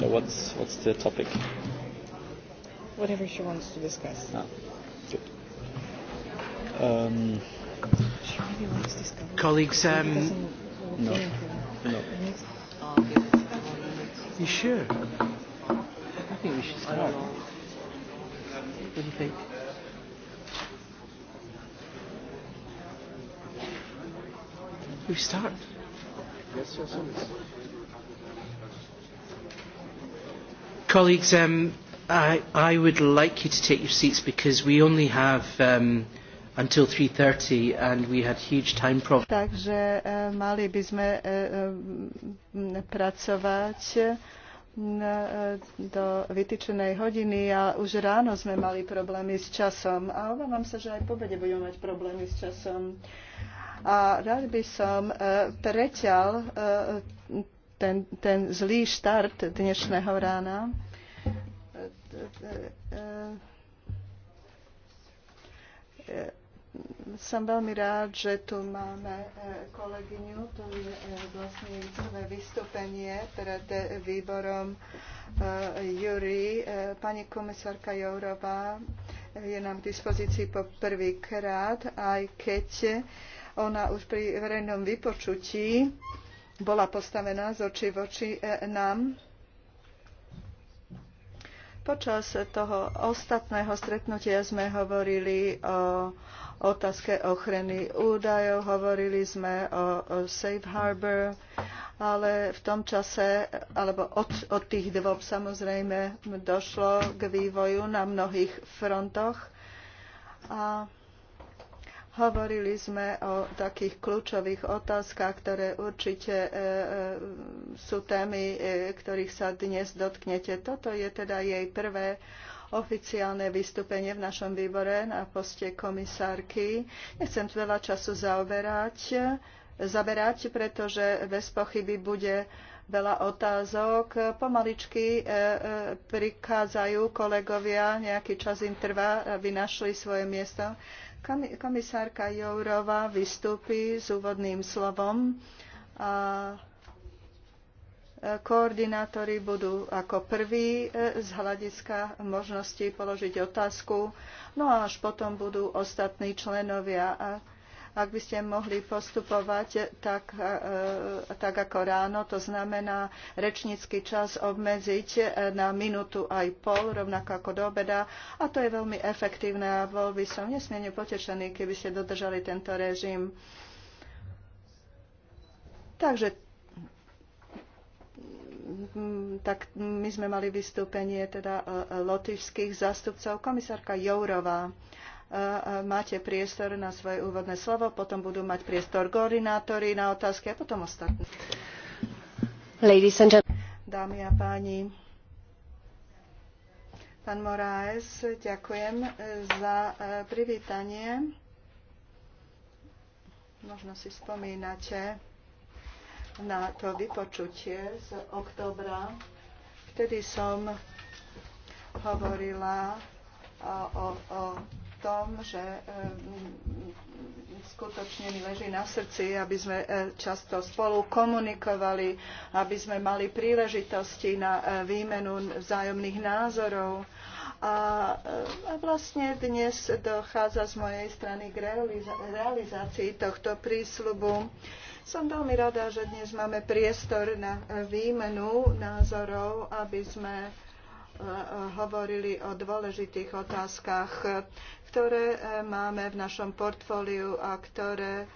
So no, what's, what's the topic? Whatever she wants to discuss. Ah, good. Um, she really Colleagues, um, no. no. You sure? I think we should start. What do you think? We start. Yes, yes, yes. Colleagues, um, I, I would like you to take your seats because we only have um, until 3.30 and we had huge time problems. Takže uh, mali by sme uh, pracovať do vytýčenej hodiny a už ráno sme mali problémy s časom a obávam sa, že aj po obede budeme mať problémy s časom. A rád by som preťal ten, ten zlý štart dnešného rána. Som veľmi rád, že tu máme e, kolegyňu. To je e, vlastne prvé vystúpenie pred e, výborom Jury. Pani komisárka Jourová je nám k dispozícii po prvýkrát, aj keď ona už pri verejnom vypočutí bola postavená z oči e, nám. Počas toho ostatného stretnutia sme hovorili o otázke ochrany údajov, hovorili sme o, o Safe Harbor, ale v tom čase, alebo od, od tých dvob samozrejme, došlo k vývoju na mnohých frontoch. A Hovorili sme o takých kľúčových otázkach, ktoré určite e, e, sú témy, e, ktorých sa dnes dotknete. Toto je teda jej prvé oficiálne vystúpenie v našom výbore na poste komisárky. Nechcem veľa času zaoberať, zaberať, pretože bez pochyby bude veľa otázok. Pomaličky prikádzajú kolegovia, nejaký čas im trvá, aby našli svoje miesto Komisárka Jourová vystúpi s úvodným slovom a e, koordinátori budú ako prví e, z hľadiska možnosti položiť otázku, no a až potom budú ostatní členovia. A ak by ste mohli postupovať tak, e, e, tak ako ráno, to znamená rečnícky čas obmedziť e, na minútu aj pol, rovnako ako do obeda. A to je veľmi efektívne a bol by som nesmierne potešený, keby ste dodržali tento režim. Takže mm, tak my sme mali vystúpenie teda lotyšských zástupcov. Komisárka Jourová máte priestor na svoje úvodné slovo, potom budú mať priestor koordinátori na otázky a potom ostatní. Dámy a páni, pán Moraes, ďakujem za e, privítanie. Možno si spomínate na to vypočutie z oktobra. Vtedy som hovorila o, o, o tom, že e, skutočne mi leží na srdci, aby sme e, často spolu komunikovali, aby sme mali príležitosti na e, výmenu vzájomných názorov. A, vlastne dnes dochádza z mojej strany k realizácii tohto prísľubu. Som veľmi rada, že dnes máme priestor na výmenu názorov, aby sme hovorili o dôležitých otázkach, ktoré eh, máme v našom portfóliu a ktoré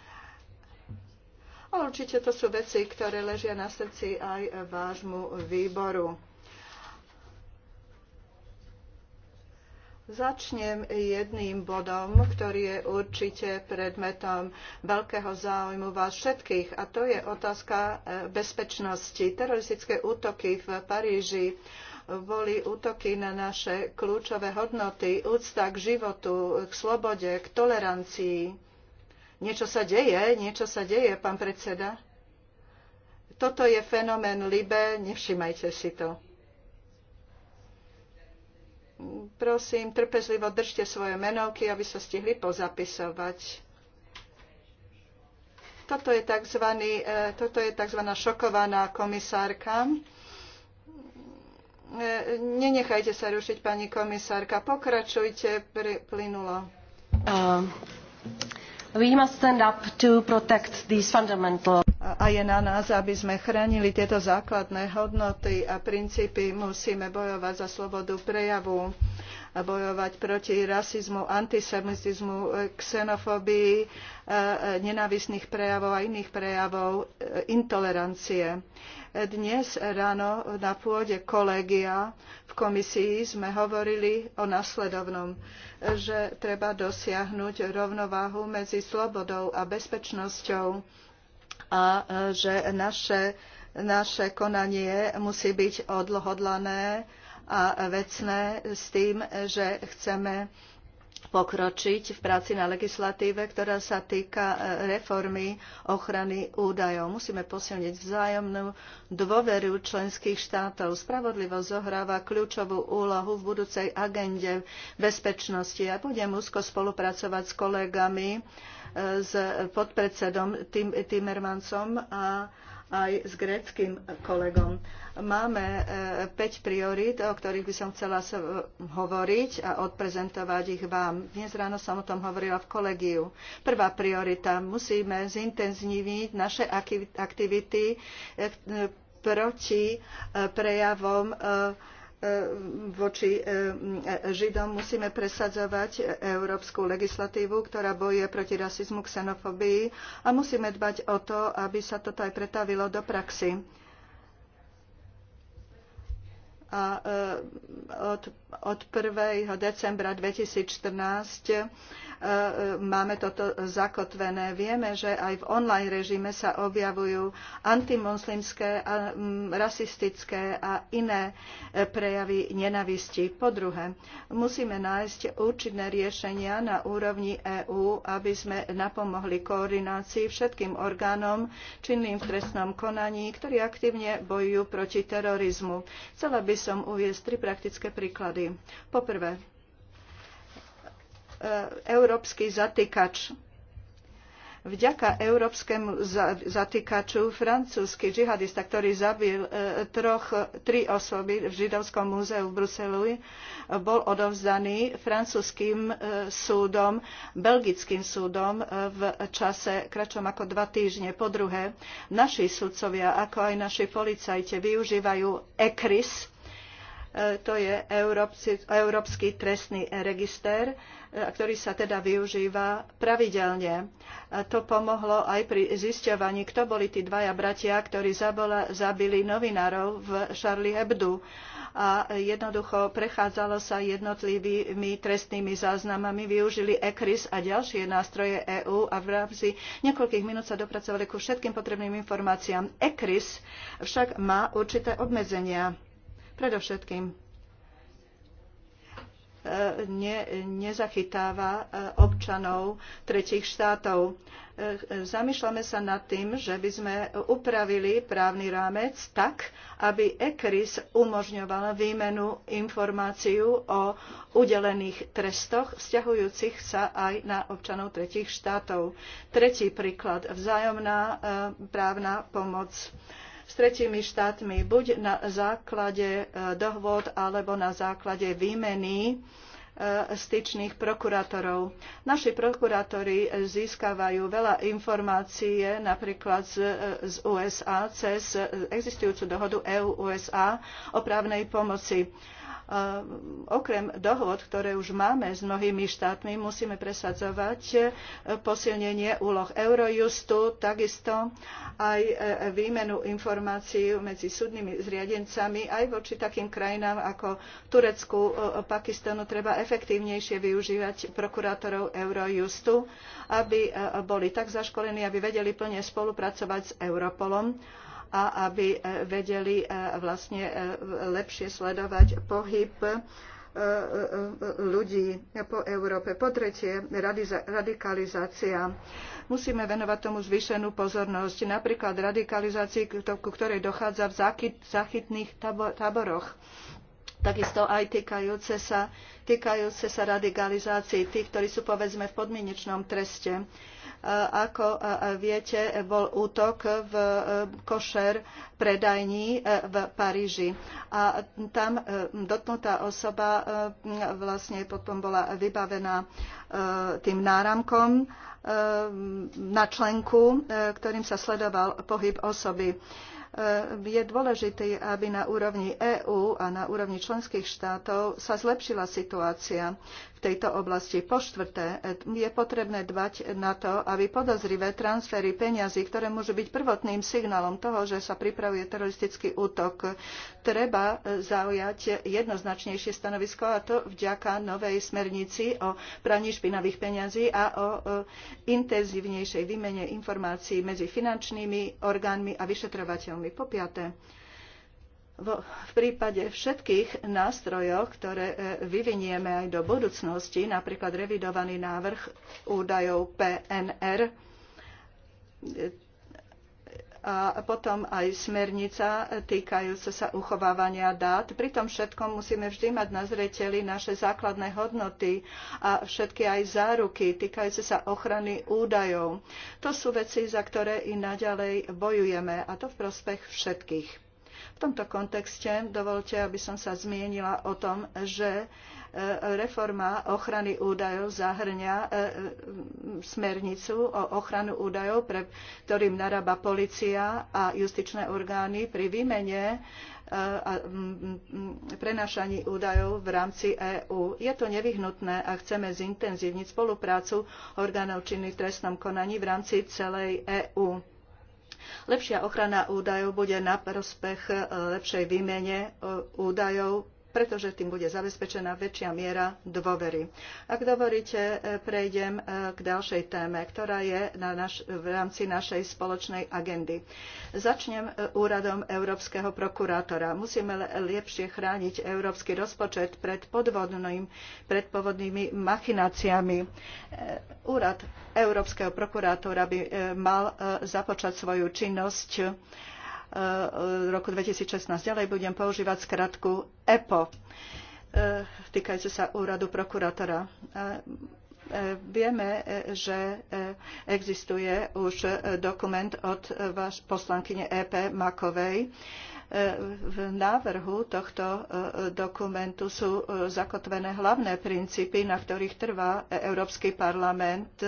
a určite to sú veci, ktoré ležia na srdci aj vášmu výboru. Začnem jedným bodom, ktorý je určite predmetom veľkého záujmu vás všetkých, a to je otázka eh, bezpečnosti. Teroristické útoky v Paríži boli útoky na naše kľúčové hodnoty, úcta k životu, k slobode, k tolerancii. Niečo sa deje, niečo sa deje, pán predseda. Toto je fenomén Libe, nevšimajte si to. Prosím, trpezlivo držte svoje menovky, aby sa stihli pozapisovať. Toto je tzv. E, toto je tzv. šokovaná komisárka E, nenechajte sa rušiť, pani komisárka. Pokračujte plynulo. Uh, a je na nás, aby sme chránili tieto základné hodnoty a princípy. Musíme bojovať za slobodu prejavu bojovať proti rasizmu, antisemitizmu, xenofóbii, e, e, nenávisných prejavov a iných prejavov e, intolerancie. Dnes ráno na pôde kolegia v komisii sme hovorili o nasledovnom, že treba dosiahnuť rovnováhu medzi slobodou a bezpečnosťou a že naše, naše konanie musí byť odhodlané a vecné s tým, že chceme pokročiť v práci na legislatíve, ktorá sa týka e, reformy ochrany údajov. Musíme posilniť vzájomnú dôveru členských štátov. Spravodlivosť zohráva kľúčovú úlohu v budúcej agende bezpečnosti a ja budem úzko spolupracovať s kolegami, e, s podpredsedom Tim, Timmermansom a aj s gréckým kolegom. Máme 5 e, priorít, o ktorých by som chcela hovoriť a odprezentovať ich vám. Dnes ráno som o tom hovorila v kolegiu. Prvá priorita. Musíme zintenzívniť naše aktivity e, e, proti prejavom E, voči e, Židom musíme presadzovať európsku legislatívu, ktorá bojuje proti rasizmu, xenofóbii a musíme dbať o to, aby sa toto aj pretavilo do praxi. A e, od, od 1. decembra 2014 máme toto zakotvené. Vieme, že aj v online režime sa objavujú antimoslimské, mm, rasistické a iné e, prejavy nenavisti. Po druhé, musíme nájsť účinné riešenia na úrovni EÚ, aby sme napomohli koordinácii všetkým orgánom činným v trestnom konaní, ktorí aktívne bojujú proti terorizmu. Chcela by som uviezť tri praktické príklady. Poprvé, E, európsky zatýkač. Vďaka európskemu zatýkaču francúzsky džihadista, ktorý zabil e, troch, tri osoby v Židovskom múzeu v Bruseli, bol odovzdaný francúzským e, súdom, belgickým súdom v čase kračom ako dva týždne. Po druhé, naši sudcovia, ako aj naši policajte, využívajú ECRIS, E, to je Európsky, trestný register, e, ktorý sa teda využíva pravidelne. to pomohlo aj pri zisťovaní, kto boli tí dvaja bratia, ktorí zabili novinárov v Charlie Hebdo a jednoducho prechádzalo sa jednotlivými trestnými záznamami, využili ECRIS a ďalšie nástroje EÚ a v rámci niekoľkých minút sa dopracovali ku všetkým potrebným informáciám. ECRIS však má určité obmedzenia Predovšetkým e, ne, nezachytáva e, občanov tretich štátov. E, zamýšľame sa nad tým, že by sme upravili právny rámec tak, aby ECRIS umožňovala výmenu informáciu o udelených trestoch, vzťahujúcich sa aj na občanov tretich štátov. Tretí príklad, vzájomná právna pomoc s tretími štátmi buď na základe e, dohôd alebo na základe výmeny e, styčných prokurátorov. Naši prokurátori získavajú veľa informácie napríklad z, e, z USA cez existujúcu dohodu EU-USA o právnej pomoci. Mm, okrem dohod, ktoré už máme s mnohými štátmi, musíme presadzovať e, posilnenie úloh Eurojustu, takisto aj e, výmenu informácií medzi súdnymi zriadencami aj voči takým krajinám ako Turecku, e, Pakistanu treba efektívnejšie využívať prokurátorov Eurojustu, aby boli tak zaškolení, aby vedeli plne spolupracovať s Europolom a aby e, vedeli e, vlastne e, lepšie sledovať pohyb ľudí po Európe. Po tretie, radikalizácia. Musíme venovať tomu zvýšenú pozornosť, napríklad radikalizácii, ku ktorej dochádza v zachytných táboroch. Takisto aj týkajúce sa, týkajúce sa radikalizácii tých, ktorí sú povedzme v podmienečnom treste ako e, viete, bol útok v e, košer predajni e, v Paríži. A tam dotknutá osoba vlastne potom bola vybavená tým náramkom na členku, ktorým sa sledoval pohyb osoby je dôležité, aby na úrovni EÚ a na úrovni členských štátov sa zlepšila situácia v tejto oblasti. Po štvrté, je potrebné dbať na to, aby podozrivé transfery peňazí, ktoré môžu byť prvotným signálom toho, že sa pripravuje teroristický útok, treba zaujať jednoznačnejšie stanovisko a to vďaka novej smernici o praní špinavých peňazí a o e, intenzívnejšej výmene informácií medzi finančnými orgánmi a vyšetrovateľmi. Po piaté, v prípade všetkých nástrojov, ktoré e, vyvinieme aj do budúcnosti, napríklad revidovaný návrh údajov PNR e, a potom aj smernica týkajúca sa uchovávania dát. Pri tom všetkom musíme vždy mať na zreteli naše základné hodnoty a všetky aj záruky týkajúce sa ochrany údajov. To sú veci, za ktoré i naďalej bojujeme a to v prospech všetkých. V tomto kontexte dovolte, aby som sa zmienila o tom, že e, reforma ochrany údajov zahrňa e, smernicu o ochranu údajov, pre ktorým narába policia a justičné orgány pri výmene e, a prenášaní údajov v rámci EÚ. Je to nevyhnutné a chceme zintenzívniť spoluprácu orgánov činných v trestnom konaní v rámci celej EÚ Lepšia ochrana údajov bude na prospech e, lepšej výmene e, údajov pretože tým bude zabezpečená väčšia miera dôvery. Ak dovolíte, e, prejdem e, k ďalšej téme, ktorá je na naš, v rámci našej spoločnej agendy. Začnem e, úradom Európskeho prokurátora. Musíme lepšie chrániť európsky rozpočet pred, podvodným, pred podvodnými machináciami. Úrad Európskeho prokurátora by mal započať svoju činnosť Eh, roku 2016. Ďalej budem používať skratku EPO, eh, týkajúce sa úradu prokurátora eh, vieme, že existuje už dokument od váš poslankyne EP Makovej. V návrhu tohto dokumentu sú zakotvené hlavné princípy, na ktorých trvá Európsky parlament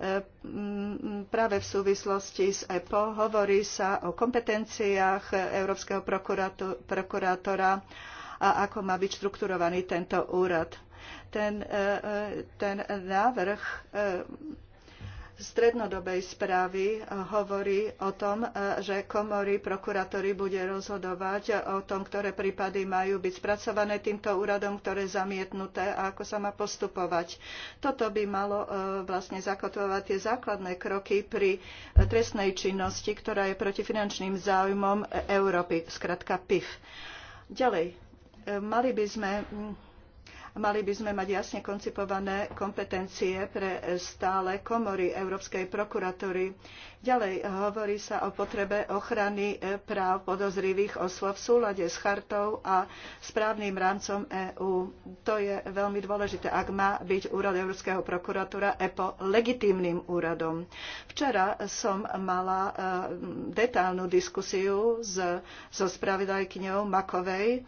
Ehm, práve v súvislosti s EPO. Hovorí sa o kompetenciách Európskeho prokurátora a ako má byť štrukturovaný tento úrad. Ten, e, e, ten návrh e, strednodobej správy eh, hovorí o tom, eh, že komory prokuratúry bude rozhodovať o tom, ktoré prípady majú byť spracované týmto úradom, ktoré zamietnuté a ako sa má postupovať. Toto by malo eh, vlastne zakotvovať tie základné kroky pri trestnej činnosti, ktorá je proti finančným záujmom Európy, skratka PIF. Ďalej, mali by sme mm, Mali by sme mať jasne koncipované kompetencie pre stále komory Európskej prokuratúry. Ďalej hovorí sa o potrebe ochrany e, práv podozrivých osôb v súlade s chartou a správnym rámcom EÚ. To je veľmi dôležité, ak má byť úrad Európskeho prokuratúra EPO legitímnym úradom. Včera som mala e, detálnu diskusiu so spravodajkňou Makovej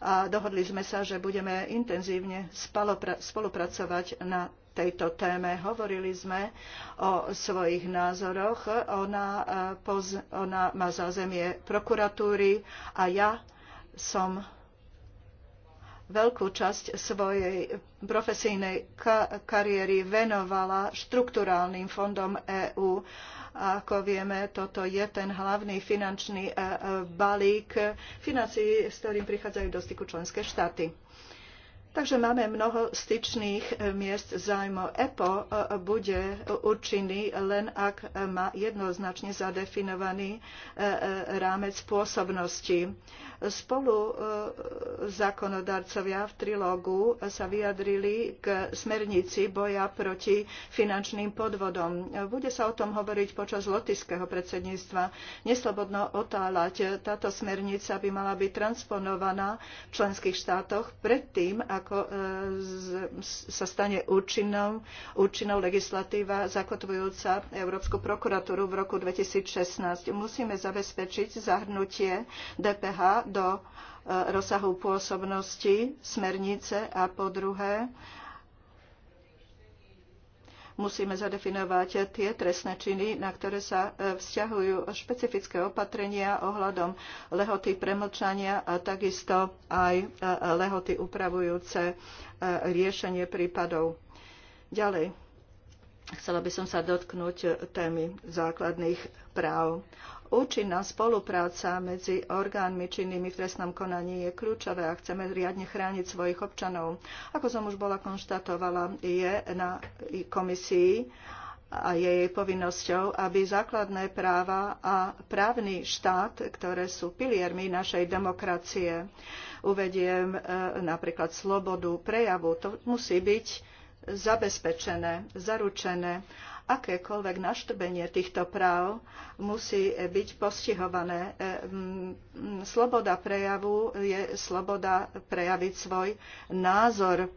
a dohodli sme sa, že budeme intenzívne spolupracovať na tejto téme. Hovorili sme o svojich názoroch. Ona, e, poz, ona má zázemie prokuratúry a ja som veľkú časť svojej profesijnej kariéry venovala štruktúrálnym fondom EÚ. A ako vieme, toto je ten hlavný finančný e, e, balík financií, s ktorým prichádzajú do styku členské štáty. Takže máme mnoho styčných e, miest zájmov. EPO e, bude účinný len ak má jednoznačne zadefinovaný e, rámec pôsobnosti. Spolu zákonodarcovia v trilógu sa vyjadrili k smernici boja proti finančným podvodom. Bude sa o tom hovoriť počas lotiského predsedníctva. Neslobodno otáľať. Táto smernica by mala byť transponovaná v členských štátoch predtým, ako ako e, sa stane účinnou, účinnou legislatíva zakotvujúca Európsku prokuratúru v roku 2016. Musíme zabezpečiť zahrnutie DPH do e, rozsahu pôsobnosti smernice a po druhé Musíme zadefinovať tie trestné činy, na ktoré sa e, vzťahujú špecifické opatrenia ohľadom lehoty premlčania a takisto aj e, lehoty upravujúce e, riešenie prípadov. Ďalej. Chcela by som sa dotknúť témy základných práv. Účinná spolupráca medzi orgánmi činnými v trestnom konaní je kľúčové a chceme riadne chrániť svojich občanov. Ako som už bola konštatovala, je na komisii a je jej povinnosťou, aby základné práva a právny štát, ktoré sú piliermi našej demokracie, uvediem e, napríklad slobodu prejavu, to musí byť zabezpečené, zaručené akékoľvek naštrbenie týchto práv musí byť postihované. E, sloboda prejavu je sloboda prejaviť svoj názor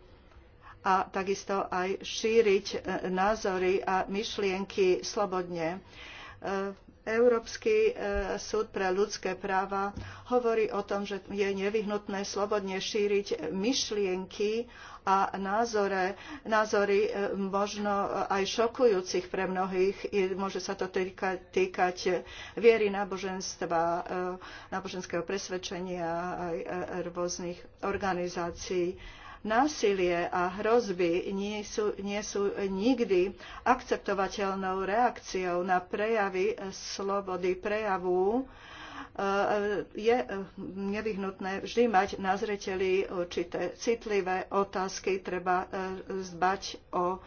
a takisto aj šíriť e, názory a myšlienky slobodne. E, Európsky súd pre ľudské práva hovorí o tom, že je nevyhnutné slobodne šíriť myšlienky a názore, názory e, možno aj šokujúcich pre mnohých. Môže sa to týkať viery náboženstva, e, náboženského presvedčenia aj e, rôznych organizácií násilie a hrozby nie sú, nie sú nikdy akceptovateľnou reakciou na prejavy slobody prejavu, E, e, je e, nevyhnutné vždy mať na zreteli určité citlivé otázky, treba zbať o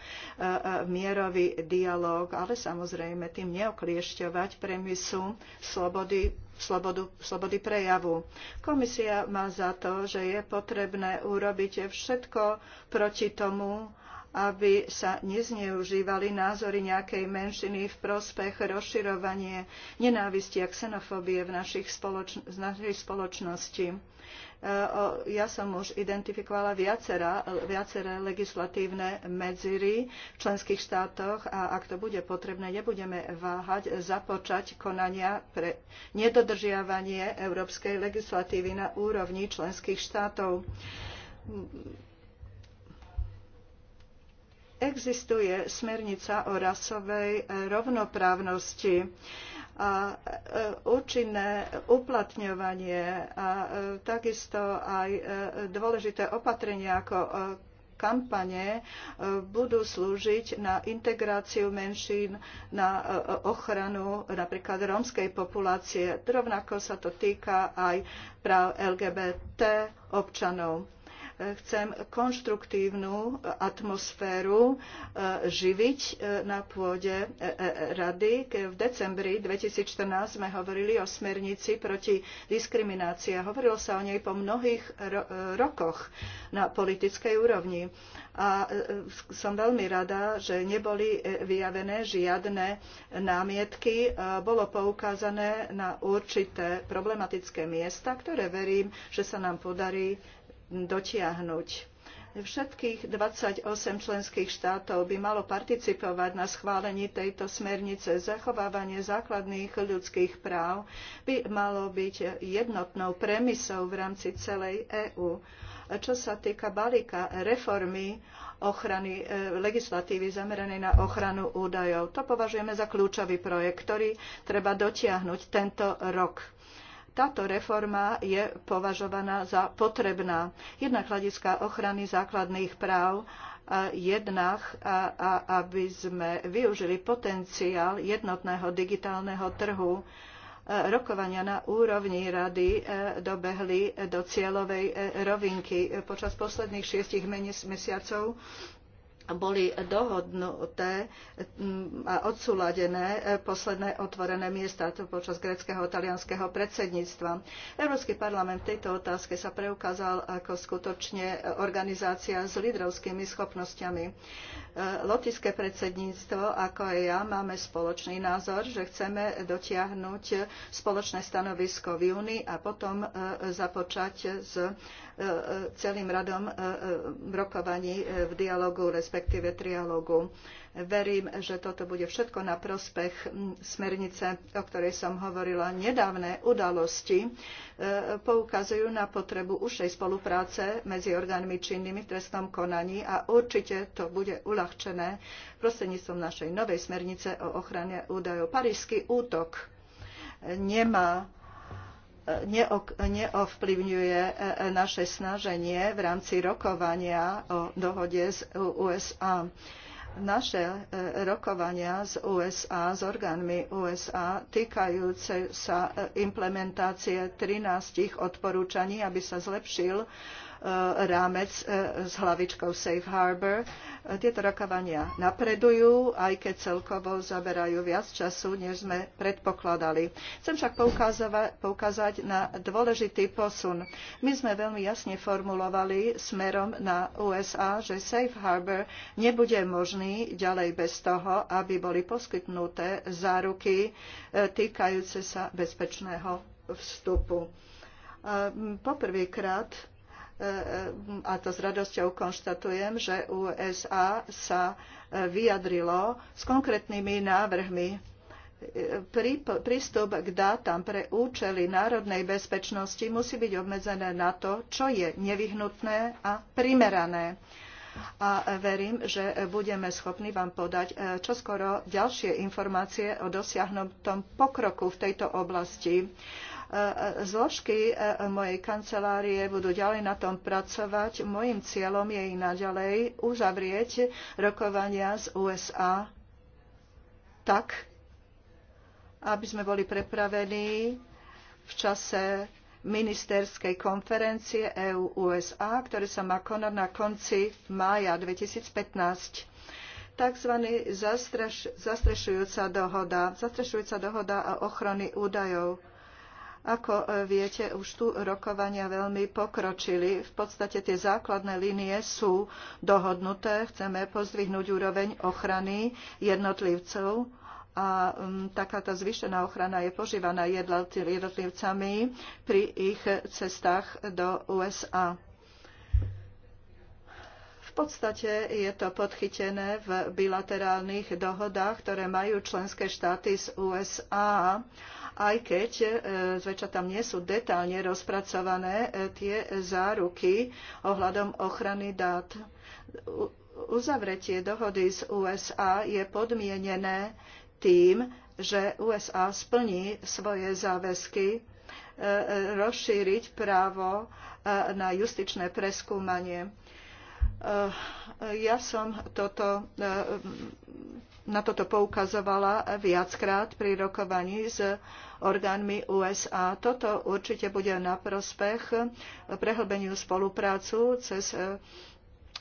mierový dialóg, ale samozrejme tým neokliešťovať premisu slobody slobodu, slobody prejavu. Komisia má za to, že je potrebné urobiť všetko proti tomu, aby sa nezneužívali názory nejakej menšiny v prospech rozširovanie nenávisti a xenofóbie v, našich spoloč- v našej spoločnosti. E, ja som už identifikovala viacera, viaceré legislatívne medzery v členských štátoch a ak to bude potrebné, nebudeme váhať započať konania pre nedodržiavanie európskej legislatívy na úrovni členských štátov Existuje smernica o rasovej e, rovnoprávnosti a e, účinné uplatňovanie a e, takisto aj dôležité opatrenia ako kampane budú slúžiť na integráciu menšín, na ochranu napríklad rómskej populácie. Rovnako sa to týka aj práv LGBT občanov Chcem konštruktívnu atmosféru e, živiť e, na pôde e, rady. V decembri 2014 sme hovorili o smernici proti diskriminácii a hovorilo sa o nej po mnohých rokoch na politickej úrovni. A som veľmi rada, že neboli vyjavené žiadne námietky. Bolo poukázané na určité problematické miesta, ktoré verím, že sa nám podarí dotiahnuť. Všetkých 28 členských štátov by malo participovať na schválení tejto smernice. Zachovávanie základných ľudských práv by malo byť jednotnou premisou v rámci celej EÚ. Čo sa týka balíka reformy ochrany, e, legislatívy zameranej na ochranu údajov, to považujeme za kľúčový projekt, ktorý treba dotiahnuť tento rok táto reforma je považovaná za potrebná. Jednak hľadiska ochrany základných práv, jednak, aby sme využili potenciál jednotného digitálneho trhu. E, rokovania na úrovni rady e, dobehli do cieľovej e, rovinky. Počas posledných šiestich mesiacov boli dohodnuté mm, a odsúladené e, posledné otvorené miesta to počas gréckého a talianského predsedníctva. Európsky parlament v tejto otázke sa preukázal ako skutočne organizácia s lídrovskými schopnosťami. E, Lotyšské predsedníctvo, ako aj ja, máme spoločný názor, že chceme dotiahnuť spoločné stanovisko v júni a potom e, započať s E, e, celým radom e, rokovaní v dialogu, respektíve trialogu. Verím, že toto bude všetko na prospech smernice, o ktorej som hovorila. Nedávne udalosti poukazujú na potrebu užšej spolupráce medzi orgánmi činnými v trestnom konaní a určite to bude uľahčené prostredníctvom našej novej smernice o ochrane údajov. Parížský útok nemá neovplyvňuje e, e, naše snaženie v rámci rokovania o dohode s USA. Naše e, rokovania s USA, s orgánmi USA týkajúce sa implementácie 13 odporúčaní, aby sa zlepšil Eh, rámec eh, s hlavičkou Safe Harbor. Eh, tieto rokovania napredujú, aj keď celkovo zaberajú viac času, než sme predpokladali. Chcem však poukázať na dôležitý posun. My sme veľmi jasne formulovali smerom na USA, že Safe Harbor nebude možný ďalej bez toho, aby boli poskytnuté záruky týkajúce sa bezpečného vstupu. Poprvýkrát a to s radosťou konštatujem, že USA sa e, vyjadrilo s konkrétnymi návrhmi e, prístup k dátam pre účely národnej bezpečnosti musí byť obmedzené na to, čo je nevyhnutné a primerané a verím, že budeme schopní vám podať e, čoskoro ďalšie informácie o dosiahnutom pokroku v tejto oblasti. Zložky e, e, mojej kancelárie budú ďalej na tom pracovať. Mojím cieľom je i naďalej uzavrieť rokovania z USA tak, aby sme boli prepravení v čase ministerskej konferencie EU-USA, ktoré sa má konať na konci mája 2015 takzvaný Zastreš, zastrešujúca dohoda, zastrešujúca dohoda a ochrany údajov ako e, viete, už tu rokovania veľmi pokročili. V podstate tie základné línie sú dohodnuté. Chceme pozdvihnúť úroveň ochrany jednotlivcov a takáto zvýšená ochrana je požívaná jednotlivcami pri ich cestách do USA. V podstate je to podchytené v bilaterálnych dohodách, ktoré majú členské štáty z USA aj keď e, zväčša tam nie sú detálne rozpracované e, tie záruky ohľadom ochrany dát. Uzavretie dohody z USA je podmienené tým, že USA splní svoje záväzky e, rozšíriť právo na justičné preskúmanie. Ja som toto na toto poukazovala viackrát pri rokovaní s orgánmi USA. Toto určite bude na prospech prehlbeniu spoluprácu cez e,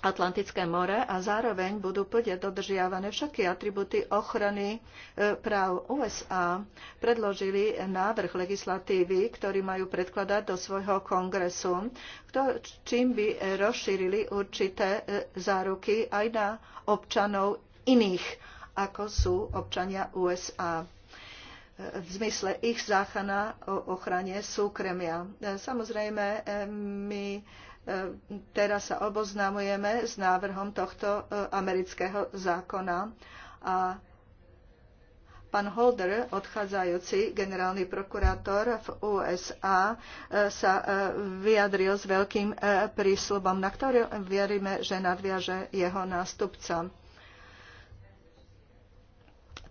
Atlantické more a zároveň budú plne dodržiavané všetky atributy ochrany e, práv USA. Predložili návrh legislatívy, ktorý majú predkladať do svojho kongresu, čím by rozšírili určité e, záruky aj na občanov iných ako sú občania USA v zmysle ich záchana o ochrane súkromia. Samozrejme, my eh, teraz sa oboznámujeme s návrhom tohto eh, amerického zákona a Pán Holder, odchádzajúci generálny prokurátor v USA, eh, sa vyjadril s veľkým prísľubom, na ktorý veríme, že nadviaže jeho nástupca.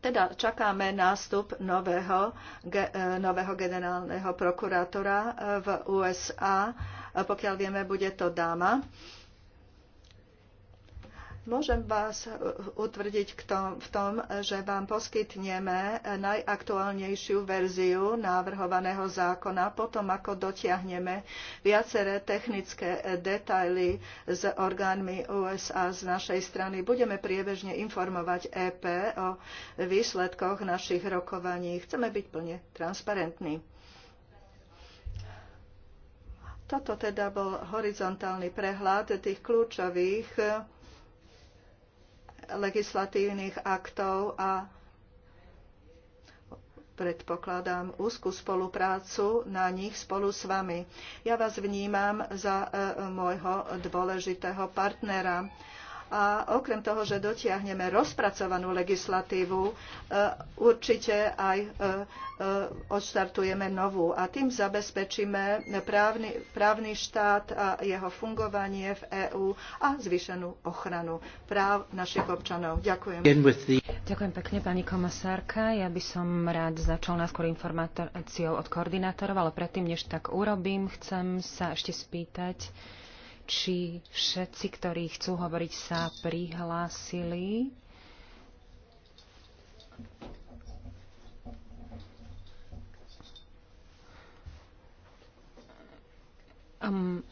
Teda čakáme nástup nového, e, nového generálneho prokurátora e, v USA. Pokiaľ vieme, bude to dáma Môžem vás e, utvrdiť v tom, že vám poskytneme e, najaktuálnejšiu verziu návrhovaného zákona, potom ako dotiahneme viaceré technické e, detaily s orgánmi USA z našej strany. Budeme priebežne informovať EP o výsledkoch našich rokovaní. Chceme byť plne transparentní. Toto teda bol horizontálny prehľad tých kľúčových legislatívnych aktov a predpokladám úzkú spoluprácu na nich spolu s vami. Ja vás vnímam za e, e, môjho dôležitého partnera a okrem toho, že dotiahneme rozpracovanú legislatívu, e, určite aj e, e, odštartujeme novú a tým zabezpečíme právny, právny štát a jeho fungovanie v EÚ a zvýšenú ochranu práv našich občanov. Ďakujem. Ďakujem pekne, pani komisárka. Ja by som rád začal náskôr informáciou od koordinátorov, ale predtým, než tak urobím, chcem sa ešte spýtať, či všetci, ktorí chcú hovoriť, sa prihlásili. Um,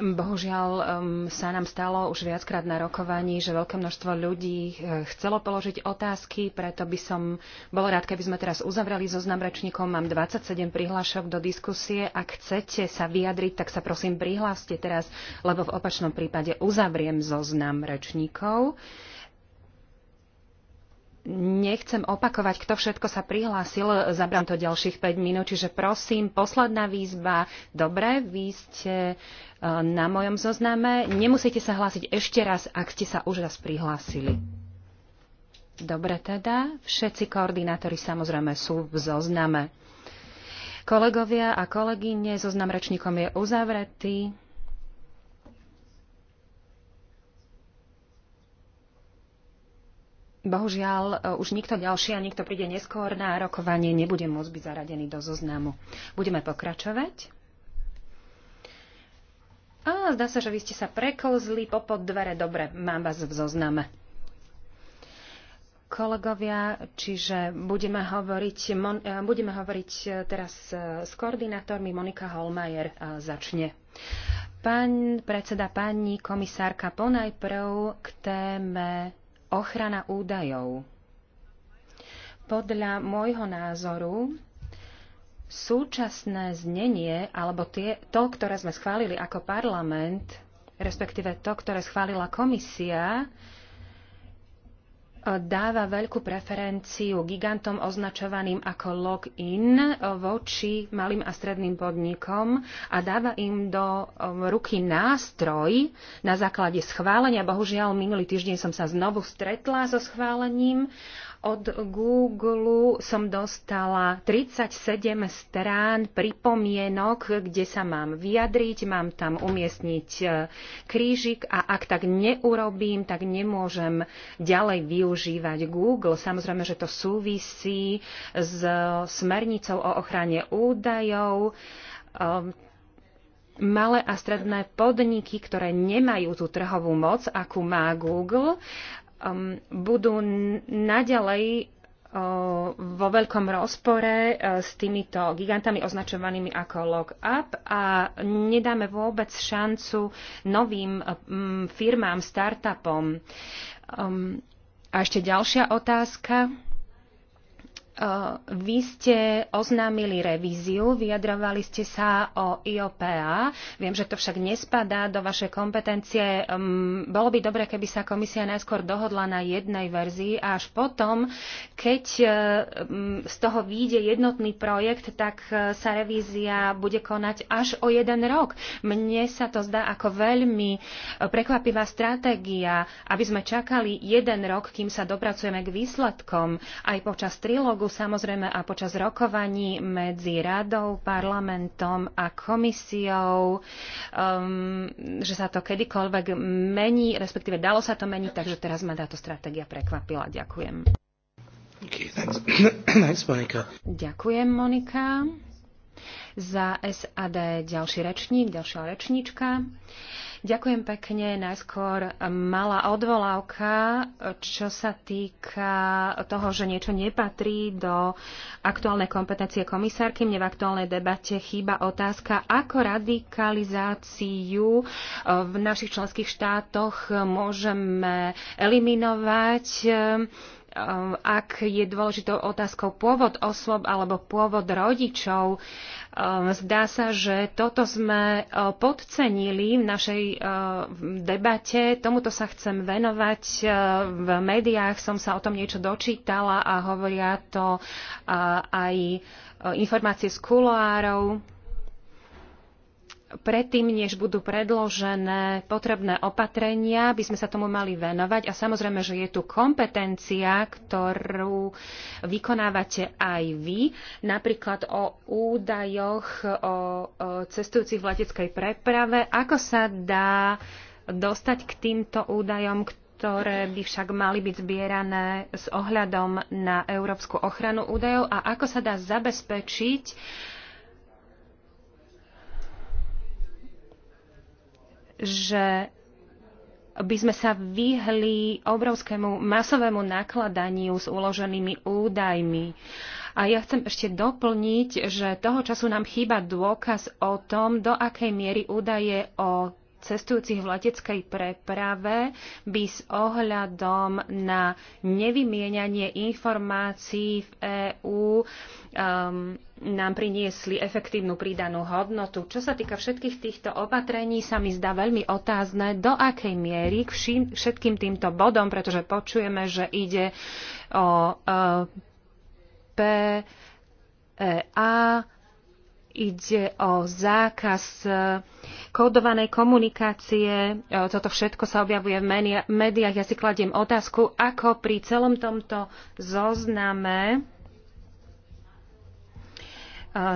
Bohužiaľ um, sa nám stalo už viackrát na rokovaní, že veľké množstvo ľudí eh, chcelo položiť otázky, preto by som bol rád, keby sme teraz uzavreli zoznam rečníkov. Mám 27 prihlášok do diskusie. Ak chcete sa vyjadriť, tak sa prosím prihláste teraz, lebo v opačnom prípade uzavriem zoznam rečníkov nechcem opakovať, kto všetko sa prihlásil, zabrám to ďalších 5 minút, čiže prosím, posledná výzva, dobre, vy ste e, na mojom zozname, nemusíte sa hlásiť ešte raz, ak ste sa už raz prihlásili. Dobre teda, všetci koordinátori samozrejme sú v zozname. Kolegovia a kolegyne, zoznam rečníkom je uzavretý. Bohužiaľ, e, už nikto ďalší a nikto príde neskôr na rokovanie, nebude môcť byť zaradený do zoznamu. Budeme pokračovať. A zdá sa, že vy ste sa preklzli popod dvere. Dobre, mám vás v zozname. Kolegovia, čiže budeme hovoriť, mon, e, budeme hovoriť e, teraz s koordinátormi. Monika Holmajer začne. Pán predseda, pani komisárka, ponajprv k téme Ochrana údajov. Podľa môjho názoru súčasné znenie, alebo tie, to, ktoré sme schválili ako parlament, respektíve to, ktoré schválila komisia, dáva veľkú preferenciu gigantom označovaným ako log-in voči malým a stredným podnikom a dáva im do um, ruky nástroj na základe schválenia. Bohužiaľ, minulý týždeň som sa znovu stretla so schválením od Google som dostala 37 strán pripomienok, kde sa mám vyjadriť, mám tam umiestniť e, krížik a ak tak neurobím, tak nemôžem ďalej využívať Google. Samozrejme, že to súvisí s smernicou o ochrane údajov ehm, malé a stredné podniky, ktoré nemajú tú trhovú moc, akú má Google, Um, budú naďalej uh, vo veľkom rozpore uh, s týmito gigantami označovanými ako log up a nedáme vôbec šancu novým uh, mm, firmám, startupom. Um, a ešte ďalšia otázka vy ste oznámili revíziu, vyjadrovali ste sa o IOPA. Viem, že to však nespadá do vašej kompetencie. Hm, bolo by dobre, keby sa komisia najskôr dohodla na jednej verzii a až potom, keď e, hm, z toho vyjde jednotný projekt, tak e, sa revízia bude konať až o jeden rok. Mne sa to zdá ako veľmi e, prekvapivá stratégia, aby sme čakali jeden rok, kým sa dopracujeme k výsledkom. Aj počas trilógu samozrejme a počas rokovaní medzi radou, parlamentom a komisiou, um, že sa to kedykoľvek mení, respektíve dalo sa to meniť, takže teraz ma táto stratégia prekvapila. Ďakujem. Okay, thanks. thanks, Monika. Ďakujem, Monika. Za SAD ďalší rečník, ďalšia rečníčka. Uh, Ďakujem pekne. Najskôr malá odvolávka, čo sa týka toho, že niečo nepatrí do aktuálnej kompetencie komisárky. Mne v aktuálnej debate chýba otázka, ako radikalizáciu v našich členských štátoch môžeme eliminovať Eh, ak je dôležitou otázkou pôvod osôb alebo pôvod rodičov, eh, zdá sa, že toto sme eh, podcenili v našej debate. Tomuto sa chcem venovať. V médiách som sa o tom niečo dočítala a hovoria to aj informácie z kuloárov predtým, než budú predložené potrebné opatrenia, by sme sa tomu mali venovať. A samozrejme, že je tu kompetencia, ktorú vykonávate aj vy, napríklad o údajoch o cestujúcich v leteckej preprave. Ako sa dá dostať k týmto údajom, ktoré by však mali byť zbierané s ohľadom na európsku ochranu údajov a ako sa dá zabezpečiť, že by sme sa vyhli obrovskému masovému nakladaniu s uloženými údajmi. A ja chcem ešte doplniť, že toho času nám chýba dôkaz o tom, do akej miery údaje o cestujúcich v leteckej preprave by s ohľadom na nevymienanie informácií v EÚ um, nám priniesli efektívnu pridanú hodnotu. Čo sa týka všetkých týchto opatrení, sa mi zdá veľmi otázne, do akej miery k všim, všetkým týmto bodom, pretože počujeme, že ide o uh, e, PEA, ide o zákaz e, kódovanej komunikácie. E, toto všetko sa objavuje v médiách. Ja si kladiem otázku, ako pri celom tomto zozname e,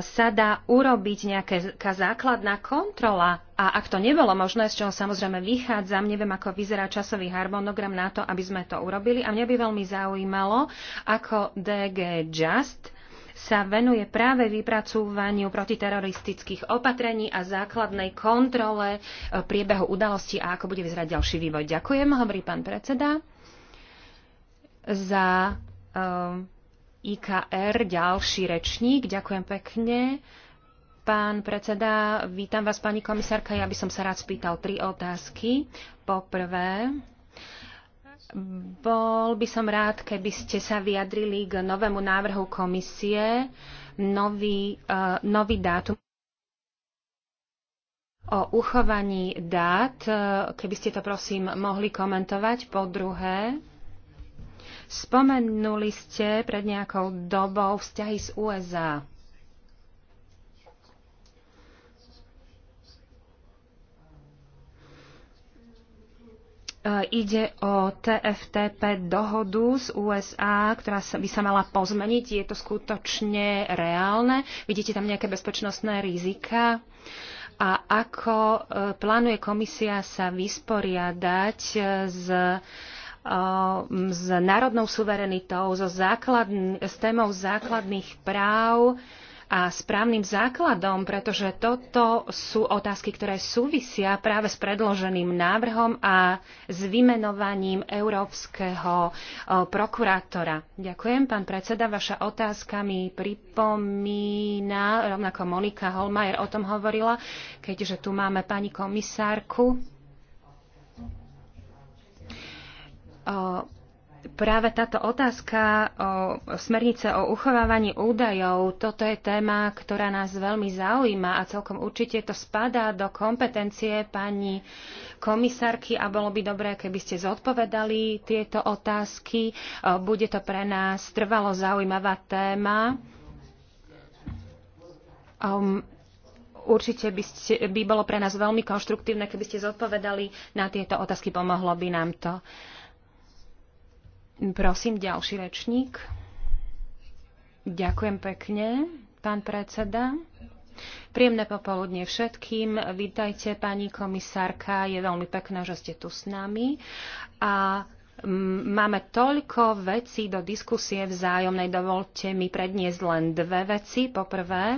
sa dá urobiť nejaká základná kontrola. A ak to nebolo možné, z čoho samozrejme vychádzam, neviem, ako vyzerá časový harmonogram na to, aby sme to urobili. A mňa by veľmi zaujímalo, ako DG Just sa venuje práve vypracúvaniu protiteroristických opatrení a základnej kontrole e, priebehu udalosti a ako bude vyzerať ďalší vývoj. Ďakujem, hovorí pán predseda, za uh, e, IKR ďalší rečník. Ďakujem pekne. Pán predseda, vítam vás, pani komisárka. Ja by som sa rád spýtal tri otázky. Poprvé, bol by som rád, keby ste sa vyjadrili k novému návrhu komisie, nový, uh, nový dátum o uchovaní dát, eh, keby ste to prosím mohli komentovať. Po druhé, spomenuli ste pred nejakou dobou vzťahy z USA. Eh, ide o TFTP dohodu z USA, ktorá by sa mala pozmeniť. Je to skutočne reálne? Vidíte tam nejaké bezpečnostné rizika? A ako eh, plánuje komisia sa vysporiadať eh, s s národnou suverenitou, so základn- s témou základných práv, a správnym základom, pretože toto sú otázky, ktoré súvisia práve s predloženým návrhom a s vymenovaním európskeho prokurátora. Ďakujem, pán predseda. Vaša otázka mi pripomína, rovnako Monika Holmajer o tom hovorila, keďže tu máme pani komisárku práve táto otázka o smernice o uchovávaní údajov, toto je téma, ktorá nás veľmi zaujíma a celkom určite to spadá do kompetencie pani komisárky a bolo by dobré, keby ste zodpovedali tieto otázky. Bude to pre nás trvalo zaujímavá téma. Um, určite by, ste, by bolo pre nás veľmi konštruktívne, keby ste zodpovedali na tieto otázky, pomohlo by nám to. Uh, Prosím, ďalší rečník. Ďakujem pekne, pán predseda. Príjemné popoludne všetkým. Vítajte, pani komisárka. Je veľmi pekné, že ste tu s nami. A mm, Máme toľko vecí do diskusie vzájomnej. Dovolte mi predniesť len dve veci. Poprvé,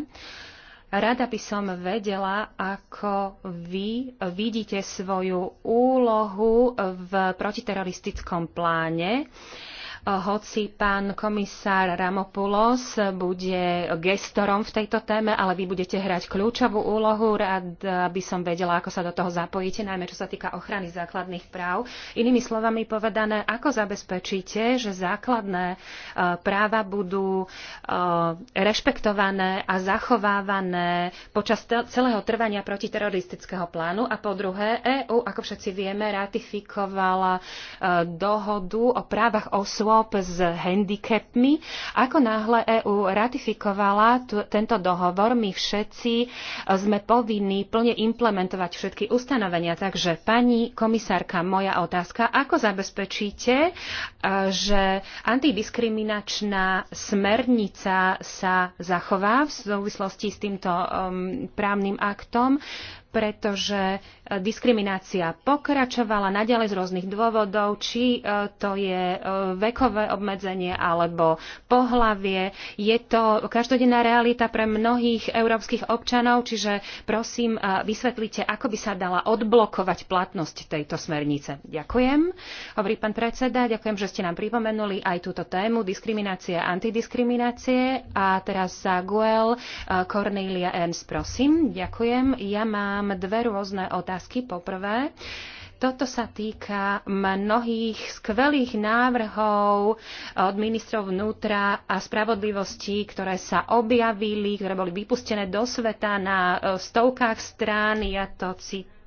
Rada by som vedela, ako vy vidíte svoju úlohu v protiteroristickom pláne. Uh, hoci pán komisár Ramopoulos bude gestorom v tejto téme, ale vy budete hrať kľúčovú úlohu. Rád by som vedela, ako sa do toho zapojíte, najmä čo sa týka ochrany základných práv. Inými slovami povedané, ako zabezpečíte, že základné e, práva budú e, rešpektované a zachovávané počas celého trvania protiteroristického plánu. A po druhé, EÚ, ako všetci vieme, ratifikovala e, dohodu o právach osôb, osôb s handicapmi. Ako náhle EÚ ratifikovala tento dohovor, my všetci e, sme povinní plne implementovať všetky ustanovenia. Takže, pani komisárka, moja otázka, ako zabezpečíte, e, že antidiskriminačná smernica sa zachová v súvislosti s týmto um, právnym aktom, pretože e, diskriminácia pokračovala naďalej z rôznych dôvodov, či e, to je e, vekové obmedzenie alebo pohlavie. Je to každodenná realita pre mnohých európskych občanov, čiže prosím, vysvetlite, ako by sa dala odblokovať platnosť tejto smernice. Ďakujem. Hovorí pán predseda, ďakujem, že ste nám pripomenuli aj túto tému diskriminácie a antidiskriminácie. A teraz za Guel Cornelia Ernst, prosím. Ďakujem. Ja mám mám dve rôzne otázky. Poprvé, toto sa týka mnohých skvelých návrhov od ministrov vnútra a spravodlivosti, ktoré sa objavili, ktoré boli vypustené do sveta na e, stovkách strán. Ja to citujem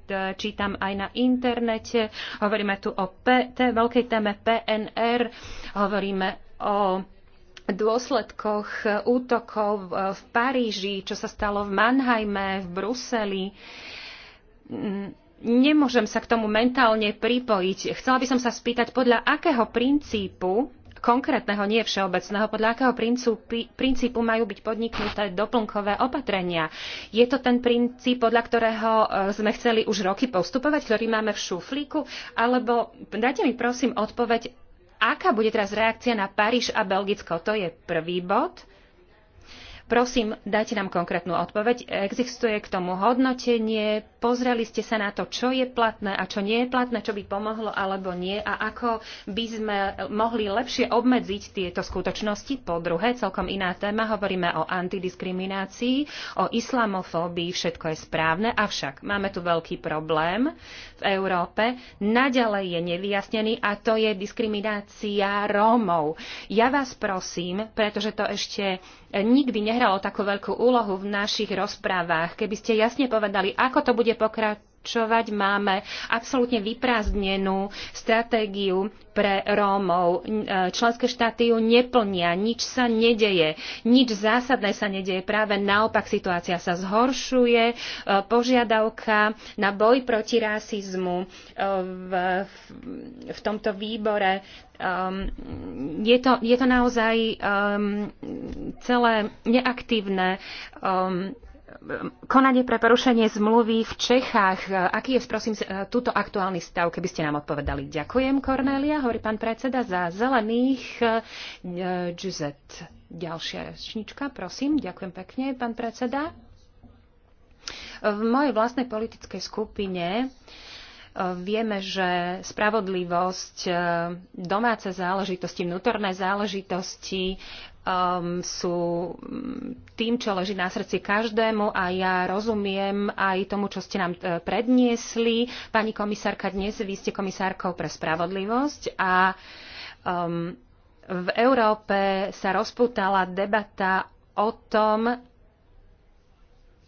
čítam aj na internete. Hovoríme tu o P- té, veľkej téme PNR, hovoríme o dôsledkoch eh, útokov eh, v Paríži, čo sa stalo v Mannheime, v Bruseli. Mm, nemôžem sa k tomu mentálne pripojiť. Chcela by som sa spýtať, podľa akého princípu, konkrétneho, nie všeobecného, podľa akého princípu, princípu majú byť podniknuté doplnkové opatrenia. Je to ten princíp, podľa ktorého eh, sme chceli už roky postupovať, ktorý máme v šuflíku? Alebo dajte mi prosím odpoveď, aká bude teraz reakcia na Paríž a Belgicko? To je prvý bod. Prosím, dajte nám konkrétnu odpoveď. Existuje k tomu hodnotenie? Pozreli ste sa na to, čo je platné a čo nie je platné, čo by pomohlo alebo nie a ako by sme mohli lepšie obmedziť tieto skutočnosti? Po druhé, celkom iná téma, hovoríme o antidiskriminácii, o islamofóbii, všetko je správne, avšak máme tu veľký problém v Európe. Naďalej je nevyjasnený a to je diskriminácia Rómov. Ja vás prosím, pretože to ešte nikdy nehe nehralo takú veľkú úlohu v našich rozprávach. Keby ste jasne povedali, ako to bude pokračovať, pokračovať. Máme absolútne vyprázdnenú stratégiu pre Rómov. E, členské štáty ju neplnia, nič sa nedeje, nič zásadné sa nedeje. Práve naopak situácia sa zhoršuje, e, požiadavka na boj proti rasizmu e, v, v tomto výbore. Ehm, je to, je to naozaj ehm, celé neaktívne. Ehm, konanie pre porušenie zmluvy v Čechách. Aký je, prosím, túto aktuálny stav, keby ste nám odpovedali? Ďakujem, Kornélia, hovorí pán predseda, za zelených. Eh, Giuseppe, ďalšia rečnička, prosím. Ďakujem pekne, pán predseda. V mojej vlastnej politickej skupine uh, Vieme, že spravodlivosť, e, domáce záležitosti, vnútorné záležitosti um, sú tým, čo leží na srdci každému a ja rozumiem aj tomu, čo ste nám e, predniesli. Pani komisárka, dnes vy ste komisárkou pre spravodlivosť a um, v Európe sa rozputala debata o tom,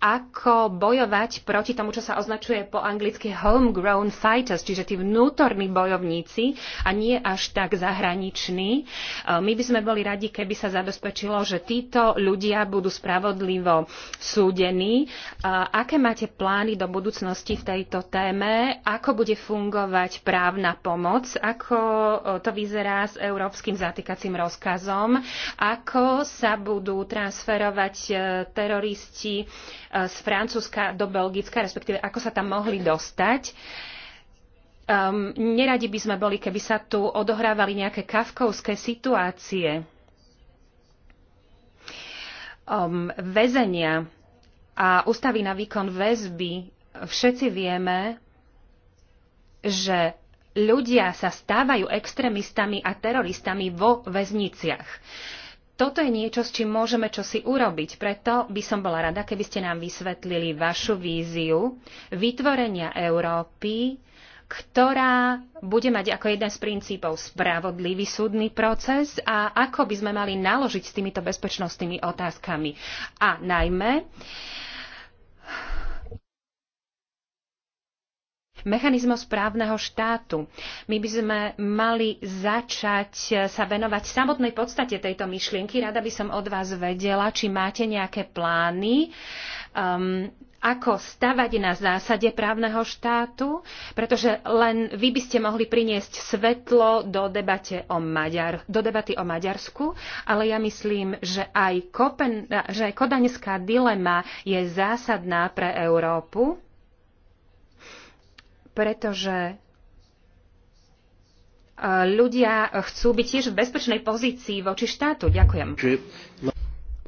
ako bojovať proti tomu, čo sa označuje po anglicky homegrown fighters, čiže tí vnútorní bojovníci a nie až tak zahraniční. E, my by sme boli radi, keby sa zabezpečilo, že títo ľudia budú spravodlivo súdení. E, aké máte plány do budúcnosti v tejto téme? Ako bude fungovať právna pomoc? Ako e, to vyzerá s európskym zatýkacím rozkazom? Ako sa budú transferovať teroristi Eh, z Francúzska do Belgicka, respektíve ako sa tam mohli dostať. Um, neradi by sme boli, keby sa tu odohrávali nejaké kafkovské situácie. Um, väzenia a ústavy na výkon väzby. Všetci vieme, že ľudia sa stávajú extrémistami a teroristami vo väzniciach. Toto je niečo, s čím môžeme čosi urobiť. Preto by som bola rada, keby ste nám vysvetlili vašu víziu vytvorenia Európy, ktorá bude mať ako jeden z princípov spravodlivý súdny proces a ako by sme mali naložiť s týmito bezpečnostnými otázkami. A najmä mechanizmus právneho štátu. My by sme mali začať sa venovať samotnej podstate tejto myšlienky. Rada by som od vás vedela, či máte nejaké plány. Um, ako stavať na zásade právneho štátu, pretože len vy by ste mohli priniesť svetlo do, debate o Maďar, do debaty o Maďarsku, ale ja myslím, že aj, Kopen, že aj kodaňská dilema je zásadná pre Európu pretože e, ľudia chcú byť tiež v bezpečnej pozícii voči štátu. Ďakujem.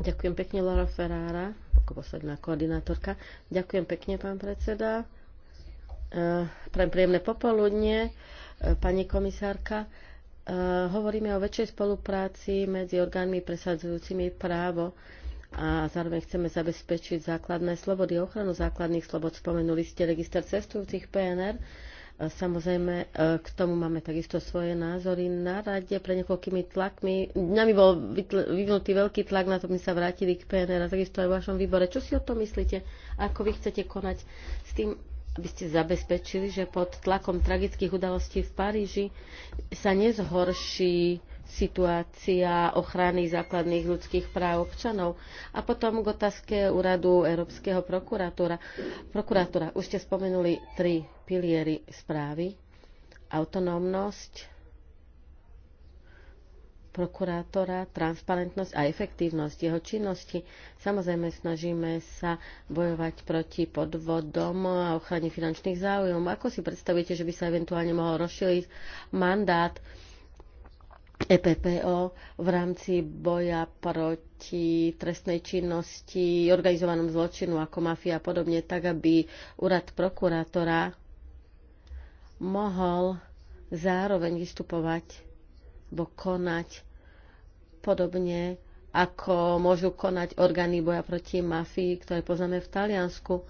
Ďakujem pekne, Laura Ferrara, ako posledná koordinátorka. Ďakujem pekne, pán predseda. E, prajem príjemné popoludne, e, pani komisárka. Hovoríme o väčšej spolupráci medzi orgánmi presadzujúcimi právo a zároveň chceme zabezpečiť základné slobody, ochranu základných slobod. Spomenuli ste register cestujúcich PNR. Samozrejme, e, k tomu máme takisto svoje názory na rade pre niekoľkými tlakmi. Nami bol vyvinutý veľký tlak na to, aby sa vrátili k PNR a takisto aj v vašom výbore. Čo si o tom myslíte? Ako vy chcete konať s tým, aby ste zabezpečili, že pod tlakom tragických udalostí v Paríži sa nezhorší situácia ochrany základných ľudských práv občanov. A potom k otázke úradu Európskeho prokurátora. Prokurátora, už ste spomenuli tri piliery správy. Autonómnosť, prokurátora, transparentnosť a efektívnosť jeho činnosti. Samozrejme, snažíme sa bojovať proti podvodom a ochrane finančných záujmov. Ako si predstavíte, že by sa eventuálne mohol rozšíriť mandát EPPO v rámci boja proti trestnej činnosti, organizovanom zločinu ako mafia a podobne, tak aby úrad prokurátora mohol zároveň vystupovať alebo konať podobne, ako môžu konať orgány boja proti mafii, ktoré poznáme v Taliansku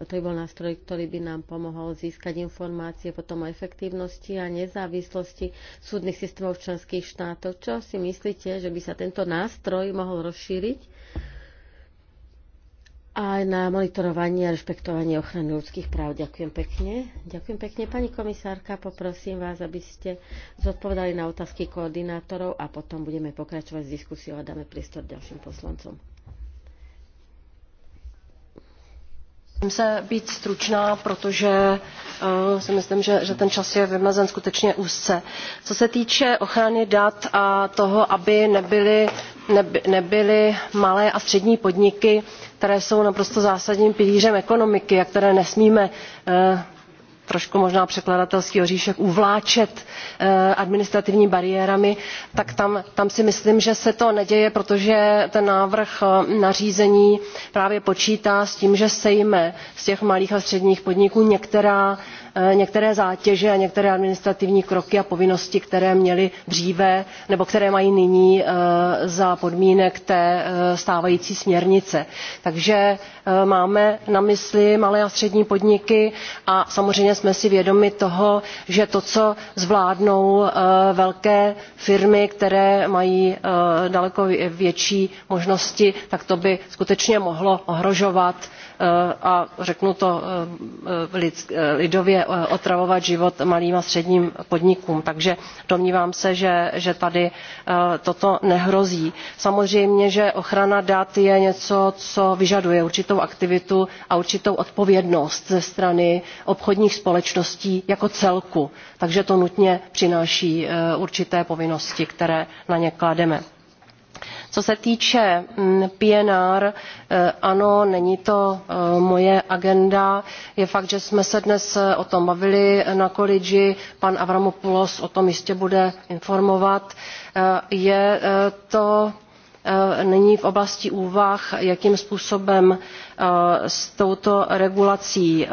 to by bol nástroj, ktorý by nám pomohol získať informácie potom o efektívnosti a nezávislosti súdnych systémov členských štátov. Čo si myslíte, že by sa tento nástroj mohol rozšíriť aj na monitorovanie a rešpektovanie ochrany ľudských práv? Ďakujem pekne. Ďakujem pekne. Pani komisárka, poprosím vás, aby ste zodpovedali na otázky koordinátorov a potom budeme pokračovať s diskusiou a dáme priestor ďalším poslancom. se být stručná, protože uh, si myslím, že, že ten čas je vymezen skutečně úzce. Co se týče ochrany dat a toho, aby nebyly, neby, nebyly malé a střední podniky, které jsou naprosto zásadním pilířem ekonomiky a které nesmíme uh, trošku možná překladatelský oříšek uvláčet eh, administrativními bariérami tak tam, tam si myslím že se to neděje protože ten návrh eh, nařízení právě počítá s tím že sejme z těch malých a středních podniků některá Eh, některé zátěže a některé administrativní kroky a povinnosti které měly dříve nebo které mají nyní eh, za podmínek té eh, stávající směrnice. takže máme na mysli malé a střední podniky a samozřejmě jsme si vědomi toho že to co zvládnou velké firmy které mají daleko větší možnosti tak to by skutečně mohlo ohrožovat Eh, a řeknu to eh, eh, lidově otravovat život malým a středním podnikům. Takže domnívám se, že, že tady toto nehrozí. Samozřejmě, že ochrana dat je něco, co vyžaduje určitou aktivitu a určitou odpovědnost ze strany obchodních společností jako celku. Takže to nutně přináší určité povinnosti, které na ně klademe Co se týče mm, PNR, eh, ano, není to eh, moje agenda. Je fakt, že jsme se dnes eh, o tom bavili na kolidži, pan Avramopoulos o tom jistě bude informovat. Je to není v oblasti úvah, jakým způsobem Eh, s touto regulací eh,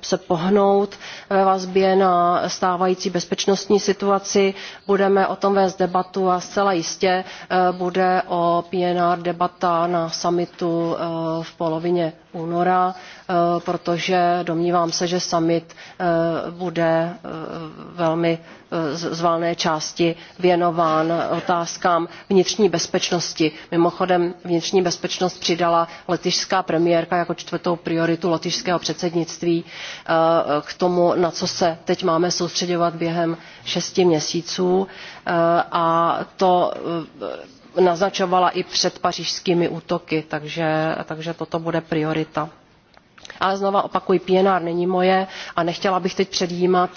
se, pohnout ve vazbě na stávající bezpečnostní situaci budeme o tom vést debatu a zcela jistě eh, bude o pnr debata na summitu v polovině února protože domnívám se že summit bude velmi z valné části věnován otázkám vnitřní bezpečnosti. mimochodem vnitřní bezpečnost přidala lotyšská premiérka jako čtvrtou prioritu lotyšského předsednictví eh, k tomu, na co se teď máme soustředovat během šesti měsíců. Eh, a to eh, naznačovala i před pařížskými útoky, takže, takže toto bude priorita. Ale znova opakuji, PNR není moje a nechtěla bych teď předjímat,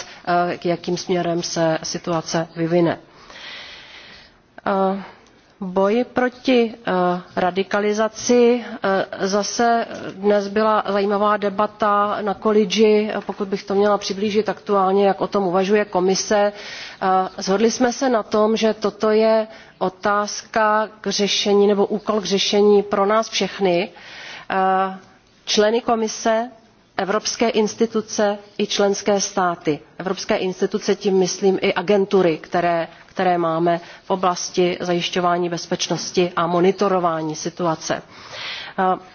k jakým směrem se situace vyvine. Uh boji proti eh, radikalizaci eh, zase dnes byla zajímavá debata na kolegiu pokud bych to měla přiblížit aktuálně jak o tom uvažuje komise. Eh, shodli jsme se na tom že toto je otázka k řešení nebo úkol k řešení pro nás všechny členy komise evropské instituce i členské státy. evropské instituce tím myslím i agentury které které máme v oblasti zajišťování bezpečnosti a monitorování situace. E,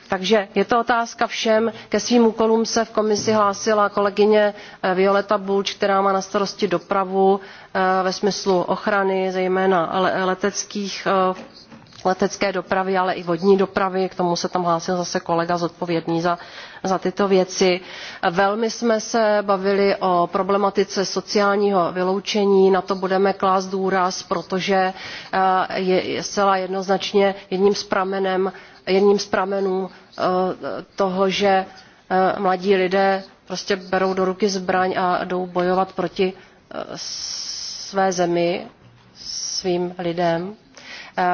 takže je to otázka všem. Ke svým úkolům se v komisi hlásila kolegyně e, Violeta Bulč, která má na starosti dopravu e, ve smyslu ochrany, zejména leteckých letecké dopravy ale i vodní dopravy k tomu se tam hlásil zase kolega zodpovědný za za tyto věci. velmi jsme se bavili o problematice sociálního vyloučení na to budeme klást důraz protože eh, je zcela jednoznačně jedním z, pramenem, jedním z pramenů eh, toho že eh, mladí lidé prostě berou do ruky zbraň a jdou bojovat proti své zemi svým lidem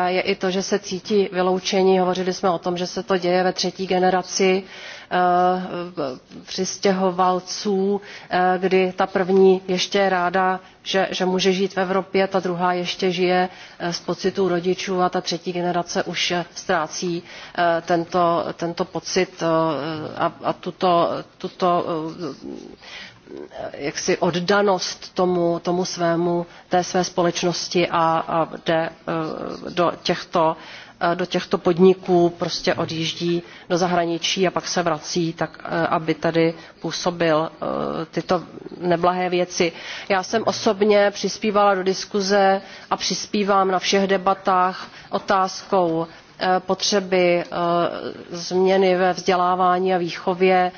je i to že se cítí vyloučení hovořili jsme o tom že se to děje ve třetí generaci Eh, přistěhovalců, eh, kdy ta první ještě je ráda, že, že může žít v Evropě, ta druhá ještě žije eh, z pocitů rodičů a ta třetí generace už ztrácí tento, tento pocit a, a tuto, tuto jaksi oddanost tomu, tomu svému, té své společnosti a, a jde do těchto do těchto podniků prostě odjíždí do zahraničí a pak se vrací, tak e, aby tady působil e, tyto neblahé věci. Já jsem osobně přispívala do diskuze a přispívám na všech debatách otázkou e, potřeby změny ve vzdělávání a výchově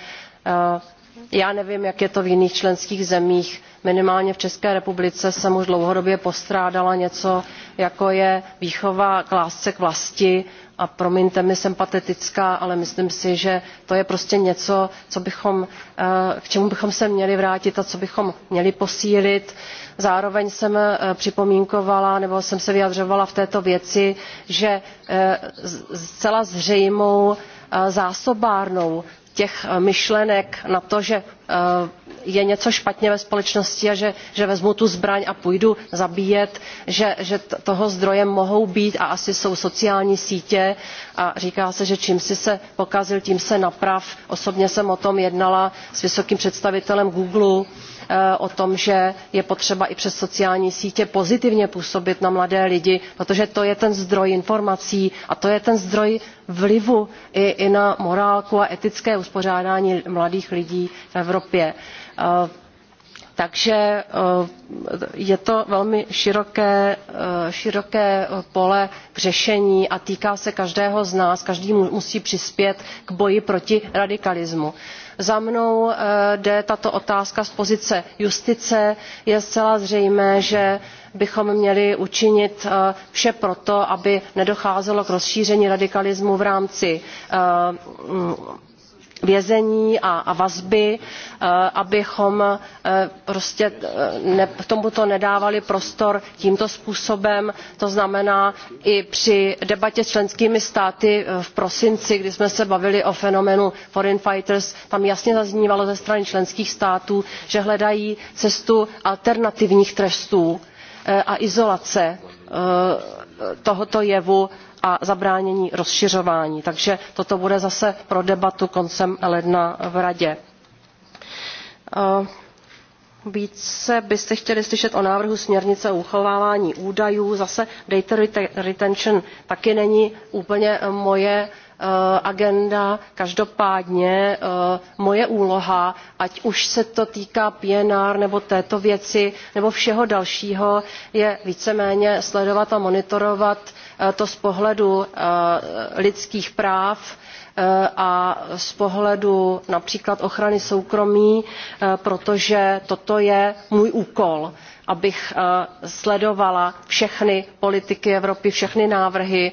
já nevím jak je to v jiných členských zemích minimálně v české republice jsem už dlouhodobě postrádala něco jako je výchova k lásce k vlasti a promiňte mi jsem patetická ale myslím si že to je prostě něco co bychom, eh, k čemu bychom se měli vrátit a co bychom měli posílit. zároveň jsem eh, připomínkovala nebo jsem se vyjadřovala v této věci že eh, zcela zřejmou zásobárnou těch eh, myšlenek na to, že eh, je něco špatně ve společnosti a že, že vezmu tu zbraň a půjdu zabíjet, že, že toho zdrojem mohou být a asi jsou sociální sítě a říká se, že čím si se pokazil, tím se naprav. Osobně jsem o tom jednala s vysokým představitelem Google Eh, o tom že je potřeba i přes sociální sítě pozitivně působit na mladé lidi protože to je ten zdroj informací a to je ten zdroj vlivu i, i na morálku a etické uspořádání mladých lidí v evropě. Eh, takže eh, je to velmi široké, široké pole k řešení a týká se každého z nás každý musí přispět k boji proti radikalismu za mnou eh, jde tato otázka z pozice justice je zcela zřejmé že bychom měli učinit eh, vše pro to aby nedocházelo k rozšíření radikalismu v rámci eh, vězení a, vazby, eh, abychom eh, prostě eh, tomuto nedávali prostor tímto způsobem. To znamená, i při debatě s členskými státy v prosinci, kdy jsme se bavili o fenoménu foreign fighters, tam jasně zaznívalo ze strany členských států, že hledají cestu alternativních trestů a izolace tohoto jevu a zabránění rozšiřování. takže toto bude zase pro debatu koncem ledna v radě. Eh, více byste chtěli slyšet o návrhu směrnice o uchovávání údajů. Zase data retention taky není úplně moje eh, agenda. Každopádně eh, moje úloha, ať už se to týká PNR nebo této věci nebo všeho dalšího, je víceméně sledovat a monitorovat Eh, to z pohledu eh, lidských práv eh, a z pohledu například ochrany soukromí protože toto je můj úkol abych sledovala všechny politiky evropy všechny návrhy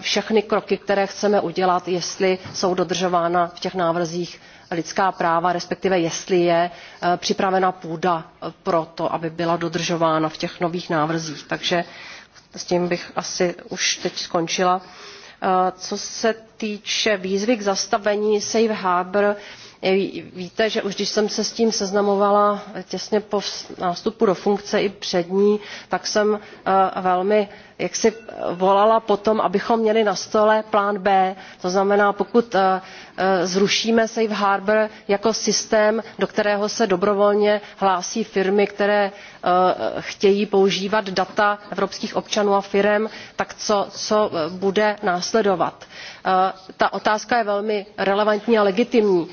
všechny kroky které chceme udělat jestli jsou dodržována v těch návrzích lidská práva respektive jestli je připravena půda pro to aby byla dodržována v těch nových návrzích. takže s tím bych asi už teď skončila. Eh, co se týče výzvy k zastavení Safe Harbor, víte, že už když jsem se s tím seznamovala těsně po nástupu do funkce i přední, tak jsem eh, velmi jak volala eh, volala potom, abychom měli na stole plán B. To znamená, pokud eh, eh, zrušíme Safe Harbour jako systém, do kterého se dobrovolně hlásí firmy, které chtějí používat data evropských občanů a firem, tak co bude následovat. Ta otázka je velmi relevantní a legitimní,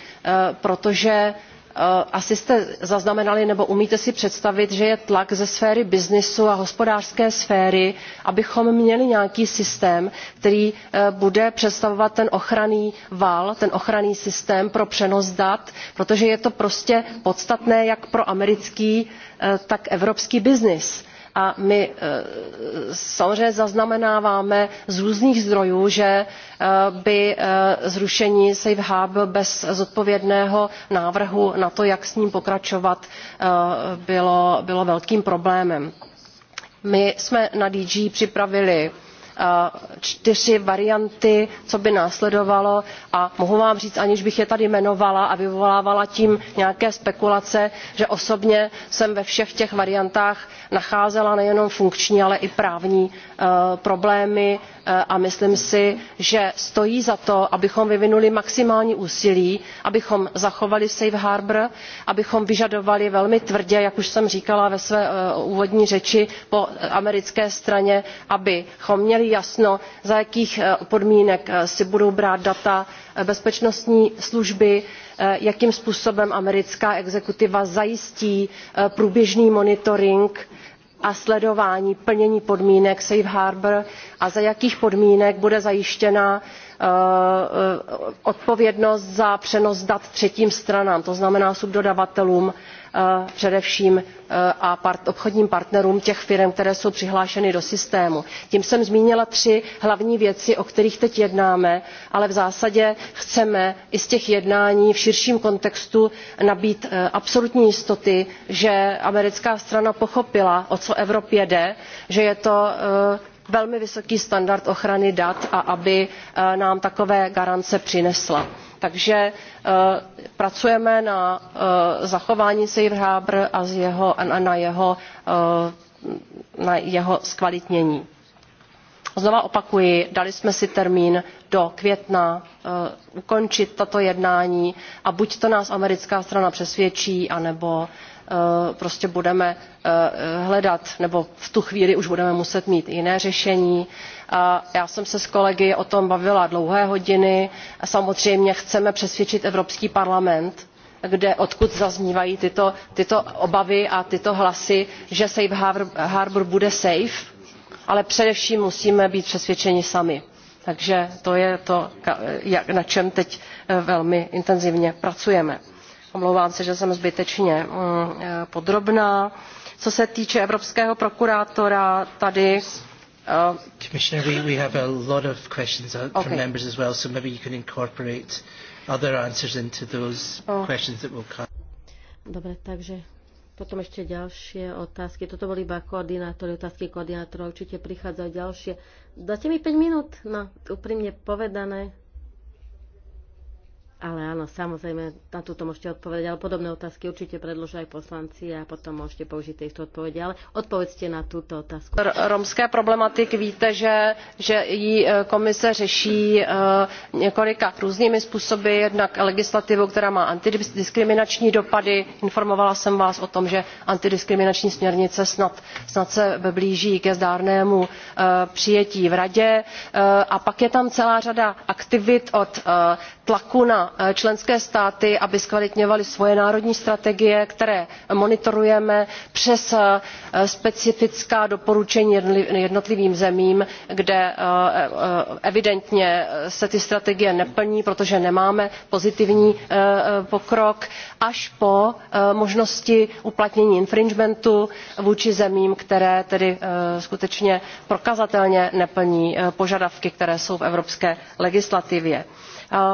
protože Eh, asi jste zaznamenali nebo umíte si představit že je tlak ze sféry byznysu a hospodářské sféry abychom měli nějaký systém který eh, bude představovat ten ochranný val ten ochranný systém pro přenos dat protože je to prostě podstatné jak pro americký eh, tak evropský byznys a my e, samozřejmě zaznamenáváme z různých zdrojů že e, by e, zrušení safe harbour bez zodpovědného návrhu na to jak s ním pokračovat bylo, bylo velkým problémem. my jsme na dg připravili čtyři varianty co by následovalo a mohu vám říct aniž bych je tady jmenovala a vyvolávala tím nějaké spekulace že osobně jsem ve všech těch variantách nacházela nejenom funkční ale i právní eh, problémy eh, a myslím si že stojí za to abychom vyvinuli maximální úsilí abychom zachovali safe harbour abychom vyžadovali velmi tvrdě jak už jsem říkala ve své eh, úvodní řeči po americké straně abychom měli měli jasno za jakých eh, podmínek eh, si budou brát data eh, bezpečnostní služby jakým způsobem americká exekutiva zajistí průběžný monitoring a sledování plnění podmínek safe harbour a za jakých podmínek bude zajištěna odpovědnost za přenos dat třetím stranám to znamená subdodavatelům Eh, především eh, a obchodním partnerům těch firem které jsou přihlášeny do systému. tím jsem zmínila tři hlavní věci o kterých teď jednáme ale v zásadě chceme i z těch jednání v širším kontextu nabýt eh, absolutní jistoty že americká strana pochopila o co evropě jde že je to velmi vysoký standard ochrany dat a aby nám takové garance přinesla takže e, pracujeme na e, zachování safe harbour a na jeho, e, na jeho zkvalitnění. Znova opakuji, dali jsme si termín do května uh, ukončit tato jednání a buď to nás americká strana přesvědčí, anebo uh, prostě budeme uh, hledat, nebo v tu chvíli už budeme muset mít jiné řešení. Uh, Eh, já jsem se s kolegy o tom bavila dlouhé hodiny a samozřejmě chceme přesvědčit evropský parlament kde, odkud zaznívají tyto, tyto obavy a tyto hlasy že safe harbour bude safe ale především musíme být přesvědčeni sami. takže to je to na čem teď eh, velmi intenzivně pracujeme. omlouvám se že jsem zbytečně mm, eh, podrobná. co se týče evropského prokurátora tady Um, Commissioner, we, we have a lot of questions uh, okay. from members as well, so maybe you can incorporate other answers into those oh. questions that will come. Dobre, takže potom ešte ďalšie otázky. Toto boli iba koordinátory, otázky koordinátorov, určite prichádzajú ďalšie. Dáte mi 5 minút? No, úprimne povedané, ale áno, samozrejme, na túto môžete odpovedať, ale podobné otázky určite predložia aj poslanci a potom môžete použiť tejto odpovede. Ale odpovedzte na túto otázku. Romské problematiky víte, že, že ji e, komise řeší e, několika různými způsoby, jednak legislativu, která má antidiskriminační dopady. Informovala jsem vás o tom, že antidiskriminační směrnice snad, snad se blíží ke zdárnému e, přijetí v radě. A pak je tam celá řada aktivit od tlaku na e, členské státy aby zkvalitňovaly svoje národní strategie které monitorujeme přes e, specifická doporučení jednotlivým zemím kde se e, evidentně se ty strategie neplní protože nemáme pozitivní pokrok až po možnosti uplatnění infringementu vůči zemím které tedy skutečně prokazatelně neplní požadavky které jsou v evropské legislativě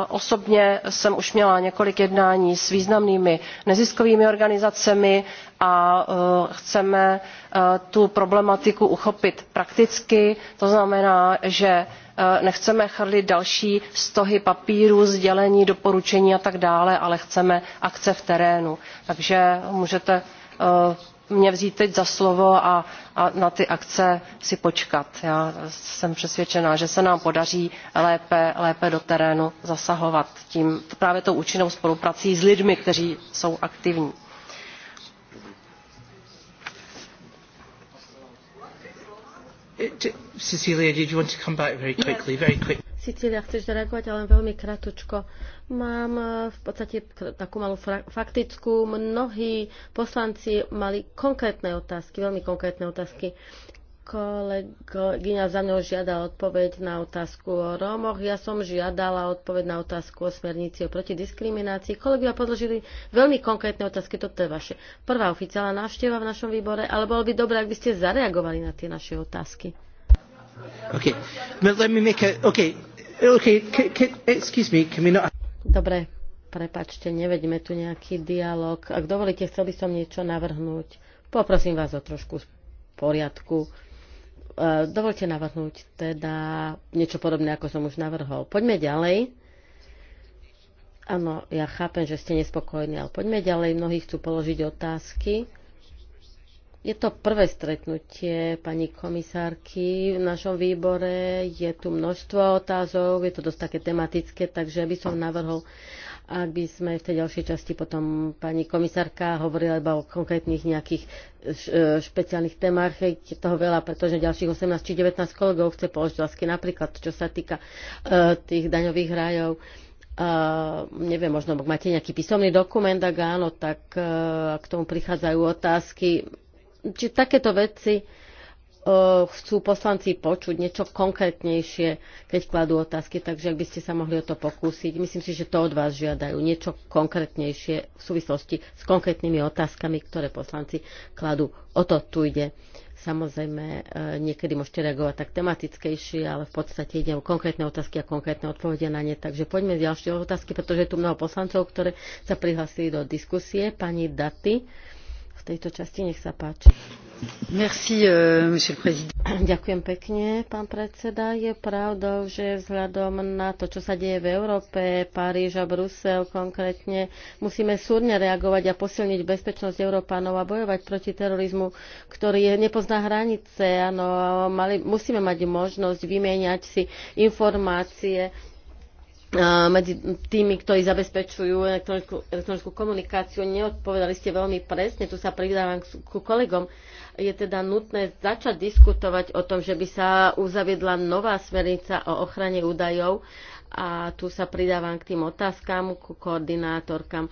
osobně jsem už měla několik jednání s významnými neziskovými organizacemi a e, chceme e, tu problematiku uchopit prakticky to znamená že e, nechceme chrlit další stohy papírů sdělení doporučení a tak dále ale chceme akce v terénu. takže můžete mě vzít teď za slovo a, a na ty akce si počkat. Já jsem přesvědčená, že se nám podaří lépe, lépe do terénu zasahovat tím, právě tou účinnou spoluprací s lidmi, kteří jsou aktivní. Eh, Cecilia, did you want to come back very quickly? Very quick. Cecilia, chceš reagovat, ale velmi kratučko. Mám eh, v podstate takú malú faktickú. Mnohí poslanci mali konkrétne otázky, veľmi konkrétne otázky. Kolegyňa za mnou žiada odpoveď na otázku o Rómoch. Ja som žiadala odpoveď na otázku o smernici o protidiskriminácii. Kolegyňa podložili veľmi konkrétne otázky. Toto je vaše prvá oficiálna návšteva v našom výbore, ale bolo by dobré, ak by ste zareagovali na tie naše otázky. Okay. Well, let me make a, okay. Okay, c- c- excuse me, can we not... Dobre, prepačte, nevedíme tu nejaký dialog. Ak dovolíte, chcel by som niečo navrhnúť. Poprosím vás o trošku poriadku. E, dovolte navrhnúť teda niečo podobné, ako som už navrhol. Poďme ďalej. Áno, ja chápem, že ste nespokojní, ale poďme ďalej. Mnohí chcú položiť otázky je to prvé stretnutie pani komisárky v našom výbore. Je tu množstvo otázov, je to dosť také tematické, takže by som navrhol, ak by sme v tej ďalšej časti potom pani komisárka hovorila iba o konkrétnych nejakých e, e, špeciálnych témach, je toho veľa, pretože ďalších 18 či 19 kolegov chce položiť otázky, napríklad čo sa týka e, tých daňových rájov. Uh, neviem, možno máte nejaký písomný dokument, ak áno, tak uh, k tomu prichádzajú otázky či takéto veci e, chcú poslanci počuť niečo konkrétnejšie, keď kladú otázky, takže ak by ste sa mohli o to pokúsiť. Myslím si, že to od vás žiadajú, niečo konkrétnejšie v súvislosti s konkrétnymi otázkami, ktoré poslanci kladú. O to tu ide. Samozrejme, e, niekedy môžete reagovať tak tematickejšie, ale v podstate ide o konkrétne otázky a konkrétne odpovede na ne. Takže poďme z ďalšie otázky, pretože je tu mnoho poslancov, ktoré sa prihlasili do diskusie. Pani Daty v tejto časti. Nech sa páči. Merci, euh, monsieur le président. Ďakujem pekne, pán predseda. Je pravdou, že vzhľadom na to, čo sa deje v Európe, Paríž a Brusel konkrétne, musíme súrne reagovať a posilniť bezpečnosť Európanov a bojovať proti terorizmu, ktorý nepozná hranice. Áno, mali, musíme mať možnosť vymieňať si informácie medzi tými, ktorí zabezpečujú elektronickú, elektronickú komunikáciu. Neodpovedali ste veľmi presne, tu sa pridávam ku kolegom. Je teda nutné začať diskutovať o tom, že by sa uzaviedla nová smernica o ochrane údajov a tu sa pridávam k tým otázkám, ku koordinátorkám. Uh,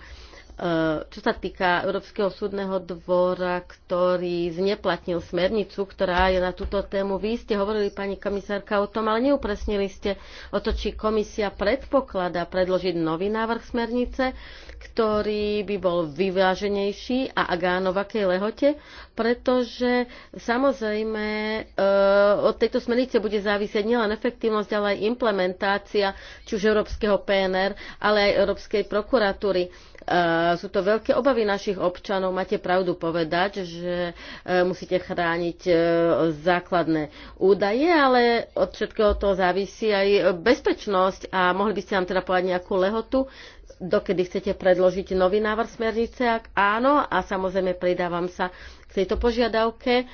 Eh, čo sa týka Európskeho súdneho dvora, ktorý zneplatnil smernicu, ktorá je na túto tému. Vy ste hovorili, pani komisárka, o tom, ale neupresnili ste o to, či komisia predpokladá predložiť nový návrh smernice, ktorý by bol vyváženejší a ak áno, v akej lehote, pretože samozrejme eh, od tejto smernice bude závisieť nielen efektívnosť, ale aj implementácia či už Európskeho PNR, ale aj Európskej prokuratúry eh, sú to veľké obavy našich občanov. Máte pravdu povedať, že e, musíte chrániť e, základné údaje, ale od všetkého toho závisí aj bezpečnosť a mohli by ste nám teda povedať nejakú lehotu, dokedy chcete predložiť nový návrh smernice, ak áno, a samozrejme pridávam sa k tejto požiadavke, e,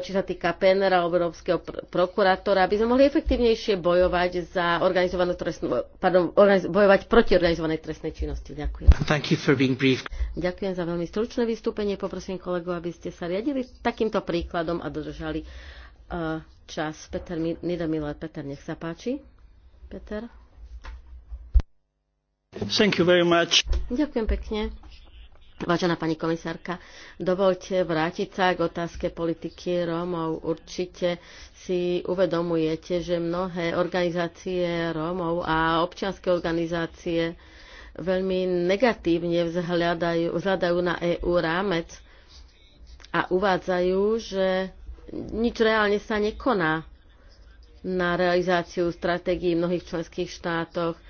či sa týka PNR a Európskeho prokurátora, aby sme mohli efektívnejšie bojovať za organizovanú trestnú, pardon, organiz, bojovať proti organizovanej trestnej činnosti. Ďakujem. Thank you for being brief. Ďakujem za veľmi stručné vystúpenie. Poprosím kolegov, aby ste sa riadili takýmto príkladom a dodržali uh, čas. Peter Nidomile, Peter, nech sa páči. Peter. Thank you very much. Ďakujem pekne. Vážená pani komisárka, dovolte vrátiť sa k otázke politiky Rómov. Určite si uvedomujete, že mnohé organizácie Rómov a občianske organizácie veľmi negatívne vzhľadajú, vzhľadajú na EU rámec a uvádzajú, že nič reálne sa nekoná na realizáciu stratégií v mnohých členských štátoch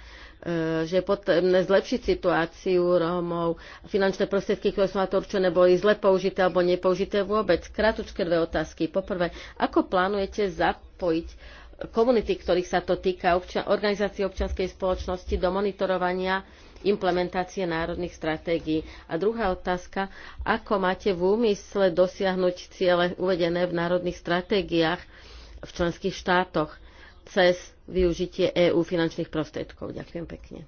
Eh, že je potrebné zlepšiť situáciu Rómov. Finančné prostriedky, ktoré sú na to určené, boli zle použité alebo nepoužité vôbec. Krátučké dve otázky. Poprvé, ako plánujete zapojiť komunity, ktorých sa to týka, obča- organizácie občianskej spoločnosti do monitorovania implementácie národných stratégií. A druhá otázka, ako máte v úmysle dosiahnuť ciele uvedené v národných stratégiách v členských štátoch cez využitie EÚ finančných prostriedkov. Ďakujem pekne.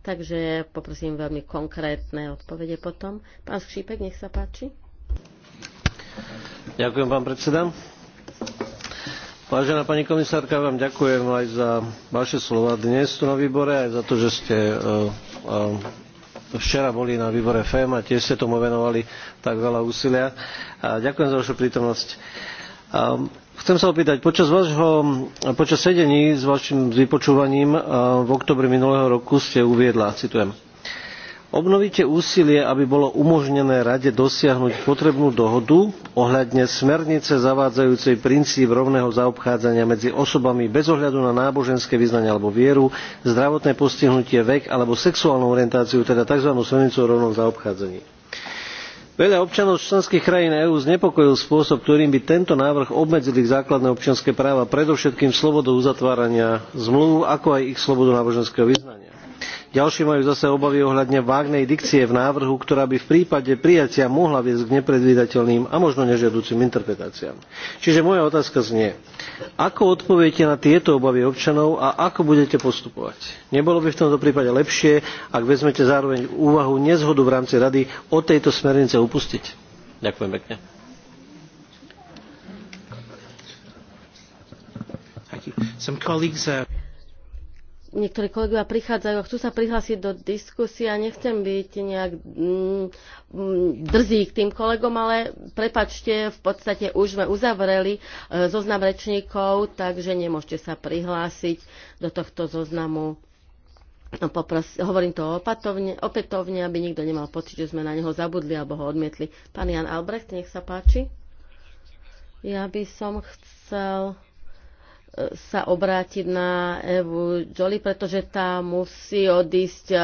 Takže poprosím veľmi konkrétne odpovede potom. Pán skřípek, nech sa páči. Ďakujem, pán predseda. Vážená pani komisárka, vám ďakujem aj za vaše slova dnes tu na výbore, aj za to, že ste e, e, včera boli na výbore FEM a tiež ste tomu venovali tak veľa úsilia. A ďakujem za vašu prítomnosť Um, chcem sa opýtať, počas, počas sedení s vašim vypočúvaním uh, v oktobri minulého roku ste uviedla, citujem, obnovíte úsilie aby bolo umožnené rade dosiahnuť potrebnú dohodu ohľadne smernice zavádzajúcej princíp rovného zaobchádzania medzi osobami bez ohľadu na náboženské vyznanie alebo vieru zdravotné postihnutie vek alebo sexuálnu orientáciu teda tzv. smernicu o rovnom zaobchádzaní veľa občanov členských krajín eú znepokojil spôsob ktorým by tento návrh obmedzil ich základné občianske práva predovšetkým slobodu uzatvárania zmlúv ako aj ich slobodu náboženského vyznania ďalší majú zase obavy ohľadne vágnej dikcie v návrhu ktorá by v prípade prijatia mohla viesť k nepredvídateľným a možno nežiaducim interpretáciám. čiže moja otázka znie ako odpoviete na tieto obavy občanov a ako budete postupovať? nebolo by v tomto prípade lepšie ak vezmete zároveň úvahu nezhodu v rámci rady od tejto smernice upustiť? ďakujem pekne. Some colleagues, uh niektorí kolegovia prichádzajú a chcú sa prihlásiť do diskusie a nechcem byť nejak mm, mm, drzí k tým kolegom, ale prepačte, v podstate už sme uzavreli e, zoznam rečníkov, takže nemôžete sa prihlásiť do tohto zoznamu. No, popros, hovorím to opatovne, opätovne, aby nikto nemal pocit, že sme na neho zabudli alebo ho odmietli. Pán Jan Albrecht, nech sa páči. Ja by som chcel sa obrátiť na Evu Jolly, pretože tá musí odísť e,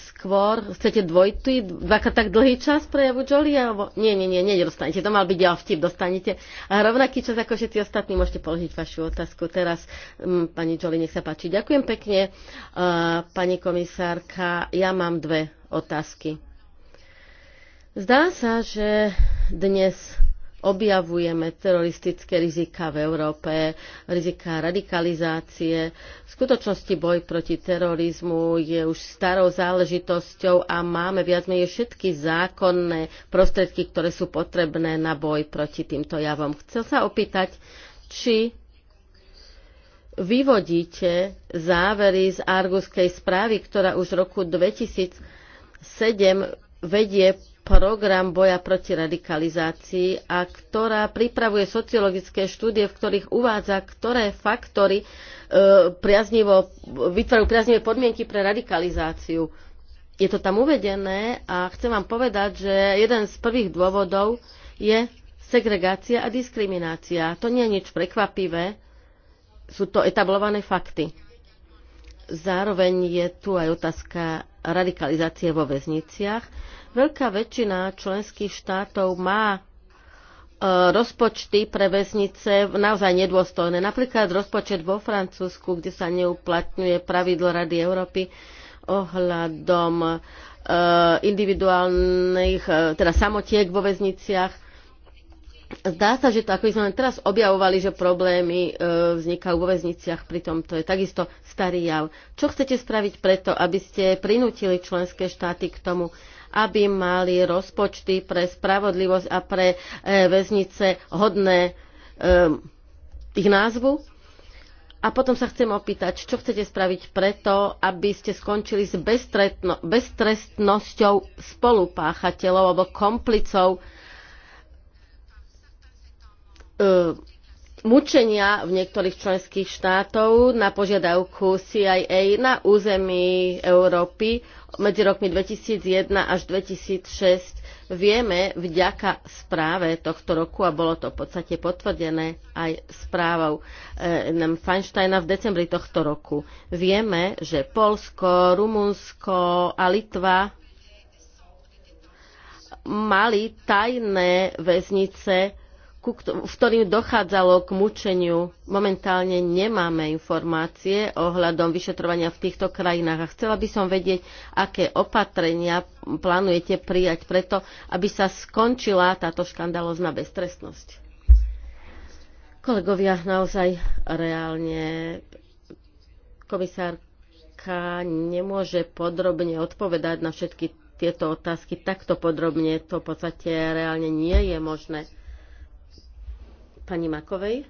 skôr. Chcete dvojty, dvakrát tak dlhý čas pre Evu Jolly Alebo... Nie, nie, nie, nedostanete. To mal byť ďal vtip, dostanete. A rovnaký čas ako všetci ostatní môžete položiť vašu otázku. Teraz, m, mm, pani Jolie, nech sa páči. Ďakujem pekne, uh, pani komisárka. Ja mám dve otázky. Zdá sa, že dnes objavujeme teroristické rizika v Európe, rizika radikalizácie. V skutočnosti boj proti terorizmu je už starou záležitosťou a máme viac menej všetky zákonné prostriedky, ktoré sú potrebné na boj proti týmto javom. Chcel sa opýtať, či vyvodíte závery z Arguskej správy, ktorá už v roku 2007 vedie program boja proti radikalizácii a ktorá pripravuje sociologické štúdie, v ktorých uvádza, ktoré faktory e, priaznivo, vytvárajú priaznivé podmienky pre radikalizáciu. Je to tam uvedené a chcem vám povedať, že jeden z prvých dôvodov je segregácia a diskriminácia. To nie je nič prekvapivé, sú to etablované fakty. Zároveň je tu aj otázka radikalizácie vo väzniciach Veľká väčšina členských štátov má e, rozpočty pre väznice naozaj nedôstojné. Napríklad rozpočet vo Francúzsku, kde sa neuplatňuje pravidlo Rady Európy ohľadom e, individuálnych, e, teda samotiek vo väzniciach. Zdá sa, že to, ako sme teraz objavovali, že problémy vznikajú vo väzniciach, pritom to je takisto starý jav. Čo chcete spraviť preto, aby ste prinútili členské štáty k tomu, aby mali rozpočty pre spravodlivosť a pre e, väznice hodné e, ich názvu. A potom sa chcem opýtať, čo chcete spraviť preto, aby ste skončili s beztrestnosťou spolupáchateľov alebo komplicov e, mučenia v niektorých členských štátov na požiadavku CIA na území Európy medzi rokmi 2001 až 2006 vieme vďaka správe tohto roku a bolo to v podstate potvrdené aj správou e, Feinsteina v decembri tohto roku. Vieme, že Polsko, Rumunsko a Litva mali tajné väznice v ktorým dochádzalo k mučeniu. Momentálne nemáme informácie ohľadom vyšetrovania v týchto krajinách a chcela by som vedieť, aké opatrenia plánujete prijať preto, aby sa skončila táto škandalozná beztrestnosť. Kolegovia, naozaj reálne komisárka nemôže podrobne odpovedať na všetky tieto otázky takto podrobne. To v podstate reálne nie je možné pani Makovej.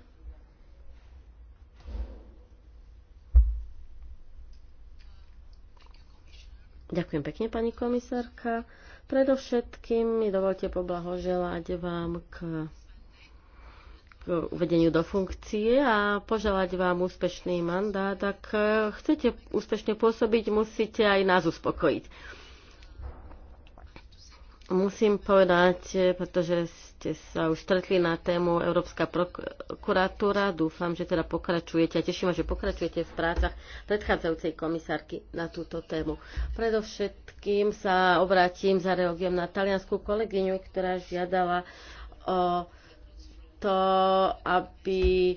Ďakujem pekne, pani komisárka. Predovšetkým mi dovolte poblahoželať vám k, k uvedeniu do funkcie a poželať vám úspešný mandát. Ak chcete úspešne pôsobiť, musíte aj nás uspokojiť. Musím povedať, pretože ste sa už stretli na tému Európska prokuratúra. Dúfam, že teda pokračujete a teším, že pokračujete v prácach predchádzajúcej komisárky na túto tému. Predovšetkým sa obrátim, zareagujem na talianskú kolegyňu, ktorá žiadala o to, aby e,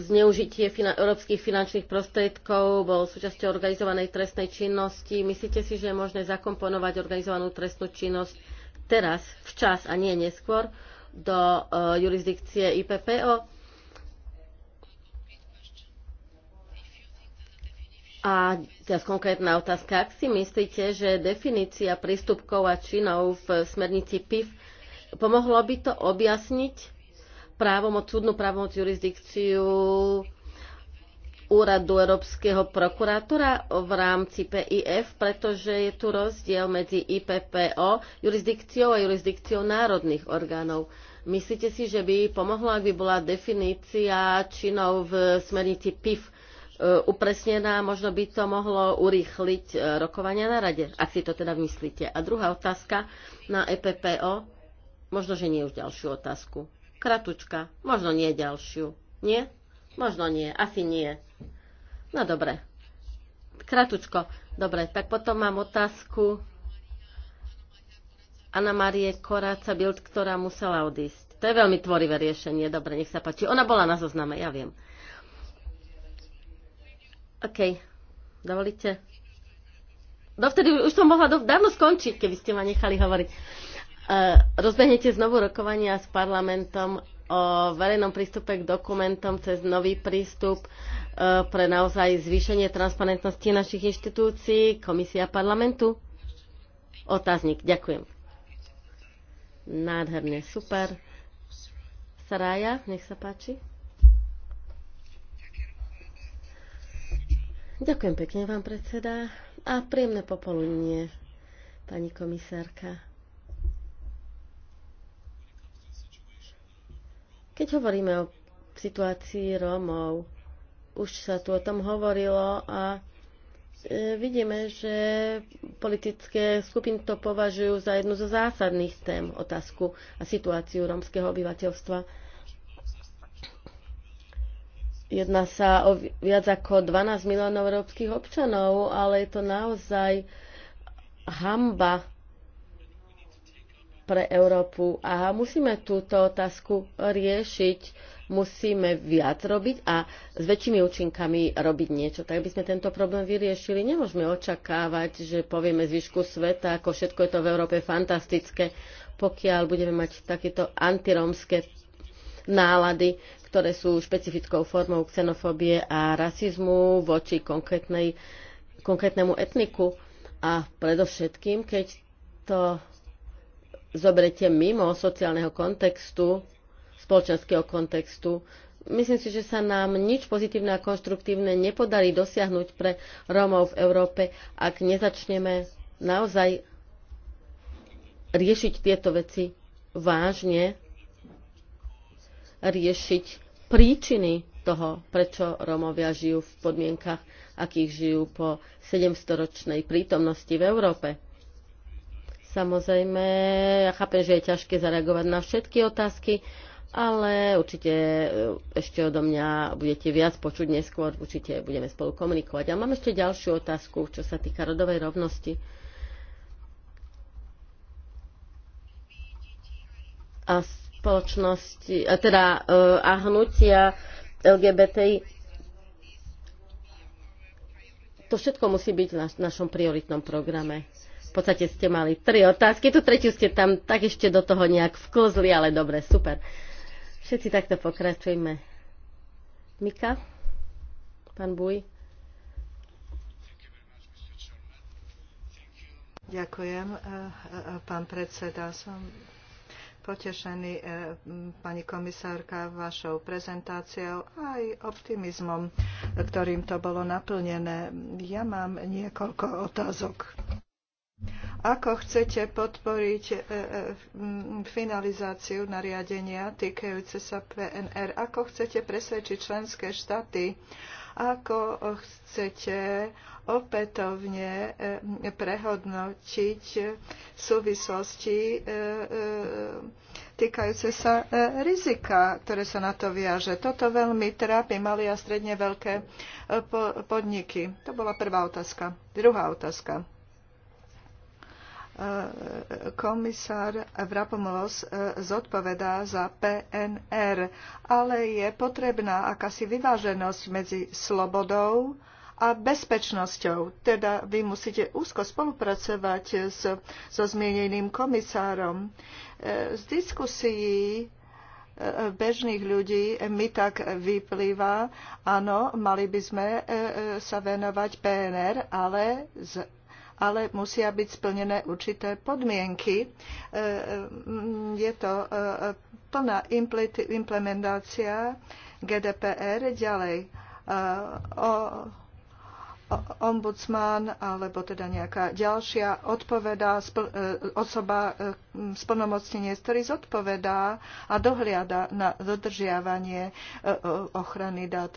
zneužitie finan- európskych finančných prostriedkov bol súčasťou organizovanej trestnej činnosti. Myslíte si, že je možné zakomponovať organizovanú trestnú činnosť teraz, včas a nie neskôr, do uh, jurisdikcie IPPO. A teraz konkrétna otázka. Ak si myslíte, že definícia prístupkov a činov v smernici PIF pomohlo by to objasniť právomoc, súdnu právomoc jurisdikciu úradu Európskeho prokurátora v rámci PIF, pretože je tu rozdiel medzi IPPO, jurisdikciou a jurisdikciou národných orgánov. Myslíte si, že by pomohlo, ak by bola definícia činov v smernici PIF e, upresnená, možno by to mohlo urýchliť e, rokovania na rade, ak si to teda myslíte. A druhá otázka na EPPO, možno, že nie už ďalšiu otázku. Kratučka, možno nie ďalšiu. Nie? Možno nie, asi nie. No dobre. Kratučko. Dobre, tak potom mám otázku Ana Marie Koráca Bild, ktorá musela odísť. To je veľmi tvorivé riešenie. Dobre, nech sa páči. Ona bola na zozname, ja viem. OK, dovolíte? Dovtedy už som mohla do, dávno skončiť, keby ste ma nechali hovoriť. Uh, rozbehnete znovu rokovania s parlamentom o verejnom prístupe k dokumentom cez nový prístup e, pre naozaj zvýšenie transparentnosti našich inštitúcií, komisia parlamentu? Otáznik, ďakujem. Nádherne, super. Saraja, nech sa páči. Ďakujem pekne vám, predseda. A príjemné popoludnie, pani komisárka. Keď hovoríme o situácii Rómov, už sa tu o tom hovorilo a e, vidíme, že politické skupiny to považujú za jednu zo zásadných tém otázku a situáciu rómskeho obyvateľstva. Jedná sa o viac ako 12 miliónov európskych občanov, ale je to naozaj hamba pre Európu a musíme túto otázku riešiť, musíme viac robiť a s väčšími účinkami robiť niečo. Tak by sme tento problém vyriešili. Nemôžeme očakávať, že povieme zvyšku sveta, ako všetko je to v Európe fantastické, pokiaľ budeme mať takéto antiromské nálady, ktoré sú špecifickou formou xenofóbie a rasizmu voči konkrétnej, konkrétnemu etniku. A predovšetkým, keď to zoberete mimo sociálneho kontextu, spoločenského kontextu, myslím si, že sa nám nič pozitívne a konštruktívne nepodarí dosiahnuť pre Rómov v Európe, ak nezačneme naozaj riešiť tieto veci vážne, riešiť príčiny toho, prečo Rómovia žijú v podmienkach, akých žijú po 700-ročnej prítomnosti v Európe. Samozrejme, ja chápem, že je ťažké zareagovať na všetky otázky, ale určite e, ešte odo mňa budete viac počuť neskôr, určite budeme spolu komunikovať. A mám ešte ďalšiu otázku, čo sa týka rodovej rovnosti. A spoločnosti, a teda e, a hnutia LGBTI, to všetko musí byť v našom prioritnom programe podstate ste mali tri otázky, tu tretiu ste tam tak ešte do toho nejak vklzli, ale dobre, super. Všetci takto pokračujme. Mika? Pán Buj? Ďakujem, eh, eh, pán predseda. Som potešený, eh, pani komisárka, vašou prezentáciou a aj optimizmom, ktorým to bolo naplnené. Ja mám niekoľko otázok. Ako chcete podporiť e, e, finalizáciu nariadenia týkajúce sa PNR? Ako chcete presvedčiť členské štáty? Ako chcete opätovne e, prehodnotiť súvislosti týkajúce sa rizika, ktoré sa na to viaže. Toto veľmi trápi malé a stredne veľké podniky. To bola prvá otázka. Druhá otázka komisár Vrapomolos e, zodpovedá za PNR, ale je potrebná akási vyváženosť medzi slobodou a bezpečnosťou. Teda vy musíte úzko spolupracovať s, so zmieneným komisárom. E, z diskusií e, bežných ľudí mi tak vyplýva, áno, mali by sme sa venovať PNR, ale z ale musia byť splnené určité podmienky. E, e, je to e, plná implementácia GDPR ďalej. O ombudsman alebo teda nejaká ďalšia odpovedá, spl, osoba splnomocnenie, ktorý zodpovedá a dohliada na dodržiavanie ochrany dát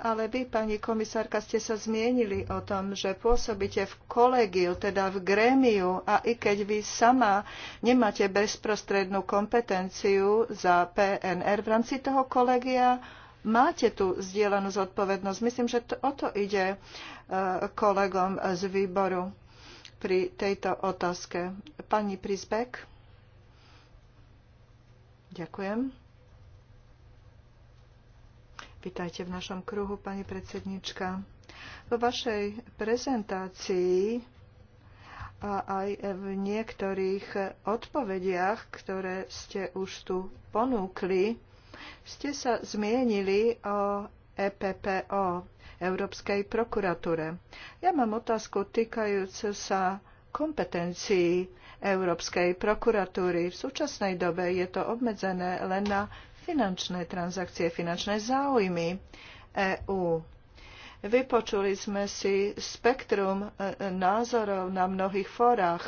ale vy, pani komisárka, ste sa zmienili o tom, že pôsobíte v kolegiu, teda v grémiu a i keď vy sama nemáte bezprostrednú kompetenciu za PNR v rámci toho kolegia, máte tu zdieľanú zodpovednosť. Myslím, že to, o to ide e, kolegom z výboru pri tejto otázke. Pani Prisbek. Ďakujem. Vítajte v našom kruhu, pani predsednička. Vo vašej prezentácii a aj v niektorých odpovediach, ktoré ste už tu ponúkli, ste sa zmienili o EPPO, Európskej prokuratúre. Ja mám otázku týkajúcu sa kompetencií Európskej prokuratúry. V súčasnej dobe je to obmedzené len na finančné transakcie, finančné záujmy EÚ. Vypočuli sme si spektrum e, názorov na mnohých fórach.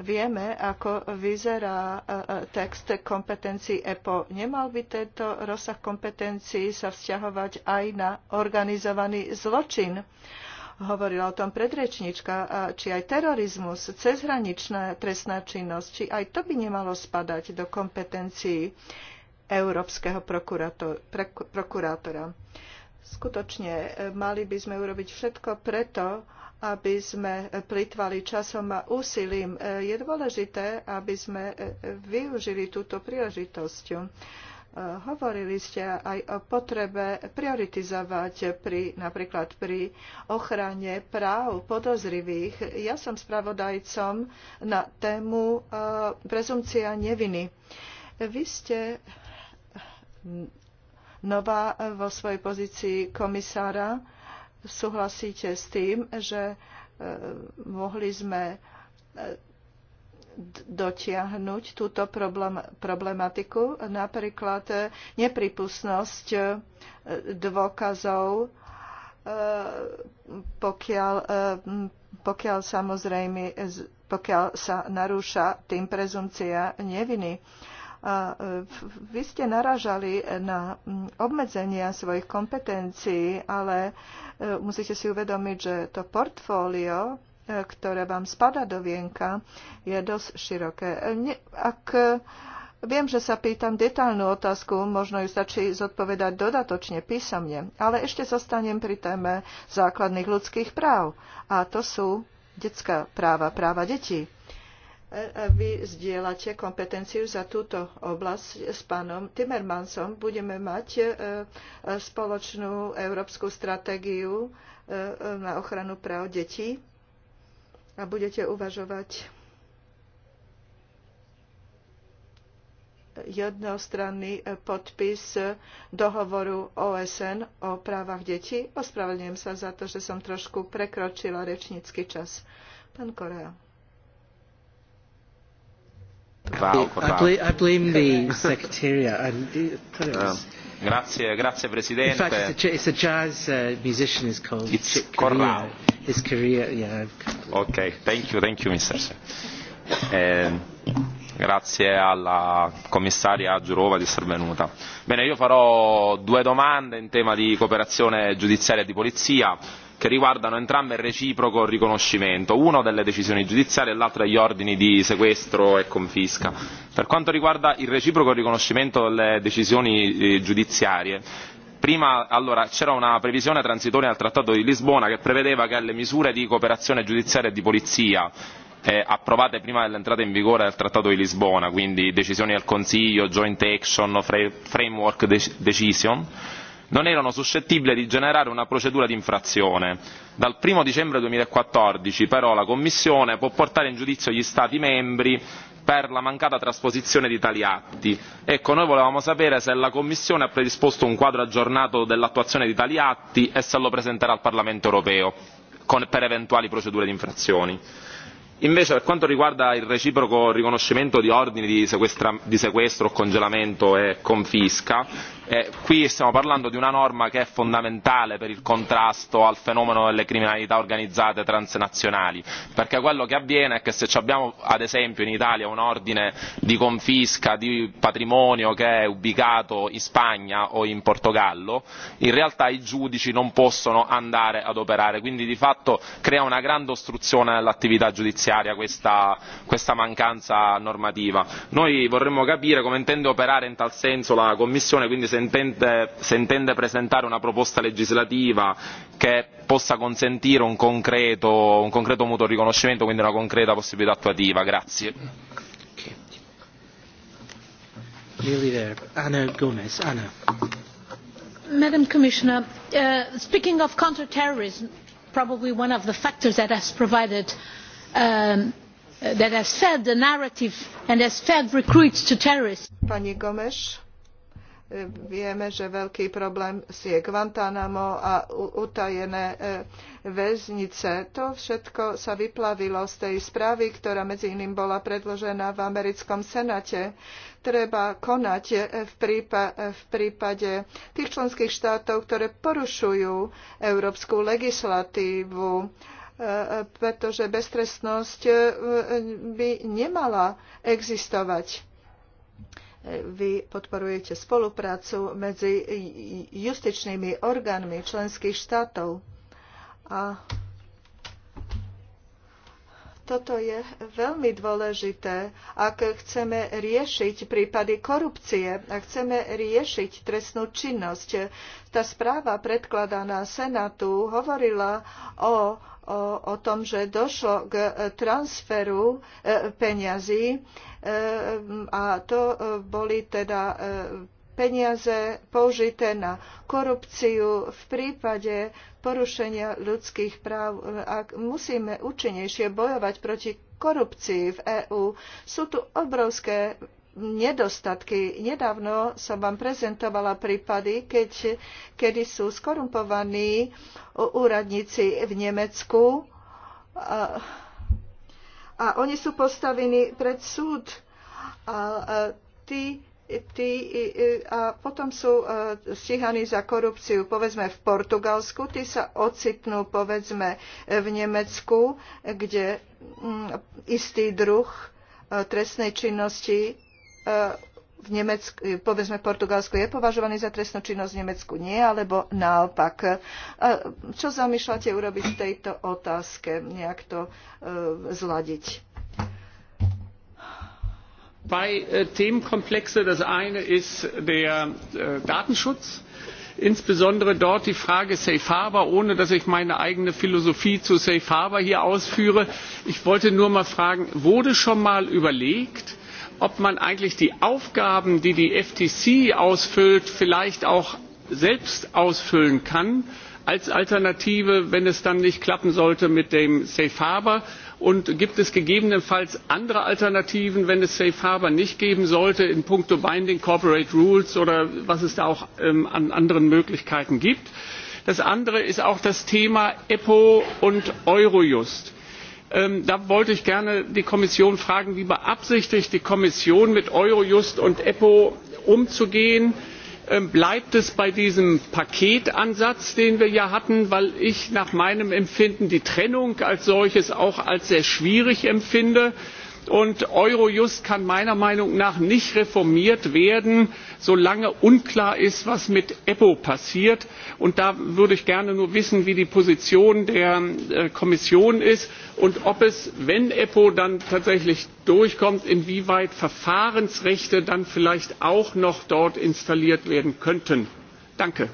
Vieme, ako vyzerá e, e, text kompetencií EPO. Nemal by tento rozsah kompetencií sa vzťahovať aj na organizovaný zločin hovorila o tom predrečnička, či aj terorizmus, cezhraničná trestná činnosť, či aj to by nemalo spadať do kompetencií európskeho prokurátora. Skutočne e, mali by sme urobiť všetko preto, aby sme plitvali časom a úsilím. E, je dôležité, aby sme e, využili túto príležitosť. Hovorili ste aj o potrebe prioritizovať pri, napríklad pri ochrane práv podozrivých. Ja som spravodajcom na tému prezumcia neviny. Vy ste nová e, vo svojej pozícii komisára. Súhlasíte s tým, že e, mohli sme e, dotiahnuť túto problematiku, napríklad nepripustnosť dôkazov, pokiaľ, pokiaľ samozrejme pokiaľ sa narúša tým prezumcia neviny. A e, vy ste naražali na obmedzenia svojich kompetencií, ale e, musíte si uvedomiť, že to portfólio, e, ktoré vám spada do vienka, je dosť široké. Ak Viem, že sa pýtam detálnu otázku, možno ju stačí zodpovedať dodatočne, písomne, ale ešte zostanem pri téme základných ľudských práv. A to sú detská práva, práva detí vy zdieľate kompetenciu za túto oblasť s pánom Timmermansom. Budeme mať e, e, spoločnú európsku stratégiu e, na ochranu práv detí a budete uvažovať jednostranný podpis dohovoru OSN o právach detí. Ospravedlňujem sa za to, že som trošku prekročila rečnícky čas. Pán Korea. Wow, I blame the secretariat. I thought it was... Grazie, grazie Presidente. In fact, it's a, it's a jazz uh, musician is called it's Chick Corea. His career, yeah. Okay, thank you, thank you, Mr. Um, grazie alla commissaria Giurova di essere venuta. Bene, io farò due domande in tema di cooperazione giudiziaria e di polizia che riguardano entrambe il reciproco riconoscimento, uno delle decisioni giudiziarie e l'altro degli ordini di sequestro e confisca. Per quanto riguarda il reciproco riconoscimento delle decisioni eh, giudiziarie, prima allora, c'era una previsione transitoria al Trattato di Lisbona che prevedeva che alle misure di cooperazione giudiziaria e di polizia eh, approvate prima dell'entrata in vigore del Trattato di Lisbona, quindi decisioni del Consiglio, joint action, framework decision, non erano suscettibili di generare una procedura di infrazione. Dal 1 dicembre 2014 però la Commissione può portare in giudizio gli Stati membri per la mancata trasposizione di tali atti. Ecco, noi volevamo sapere se la Commissione ha predisposto un quadro aggiornato dell'attuazione di tali atti e se lo presenterà al Parlamento europeo con, per eventuali procedure di infrazione invece per quanto riguarda il reciproco riconoscimento di ordini di, sequestro congelamento e confisca eh, qui stiamo parlando di una norma che è fondamentale per il contrasto al fenomeno delle criminalità organizzate transnazionali perché quello che avviene è che se abbiamo ad esempio in Italia un ordine di confisca di patrimonio che è ubicato in Spagna o in Portogallo in realtà i giudici non possono andare ad operare quindi di fatto crea una grande ostruzione all'attività giudiziaria finanziaria questa, questa mancanza normativa. Noi vorremmo capire come intende operare in tal senso la Commissione, quindi se intende, se intende presentare una proposta legislativa che possa consentire un concreto, un concreto mutuo riconoscimento, quindi una concreta possibilità attuativa. Grazie. Nearly there. Anna Gomez. Anna. Madam Commissioner, uh, speaking of counterterrorism, probably one of the factors that has provided uh, Um, that has fed the narrative and has fed recruits to terrorists. Pani Gomes, e, vieme, že veľký problém si je Guantánamo a utajené e, väznice. To všetko sa vyplavilo z tej správy, ktorá medzi iným bola predložená v americkom senáte treba konať e, v, v prípade tých členských štátov, ktoré porušujú európsku legislatívu pretože beztrestnosť e, by nemala existovať. Vy podporujete spoluprácu medzi justičnými orgánmi členských štátov a toto je veľmi dôležité, ak chceme riešiť prípady korupcie, ak chceme riešiť trestnú činnosť. Tá správa predkladaná Senátu hovorila o o, tom, že došlo k e, transferu e, peňazí e, a to boli teda peniaze použité na korupciu v prípade porušenia ľudských práv. Ak musíme účinnejšie bojovať proti korupcii v EÚ, sú tu obrovské nedostatky. Nedávno som vám prezentovala prípady, keď, kedy sú skorumpovaní úradníci v Nemecku a, a oni sú postavení pred súd. A, a, tí, tí, a potom sú e, stíhaní za korupciu, povedzme v Portugalsku, tí sa ocitnú, povedzme v Nemecku, kde mm, istý druh e, trestnej činnosti v Nemecku, povedzme v Portugalsku je považovaný za trestnú činnosť, v Nemecku nie, alebo naopak. E, čo zamýšľate urobiť v tejto otázke, nejak to e, zladiť? Zwei e, Themenkomplexe. Das eine ist der äh, Datenschutz, insbesondere dort die Frage Safe Harbor, ohne dass ich meine eigene Philosophie zu Safe Harbor hier ausführe. Ich wollte nur mal fragen, wurde schon mal überlegt, ob man eigentlich die aufgaben die die ftc ausfüllt vielleicht auch selbst ausfüllen kann als alternative wenn es dann nicht klappen sollte mit dem safe harbour und gibt es gegebenenfalls andere alternativen wenn es safe harbour nicht geben sollte in puncto binding corporate rules oder was es da auch ähm, an anderen möglichkeiten gibt? das andere ist auch das thema eppo und eurojust Ähm, da wollte ich gerne die kommission fragen wie beabsichtigt die kommission mit eurojust und eppo umzugehen? Ähm, bleibt es bei diesem paketansatz den wir ja hatten weil ich nach meinem empfinden die trennung als solches auch als sehr schwierig empfinde? und eurojust kann meiner meinung nach nicht reformiert werden solange unklar ist was mit eppo passiert. und da würde ich gerne nur wissen wie die position der äh, kommission ist und ob es wenn eppo dann tatsächlich durchkommt inwieweit verfahrensrechte dann vielleicht auch noch dort installiert werden könnten. danke.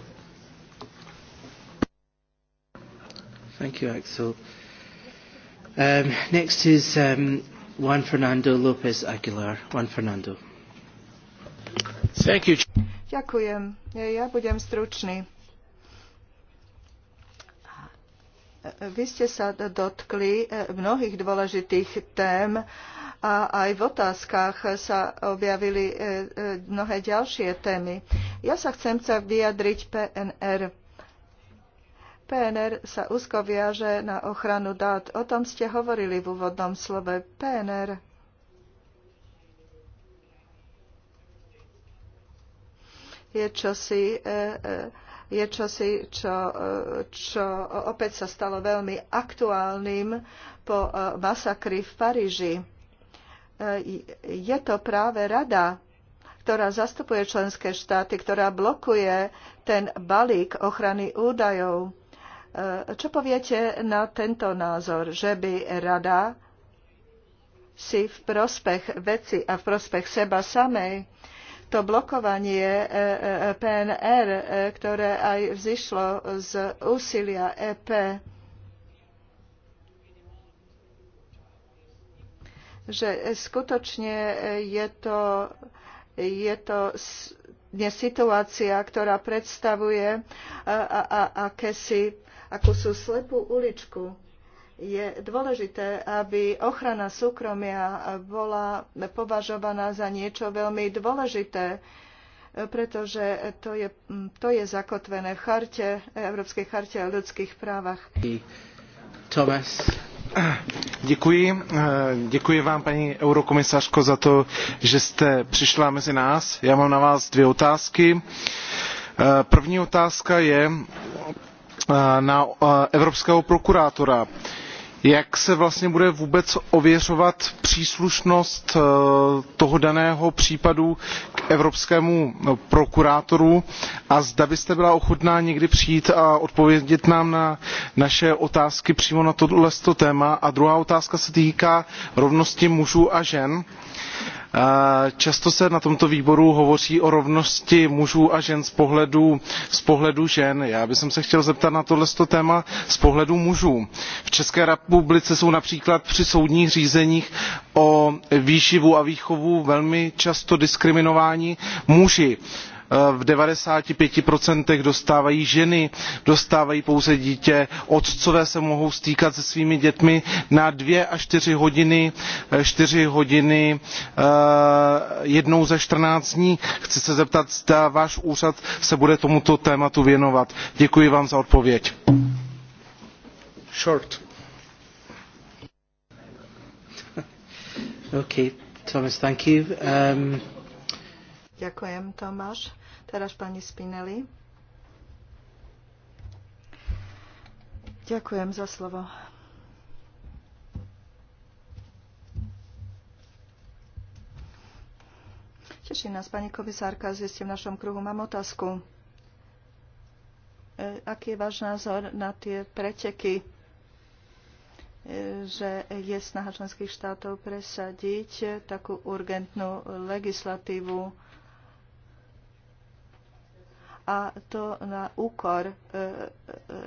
Juan Fernando López Aguilar. Juan Fernando. Thank you. Ďakujem. Ja budem stručný. Vy ste sa dotkli eh, mnohých dôležitých tém a aj v otázkach sa objavili eh, eh, mnohé ďalšie témy. Ja sa chcem sa vyjadriť PNR PNR sa úzko viaže na ochranu dát. O tom ste hovorili v úvodnom slove. PNR je čosi, e, e, je čosi čo, e, čo opäť sa stalo veľmi aktuálnym po masakri v Paríži. Je to práve rada, ktorá zastupuje členské štáty, ktorá blokuje ten balík ochrany údajov E, čo poviete na tento názor, že by rada si v prospech veci a v prospech seba samej to blokovanie e, e, PNR, ktoré aj vzýšlo z úsilia EP, že skutočne je to, je to dnes situácia, ktorá predstavuje akési ako sú slepú uličku. Je dôležité, aby ochrana súkromia bola považovaná za niečo veľmi dôležité, pretože to je, to je zakotvené v charte, Európskej charte o ľudských právach. Thomas. Děkuji. Děkuji vám, paní eurokomisařko, za to, že jste přišla mezi nás. Já mám na vás dvě otázky. První otázka je, na evropského prokurátora jak se vlastně bude vůbec ověřovat příslušnost e, toho daného případu k evropskému prokurátoru a zda byste byla ochotná někdy přijít a odpovědět nám na naše otázky přímo na tohle téma. a druhá otázka se týká rovnosti mužů a žen. Často se na tomto výboru hovoří o rovnosti mužů a žen z pohledu, z pohledu žen. Já bych se chtěl zeptat na tohleto téma z pohledu mužů. V České republice jsou například při soudních řízeních o výživu a výchovu velmi často diskriminováni muži v ninety five dostávají ženy dostávají pouze dítě otcové se mohou stýkat se svými dětmi na dvě až čtyři hodiny eh, čtyři hodiny eh, jednou za čtrnáct dní. chci se zeptat zda váš úřad se bude tomuto tématu věnovat. děkuji vám za odpověď. Teraz pani Spinelli. Ďakujem za slovo. Teší nás, pani komisárka, že ste v našom kruhu. Mám otázku. E, aký je váš názor na tie preteky, e, že je snaha členských štátov presadiť takú urgentnú legislatívu, a to na úkor e,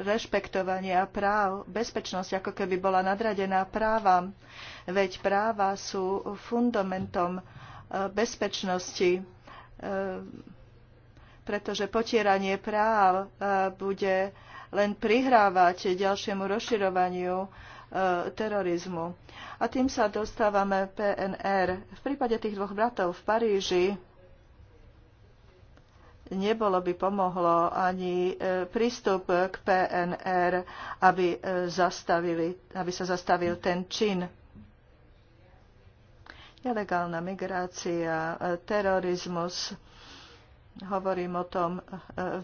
rešpektovania práv, bezpečnosť, ako keby bola nadradená právam. Veď práva sú fundamentom e, bezpečnosti, e, pretože potieranie práv bude len prihrávať ďalšiemu rozširovaniu terorizmu. A tým sa dostávame PNR. V prípade tých dvoch bratov v Paríži nebolo by pomohlo ani e, prístup k PNR, aby, e, zastavili, aby sa zastavil ten čin. Nelegálna migrácia, e, terorizmus, hovorím o tom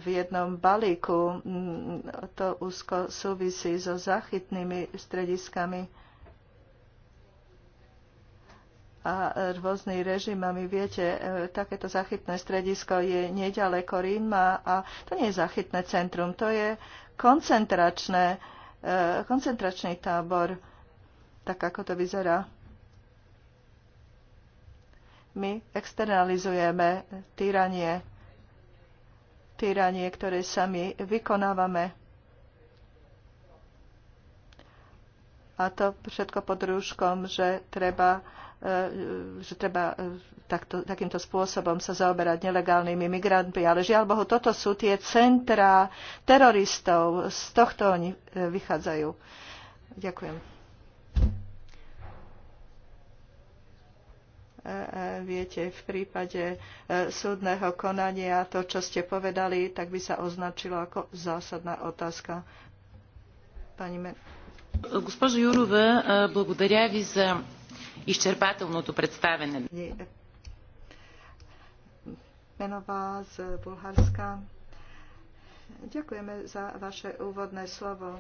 v jednom balíku, mm, to úzko súvisí so zachytnými strediskami a rôzny režimami. Viete, e, takéto zachytné stredisko je nedaleko Ríma a to nie je zachytné centrum, to je koncentračné, e, koncentračný tábor, tak ako to vyzerá. My externalizujeme týranie, týranie, ktoré sami vykonávame. A to všetko pod rúškom, že treba E, že treba e, takto, takýmto spôsobom sa zaoberať nelegálnymi migrantmi. Ale žiaľ Bohu, toto sú tie centrá teroristov. Z tohto oni e, vychádzajú. Ďakujem. Viete, v prípade súdneho konania to, čo ste povedali, tak by sa označilo ako zásadná otázka. Pani Men. Госпожа Юрова, благодаря ви за изчерпателното представене. Menová Ďakujeme za vaše úvodné slovo.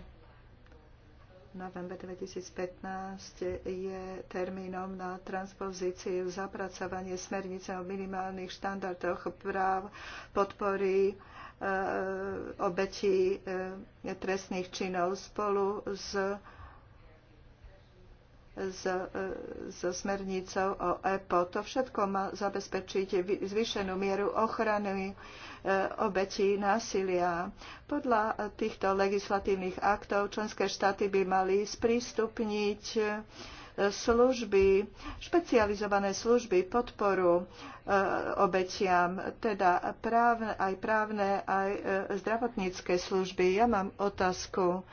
November 2015 je termínom na transpozíciu zapracovanie smernice o minimálnych štandardoch práv podpory e, obetí e, trestných činov spolu s E, so smernicou o EPO. To všetko má zabezpečiť zvýšenú mieru ochrany e, obetí násilia. Podľa týchto legislatívnych aktov členské štáty by mali sprístupniť e, služby, špecializované služby podporu obetiam, teda právne, aj právne, aj zdravotnícke služby. Ja mám otázku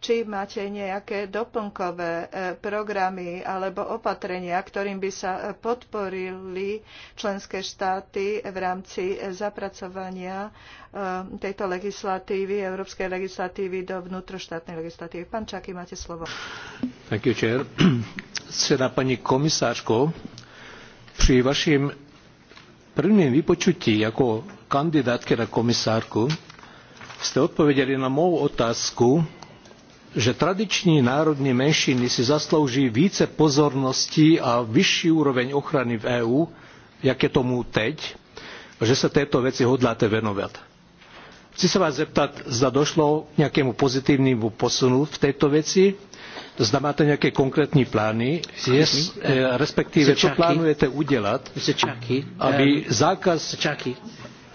či máte nejaké doplnkové e, programy alebo opatrenia, ktorým by sa e, podporili členské štáty v rámci e, zapracovania tejto legislatívy, európskej legislatívy do vnútroštátnej legislatívy. Pán Čaky, máte slovo. Cena pani komisárko, pri vašim prvním vypočutí ako kandidátke na komisárku ste odpovedali na moju otázku, že tradiční národní menšiny si zaslouží více pozornosti a vyšší úroveň ochrany v EÚ, jak je tomu teď, a že sa tejto veci hodláte venovať. Chci sa vás zeptat, zda došlo k nejakému pozitívnemu posunu v tejto veci, zda máte nejaké konkrétne plány, yes, respektíve čo plánujete udelať, aby eh, zákaz...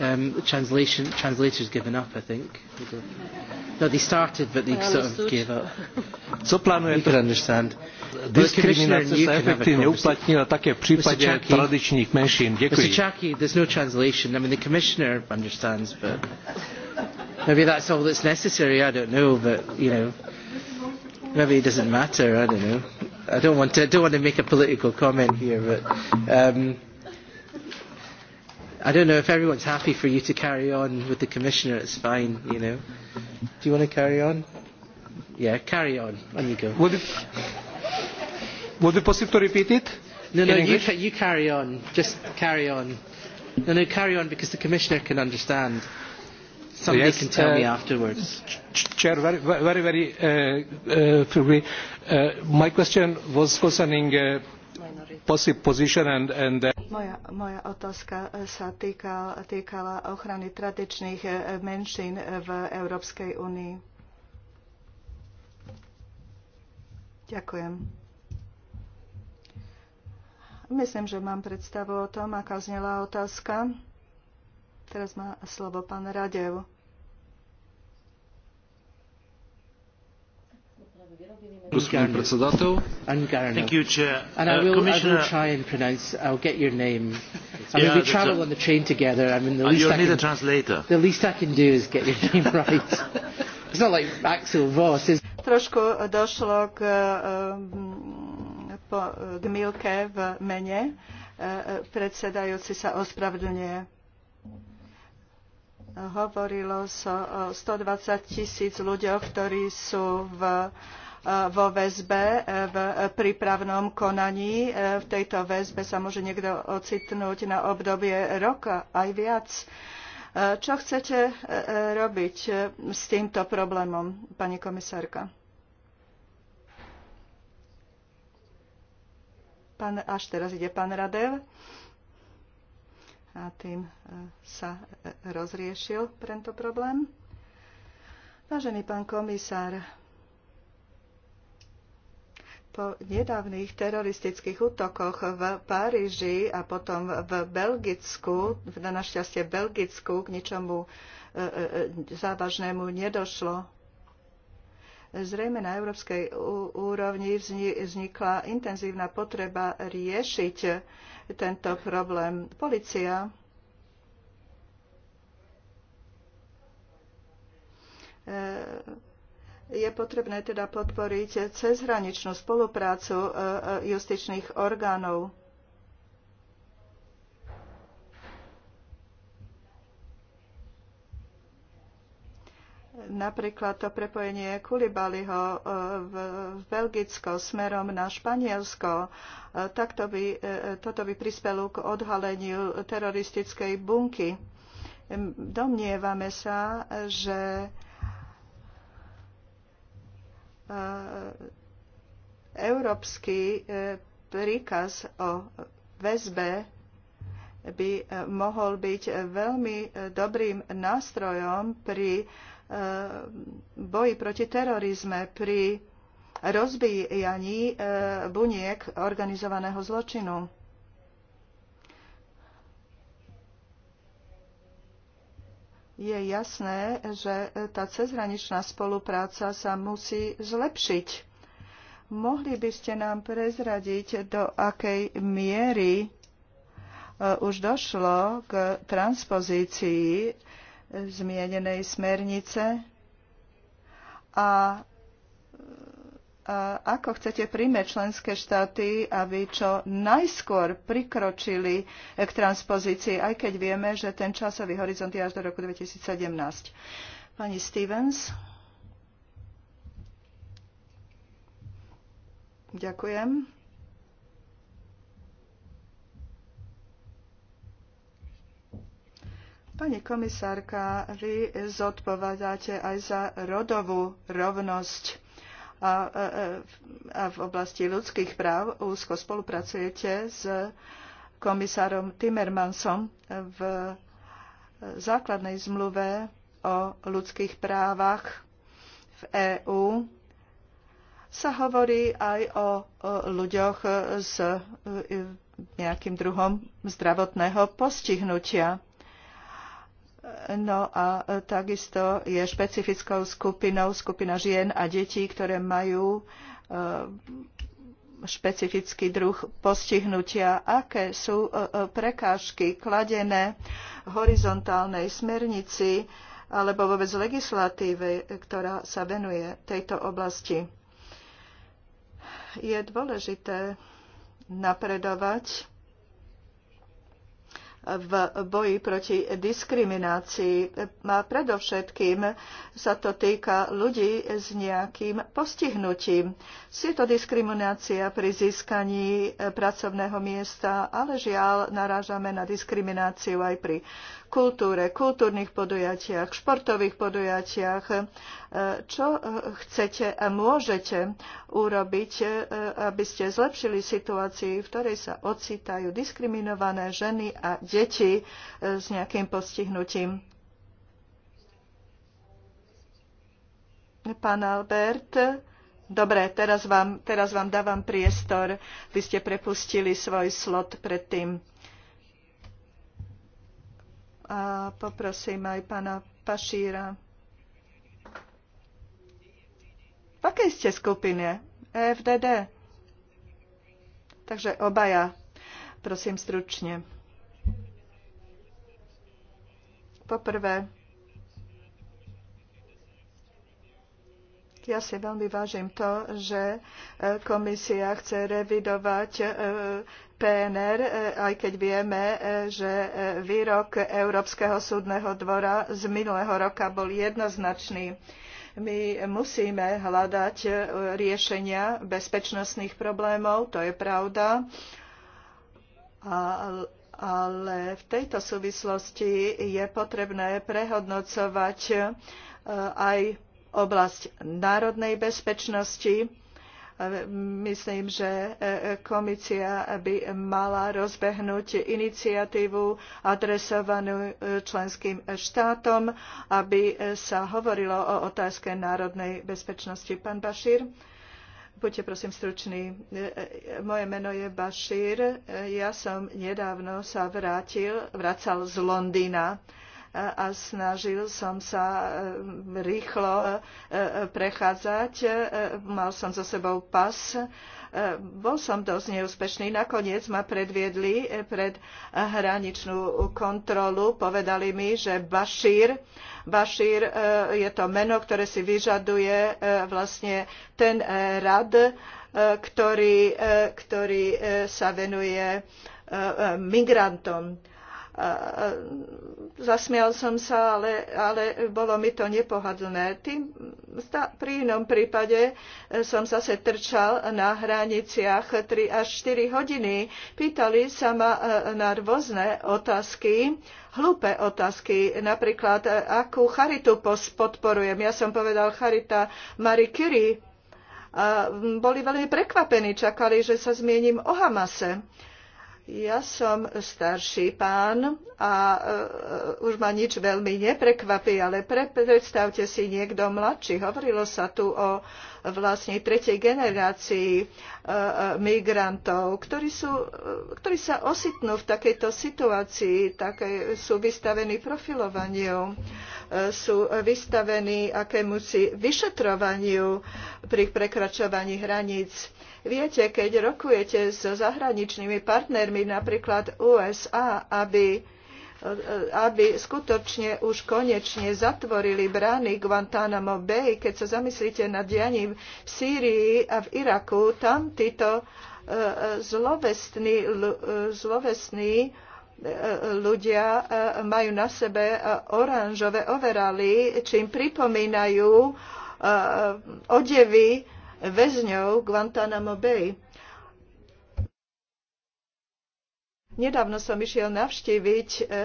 Um, the translation, translators given up, I think. No, they started, but they sort of gave up. Co plánuje to? understand. Diskriminácia sa efektívne uplatnila také v prípade tradičných menšín. Ďakujem. Mr. there's no translation. I mean, the commissioner understands, but maybe that's all that's necessary. I don't know, but, you know, maybe it doesn't matter. I don't know. I don't want to, I don't want to make a political comment here, but... Um, i don't know if everyone's happy for you to carry on with the commissioner. It's fine, you know. Do you want to carry on? Yeah, carry on. On you go. Would it, would it possible to repeat it? No, no. You, ca you carry on. Just carry on. No, no. Carry on because the commissioner can understand. Somebody yes, can tell uh, me afterwards. Chair, very, very, very uh, uh, uh, my question was concerning. Uh, moja, moja, otázka sa týkala, týkala ochrany tradičných e, menšín v Európskej únii. Ďakujem. Myslím, že mám predstavu o tom, aká znela otázka. Teraz má slovo pán Radev. Thank you, Chair. And I uh, will, uh, Commissioner... I will try and pronounce, I'll get your name. I mean, yeah, we travel a... on the train together. I mean, the uh, least, can, a translator. the least I can do is get your name right. It's not like Axel Voss, is Trošku došlo k, uh, um, k Milke v mene. Predsedajúci sa ospravedlňuje hovorilo sa so o 120 tisíc ľuďoch, ktorí sú v E, vo väzbe e, v prípravnom konaní. E, v tejto väzbe sa môže niekto ocitnúť na obdobie roka aj viac. Čo chcete robiť s týmto problémom, pani komisárka? Pán, až teraz ide pán Radev a tým sa rozriešil tento problém. Vážený pán komisár, po nedávnych teroristických útokoch v Paríži a potom v Belgicku, na našťastie v Belgicku, k ničomu e, e, závažnému nedošlo. Zrejme na európskej úrovni vznikla intenzívna potreba riešiť tento problém. Polícia e, je potrebné teda podporiť cezhraničnú spoluprácu e, e, justičných orgánov. Napríklad to prepojenie Kulibaliho e, v Belgicko smerom na Španielsko. Takto by, toto by prispelo k odhaleniu teroristickej bunky. Domnievame sa, že E, európsky e, príkaz o väzbe by e, mohol byť veľmi dobrým nástrojom pri boji proti terorizme, pri rozbíjaní buniek organizovaného zločinu. je jasné, že tá cezhraničná spolupráca sa musí zlepšiť. Mohli by ste nám prezradiť, do akej miery e, už došlo k transpozícii zmienenej smernice a a ako chcete príjmeť členské štáty, aby čo najskôr prikročili k transpozícii, aj keď vieme, že ten časový horizont je až do roku 2017. Pani Stevens. Ďakujem. Pani komisárka, vy zodpovedáte aj za rodovú rovnosť a, e, e, a v oblasti ľudských práv úzko spolupracujete s komisárom Timmermansom v základnej zmluve o ľudských právach v EÚ sa hovorí aj o ľuďoch s e, nejakým druhom zdravotného postihnutia. No a e, takisto je špecifickou skupinou skupina žien a detí, ktoré majú e, špecifický druh postihnutia, aké sú e, prekážky kladené horizontálnej smernici alebo vôbec legislatíve, ktorá sa venuje tejto oblasti. Je dôležité napredovať v boji proti diskriminácii. A predovšetkým sa to týka ľudí s nejakým postihnutím. Je to diskriminácia pri získaní eh, pracovného miesta, ale žiaľ narážame na diskrimináciu aj pri kultúre, kultúrnych podujatiach, športových podujatiach. E, čo e, chcete a môžete urobiť, e, aby ste zlepšili situácii, v ktorej sa ocitajú diskriminované ženy a deti s nejakým postihnutím? Pán Albert, Dobre, teraz vám, teraz vám dávam priestor. Vy ste prepustili svoj slot predtým a poprosím aj pána Pašíra. V akej ste skupine? EFDD. Takže obaja. Prosím stručne. Poprvé, Ja si veľmi vážim to, že e, komisia chce revidovať e, PNR, e, aj keď vieme, že výrok Európskeho súdneho dvora z minulého roka bol jednoznačný my musíme hľadať riešenia bezpečnostných problémov, to je pravda. A, ale v tejto súvislosti je potrebné prehodnocovať aj oblasť národnej bezpečnosti. Myslím, že e, komisia by mala rozbehnúť iniciatívu adresovanú e, členským štátom, aby e, sa hovorilo o otázke národnej bezpečnosti. Pán Bašír. Buďte prosím stručný. Moje meno je Bašír. Ja som nedávno sa vrátil, vracal z Londýna a snažil som sa e, rýchlo e, e, prechádzať. Mal som so sebou pas. Bol som dosť neúspešný. Nakoniec ma predviedli pred hraničnú kontrolu. Povedali mi, že Bašír, Bašír je to meno, ktoré si vyžaduje vlastne ten rad, ktorý, ktorý sa venuje migrantom zasmial som sa, ale, ale bolo mi to nepohadlné. Tým, pri inom prípade e, som zase trčal na hraniciach 3 až 4 hodiny. Pýtali sa ma e, na rôzne otázky, hlúpe otázky, napríklad e, akú charitu podporujem. Ja som povedal charita Marie Curie. A boli veľmi prekvapení, čakali, že sa zmiením o Hamase. Ja som starší pán a uh, už ma nič veľmi neprekvapí, ale pre, predstavte si niekto mladší. Hovorilo sa tu o vlastne tretej generácii uh, migrantov, ktorí, sú, uh, ktorí sa ositnú v takejto situácii, také sú vystavení profilovaniu, uh, sú vystavení akémusi vyšetrovaniu pri prekračovaní hraníc Viete, keď rokujete so zahraničnými partnermi, napríklad USA, aby aby skutočne už konečne zatvorili brány Guantánamo Bay. Keď sa zamyslíte nad dianím v Sýrii a v Iraku, tam títo e, e, zlovestní, e, zlovestní ľudia majú na sebe oranžové overaly, čím pripomínajú odevy väzňov Guantanamo Bay. Nedávno som išiel navštíviť e, e,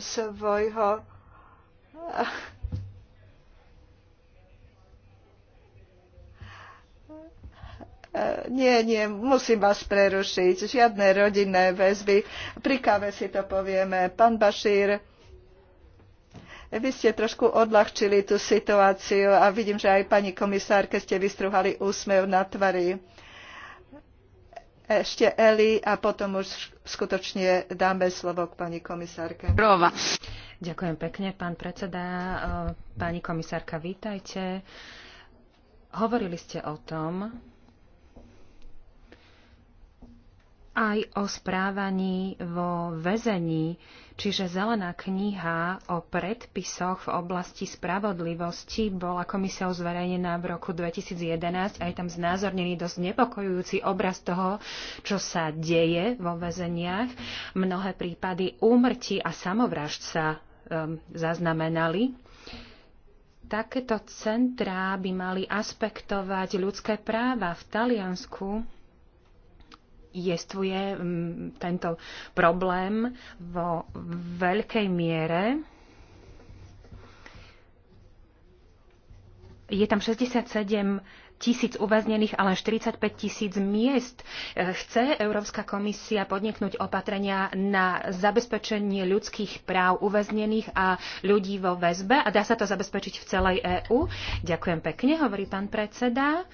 svojho e, Nie, nie, musím vás prerušiť. Žiadne rodinné väzby. Pri káve si to povieme. Pán Bašír, vy ste trošku odľahčili tú situáciu a vidím, že aj pani komisárke ste vystruhali úsmev na tvary. Ešte Eli a potom už skutočne dáme slovo k pani komisárke. Prova. Ďakujem pekne, pán predseda. Pani komisárka, vítajte. Hovorili ste o tom, aj o správaní vo väzení Čiže zelená kniha o predpisoch v oblasti spravodlivosti bola komisiou zverejnená v roku 2011 a je tam znázornený dosť nepokojujúci obraz toho, čo sa deje vo väzeniach. Mnohé prípady úmrtí a samovražd sa um, ehm, zaznamenali. Takéto centrá by mali aspektovať ľudské práva v Taliansku jestvuje mm, tento problém vo veľkej miere. Je tam 67 tisíc uväznených, ale 45 tisíc miest. E, chce Európska komisia podniknúť opatrenia na zabezpečenie ľudských práv uväznených a ľudí vo väzbe a dá sa to zabezpečiť v celej EÚ? Ďakujem pekne, hovorí pán predseda.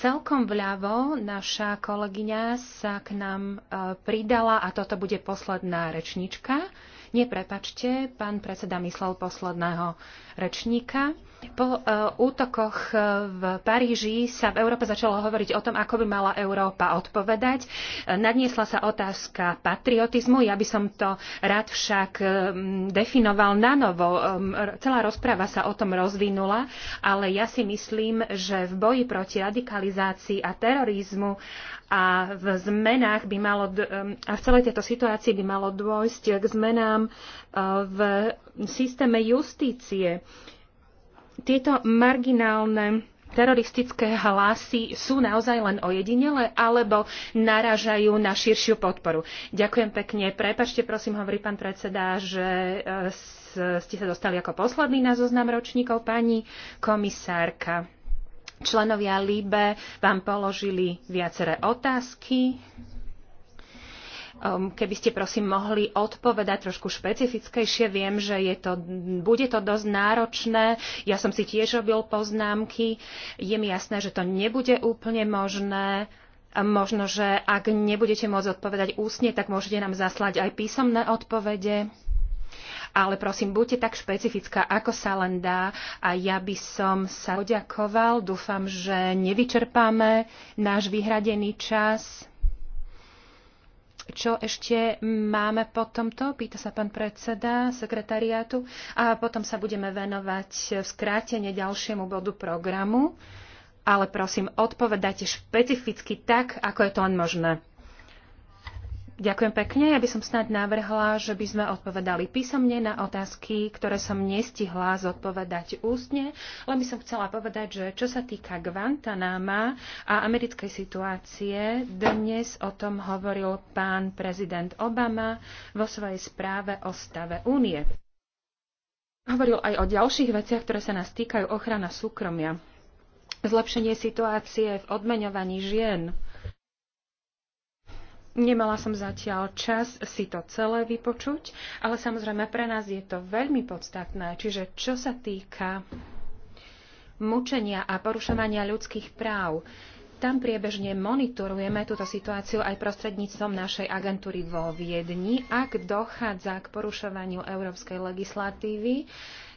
Celkom vľavo naša kolegyňa sa k nám e, pridala a toto bude posledná rečnička. Neprepačte, pán predseda myslel posledného rečníka. Po e, útokoch e, v Paríži sa v Európe začalo hovoriť o tom, ako by mala Európa odpovedať. E, nadniesla sa otázka patriotizmu. Ja by som to rád však definoval na novo. Celá rozpráva sa o tom rozvinula, ale ja si myslím, že v boji proti radikalizácii a terorizmu a v zmenách by malo, a v celej tejto situácii by malo dôjsť k zmenám v systéme justície tieto marginálne teroristické hlasy sú naozaj len ojedinele alebo naražajú na širšiu podporu. Ďakujem pekne. Prepačte, prosím, hovorí pán predseda, že e, ste sa dostali ako posledný na zoznam ročníkov, pani komisárka. Členovia LIBE vám položili viaceré otázky. Ehm, keby ste prosím mohli odpovedať trošku špecifickejšie, viem, že je to, bude to dosť náročné. Ja som si tiež robil poznámky. Je mi jasné, že to nebude úplne možné. Možno, že ak nebudete môcť odpovedať ústne, tak môžete nám zaslať aj písomné odpovede. Ale prosím, buďte tak špecifická, ako sa len dá. A ja by som sa poďakoval. Dúfam, že nevyčerpáme náš vyhradený čas čo ešte máme po tomto? Pýta sa pán predseda sekretariátu. A potom sa budeme venovať v skrátene ďalšiemu bodu programu. Ale prosím, odpovedajte špecificky tak, ako je to len možné. Ďakujem pekne. Ja by som snad navrhla, že by sme odpovedali písomne na otázky, ktoré som nestihla zodpovedať ústne, len by som chcela povedať, že čo sa týka Guantanama a americkej situácie, dnes o tom hovoril pán prezident Obama vo svojej správe o stave únie. Hovoril aj o ďalších veciach, ktoré sa nás týkajú ochrana súkromia, zlepšenie situácie v odmeňovaní žien, Nemala som zatiaľ čas si to celé vypočuť, ale samozrejme pre nás je to veľmi podstatné. Čiže čo sa týka mučenia a porušovania ľudských práv, tam priebežne monitorujeme túto situáciu aj prostredníctvom našej agentúry vo Viedni. Ak dochádza k porušovaniu európskej legislatívy,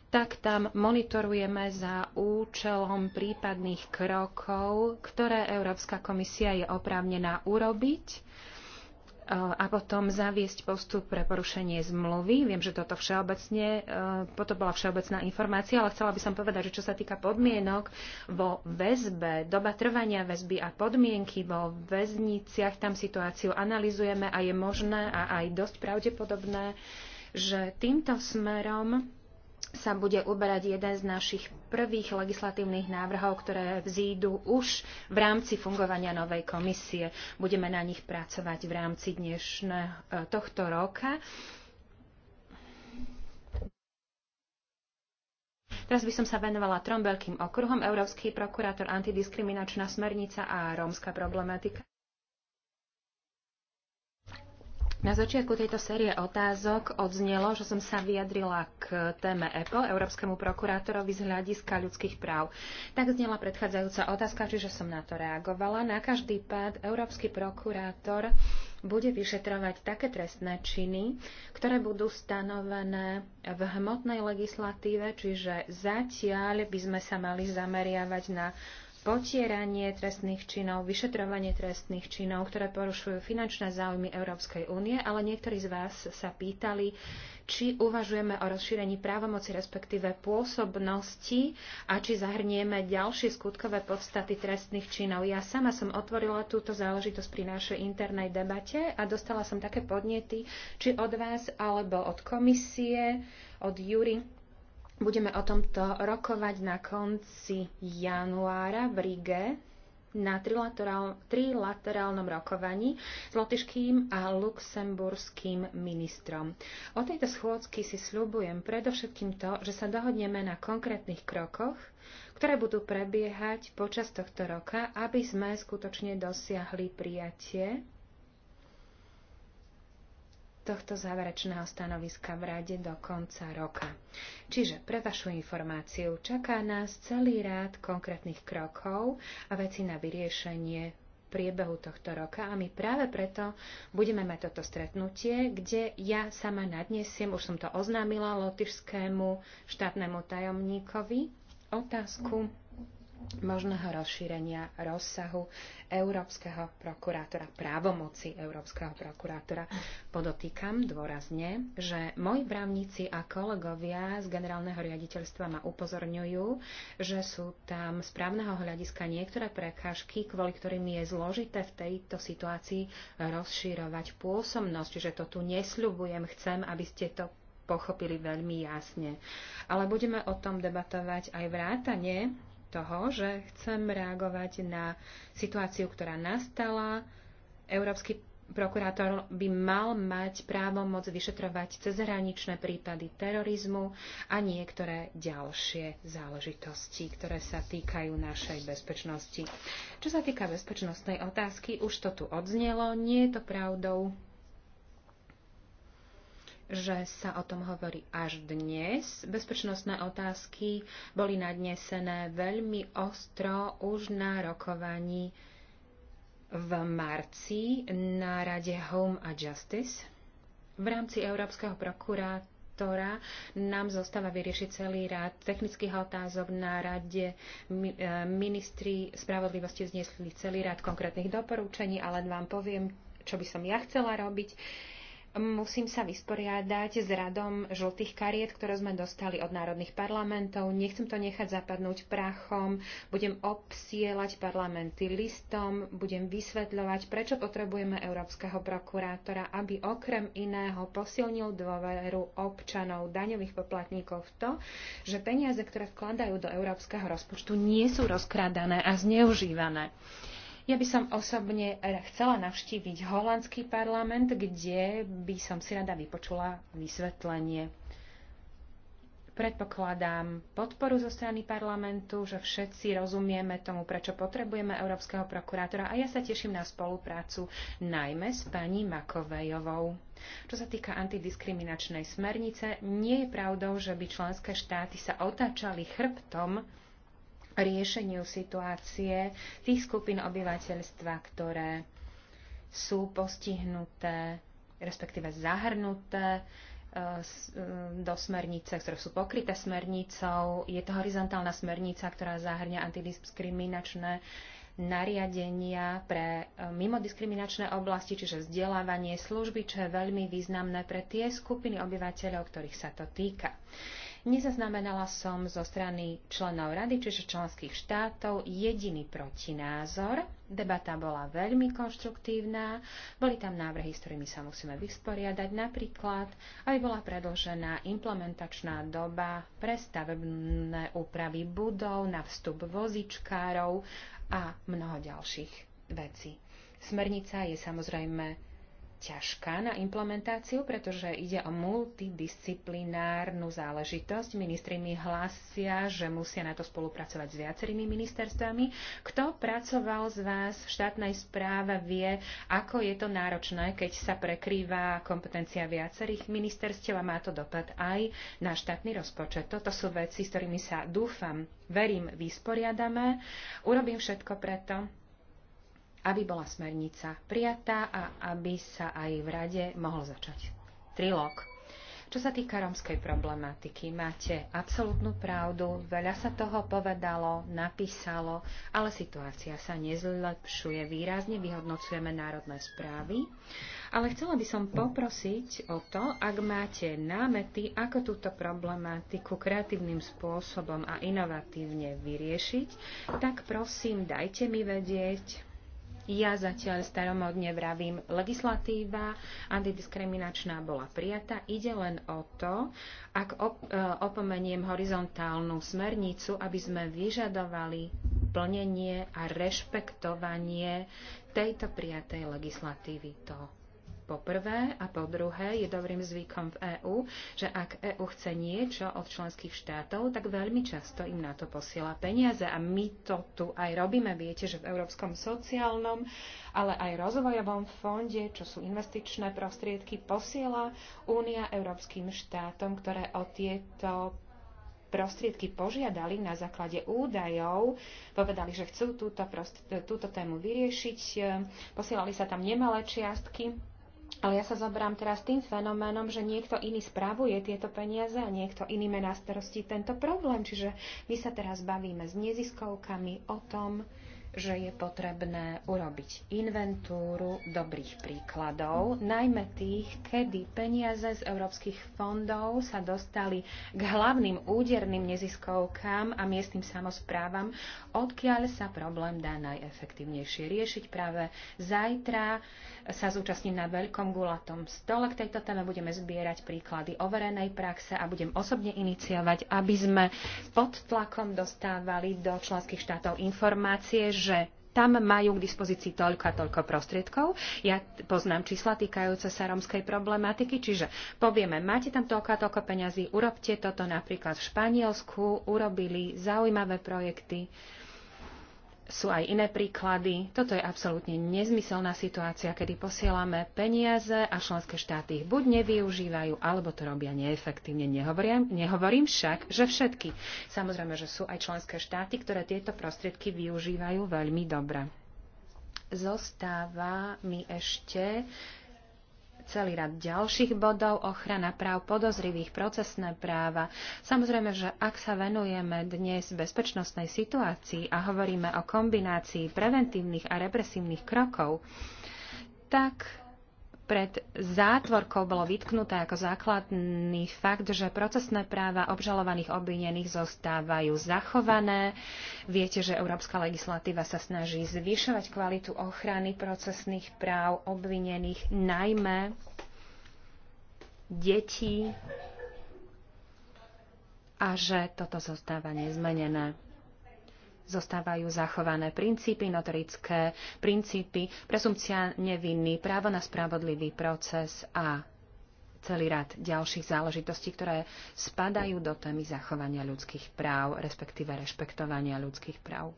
tak tam monitorujeme za účelom prípadných krokov, ktoré Európska komisia je oprávnená urobiť a potom zaviesť postup pre porušenie zmluvy. Viem, že toto všeobecne, potom e, bola všeobecná informácia, ale chcela by som povedať, že čo sa týka podmienok vo väzbe, doba trvania väzby a podmienky vo väzniciach, tam situáciu analizujeme a je možné a aj dosť pravdepodobné, že týmto smerom sa bude uberať jeden z našich prvých legislatívnych návrhov, ktoré vzídu už v rámci fungovania novej komisie. Budeme na nich pracovať v rámci dnešného e, tohto roka. Teraz by som sa venovala trom veľkým okruhom. Európsky prokurátor, antidiskriminačná smernica a rómska problematika. Na začiatku tejto série otázok odznelo, že som sa vyjadrila k téme EPO, Európskemu prokurátorovi z hľadiska ľudských práv. Tak znela predchádzajúca otázka, čiže som na to reagovala. Na každý pád Európsky prokurátor bude vyšetrovať také trestné činy, ktoré budú stanovené v hmotnej legislatíve, čiže zatiaľ by sme sa mali zameriavať na potieranie trestných činov, vyšetrovanie trestných činov, ktoré porušujú finančné záujmy Európskej únie, ale niektorí z vás sa pýtali, či uvažujeme o rozšírení právomoci, respektíve pôsobnosti a či zahrnieme ďalšie skutkové podstaty trestných činov. Ja sama som otvorila túto záležitosť pri našej internej debate a dostala som také podnety, či od vás alebo od komisie, od Júry Budeme o tomto rokovať na konci januára v Rige na trilaterál, trilaterálnom rokovaní s lotyšským a luxemburským ministrom. O tejto schôdzky si sľubujem predovšetkým to, že sa dohodneme na konkrétnych krokoch, ktoré budú prebiehať počas tohto roka, aby sme skutočne dosiahli prijatie tohto záverečného stanoviska v rade do konca roka. Čiže pre vašu informáciu čaká nás celý rád konkrétnych krokov a veci na vyriešenie priebehu tohto roka a my práve preto budeme mať toto stretnutie, kde ja sama nadnesiem, už som to oznámila lotyšskému štátnemu tajomníkovi, otázku možného rozšírenia rozsahu Európskeho prokurátora, právomoci Európskeho prokurátora. Podotýkam dôrazne, že moji právnici a kolegovia z generálneho riaditeľstva ma upozorňujú, že sú tam z právneho hľadiska niektoré prekážky, kvôli ktorým je zložité v tejto situácii rozšírovať pôsobnosť, že to tu nesľubujem, chcem, aby ste to pochopili veľmi jasne. Ale budeme o tom debatovať aj vrátane toho, že chcem reagovať na situáciu, ktorá nastala. Európsky prokurátor by mal mať právo moc vyšetrovať cezhraničné prípady terorizmu a niektoré ďalšie záležitosti, ktoré sa týkajú našej bezpečnosti. Čo sa týka bezpečnostnej otázky, už to tu odznelo, nie je to pravdou, že sa o tom hovorí až dnes. Bezpečnostné otázky boli nadnesené veľmi ostro už na rokovaní v marci na Rade Home a Justice. V rámci Európskeho prokurátora nám zostáva vyriešiť celý rád technických otázok na rade. E, ministri spravodlivosti vznesli celý rád konkrétnych doporúčení, ale vám poviem, čo by som ja chcela robiť musím sa vysporiadať s radom žltých kariet, ktoré sme dostali od národných parlamentov. Nechcem to nechať zapadnúť prachom. Budem obsielať parlamenty listom, budem vysvetľovať, prečo potrebujeme európskeho prokurátora, aby okrem iného posilnil dôveru občanov, daňových poplatníkov v to, že peniaze, ktoré vkladajú do európskeho rozpočtu, nie sú rozkradané a zneužívané. Ja by som osobne e, chcela navštíviť holandský parlament, kde by som si rada vypočula vysvetlenie. Predpokladám podporu zo strany parlamentu, že všetci rozumieme tomu, prečo potrebujeme európskeho prokurátora a ja sa teším na spoluprácu najmä s pani Makovejovou. Čo sa týka antidiskriminačnej smernice, nie je pravdou, že by členské štáty sa otáčali chrbtom riešeniu situácie tých skupín obyvateľstva, ktoré sú postihnuté, respektíve zahrnuté e, e, do smernice, ktoré sú pokryté smernicou. Je to horizontálna smernica, ktorá zahrňa antidiskriminačné nariadenia pre e, mimodiskriminačné oblasti, čiže vzdelávanie služby, čo je veľmi významné pre tie skupiny obyvateľov, ktorých sa to týka. Nezaznamenala som zo strany členov rady, čiže členských štátov, jediný protinázor. Debata bola veľmi konštruktívna, boli tam návrhy, s ktorými sa musíme vysporiadať, napríklad, aby bola predlžená implementačná doba pre stavebné úpravy budov na vstup vozičkárov a mnoho ďalších vecí. Smernica je samozrejme ťažká na implementáciu, pretože ide o multidisciplinárnu záležitosť. Ministri mi hlásia, že musia na to spolupracovať s viacerými ministerstvami. Kto pracoval z vás v štátnej správe, vie, ako je to náročné, keď sa prekrýva kompetencia viacerých ministerstiev a má to dopad aj na štátny rozpočet. Toto sú veci, s ktorými sa dúfam, verím, vysporiadame. Urobím všetko preto, aby bola smernica prijatá a aby sa aj v rade mohol začať trilog. Čo sa týka romskej problematiky, máte absolútnu pravdu, veľa sa toho povedalo, napísalo, ale situácia sa nezlepšuje. Výrazne vyhodnocujeme národné správy, ale chcela by som poprosiť o to, ak máte námety, ako túto problematiku kreatívnym spôsobom a inovatívne vyriešiť, tak prosím, dajte mi vedieť, ja zatiaľ staromodne vravím, legislatíva antidiskriminačná bola prijatá. Ide len o to, ak op- e, opomeniem horizontálnu smernicu, aby sme vyžadovali plnenie a rešpektovanie tejto prijatej legislatívy. To po prvé a po druhé je dobrým zvykom v EÚ, že ak EÚ chce niečo od členských štátov, tak veľmi často im na to posiela peniaze. A my to tu aj robíme. Viete, že v Európskom sociálnom, ale aj rozvojovom fonde, čo sú investičné prostriedky, posiela Únia Európskym štátom, ktoré o tieto prostriedky požiadali na základe údajov, povedali, že chcú túto, prost, túto tému vyriešiť, posielali sa tam nemalé čiastky ale ja sa zoberám teraz tým fenoménom, že niekto iný spravuje tieto peniaze a niekto iný má na starosti tento problém. Čiže my sa teraz bavíme s neziskovkami o tom, že je potrebné urobiť inventúru dobrých príkladov, najmä tých, kedy peniaze z európskych fondov sa dostali k hlavným úderným neziskovkám a miestnym samozprávam, odkiaľ sa problém dá najefektívnejšie riešiť. Práve zajtra sa zúčastním na veľkom gulatom stole. K tejto téme budeme zbierať príklady overenej praxe a budem osobne iniciovať, aby sme pod tlakom dostávali do členských štátov informácie, že tam majú k dispozícii toľko a toľko prostriedkov. Ja poznám čísla týkajúce sa romskej problematiky, čiže povieme, máte tam toľko a toľko peňazí, urobte toto napríklad v Španielsku, urobili zaujímavé projekty sú aj iné príklady. Toto je absolútne nezmyselná situácia, kedy posielame peniaze a členské štáty ich buď nevyužívajú, alebo to robia neefektívne. Nehovorím, nehovorím však, že všetky. Samozrejme, že sú aj členské štáty, ktoré tieto prostriedky využívajú veľmi dobre. Zostáva mi ešte celý rad ďalších bodov, ochrana práv podozrivých, procesné práva. Samozrejme, že ak sa venujeme dnes bezpečnostnej situácii a hovoríme o kombinácii preventívnych a represívnych krokov, tak pred zátvorkou bolo vytknuté ako základný fakt, že procesné práva obžalovaných obvinených zostávajú zachované. Viete, že európska legislatíva sa snaží zvyšovať kvalitu ochrany procesných práv obvinených, najmä detí a že toto zostáva nezmenené zostávajú zachované princípy, notorické princípy, presumcia nevinný, právo na spravodlivý proces a celý rad ďalších záležitostí, ktoré spadajú do témy zachovania ľudských práv, respektíve rešpektovania ľudských práv.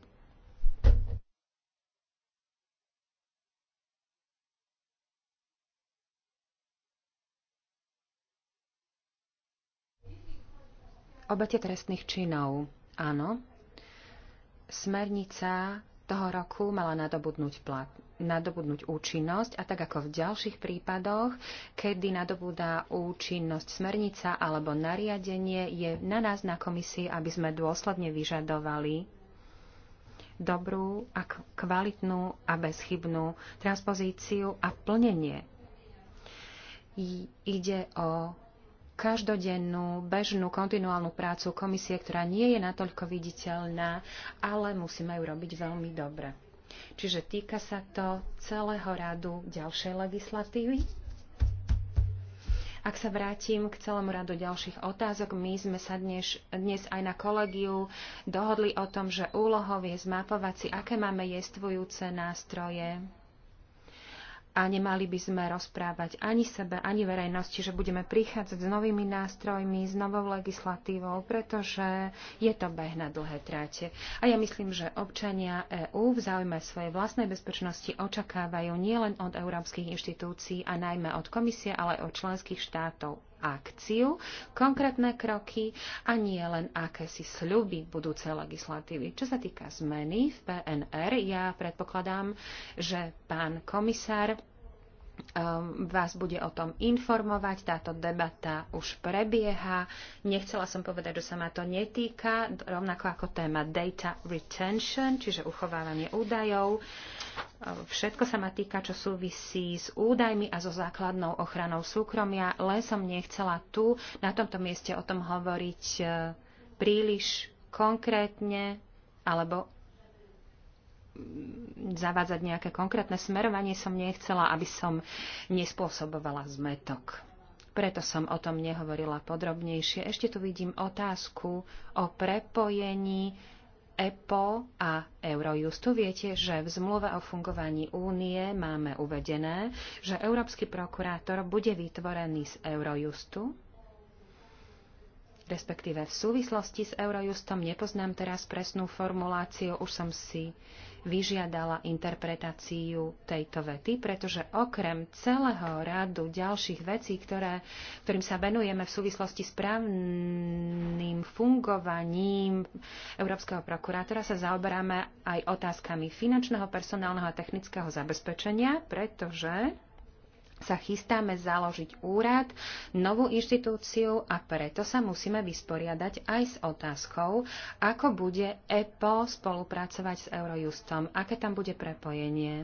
Obete trestných činov. Áno, Smernica toho roku mala nadobudnúť plat, nadobudnúť účinnosť a tak ako v ďalších prípadoch, kedy nadobúda účinnosť smernica alebo nariadenie, je na nás na komisii, aby sme dôsledne vyžadovali dobrú a kvalitnú a bezchybnú transpozíciu a plnenie. Ide o každodennú, bežnú, kontinuálnu prácu komisie, ktorá nie je natoľko viditeľná, ale musíme ju robiť veľmi dobre. Čiže týka sa to celého radu ďalšej legislatívy. Ak sa vrátim k celému radu ďalších otázok, my sme sa dnes, dnes aj na kolegiu dohodli o tom, že úlohou je zmapovať si, aké máme jestvujúce nástroje, a nemali by sme rozprávať ani sebe, ani verejnosti, že budeme prichádzať s novými nástrojmi, s novou legislatívou, pretože je to beh na dlhé tráte. A ja myslím, že občania EÚ v záujme svojej vlastnej bezpečnosti očakávajú nielen od európskych inštitúcií a najmä od komisie, ale aj od členských štátov akciu, konkrétne kroky a nie len akési sľuby budúcej legislatívy. Čo sa týka zmeny v PNR, ja predpokladám, že pán komisár Ehm, vás bude o tom informovať. Táto debata už prebieha. Nechcela som povedať, že sa ma to netýka, rovnako ako téma data retention, čiže uchovávanie údajov. Ehm, všetko sa ma týka, čo súvisí s údajmi a so základnou ochranou súkromia, len som nechcela tu na tomto mieste o tom hovoriť ehm, príliš konkrétne alebo zavádzať nejaké konkrétne smerovanie som nechcela, aby som nespôsobovala zmetok. Preto som o tom nehovorila podrobnejšie. Ešte tu vidím otázku o prepojení EPO a Eurojustu. Viete, že v zmluve o fungovaní únie máme uvedené, že Európsky prokurátor bude vytvorený z Eurojustu respektíve v súvislosti s Eurojustom, nepoznám teraz presnú formuláciu, už som si vyžiadala interpretáciu tejto vety, pretože okrem celého rádu ďalších vecí, ktoré, ktorým sa venujeme v súvislosti s právnym fungovaním Európskeho prokurátora, sa zaoberáme aj otázkami finančného, personálneho a technického zabezpečenia, pretože sa chystáme založiť úrad, novú inštitúciu a preto sa musíme vysporiadať aj s otázkou, ako bude EPO spolupracovať s Eurojustom, aké tam bude prepojenie.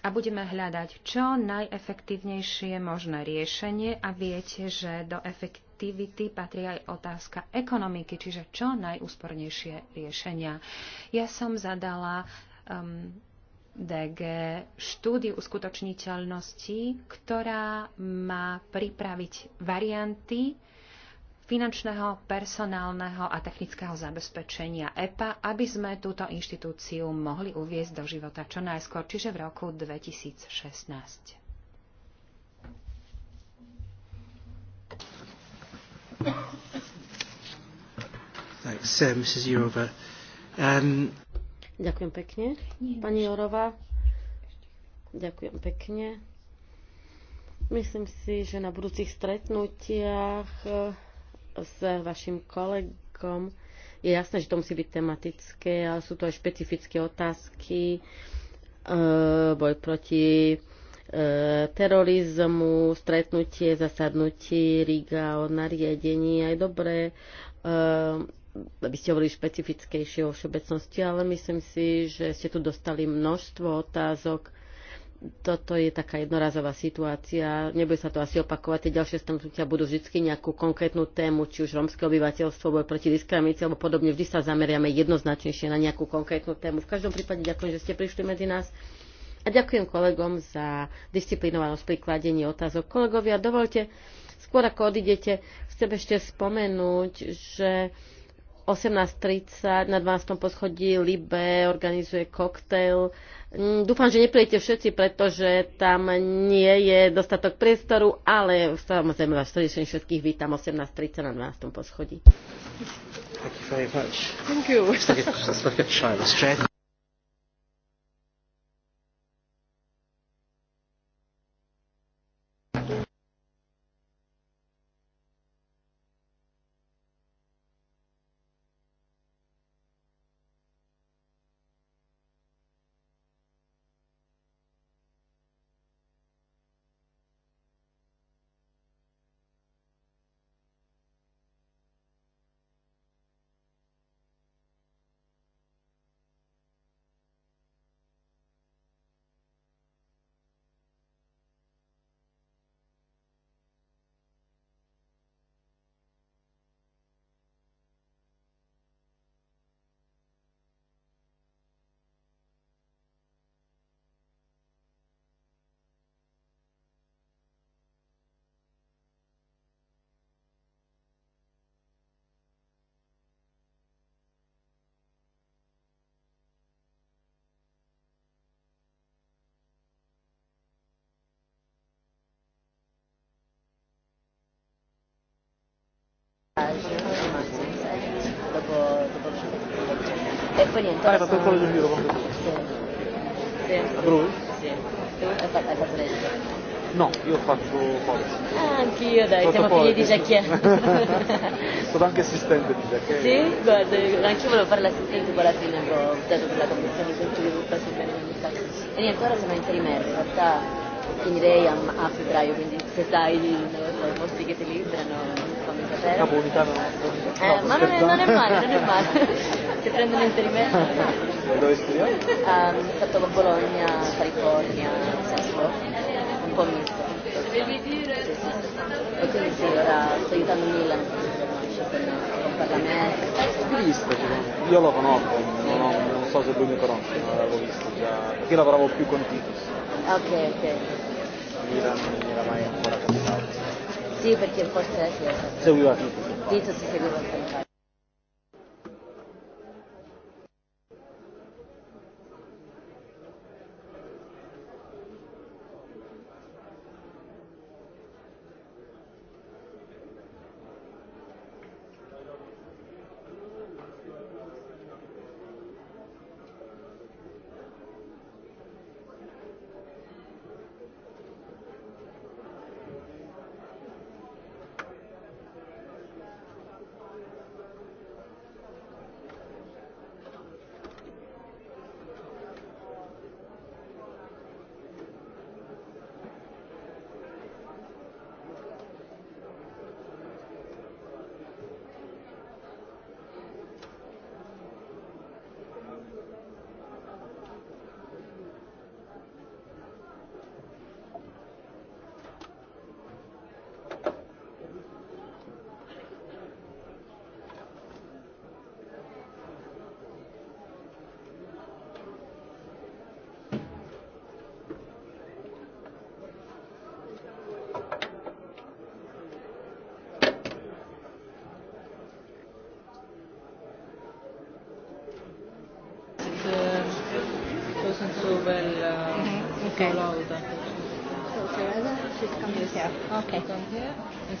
A budeme hľadať čo najefektívnejšie možné riešenie a viete, že do efektivity patrí aj otázka ekonomiky, čiže čo najúspornejšie riešenia. Ja som zadala um, DG štúdiu uskutočniteľnosti, ktorá má pripraviť varianty finančného, personálneho a technického zabezpečenia EPA, aby sme túto inštitúciu mohli uviezť do života čo najskôr, čiže v roku 2016. Thanks, uh, Mrs. Jourova. Um... Ďakujem pekne. Pani Jorová, ďakujem pekne. Myslím si, že na budúcich stretnutiach e, s vašim kolegom je jasné, že to musí byť tematické, ale sú to aj špecifické otázky, e, boj proti e, terorizmu, stretnutie, zasadnutie, Riga nariadenie nariadení, aj dobré e, aby ste hovorili špecifickejšie o všeobecnosti, ale myslím si, že ste tu dostali množstvo otázok. Toto je taká jednorazová situácia, nebude sa to asi opakovať, tie ďalšie stretnutia budú vždy nejakú konkrétnu tému, či už romské obyvateľstvo, boj proti diskriminácii alebo podobne, vždy sa zameriame jednoznačnejšie na nejakú konkrétnu tému. V každom prípade ďakujem, že ste prišli medzi nás. A ďakujem kolegom za disciplinovanosť pri kladení otázok. Kolegovia, dovolte, skôr ako odidete, chcem ešte spomenúť, že 18.30 na 12. poschodí Libe organizuje koktail. Mm, dúfam, že nepríjete všetci, pretože tam nie je dostatok priestoru, ale samozrejme vás srdečne všetkých vítam 18.30 na 12. poschodí. Thank you very much. Thank you. poniendo. Para, para todo el desvío, vamos a Sì. No, io faccio forza. Ah, anch'io dai, Sotto siamo poi, figli di Jacquier. Sono anche assistente di Jacquier. Sì, guarda, anch'io volevo fare l'assistente, poi alla fine ho optato per la commissione con cui avevo quasi bene E niente, ora siamo in Trimer, in realtà finirei a, a febbraio, quindi se sai i posti che ti liberano zero. Napolitano. Eh, ma non è, eh, no, non è male, non è male. Ti prendo un dove studiamo? Ah, ehm, ho fatto Bologna, California, Sassuolo. Un po' misto. E quindi sì, ora sto aiutando Milan con io lo conosco, non, ho, non so se lui mi conosce, ma l'avevo visto già. Perché lavoravo più con Titus. Ok, ok. Milan non mi era mai ancora capitato. Sí, porque el coste es cierto. Seguro. Listo, sí, seguro.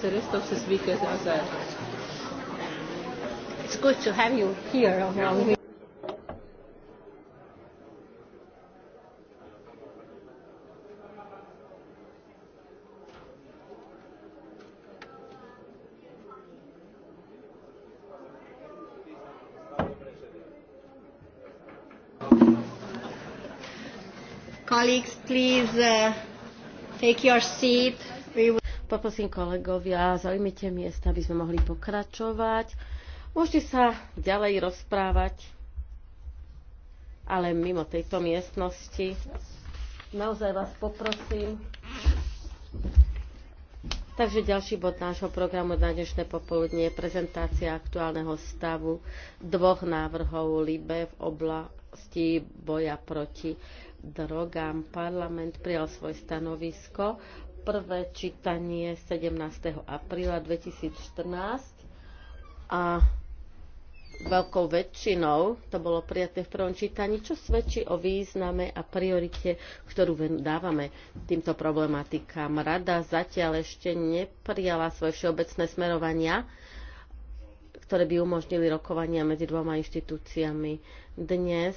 because the rest of the speakers are there. It's good to have you here among me. colleagues, please uh, take your seat. We will Poprosím kolegovia, zaujmite miesta, aby sme mohli pokračovať. Môžete sa ďalej rozprávať, ale mimo tejto miestnosti. Naozaj vás poprosím. Takže ďalší bod nášho programu na dnešné popoludnie je prezentácia aktuálneho stavu dvoch návrhov LIBE v oblasti boja proti drogám. Parlament prijal svoje stanovisko prvé čítanie 17. apríla 2014 a veľkou väčšinou to bolo prijaté v prvom čítaní, čo svedčí o význame a priorite, ktorú dávame týmto problematikám. Rada zatiaľ ešte neprijala svoje všeobecné smerovania, ktoré by umožnili rokovania medzi dvoma inštitúciami. Dnes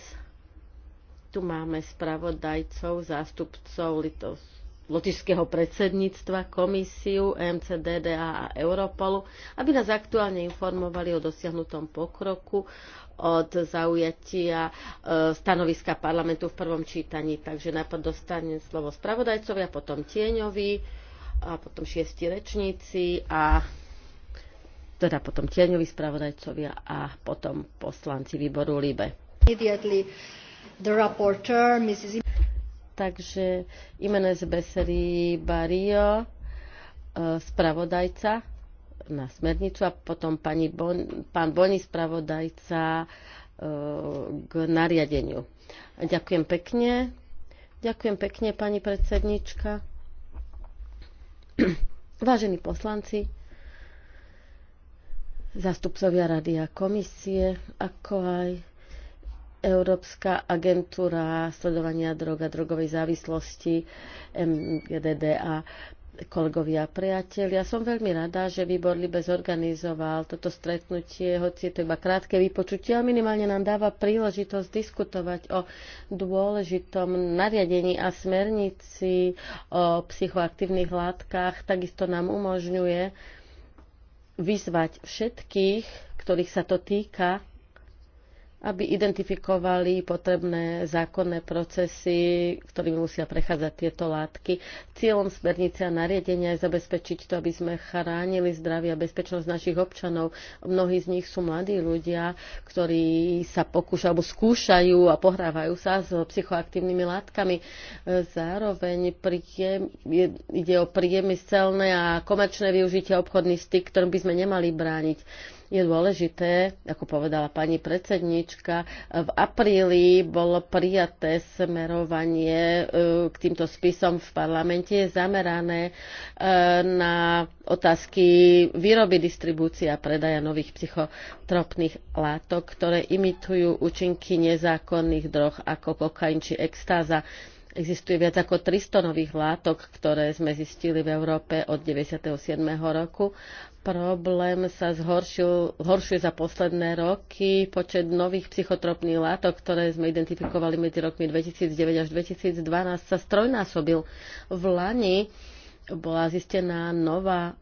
tu máme spravodajcov, zástupcov Litovs lotišského predsedníctva, komisiu, MCDDA a Europolu, aby nás aktuálne informovali o dosiahnutom pokroku od zaujatia e, stanoviska parlamentu v prvom čítaní. Takže najprv dostane slovo spravodajcovi a potom tieňovi a potom šiesti rečníci a teda potom tieňovi spravodajcovia a potom poslanci výboru LIBE. Immediately the rapporteur, Mrs. Takže z Besery Barrio, e, spravodajca na smernicu a potom pani bon, pán Boni, spravodajca e, k nariadeniu. Ďakujem pekne. Ďakujem pekne, pani predsednička. Vážení poslanci, zastupcovia rady a komisie, ako aj Európska agentúra sledovania drog a drogovej závislosti MGDDA kolegovia a priatelia. som veľmi rada, že výbor Libe zorganizoval toto stretnutie, hoci je to iba krátke vypočutie, ale minimálne nám dáva príležitosť diskutovať o dôležitom nariadení a smernici o psychoaktívnych látkach. Takisto nám umožňuje vyzvať všetkých, ktorých sa to týka, aby identifikovali potrebné zákonné procesy, ktorými musia prechádzať tieto látky. Cieľom smernice a nariadenia je zabezpečiť to, aby sme chránili zdravie a bezpečnosť našich občanov. Mnohí z nich sú mladí ľudia, ktorí sa pokúšajú, alebo skúšajú a pohrávajú sa s psychoaktívnymi látkami. Zároveň príjem, je, ide o príjemy celné a komerčné využitie obchodný styk, ktorým by sme nemali brániť je dôležité, ako povedala pani predsednička, v apríli bolo prijaté smerovanie e, k týmto spisom v parlamente zamerané e, na otázky výroby, distribúcie a predaja nových psychotropných látok, ktoré imitujú účinky nezákonných droh ako kokain či extáza. Existuje viac ako 300 nových látok, ktoré sme zistili v Európe od 97. roku problém sa zhoršil, horšuje za posledné roky. Počet nových psychotropných látok, ktoré sme identifikovali medzi rokmi 2009 až 2012, sa strojnásobil. V Lani bola zistená nová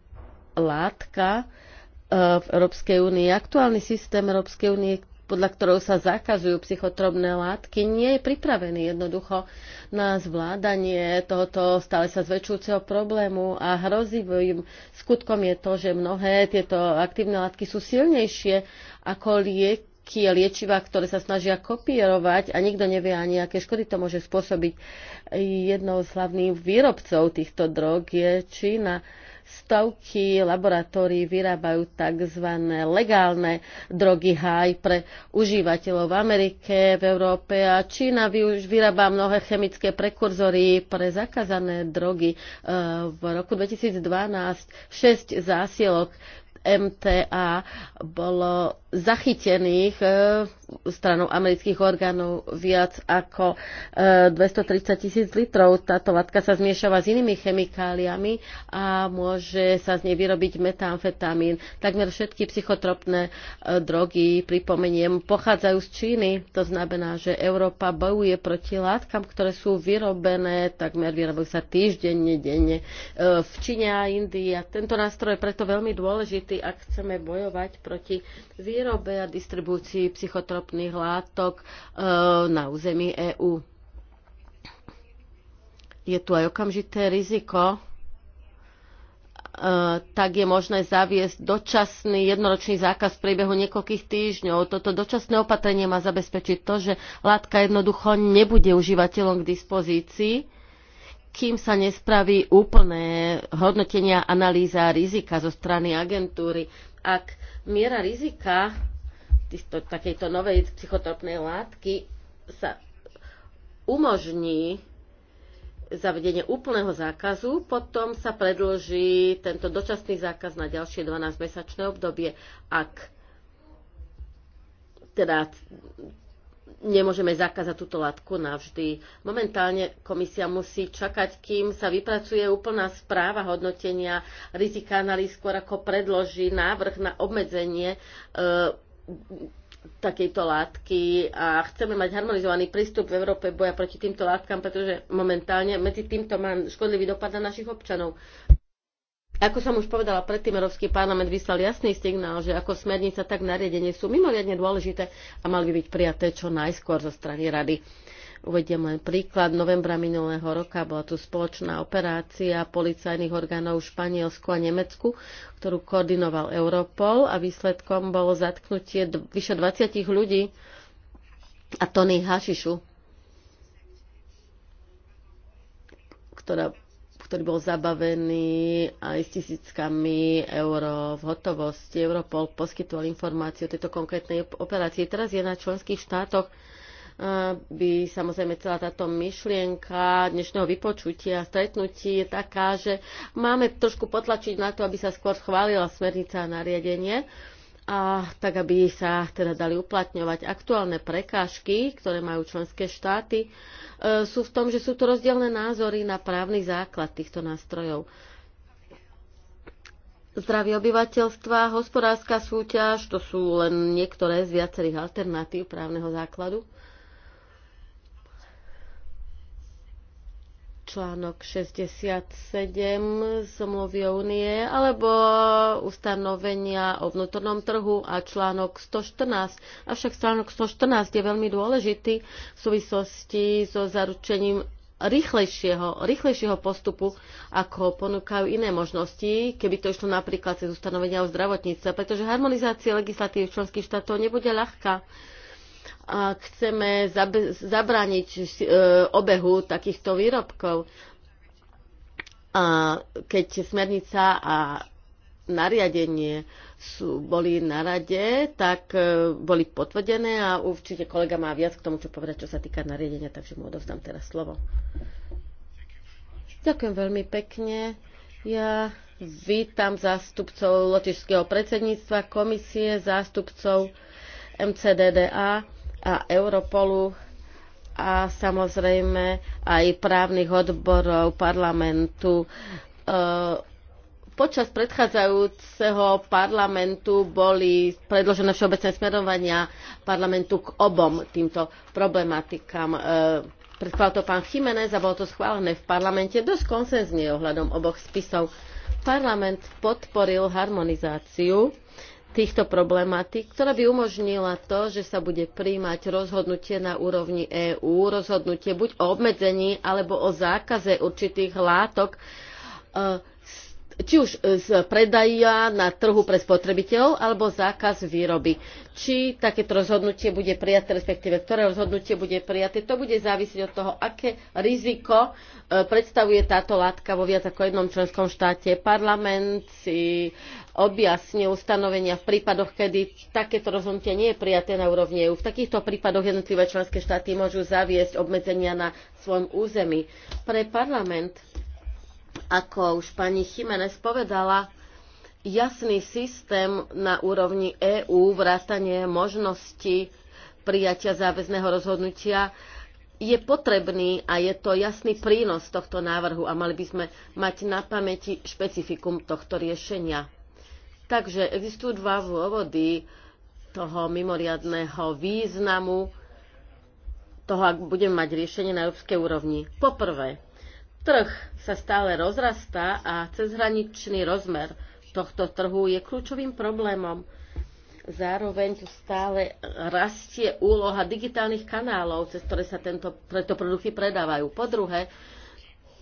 látka eh, v Európskej únii. Aktuálny systém Európskej únie podľa ktorou sa zakazujú psychotropné látky, nie je pripravený jednoducho na zvládanie tohoto stále sa zväčšujúceho problému a hrozivým skutkom je to, že mnohé tieto aktívne látky sú silnejšie ako liek lieky liečivá, ktoré sa snažia kopírovať a nikto nevie ani, aké škody to môže spôsobiť. Jednou z hlavných výrobcov týchto drog je Čína stovky laboratórií vyrábajú tzv. legálne drogy haj pre užívateľov v Amerike, v Európe a Čína už vyrába mnohé chemické prekurzory pre zakázané drogy. E, v roku 2012 6 zásielok MTA bolo zachytených e, stranou amerických orgánov viac ako 230 eh, tisíc litrov. Táto látka sa zmiešava s inými chemikáliami a môže sa z nej vyrobiť metamfetamín. Takmer všetky psychotropné eh, drogy, pripomeniem, pochádzajú z Číny. To znamená, že Európa bojuje proti látkam, ktoré sú vyrobené, takmer vyrobujú sa týždenne, denne eh, v Číne a Indii. A tento nástroj je preto veľmi dôležitý, ak chceme bojovať proti výrobe a distribúcii psychotropných ropných látok e, na území EÚ. Je tu aj okamžité riziko, e, tak je možné zaviesť dočasný jednoročný zákaz v priebehu niekoľkých týždňov. Toto dočasné opatrenie má zabezpečiť to, že látka jednoducho nebude užívateľom k dispozícii, kým sa nespraví úplné hodnotenia analýza rizika zo strany agentúry. Ak miera rizika týchto, takejto novej psychotropnej látky sa umožní zavedenie úplného zákazu, potom sa predlží tento dočasný zákaz na ďalšie 12-mesačné obdobie, ak teda nemôžeme zakázať túto látku navždy. Momentálne komisia musí čakať, kým sa vypracuje úplná správa hodnotenia rizika analýz, skôr ako predloží návrh na obmedzenie e, takejto látky a chceme mať harmonizovaný prístup v Európe boja proti týmto látkam, pretože momentálne medzi týmto má škodlivý dopad na našich občanov. Ako som už povedala predtým, Európsky parlament vyslal jasný signál, že ako smernica, tak nariadenie sú mimoriadne dôležité a mali by byť prijaté čo najskôr zo strany Rady. Uvediem len príklad. Novembra minulého roka bola tu spoločná operácia policajných orgánov v Španielsku a Nemecku, ktorú koordinoval Europol a výsledkom bolo zatknutie vyše 20 ľudí a tony hašišu, ktorá ktorý bol zabavený aj s tisíckami eur v hotovosti. Europol poskytoval informácie o tejto konkrétnej operácii. Teraz je na členských štátoch by samozrejme celá táto myšlienka dnešného vypočutia a stretnutí je taká, že máme trošku potlačiť na to, aby sa skôr schválila smernica a nariadenie a tak, aby sa teda dali uplatňovať. Aktuálne prekážky, ktoré majú členské štáty, e, sú v tom, že sú tu rozdielne názory na právny základ týchto nástrojov. Zdravie obyvateľstva, hospodárska súťaž, to sú len niektoré z viacerých alternatív právneho základu. článok 67 zmluvy únie alebo ustanovenia o vnútornom trhu a článok 114. Avšak článok 114 je veľmi dôležitý v súvislosti so zaručením rýchlejšieho, rýchlejšieho postupu, ako ponúkajú iné možnosti, keby to išlo napríklad cez ustanovenia o zdravotníctve, pretože harmonizácia legislatív členských štátov nebude ľahká a chceme zabrániť e, obehu takýchto výrobkov. A keď smernica a nariadenie sú, boli na rade, tak e, boli potvrdené a určite kolega má viac k tomu, čo povedať, čo sa týka nariadenia, takže mu odovzdám teraz slovo. Ďakujem veľmi pekne. Ja vítam zástupcov lotišského predsedníctva, komisie, zástupcov MCDDA a Europolu a samozrejme aj právnych odborov parlamentu. E, počas predchádzajúceho parlamentu boli predložené všeobecné smerovania parlamentu k obom týmto problematikám e, predkladal to pán Chimenez a bolo to schválené v parlamente dosť konsenzne ohľadom oboch spisov. Parlament podporil harmonizáciu týchto problematík, ktorá by umožnila to, že sa bude príjmať rozhodnutie na úrovni EÚ, rozhodnutie buď o obmedzení alebo o zákaze určitých látok, e, či už e, z predaja na trhu pre spotrebiteľov alebo zákaz výroby. Či takéto rozhodnutie bude prijaté, respektíve ktoré rozhodnutie bude prijaté, to bude závisieť od toho, aké riziko e, predstavuje táto látka vo viac ako jednom členskom štáte. Parlament si objasní ustanovenia v prípadoch, kedy takéto rozhodnutie nie je prijaté na úrovni EU. V takýchto prípadoch jednotlivé členské štáty môžu zaviesť obmedzenia na svojom území. Pre parlament ako už pani Chimenez povedala, jasný systém na úrovni EÚ, vrátanie možnosti prijatia záväzného rozhodnutia je potrebný a je to jasný prínos tohto návrhu a mali by sme mať na pamäti špecifikum tohto riešenia. Takže existujú dva dôvody toho mimoriadného významu toho, ak budeme mať riešenie na európskej úrovni. Poprvé, Trh sa stále rozrastá a cezhraničný rozmer tohto trhu je kľúčovým problémom. Zároveň tu stále rastie úloha digitálnych kanálov, cez ktoré sa tento, tieto produkty predávajú. Po druhé,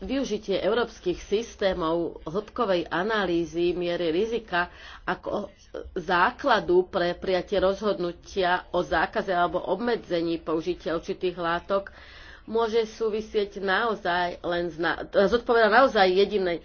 využitie európskych systémov hĺbkovej analýzy miery rizika ako základu pre prijatie rozhodnutia o zákaze alebo obmedzení použitia určitých látok môže súvisieť naozaj len na, e, zodpoveda naozaj jedinej e,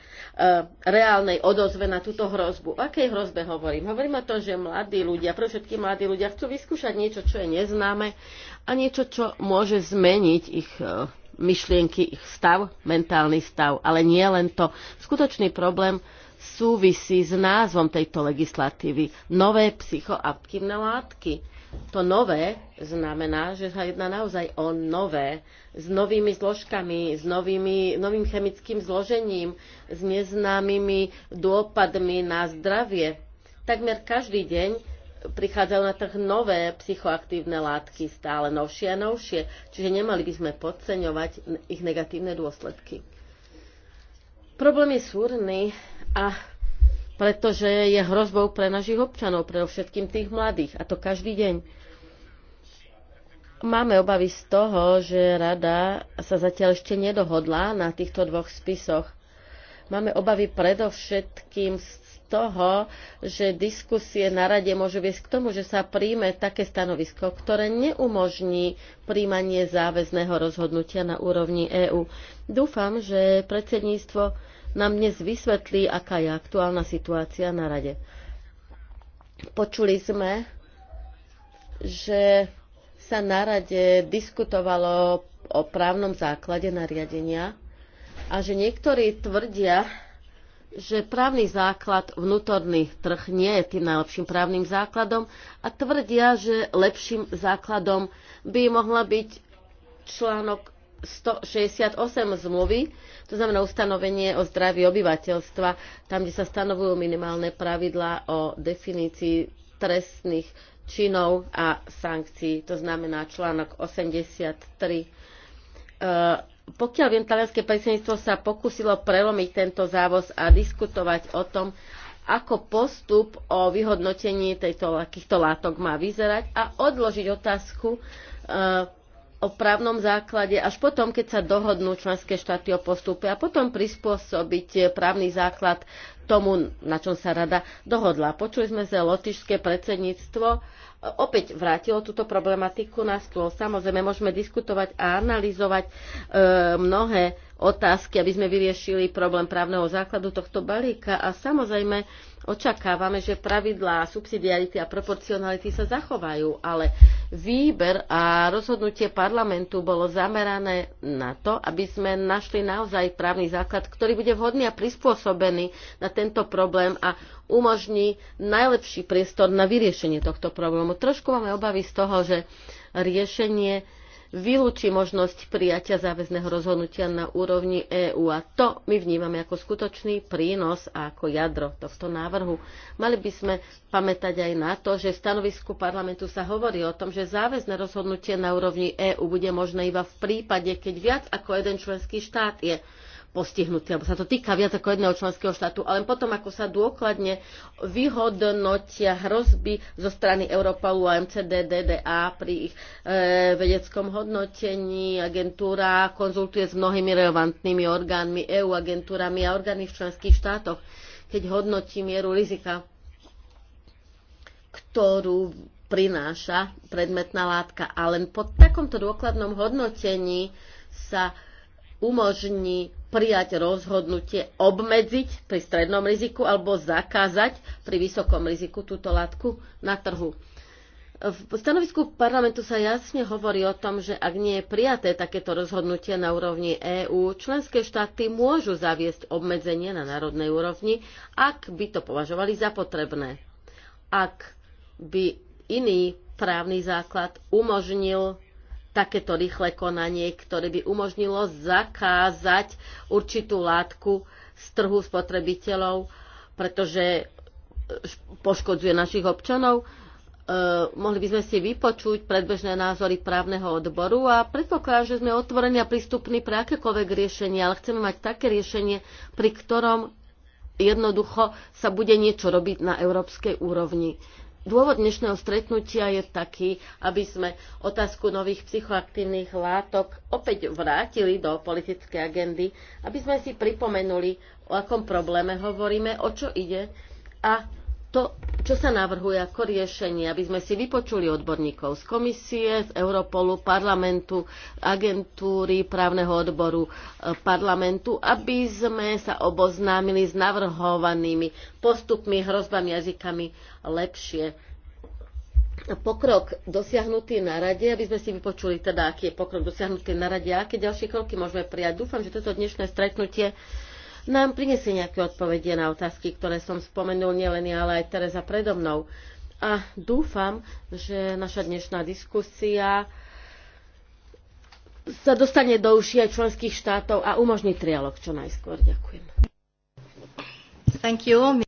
reálnej odozve na túto hrozbu. O akej hrozbe hovorím? Hovorím o tom, že mladí ľudia, pre všetky mladí ľudia chcú vyskúšať niečo, čo je neznáme a niečo, čo môže zmeniť ich e, myšlienky, ich stav, mentálny stav. Ale nie len to. Skutočný problém súvisí s názvom tejto legislatívy. Nové psychoaktívne látky to nové znamená, že sa jedná naozaj o nové, s novými zložkami, s novými, novým chemickým zložením, s neznámymi dôpadmi na zdravie. Takmer každý deň prichádzajú na trh nové psychoaktívne látky, stále novšie a novšie, čiže nemali by sme podceňovať ich negatívne dôsledky. Problém je súrny a pretože je hrozbou pre našich občanov, pre všetkým tých mladých, a to každý deň. Máme obavy z toho, že rada sa zatiaľ ešte nedohodla na týchto dvoch spisoch. Máme obavy predovšetkým z toho, že diskusie na rade môžu viesť k tomu, že sa príjme také stanovisko, ktoré neumožní príjmanie záväzného rozhodnutia na úrovni EÚ. Dúfam, že predsedníctvo nám dnes vysvetlí, aká je aktuálna situácia na rade. Počuli sme, že sa na rade diskutovalo o právnom základe nariadenia a že niektorí tvrdia, že právny základ vnútorný trh nie je tým najlepším právnym základom a tvrdia, že lepším základom by mohla byť článok 168 zmluvy, to znamená ustanovenie o zdraví obyvateľstva, tam, kde sa stanovujú minimálne pravidlá o definícii trestných činov a sankcií, to znamená článok 83. E, pokiaľ viem, talianské predsedníctvo sa pokúsilo prelomiť tento závoz a diskutovať o tom, ako postup o vyhodnotení tejto, takýchto látok má vyzerať a odložiť otázku e, o právnom základe až potom, keď sa dohodnú členské štáty o postupe a potom prispôsobiť právny základ tomu, na čom sa rada dohodla. Počuli sme že lotišské predsedníctvo opäť vrátilo túto problematiku na stôl. Samozrejme, môžeme diskutovať a analyzovať e, mnohé otázky, aby sme vyriešili problém právneho základu tohto balíka a samozrejme očakávame, že pravidlá subsidiarity a proporcionality sa zachovajú, ale výber a rozhodnutie parlamentu bolo zamerané na to, aby sme našli naozaj právny základ, ktorý bude vhodný a prispôsobený na tento problém a umožní najlepší priestor na vyriešenie tohto problému lebo Trošku máme obavy z toho, že riešenie vylúči možnosť prijatia záväzného rozhodnutia na úrovni EÚ a to my vnímame ako skutočný prínos a ako jadro tohto návrhu. Mali by sme pamätať aj na to, že v stanovisku parlamentu sa hovorí o tom, že záväzné rozhodnutie na úrovni EÚ bude možné iba v prípade, keď viac ako jeden členský štát je postihnutí, alebo sa to týka viac ako jedného členského štátu, ale potom, ako sa dôkladne vyhodnotia hrozby zo strany Europolu a MCDDDA pri ich e, vedeckom hodnotení, agentúra konzultuje s mnohými relevantnými orgánmi, EU agentúrami a orgány v členských štátoch, keď hodnotí mieru rizika, ktorú prináša predmetná látka. A len po takomto dôkladnom hodnotení sa umožní prijať rozhodnutie obmedziť pri strednom riziku alebo zakázať pri vysokom riziku túto látku na trhu. V stanovisku parlamentu sa jasne hovorí o tom, že ak nie je prijaté takéto rozhodnutie na úrovni EÚ, členské štáty môžu zaviesť obmedzenie na národnej úrovni, ak by to považovali za potrebné. Ak by iný právny základ umožnil takéto rýchle konanie, ktoré by umožnilo zakázať určitú látku z trhu spotrebiteľov, pretože eh, poškodzuje našich občanov. E, mohli by sme si vypočuť predbežné názory právneho odboru a predpokladám, že sme otvorení a prístupní pre akékoľvek riešenie, ale chceme mať také riešenie, pri ktorom jednoducho sa bude niečo robiť na európskej úrovni. Dôvod dnešného stretnutia je taký, aby sme otázku nových psychoaktívnych látok opäť vrátili do politickej agendy, aby sme si pripomenuli, o akom probléme hovoríme, o čo ide a to, čo sa navrhuje ako riešenie, aby sme si vypočuli odborníkov z komisie, z Europolu, parlamentu, agentúry, právneho odboru e, parlamentu, aby sme sa oboznámili s navrhovanými postupmi, hrozbami, jazykami lepšie. Pokrok dosiahnutý na rade, aby sme si vypočuli teda, aký je pokrok dosiahnutý na rade a aké ďalšie kroky môžeme prijať. Dúfam, že toto dnešné stretnutie uh, nám prinesie nejaké odpovede na otázky, ktoré som spomenul nielen ja, ale aj Tereza predo mnou. A dúfam, že naša dnešná diskusia sa dostane do uši aj členských štátov a umožní trialog čo najskôr. Ďakujem. Thank you.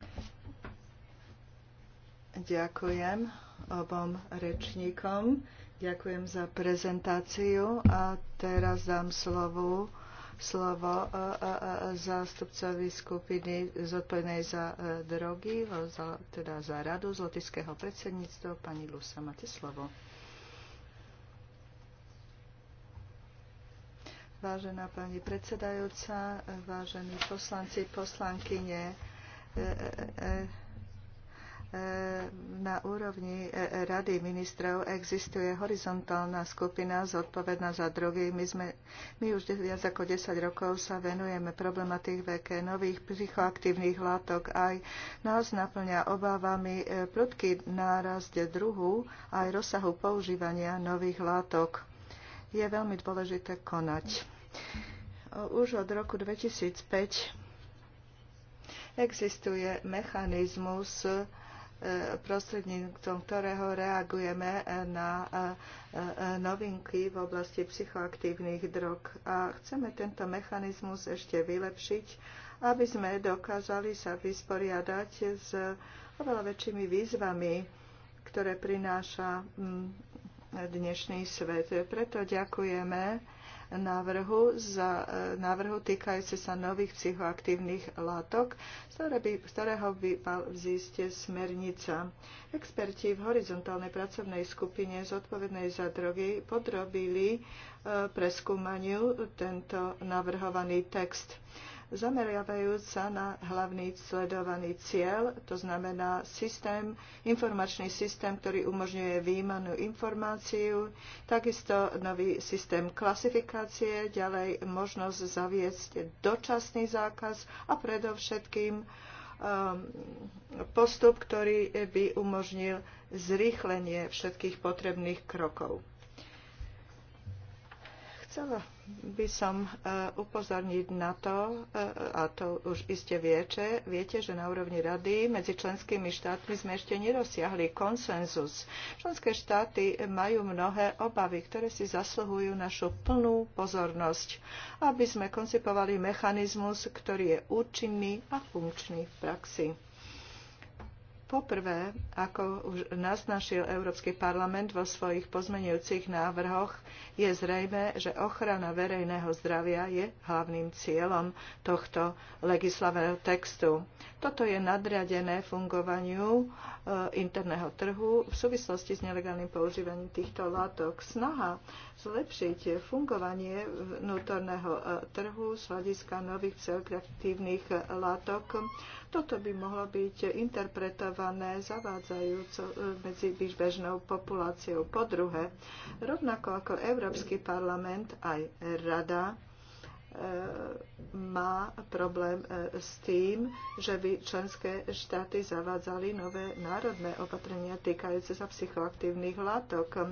Ďakujem obom rečníkom. Ďakujem za prezentáciu a teraz dám slovo slovo e, e, e, zástupcovi skupiny zodpovednej za drogy, teda za radu z lotického predsedníctva. Pani Lusa, máte slovo. Vážená pani predsedajúca, vážení poslanci, poslankyne, E, na úrovni e, Rady ministrov existuje horizontálna skupina zodpovedná za drogy. My, sme, my už viac ako 10 rokov sa venujeme veke nových psychoaktívnych látok. Aj nás naplňa obávami e, prudký nárast druhu aj rozsahu používania nových látok. Je veľmi dôležité konať. Už od roku 2005 existuje mechanizmus prostredníctvom ktorého reagujeme na e, e, novinky v oblasti psychoaktívnych drog. A chceme tento mechanizmus ešte vylepšiť, aby sme dokázali sa vysporiadať s oveľa väčšími výzvami, ktoré prináša mm, dnešný svet. Preto ďakujeme návrhu, za, e, návrhu týkajúce sa nových psychoaktívnych látok, z, ktoré by, z ktorého by mal vzísť smernica. Experti v horizontálnej pracovnej skupine zodpovednej za drogy podrobili e, preskúmaniu tento navrhovaný text zameriavajúc sa na hlavný sledovaný cieľ, to znamená systém, informačný systém, ktorý umožňuje výmanu informáciu, takisto nový systém klasifikácie, ďalej možnosť zaviesť dočasný zákaz a predovšetkým um, postup, ktorý by umožnil zrýchlenie všetkých potrebných krokov. Chcela by som e, upozorniť na to, e, a to už iste viete, viete, že na úrovni rady medzi členskými štátmi sme ešte nerozsiahli konsenzus. Členské štáty majú mnohé obavy, ktoré si zasluhujú našu plnú pozornosť, aby sme koncipovali mechanizmus, ktorý je účinný a funkčný v praxi. Poprvé, ako už naznačil Európsky parlament vo svojich pozmenujúcich návrhoch, je zrejme, že ochrana verejného zdravia je hlavným cieľom tohto legislavného textu. Toto je nadradené fungovaniu e, interného trhu v súvislosti s nelegálnym používaním týchto látok. Snaha zlepšiť fungovanie vnútorného e, trhu z hľadiska nových psychoaktívnych látok toto by mohlo byť interpretované zavádzajúco e, medzi bežnou populáciou. Po druhé, rovnako ako Európsky parlament, aj Rada e, má problém e, s tým, že by členské štáty zavádzali nové národné opatrenia týkajúce sa psychoaktívnych látok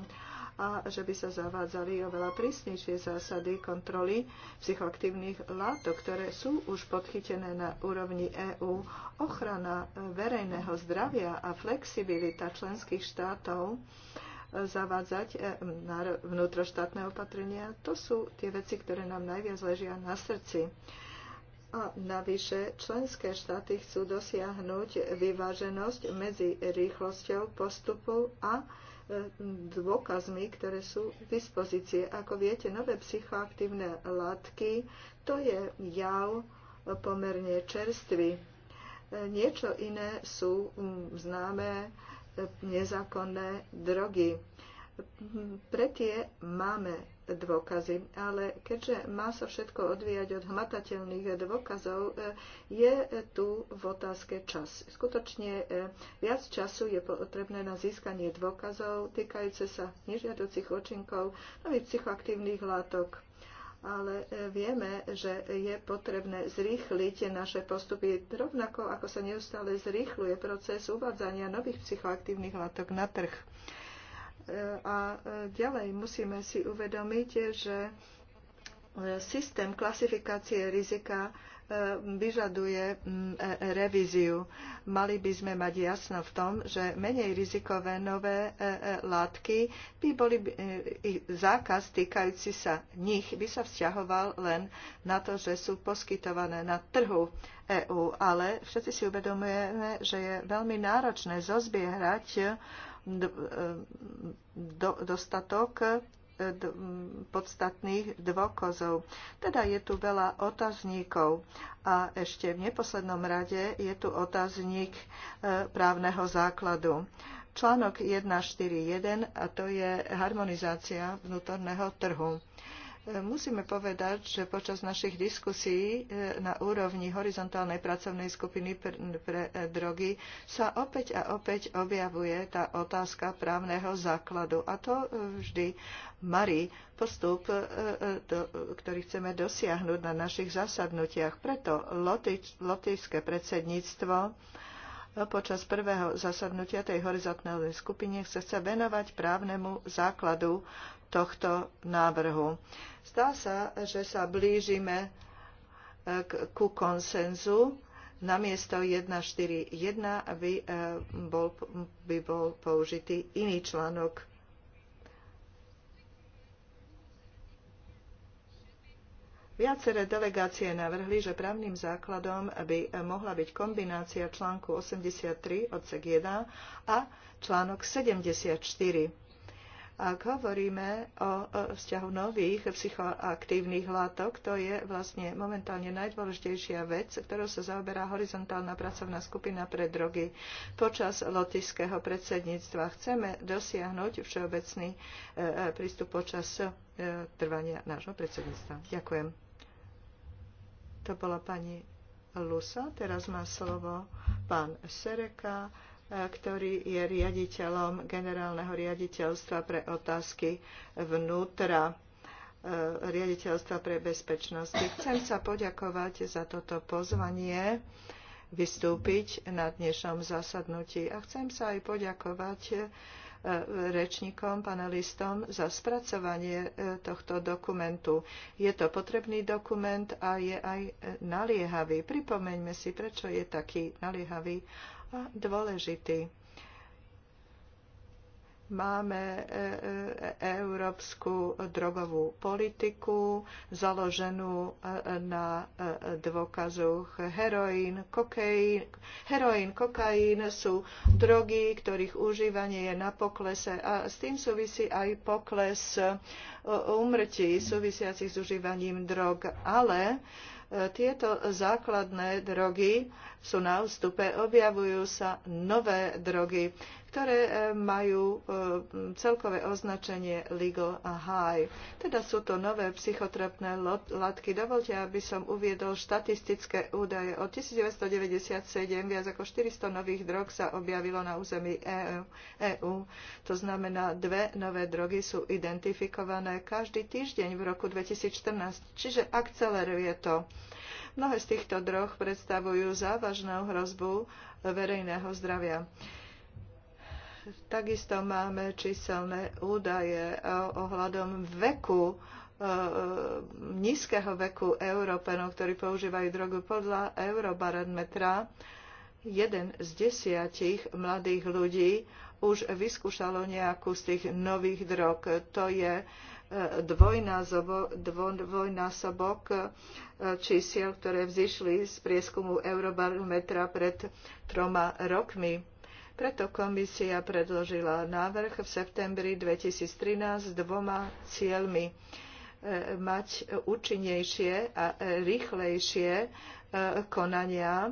a že by sa zavádzali oveľa prísnejšie zásady kontroly psychoaktívnych látok, ktoré sú už podchytené na úrovni EÚ. Ochrana verejného zdravia a flexibilita členských štátov e, zavádzať e, vnútroštátne opatrenia, to sú tie veci, ktoré nám najviac ležia na srdci. A navyše členské štáty chcú dosiahnuť vyváženosť medzi rýchlosťou postupu a dôkazmi, ktoré sú k dispozícii. Ako viete, nové psychoaktívne látky, to je jav pomerne čerstvý. Niečo iné sú mm, známe e, nezákonné drogy. Pre tie máme dôkazy. Ale keďže má sa všetko odvíjať od hmatateľných dôkazov, e, je tu v otázke čas. Skutočne e, viac času je potrebné na získanie dôkazov týkajúce sa nežiaducich účinkov nových psychoaktívnych látok ale e, vieme, že je potrebné zrýchliť naše postupy, rovnako ako sa neustále zrýchluje proces uvádzania nových psychoaktívnych látok na trh. A e, ďalej musíme si uvedomiť, že e, systém klasifikácie rizika e, vyžaduje revíziu. Mali by sme mať jasno v tom, že menej rizikové nové látky by boli, zákaz týkajúci sa nich by sa vzťahoval len na to, že sú poskytované na trhu EÚ, ale všetci si uvedomujeme, že je veľmi náročné zozbierať do, dostatok e, podstatných dôkazov. Teda je tu veľa otázníkov. a ešte v neposlednom rade je tu otáznik e, právneho základu. Článok 141 a to je harmonizácia vnútorného trhu Musíme povedať, že počas našich diskusí e, na úrovni horizontálnej pracovnej skupiny pre, pre e, drogy sa opäť a opäť objavuje tá otázka právneho základu. A to e, vždy marí postup, ktorý chceme dosiahnuť na našich zasadnutiach. Preto lotyšské predsedníctvo počas prvého zasadnutia tej horizontálnej sa chce venovať právnemu základu tohto návrhu. Zdá sa, že sa blížime e, ku konsenzu. Na miesto 1.4.1 by e, bol, by bol použitý iný článok. Viaceré delegácie navrhli, že právnym základom by mohla byť kombinácia článku 83 odsek 1 a článok 74 ak hovoríme o vzťahu nových psychoaktívnych látok, to je vlastne momentálne najdôležitejšia vec, ktorou sa zaoberá horizontálna pracovná skupina pre drogy. Počas lotišského predsedníctva chceme dosiahnuť všeobecný e, e, prístup počas e, trvania nášho predsedníctva. Ďakujem. To bola pani Lusa. Teraz má slovo pán Sereka ktorý je riaditeľom generálneho riaditeľstva pre otázky vnútra e, riaditeľstva pre bezpečnosť. Chcem sa poďakovať za toto pozvanie vystúpiť na dnešnom zasadnutí a chcem sa aj poďakovať e, rečníkom, panelistom za spracovanie e, tohto dokumentu. Je to potrebný dokument a je aj naliehavý. Pripomeňme si, prečo je taký naliehavý a dôležitý. Máme e, e, európsku drogovú politiku založenú e, na dôkazoch heroín, kokain. Heroín, kokain sú drogy, ktorých užívanie je na poklese a s tým súvisí aj pokles úmrtí súvisiacich s užívaním drog, ale tieto základné drogy sú na ústupe, objavujú sa nové drogy ktoré e, majú e, celkové označenie legal a high. Teda sú to nové psychotropné látky. Dovolte, aby som uviedol štatistické údaje. Od 1997 viac ako 400 nových drog sa objavilo na území EÚ. E to znamená, dve nové drogy sú identifikované každý týždeň v roku 2014. Čiže akceleruje to. Mnohé z týchto droh predstavujú závažnú hrozbu verejného zdravia. Takisto máme číselné údaje e, ohľadom veku, e, e, nízkeho veku Európenov, ktorí používajú drogu podľa Eurobarometra. Jeden z desiatich mladých ľudí už vyskúšalo nejakú z tých nových drog. To je dvojnásobok čísiel, ktoré vzýšli z prieskumu Eurobarometra pred troma rokmi preto komisia predložila návrh v septembri 2013 s dvoma cieľmi e, mať účinnejšie a rýchlejšie e, konania, e,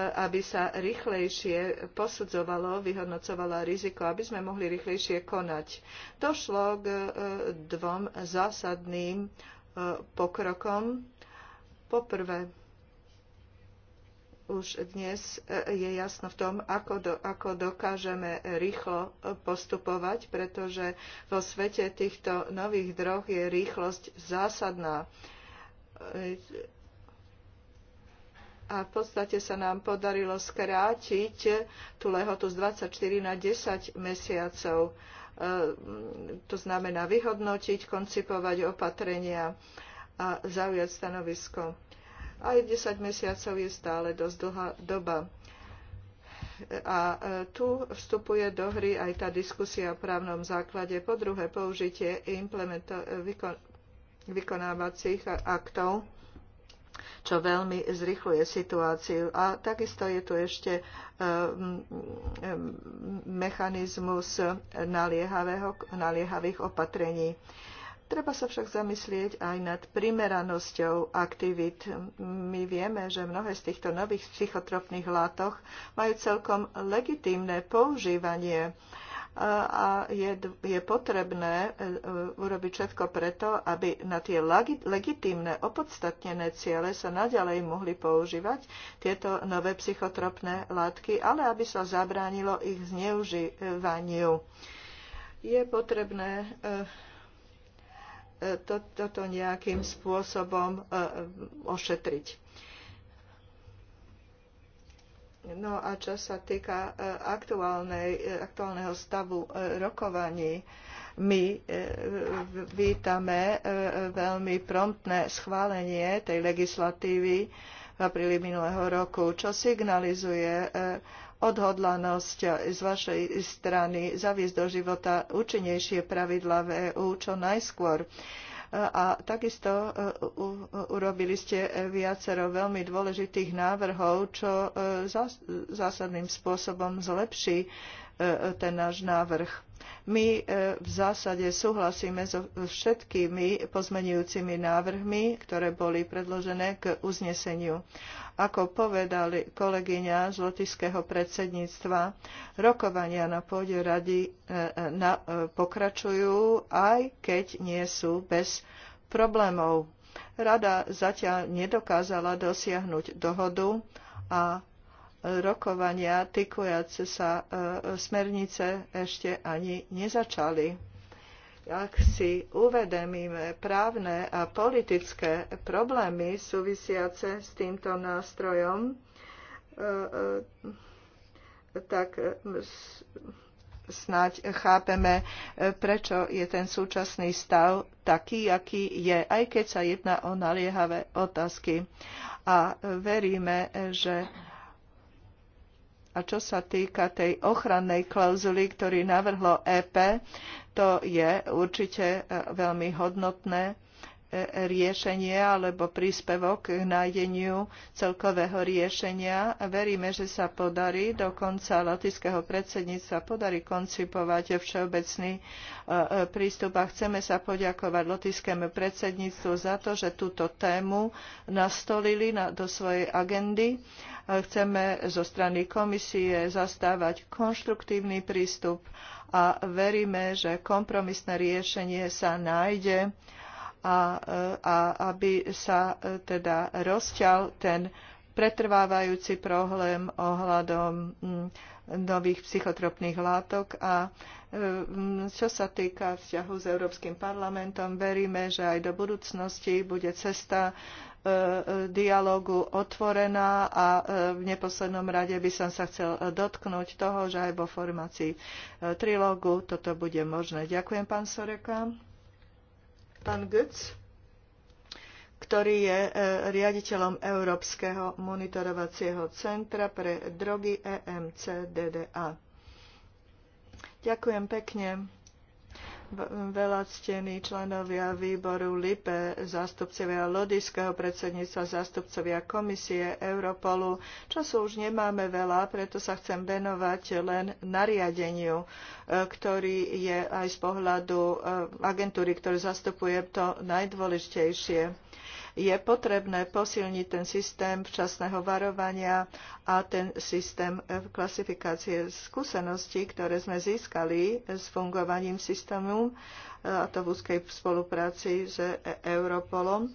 aby sa rýchlejšie posudzovalo, vyhodnocovala riziko, aby sme mohli rýchlejšie konať. Došlo k dvom zásadným pokrokom. Poprvé, už dnes e, je jasno v tom, ako, do, ako dokážeme rýchlo postupovať, pretože vo svete týchto nových droh je rýchlosť zásadná. E, a v podstate sa nám podarilo skrátiť tú lehotu z 24 na 10 mesiacov. E, to znamená vyhodnotiť, koncipovať opatrenia a zaujať stanovisko aj 10 mesiacov je stále dosť dlhá doba. A e, tu vstupuje do hry aj tá diskusia o právnom základe. Po druhé, použitie vykon- vykonávacích aktov čo veľmi zrychluje situáciu. A takisto je tu ešte e, mechanizmus naliehavých opatrení. Treba sa však zamyslieť aj nad primeranosťou aktivít. My vieme, že mnohé z týchto nových psychotropných látok majú celkom legitímne používanie a je, je potrebné e, e, urobiť všetko preto, aby na tie legitímne, opodstatnené ciele sa naďalej mohli používať tieto nové psychotropné látky, ale aby sa zabránilo ich zneužívaniu. Je potrebné e, to, toto nejakým spôsobom e, ošetriť. No a čo sa týka e, e, aktuálneho stavu rokovaní, my vítame veľmi promptné schválenie tej legislatívy v apríli minulého roku, čo signalizuje odhodlanosť z vašej strany zaviesť do života účinnejšie pravidlá v EÚ čo najskôr a takisto e, urobili ste viacero veľmi dôležitých návrhov, čo e, zásadným spôsobom zlepší e, ten náš návrh. My e, v zásade súhlasíme so všetkými pozmenujúcimi návrhmi, ktoré boli predložené k uzneseniu. Ako povedali kolegyňa z lotyšského predsedníctva, rokovania na pôde rady e, e, pokračujú, aj keď nie sú bez problémov. Rada zatiaľ nedokázala dosiahnuť dohodu a rokovania týkajúce sa e, smernice ešte ani nezačali ak si uvedomíme právne a politické problémy súvisiace s týmto nástrojom, e, e, tak snáď chápeme, prečo je ten súčasný stav taký, aký je, aj keď sa jedná o naliehavé otázky. A veríme, že a čo sa týka tej ochrannej klauzuly, ktorú navrhlo EP, to je určite e, veľmi hodnotné riešenie alebo príspevok k nájdeniu celkového riešenia. Veríme, že sa podarí do konca latinského predsedníctva podarí koncipovať všeobecný e, e, prístup a chceme sa poďakovať latinskému predsedníctvu za to, že túto tému nastolili do svojej agendy. E, chceme zo strany komisie zastávať konštruktívny prístup a veríme, že kompromisné riešenie sa nájde a, a aby sa e, teda rozťal ten pretrvávajúci problém ohľadom nových psychotropných látok a e, čo sa týka vzťahu s Európskym parlamentom, veríme, že aj do budúcnosti bude cesta e, dialogu otvorená a v neposlednom rade by som sa chcel dotknúť toho, že aj vo formácii trilógu toto bude možné. Ďakujem, pán Soreka pán Götz, ktorý je e, riaditeľom Európskeho monitorovacieho centra pre drogy EMCDDA. Ďakujem pekne veľa ctení členovia výboru LIPE, zástupcovia Lodyského predsedníctva, zástupcovia komisie Europolu. Času už nemáme veľa, preto sa chcem venovať len nariadeniu, e, ktorý je aj z pohľadu e, agentúry, ktorú zastupuje to najdôležitejšie je potrebné posilniť ten systém včasného varovania a ten systém e, klasifikácie skúseností, ktoré sme získali s fungovaním systému, e, a to v úzkej spolupráci s e, Europolom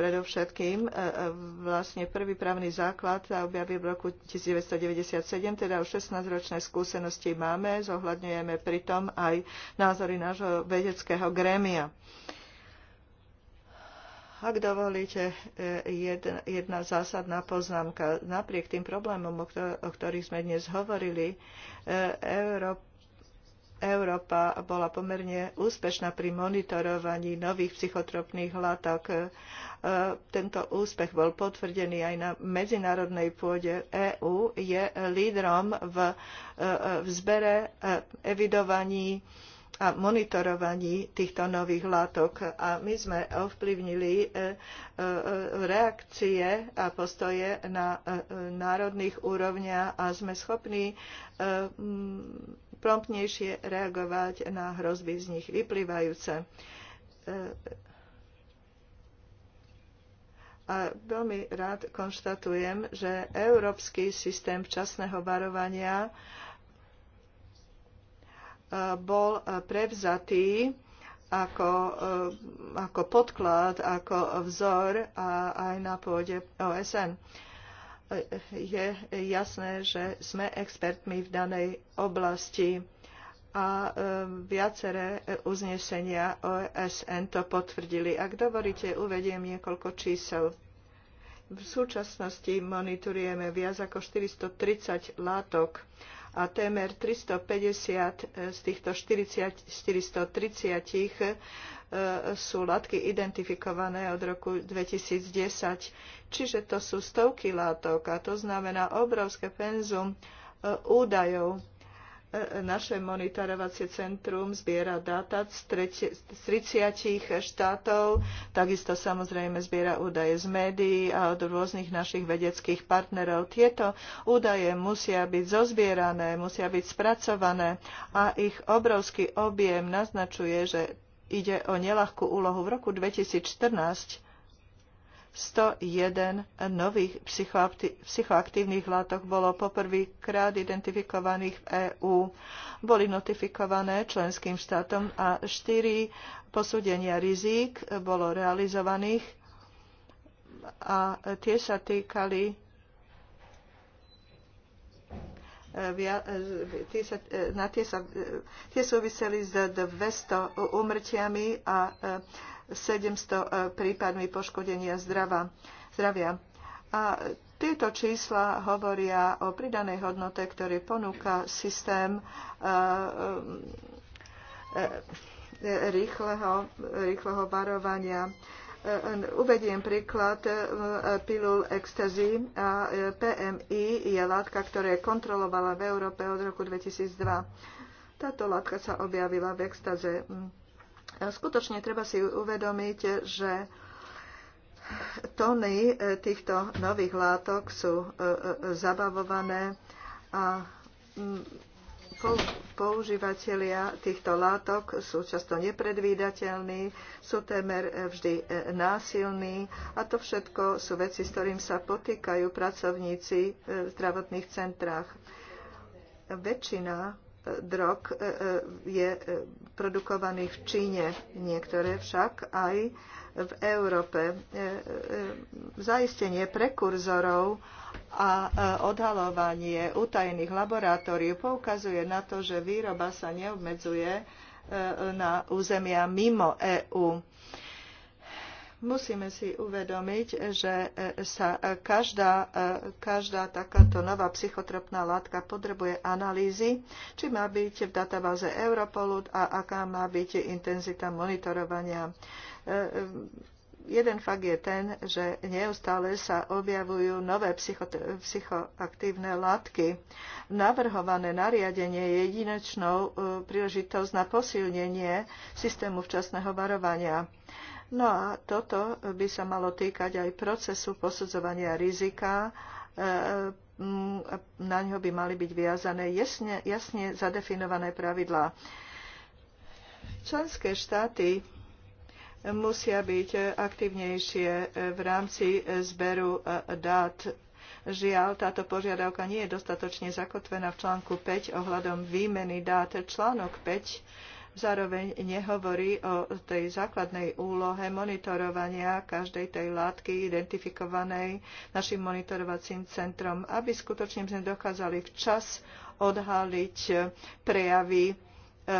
predovšetkým vlastne prvý právny základ sa objavil v roku 1997, teda už 16-ročné skúsenosti máme, zohľadňujeme pritom aj názory nášho vedeckého grémia. Ak dovolíte, e, jedna, zásadná poznámka. Napriek tým problémom, o ktorých sme dnes hovorili, e, Európa bola pomerne úspešná pri monitorovaní nových psychotropných látok. E, tento úspech bol potvrdený aj na medzinárodnej pôde. EÚ je lídrom v, v zbere, evidovaní a monitorovaní týchto nových látok. A my sme ovplyvnili e, e, e, reakcie a postoje na národných úrovniach a sme schopní promptnejšie reagovať na hrozby z nich vyplývajúce. A veľmi rád konštatujem, že európsky systém včasného varovania bol eh, prevzatý ako, eh, ako podklad, ako vzor a aj na pôde OSN. Je jasné, že sme expertmi v danej oblasti a eh, viaceré uznesenia OSN to potvrdili. Ak dovolíte, uvediem niekoľko čísel. V súčasnosti monitorujeme viac ako 430 látok a témer 350 z týchto 40, 430 e, sú látky identifikované od roku 2010. Čiže to sú stovky látok a to znamená obrovské penzum e, údajov E, naše monitorovacie centrum zbiera dáta z 30 štátov, takisto samozrejme zbiera údaje z médií a od rôznych našich vedeckých partnerov. Tieto údaje musia byť zozbierané, musia byť spracované a ich obrovský objem naznačuje, že ide o nelahkú úlohu. V roku 2014 101 nových psychoaktívnych látok bolo poprvýkrát identifikovaných v EÚ. Boli notifikované členským štátom a 4 posúdenia rizík bolo realizovaných a tie sa týkali e, e, e, na tie, sa, tie súviseli s 200 umrtiami a 700 e, prípadmi poškodenia zdrava, zdravia. A tieto čísla hovoria o pridanej hodnote, ktorý ponúka systém e, e, rýchleho, rýchleho varovania. Uvediem príklad pilul ecstasy. PMI je látka, ktorá je kontrolovala v Európe od roku 2002. Táto látka sa objavila v extaze Skutočne treba si uvedomiť, že tóny e, týchto nových látok sú e, e, zabavované a používateľia týchto látok sú často nepredvídateľní, sú témer vždy násilní a to všetko sú veci, s ktorým sa potýkajú pracovníci v zdravotných centrách. Väčšina drog e, e, je e, produkovaný v Číne, niektoré však aj v Európe. Zaistenie prekurzorov a odhalovanie utajených laboratórií poukazuje na to, že výroba sa neobmedzuje na územia mimo EÚ. Musíme si uvedomiť, že e, sa e, každá, e, každá takáto nová psychotropná látka potrebuje analýzy, či má byť v databáze Europolu a aká má byť intenzita monitorovania jeden fakt je ten, že neustále sa objavujú nové psychoaktívne látky. Navrhované nariadenie je jedinečnou príležitosť na posilnenie systému včasného varovania. No a toto by sa malo týkať aj procesu posudzovania rizika. E, na ňo by mali byť viazané jasne, jasne zadefinované pravidlá. Členské štáty musia byť aktívnejšie v rámci zberu e, dát. Žiaľ, táto požiadavka nie je dostatočne zakotvená v článku 5 ohľadom výmeny dát. Článok 5 Zároveň nehovorí o tej základnej úlohe monitorovania každej tej látky identifikovanej našim monitorovacím centrom, aby skutočne sme dokázali včas odhaliť prejavy e,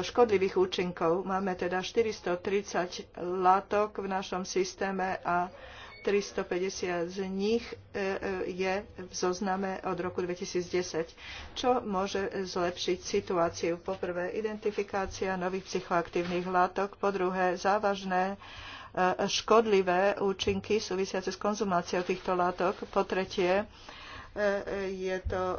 škodlivých účinkov. Máme teda 430 látok v našom systéme a 350 z nich e, e, je v zozname od roku 2010. Čo môže zlepšiť situáciu? Po prvé, identifikácia nových psychoaktívnych látok, po druhé, závažné e, škodlivé účinky súvisiace s konzumáciou týchto látok, po tretie, je to e,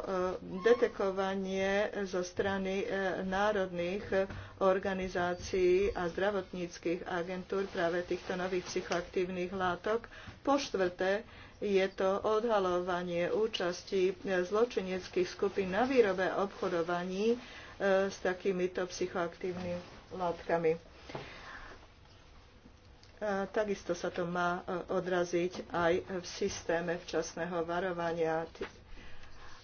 detekovanie zo strany e, národných e, organizácií a zdravotníckých agentúr práve týchto nových psychoaktívnych látok. Po štvrté, je to odhalovanie účasti zločineckých skupín na výrobe a obchodovaní s takýmito psychoaktívnymi látkami. Takisto sa to má e, odraziť aj v systéme včasného varovania.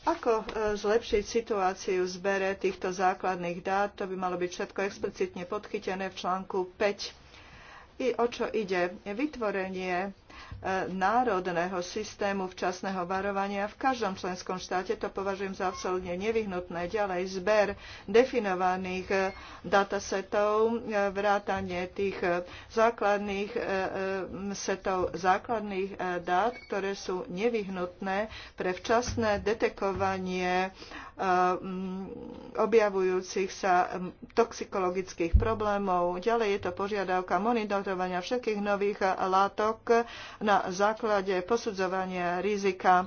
Ako e, zlepšiť situáciu v zbere týchto základných dát? To by malo byť všetko explicitne podchytené v článku 5. I o čo ide? Vytvorenie E, národného systému včasného varovania v každom členskom štáte. To považujem za absolútne nevyhnutné. Ďalej zber definovaných e, datasetov, e, vrátanie tých základných setov základných dát, ktoré sú nevyhnutné pre včasné detekovanie Eh, objavujúcich sa toxikologických problémov. Ďalej je to požiadavka monitorovania všetkých nových látok na základe posudzovania rizika e,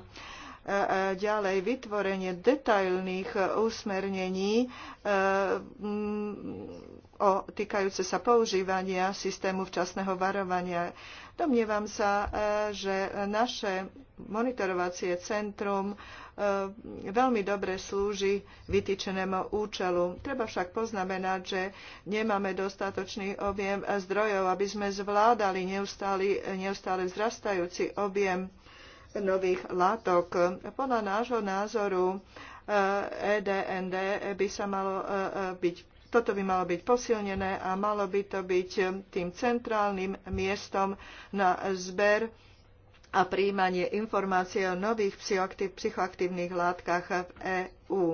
e, ďalej vytvorenie detailných e, usmernení o týkajúce sa používania systému včasného varovania. Domnievam sa, že naše monitorovacie centrum E, veľmi dobre slúži vytýčenému účelu. Treba však poznamenať, že nemáme dostatočný objem zdrojov, aby sme zvládali neustále, neustále vzrastajúci objem nových látok. Podľa nášho názoru EDND e by sa malo e, byť toto by malo byť posilnené a malo by to byť tým centrálnym miestom na zber a príjmanie informácií o nových psychoaktívnych látkach v EÚ. EU.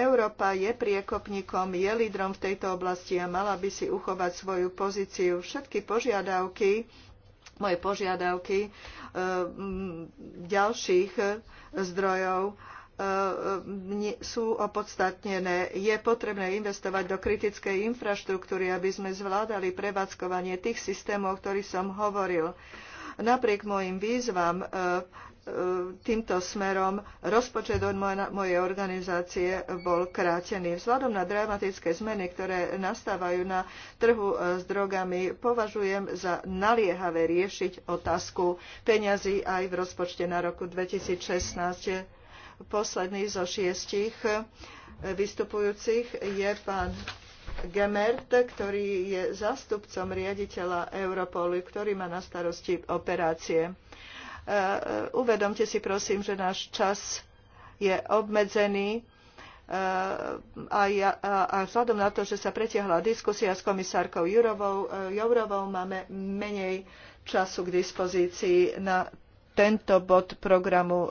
Európa je priekopníkom, je lídrom v tejto oblasti a mala by si uchovať svoju pozíciu. Všetky požiadavky, moje požiadavky e, ďalších zdrojov e, sú opodstatnené. Je potrebné investovať do kritickej infraštruktúry, aby sme zvládali prevádzkovanie tých systémov, o ktorých som hovoril. Napriek mojim výzvam e, e, týmto smerom rozpočet od mojej organizácie bol krátený. Vzhľadom na dramatické zmeny, ktoré nastávajú na trhu e, s drogami, považujem za naliehavé riešiť otázku peňazí aj v rozpočte na roku 2016. Posledný zo šiestich vystupujúcich je pán Gemert, ktorý je zástupcom riaditeľa Europolu, ktorý má na starosti operácie. E, e, uvedomte si prosím, že náš čas je obmedzený e, a, ja, a, a vzhľadom na to, že sa pretiahla diskusia s komisárkou Jurovou, Jourovou, máme menej času k dispozícii na tento bod programu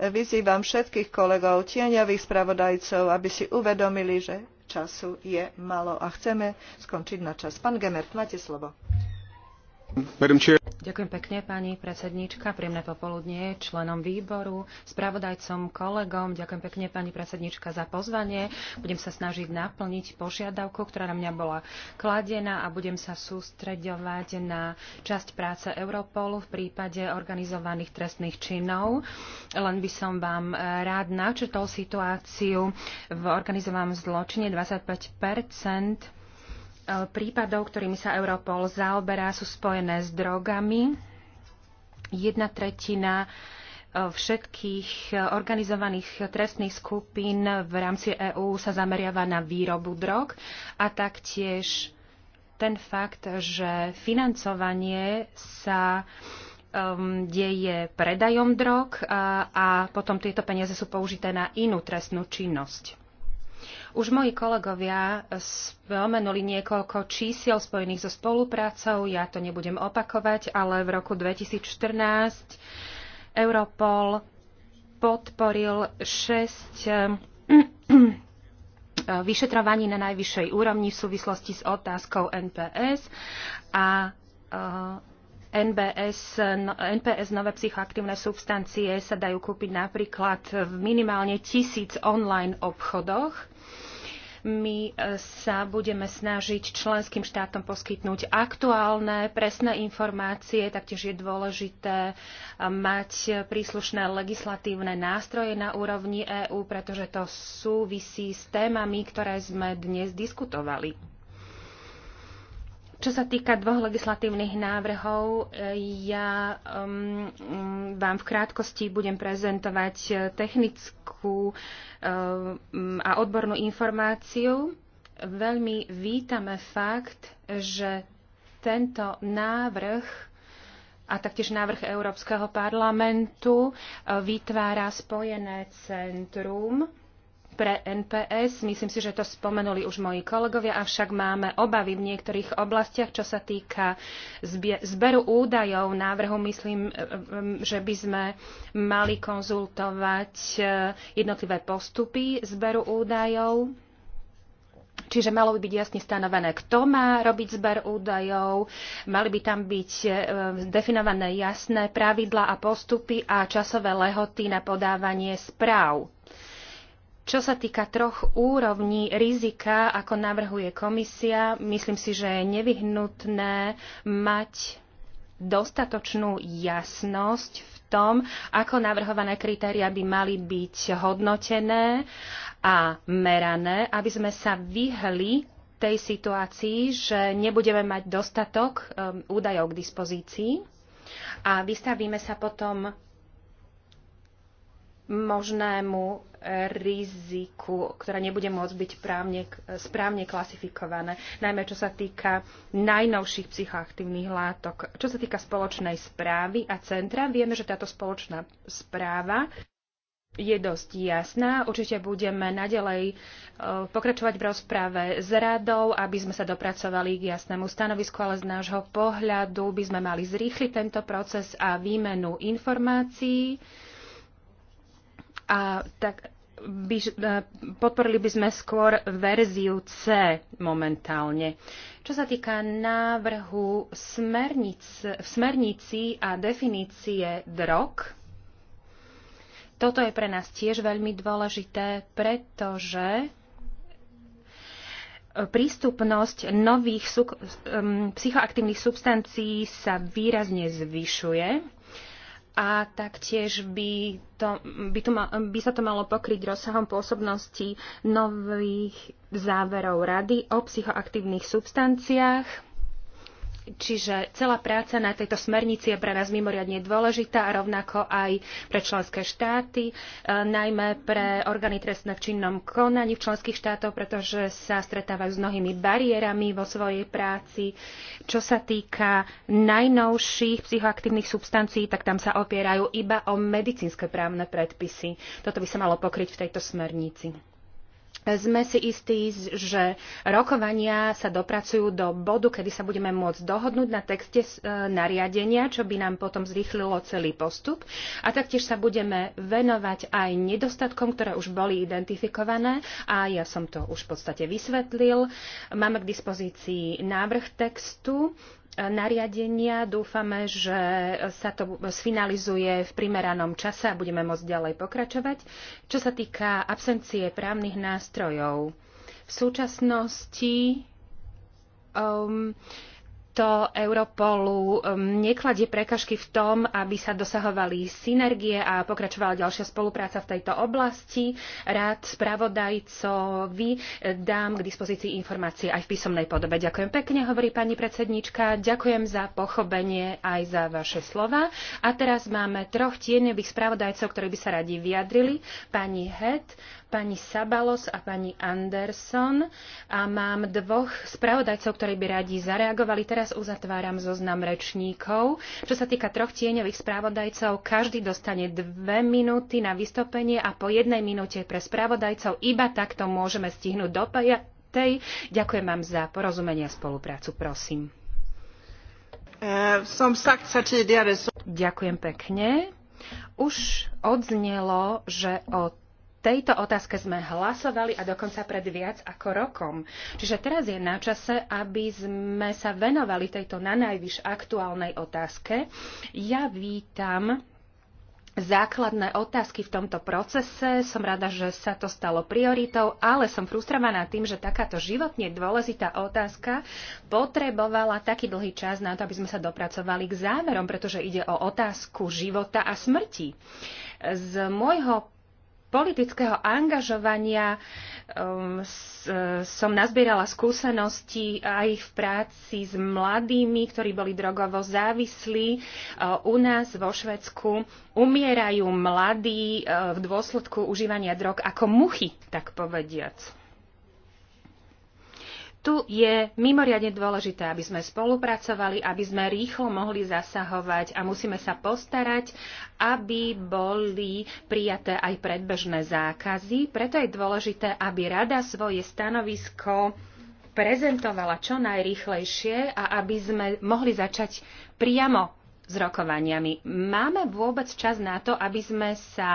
vyzývam všetkých kolegov tieňových spravodajcov aby si uvedomili že času je málo a chceme skončiť na čas. Pán Gemert, máte slovo. Ďakujem pekne, pani predsedníčka. Príjemné popoludnie členom výboru, spravodajcom, kolegom. Ďakujem pekne, pani predsedníčka, za pozvanie. Budem sa snažiť naplniť požiadavku, ktorá na mňa bola kladená a budem sa sústreďovať na časť práce Europolu v prípade organizovaných trestných činov. Len by som vám rád načrtol situáciu v organizovanom zločine 25 Eh, prípadov, ktorými sa Europol zaoberá, sú spojené s drogami. Jedna tretina eh, všetkých eh, organizovaných trestných skupín v rámci EÚ sa zameriava na výrobu drog a taktiež ten fakt, že financovanie sa um, deje predajom drog a, a potom tieto peniaze sú použité na inú trestnú činnosť. Už moji kolegovia spomenuli niekoľko čísiel spojených so spoluprácou, ja to nebudem opakovať, ale v roku 2014 Europol podporil 6 eh, vyšetrovaní na najvyššej úrovni v súvislosti s otázkou NPS a eh, NBS, NPS no, nové psychoaktívne substancie sa dajú kúpiť napríklad v minimálne tisíc online obchodoch my e, sa budeme snažiť členským štátom poskytnúť aktuálne, presné informácie. Taktiež je dôležité e, mať príslušné legislatívne nástroje na úrovni EÚ, pretože to súvisí s témami, ktoré sme dnes diskutovali. Čo sa týka dvoch legislatívnych návrhov, e, ja um, mm, vám v krátkosti budem prezentovať e, technickú um, a odbornú informáciu. Veľmi vítame fakt, že tento návrh a taktiež návrh Európskeho parlamentu vytvára spojené centrum pre NPS. Myslím si, že to spomenuli už moji kolegovia, avšak máme obavy v niektorých oblastiach, čo sa týka zberu údajov návrhu. Myslím, e, e, že by sme mali konzultovať e, jednotlivé postupy zberu údajov. Čiže malo by byť jasne stanovené, kto má robiť zber údajov, mali by tam byť definované jasné pravidla a postupy a časové lehoty na podávanie správ čo sa týka troch úrovní rizika, ako navrhuje komisia, myslím si, že je nevyhnutné mať dostatočnú jasnosť v tom, ako navrhované kritéria by mali byť hodnotené a merané, aby sme sa vyhli tej situácii, že nebudeme mať dostatok um, údajov k dispozícii a vystavíme sa potom možnému e, riziku, ktorá nebude môcť byť právne, správne klasifikované, najmä čo sa týka najnovších psychoaktívnych látok. Čo sa týka spoločnej správy a centra, vieme, že táto spoločná správa je dosť jasná. Určite budeme naďalej e, pokračovať v rozprave s radou, aby sme sa dopracovali k jasnému stanovisku, ale z nášho pohľadu by sme mali zrýchliť tento proces a výmenu informácií a tak by, e, podporili by sme skôr verziu C momentálne. Čo sa týka návrhu smernic, v smernici a definície drog, toto je pre nás tiež veľmi dôležité, pretože e, prístupnosť nových psychoaktívnych substancií sa výrazne zvyšuje a taktiež by, to, by, to ma, by sa to malo pokryť rozsahom pôsobnosti nových záverov rady o psychoaktívnych substanciách Čiže celá práca na tejto smernici je pre nás mimoriadne dôležitá a rovnako aj pre členské štáty, e, najmä pre orgány trestné v činnom konaní v členských štátoch, pretože sa stretávajú s mnohými bariérami vo svojej práci. Čo sa týka najnovších psychoaktívnych substancií, tak tam sa opierajú iba o medicínske právne predpisy. Toto by sa malo pokryť v tejto smernici sme si istí, že rokovania sa dopracujú do bodu, kedy sa budeme môcť dohodnúť na texte e, nariadenia, čo by nám potom zrýchlilo celý postup. A taktiež sa budeme venovať aj nedostatkom, ktoré už boli identifikované a ja som to už v podstate vysvetlil. Máme k dispozícii návrh textu nariadenia. Dúfame, že sa to sfinalizuje v primeranom čase a budeme môcť ďalej pokračovať. Čo sa týka absencie právnych nástrojov, v súčasnosti um, to Europolu um, nekladie prekažky v tom, aby sa dosahovali synergie a pokračovala ďalšia spolupráca v tejto oblasti. Rád spravodajcovi eh, dám k dispozícii informácie aj v písomnej podobe. Ďakujem pekne, hovorí pani predsednička. Ďakujem za pochopenie aj za vaše slova. A teraz máme troch tieňových spravodajcov, ktorí by sa radi vyjadrili. Pani Het, pani Sabalos a pani Anderson a mám dvoch spravodajcov, ktorí by radi zareagovali. Teraz uzatváram zoznam rečníkov. Čo sa týka troch tieňových spravodajcov, každý dostane dve minúty na vystúpenie a po jednej minúte pre spravodajcov. Iba takto môžeme stihnúť do tej. Ďakujem vám za porozumenie a spoluprácu. Prosím. Eh, Ďakujem pekne. Už odznelo, že od tejto otázke sme hlasovali a dokonca pred viac ako rokom. Čiže teraz je na čase, aby sme sa venovali tejto na najvyš aktuálnej otázke. Ja vítam základné otázky v tomto procese. Som rada, že sa to stalo prioritou, ale som frustrovaná tým, že takáto životne dôležitá otázka potrebovala taký dlhý čas na to, aby sme sa dopracovali k záverom, pretože ide o otázku života a smrti. Z môjho politického angažovania um, s, som nazbierala skúsenosti aj v práci s mladými, ktorí boli drogovo závislí. Uh, u nás vo Švedsku umierajú mladí uh, v dôsledku užívania drog ako muchy, tak povediac. Tu je mimoriadne dôležité, aby sme spolupracovali, aby sme rýchlo mohli zasahovať a musíme sa postarať, aby boli prijaté aj predbežné zákazy. Preto je dôležité, aby rada svoje stanovisko prezentovala čo najrýchlejšie a aby sme mohli začať priamo s rokovaniami. Máme vôbec čas na to, aby sme sa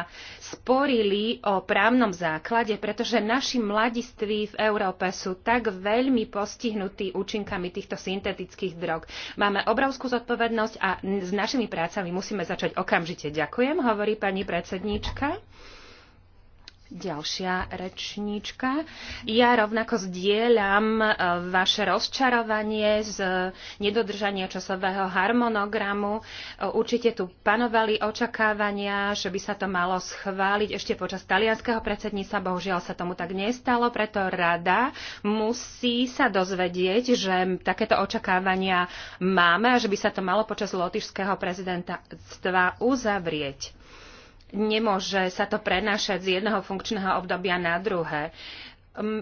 sporili o právnom základe, pretože naši mladiství v Európe sú tak veľmi postihnutí účinkami týchto syntetických drog. Máme obrovskú zodpovednosť a s našimi prácami musíme začať okamžite. Ďakujem, hovorí pani predsedníčka ďalšia rečníčka. Ja rovnako zdieľam e, vaše rozčarovanie z nedodržania časového harmonogramu. E, určite tu panovali očakávania, že by sa to malo schváliť ešte počas talianského predsedníctva. Bohužiaľ sa tomu tak nestalo, preto rada musí sa dozvedieť, že takéto očakávania máme a že by sa to malo počas lotišského prezidentstva uzavrieť nemôže sa to prenášať z jedného funkčného obdobia na druhé.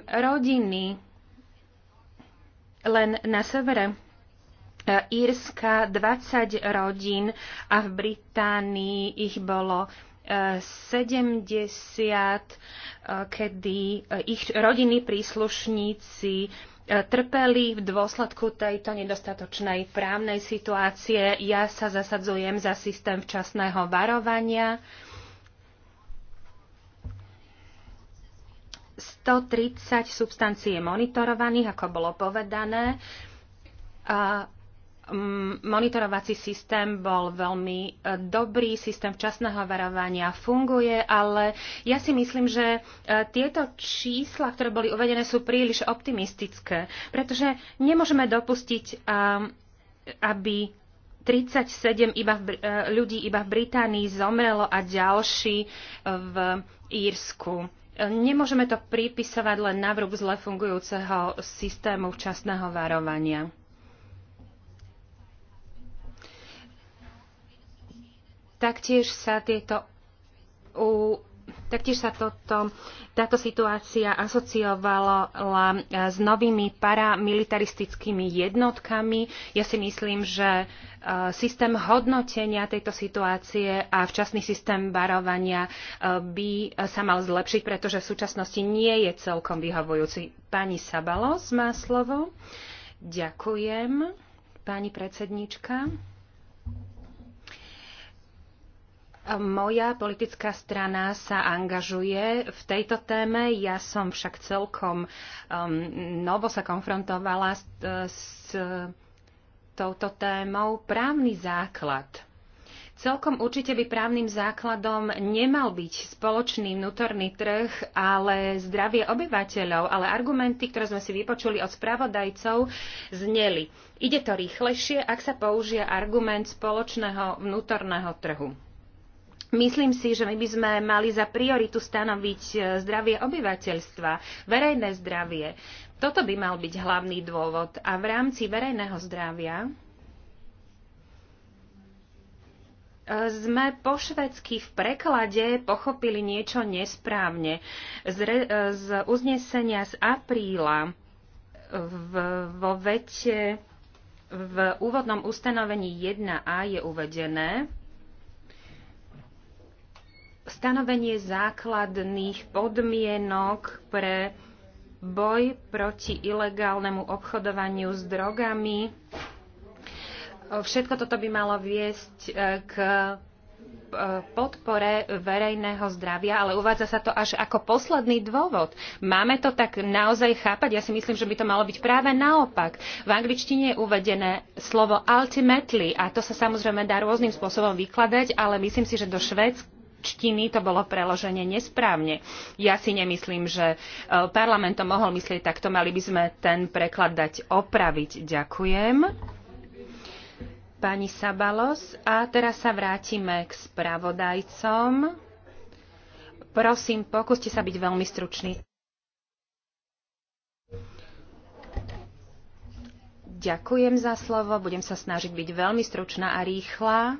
Rodiny len na severe e, Írska 20 rodín a v Británii ich bolo 70, e, e, kedy ich rodinní príslušníci trpeli v dôsledku tejto nedostatočnej právnej situácie. Ja sa zasadzujem za systém včasného varovania 130 substancií je monitorovaných, ako bolo povedané. A mm, monitorovací systém bol veľmi e, dobrý, systém včasného varovania funguje, ale ja si myslím, že e, tieto čísla, ktoré boli uvedené, sú príliš optimistické, pretože nemôžeme dopustiť, aby 37 iba v, e, ľudí iba v Británii zomrelo a ďalší v Írsku Nemôžeme to pripisovať len na vrúb zle fungujúceho systému včasného varovania. Taktiež sa tieto Taktiež sa toto, táto situácia asociovala eh, s novými paramilitaristickými jednotkami. Ja si myslím, že eh, systém hodnotenia tejto situácie a včasný systém varovania eh, by sa mal zlepšiť, pretože v súčasnosti nie je celkom vyhovujúci. Pani Sabalos má slovo. Ďakujem, pani predsednička. Moja politická strana sa angažuje v tejto téme. Ja som však celkom um, novo sa konfrontovala s, s touto témou. Právny základ. Celkom určite by právnym základom nemal byť spoločný vnútorný trh, ale zdravie obyvateľov. Ale argumenty, ktoré sme si vypočuli od spravodajcov, zneli. Ide to rýchlejšie, ak sa použije argument spoločného vnútorného trhu. Myslím si, že my by sme mali za prioritu stanoviť e, zdravie obyvateľstva, verejné zdravie. Toto by mal byť hlavný dôvod. A v rámci verejného zdravia e, sme po švedsky v preklade pochopili niečo nesprávne. Z, re, e, z uznesenia z apríla v, vo vete v úvodnom ustanovení 1a je uvedené, stanovenie základných podmienok pre boj proti ilegálnemu obchodovaniu s drogami. Všetko toto by malo viesť e, k e, podpore verejného zdravia, ale uvádza sa to až ako posledný dôvod. Máme to tak naozaj chápať? Ja si myslím, že by to malo byť práve naopak. V angličtine je uvedené slovo ultimately a to sa samozrejme dá rôznym spôsobom vykladať, ale myslím si, že do Švédsk čtiny to bolo preložené nesprávne. Ja si nemyslím, že e, parlament to mohol myslieť takto, mali by sme ten preklad dať opraviť. Ďakujem. Pani Sabalos. A teraz sa vrátime k spravodajcom. Prosím, pokúste sa byť veľmi stručný. Ďakujem za slovo, budem sa snažiť byť veľmi stručná a rýchla.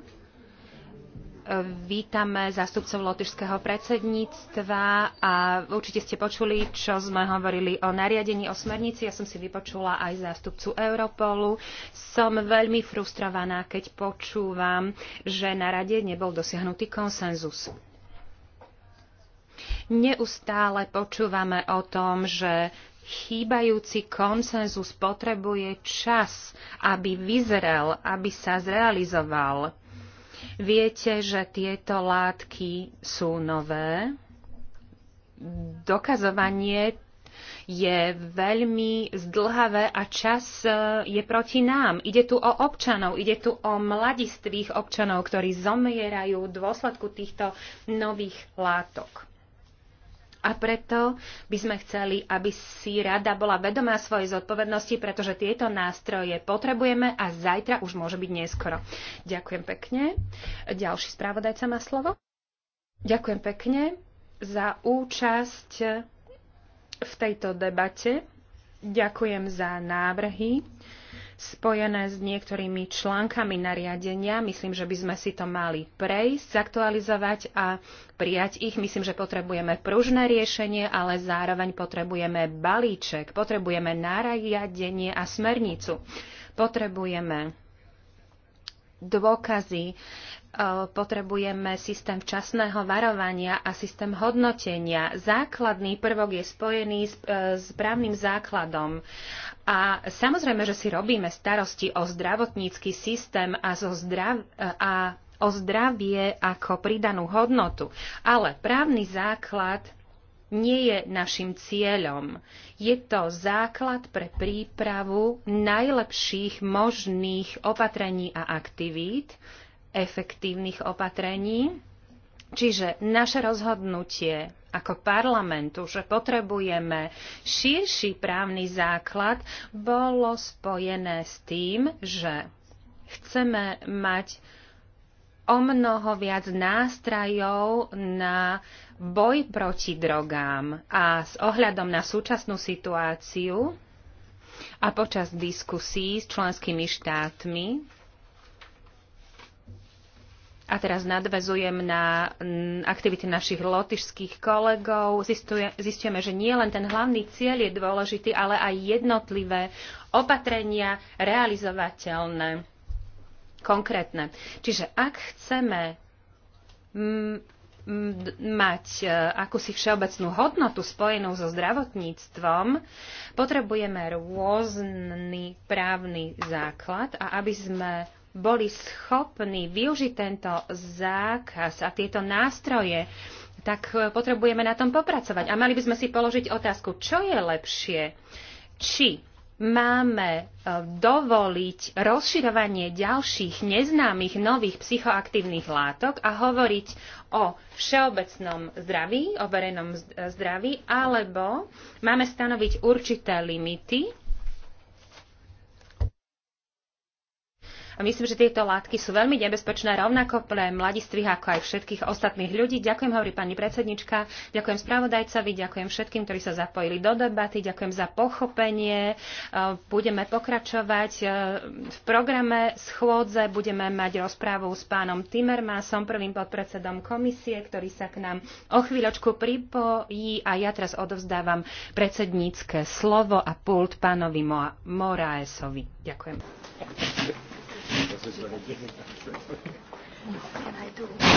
Vítame zástupcov lotyšského predsedníctva a určite ste počuli, čo sme hovorili o nariadení, o smernici. Ja som si vypočula aj zástupcu Europolu. Som veľmi frustrovaná, keď počúvam, že na rade nebol dosiahnutý konsenzus. Neustále počúvame o tom, že chýbajúci konsenzus potrebuje čas, aby vyzrel, aby sa zrealizoval Viete, že tieto látky sú nové. Dokazovanie je veľmi zdlhavé a čas e, je proti nám. Ide tu o občanov, ide tu o mladistvých občanov, ktorí zomierajú v dôsledku týchto nových látok. A preto by sme chceli, aby si rada bola vedomá svojej zodpovednosti, pretože tieto nástroje potrebujeme a zajtra už môže byť neskoro. Ďakujem pekne. Ďalší správodajca má slovo. Ďakujem pekne za účasť v tejto debate. Ďakujem za návrhy spojené s niektorými článkami nariadenia. Myslím, že by sme si to mali prejsť, zaktualizovať a prijať ich. Myslím, že potrebujeme pružné riešenie, ale zároveň potrebujeme balíček, potrebujeme nariadenie a smernicu. Potrebujeme dôkazy, potrebujeme systém včasného varovania a systém hodnotenia. Základný prvok je spojený s, e, s právnym základom. A samozrejme, že si robíme starosti o zdravotnícky systém a, zo zdrav- e, a o zdravie ako pridanú hodnotu. Ale právny základ nie je našim cieľom. Je to základ pre prípravu najlepších možných opatrení a aktivít, efektívnych opatrení. Čiže naše rozhodnutie ako parlamentu, že potrebujeme širší právny základ, bolo spojené s tým, že chceme mať o mnoho viac nástrajov na boj proti drogám a s ohľadom na súčasnú situáciu a počas diskusí s členskými štátmi a teraz nadvezujem na mm, aktivity našich lotišských kolegov. Zistujeme, že nie len ten hlavný cieľ je dôležitý, ale aj jednotlivé opatrenia realizovateľné, konkrétne. Čiže ak chceme mm, mm, mať e, akúsi všeobecnú hodnotu spojenú so zdravotníctvom, potrebujeme rôzny právny základ a aby sme boli schopní využiť tento zákaz a tieto nástroje, tak eh, potrebujeme na tom popracovať. A mali by sme si položiť otázku, čo je lepšie, či máme eh, dovoliť rozširovanie ďalších neznámych nových psychoaktívnych látok a hovoriť o všeobecnom zdraví, o verejnom zdraví, alebo máme stanoviť určité limity A myslím, že tieto látky sú veľmi nebezpečné rovnako pre mladistvých ako aj všetkých ostatných ľudí. Ďakujem, hovorí pani predsednička, ďakujem spravodajcovi, ďakujem všetkým, ktorí sa zapojili do debaty, ďakujem za pochopenie. E, budeme pokračovať e, v programe schôdze, budeme mať rozprávu s pánom Timmermansom, prvým podpredsedom komisie, ktorý sa k nám o chvíľočku pripojí a ja teraz odovzdávam predsednícke slovo a pult pánovi Moraesovi. Ďakujem. What can I do?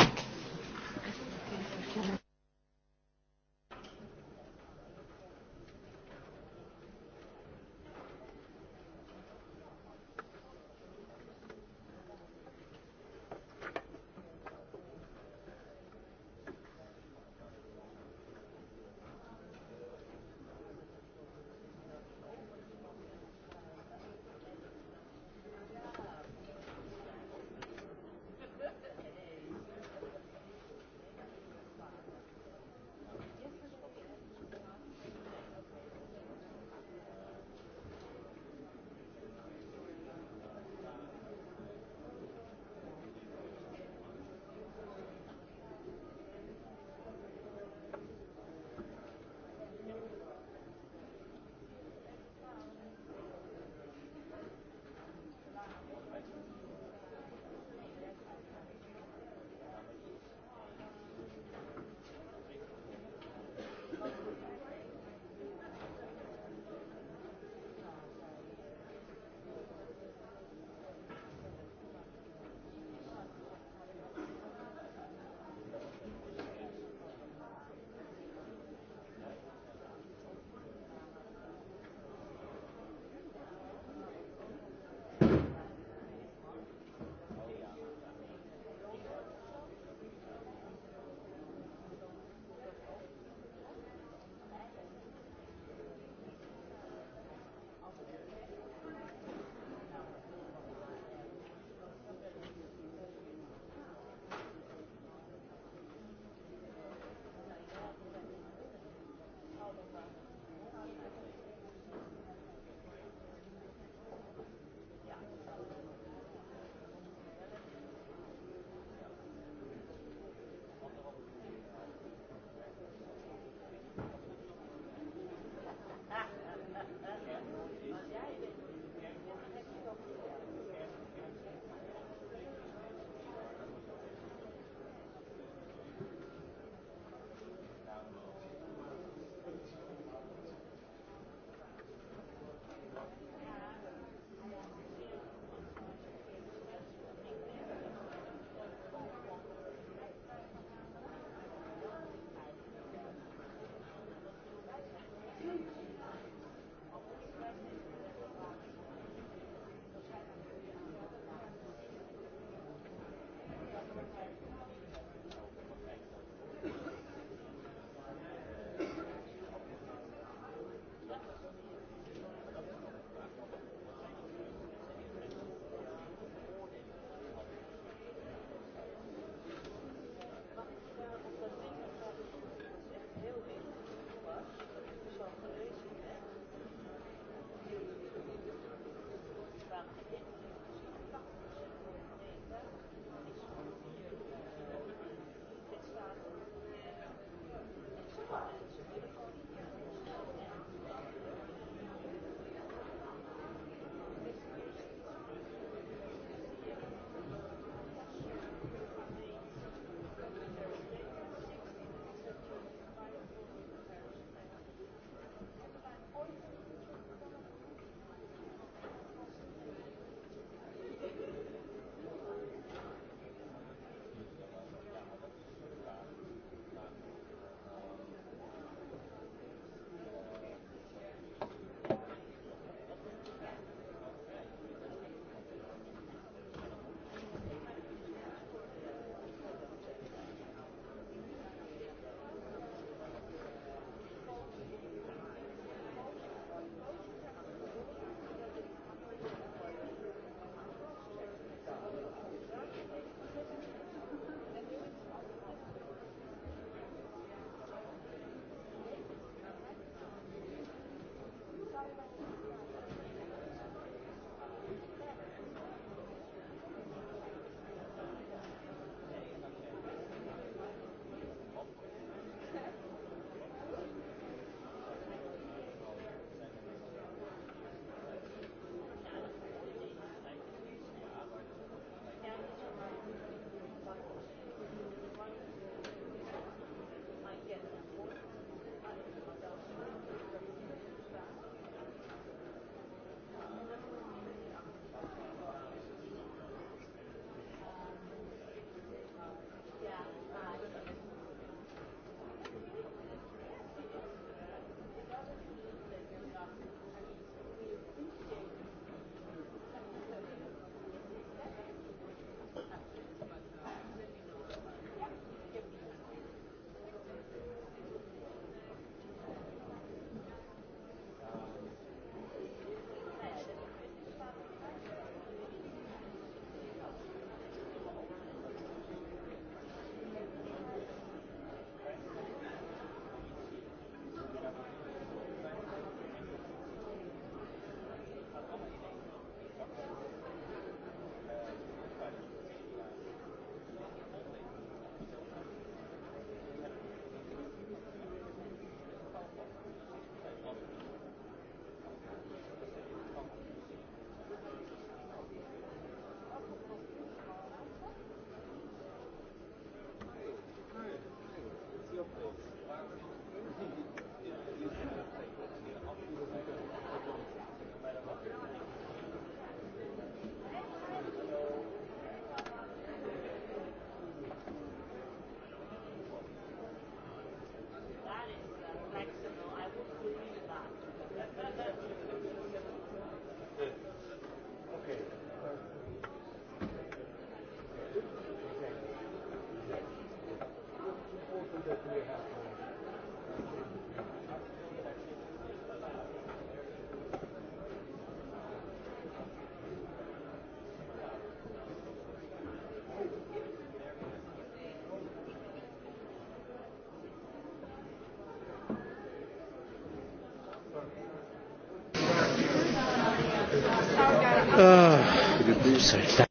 sorry.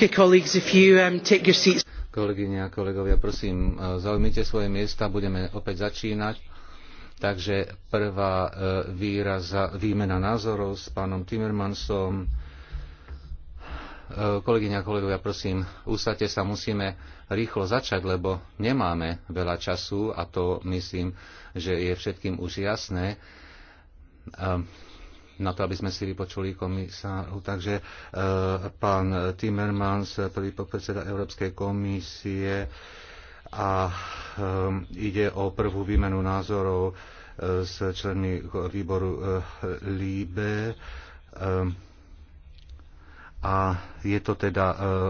Um, kolegyne a kolegovia, prosím, e, zaujmite svoje miesta, budeme opäť začínať. Takže prvá e, výraza, výmena názorov s pánom Timmermansom. E, kolegyne a kolegovia, prosím, usadte sa, musíme rýchlo začať, lebo nemáme veľa času a to myslím, že je všetkým už jasné na to, aby sme si vypočuli komisáru. Takže e, pán Timmermans, prvý podpredseda Európskej komisie, a e, ide o prvú výmenu názorov e, s členmi výboru LIBE. A je to teda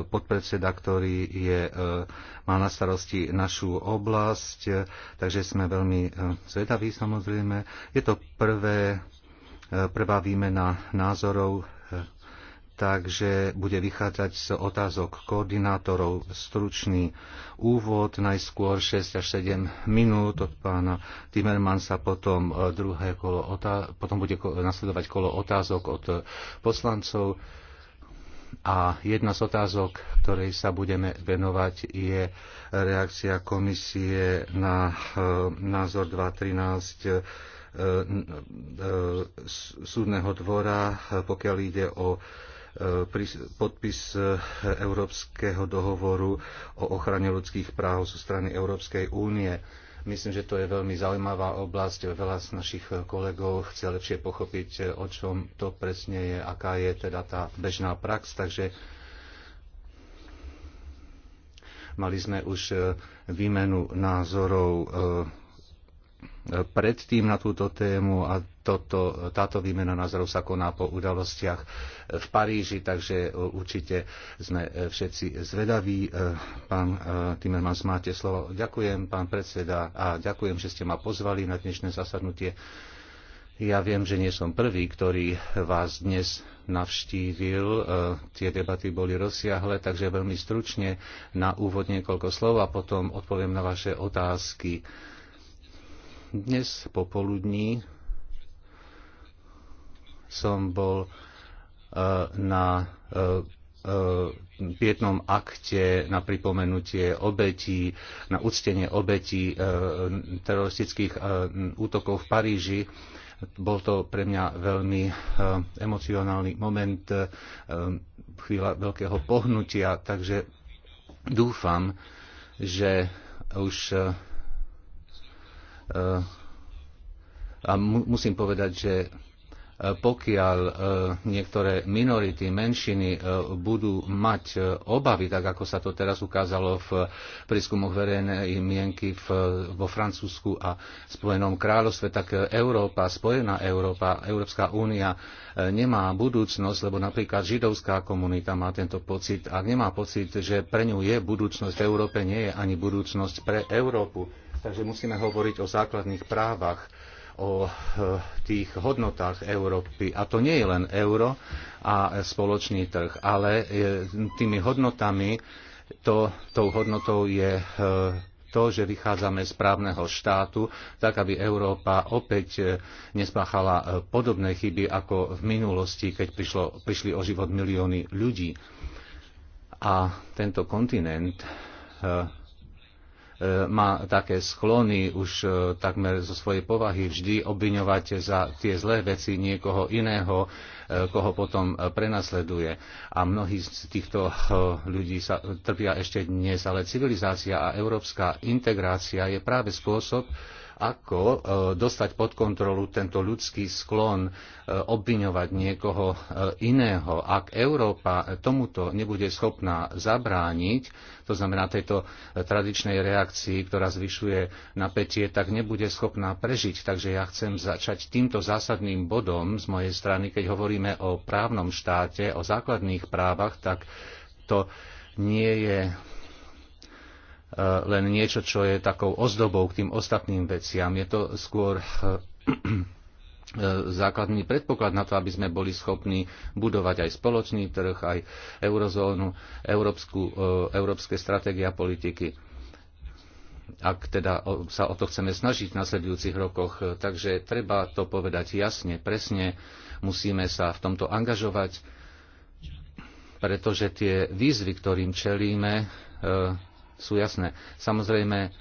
podpredseda, ktorý je, má na starosti našu oblasť, takže sme veľmi zvedaví samozrejme. Je to prvé prvá výmena názorov, e, takže bude vychádzať z otázok koordinátorov stručný úvod, najskôr 6 až 7 minút od pána Timmermansa, potom, e, druhé kolo potom bude nasledovať kolo otázok od e, poslancov. A jedna z otázok, ktorej sa budeme venovať, je reakcia komisie na názor 213 E, e, súdneho dvora, pokiaľ ide o e, podpis Európskeho dohovoru o ochrane ľudských práv zo strany Európskej únie. Myslím, že to je veľmi zaujímavá oblasť. Veľa z našich kolegov chce lepšie pochopiť, o čom to presne je, aká je teda tá bežná prax. Takže mali sme už výmenu názorov predtým na túto tému a toto, táto výmena názorov sa koná po udalostiach v Paríži, takže určite sme všetci zvedaví. Pán eh, Timmermans, máte slovo. Ďakujem, pán predseda, a ďakujem, že ste ma pozvali na dnešné zasadnutie. Ja viem, že nie som prvý, ktorý vás dnes navštívil. Eh, tie debaty boli rozsiahle, takže veľmi stručne na úvod niekoľko slov a potom odpoviem na vaše otázky. Dnes popoludní som bol e, na pietnom e, e, akte na pripomenutie obetí, na uctenie obetí teroristických útokov v Paríži. Bol to pre mňa veľmi emocionálny moment, chvíľa veľkého pohnutia, takže dúfam, že už Eh, a musím povedať, že eh, pokiaľ eh, niektoré minority, menšiny budú mať obavy, tak ako sa to teraz ukázalo v prískumoch verejnej mienky v, vo Francúzsku a Spojenom kráľovstve, tak Európa, Spojená Európa, Európska únia nemá budúcnosť, lebo napríklad židovská komunita má tento pocit a nemá pocit, že pre ňu je budúcnosť v Európe, nie je ani budúcnosť pre Európu Takže musíme hovoriť o základných právach, o e, tých hodnotách Európy. A to nie je len euro a spoločný trh, ale e, tými hodnotami, to, tou hodnotou je e, to, že vychádzame z právneho štátu, tak aby Európa opäť nespáchala podobné chyby ako v minulosti, keď prišlo, prišli o život milióny ľudí. A tento kontinent má také sklony už e, takmer zo svojej povahy vždy obviňovať za tie zlé veci niekoho iného, e, koho potom e, prenasleduje. A mnohí z týchto ľudí sa trpia ešte dnes, ale civilizácia a európska integrácia je práve spôsob, ako e, dostať pod kontrolu tento ľudský sklon e, obviňovať niekoho e, iného. Ak Európa tomuto nebude schopná zabrániť, to znamená tejto tradičnej reakcii, ktorá zvyšuje napätie, tak nebude schopná prežiť. Takže ja chcem začať týmto zásadným bodom z mojej strany, keď hovoríme o právnom štáte, o základných právach, tak to nie je Eh, len niečo, čo je takou ozdobou k tým ostatným veciam. Je to skôr eh, eh, základný predpoklad na to, aby sme boli schopní budovať aj spoločný trh, aj eurozónu, európsku, európske stratégie a politiky ak teda sa o to chceme snažiť v nasledujúcich rokoch. Takže treba to povedať jasne, presne, musíme sa v tomto angažovať, pretože tie výzvy, ktorým čelíme, sú jasné. Samozrejme,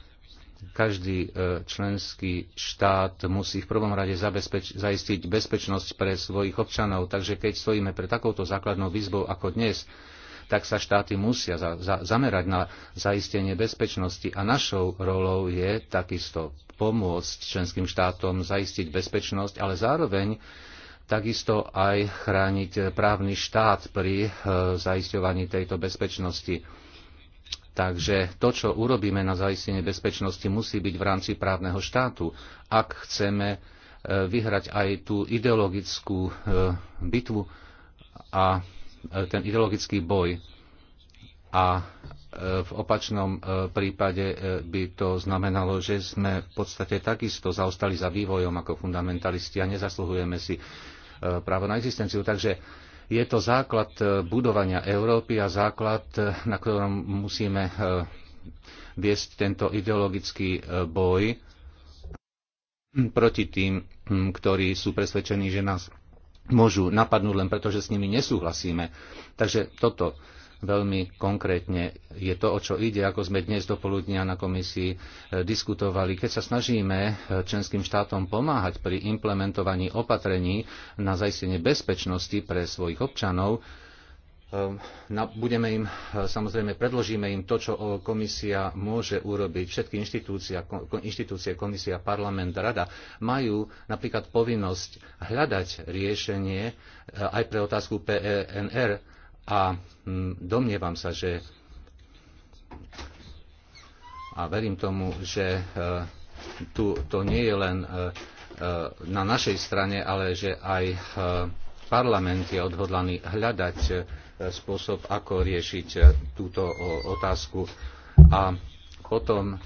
každý e, členský štát musí v prvom rade zabezpeč- zaistiť bezpečnosť pre svojich občanov. Takže keď stojíme pre takouto základnou výzbou ako dnes, tak sa štáty musia za- za- zamerať na zaistenie bezpečnosti a našou rolou je takisto pomôcť členským štátom zaistiť bezpečnosť, ale zároveň takisto aj chrániť právny štát pri e, zaisťovaní tejto bezpečnosti Takže to, čo urobíme na zaistenie bezpečnosti, musí byť v rámci právneho štátu, ak chceme e, vyhrať aj tú ideologickú e, bitvu a e, ten ideologický boj. A v opačnom prípade by to znamenalo, že sme v podstate takisto zaostali za vývojom ako fundamentalisti a nezasluhujeme si právo na existenciu. Takže je to základ e, budovania Európy a základ, e, na ktorom musíme e, viesť tento ideologický boj proti tým, ktorí sú presvedčení, že nás môžu napadnúť len preto, že s nimi nesúhlasíme. Takže toto veľmi konkrétne. Je to, o čo ide, ako sme dnes do poludnia na komisii eh, diskutovali. Keď sa snažíme eh, členským štátom pomáhať pri implementovaní opatrení na zaistenie bezpečnosti pre svojich občanov, eh, budeme im, samozrejme, predložíme im to, čo komisia môže urobiť. Všetky inštitúcie, inštitúcie komisia, parlament, rada majú napríklad povinnosť hľadať riešenie aj pre otázku PENR, a mm, domnievam sa, že a verím tomu, že e, tu, to nie je len e, e, na našej strane, ale že aj parlament je odhodlaný hľadať spôsob, ako riešiť túto otázku. A potom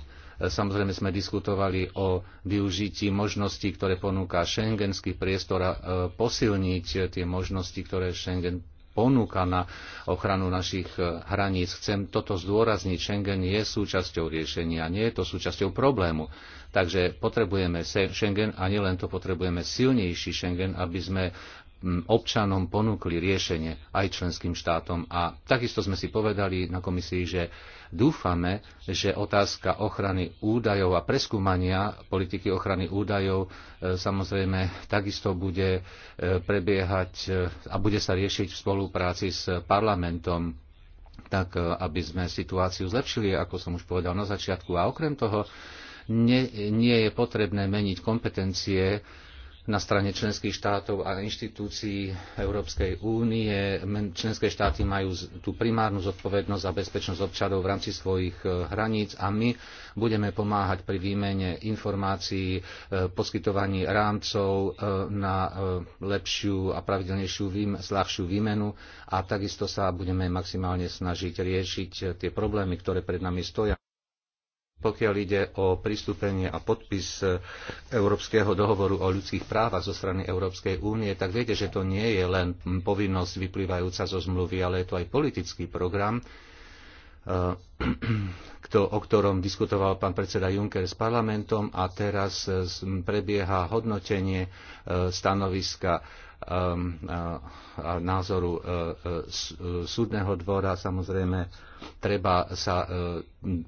Samozrejme sme diskutovali o využití možností, ktoré ponúka šengenský priestor a posilniť tie možnosti, ktoré Schengen ponúka na ochranu našich e, hraníc. Chcem toto zdôrazniť. Schengen je súčasťou riešenia, nie je to súčasťou problému. Takže potrebujeme Schengen a nielen to, potrebujeme silnejší Schengen, aby sme občanom ponúkli riešenie aj členským štátom. A takisto sme si povedali na komisii, že dúfame, že otázka ochrany údajov a preskúmania politiky ochrany údajov e, samozrejme takisto bude e, prebiehať e, a bude sa riešiť v spolupráci s parlamentom tak aby sme situáciu zlepšili, ako som už povedal na začiatku. A okrem toho, nie, nie je potrebné meniť kompetencie na strane členských štátov a inštitúcií Európskej únie. Členské štáty majú tú primárnu zodpovednosť za bezpečnosť občanov v rámci svojich e, hraníc a my budeme pomáhať pri výmene informácií, e, poskytovaní rámcov e, na lepšiu a pravidelnejšiu, slabšiu výmenu a takisto sa budeme maximálne snažiť riešiť tie problémy, ktoré pred nami stoja pokiaľ ide o pristúpenie a podpis e, Európskeho dohovoru o ľudských právach zo strany Európskej únie, tak viete, že to nie je len povinnosť vyplývajúca zo zmluvy, ale je to aj politický program, e, kto, o ktorom diskutoval pán predseda Juncker s parlamentom a teraz e, prebieha hodnotenie stanoviska Um, názoru e, e, e, súdneho dvora. Samozrejme, treba sa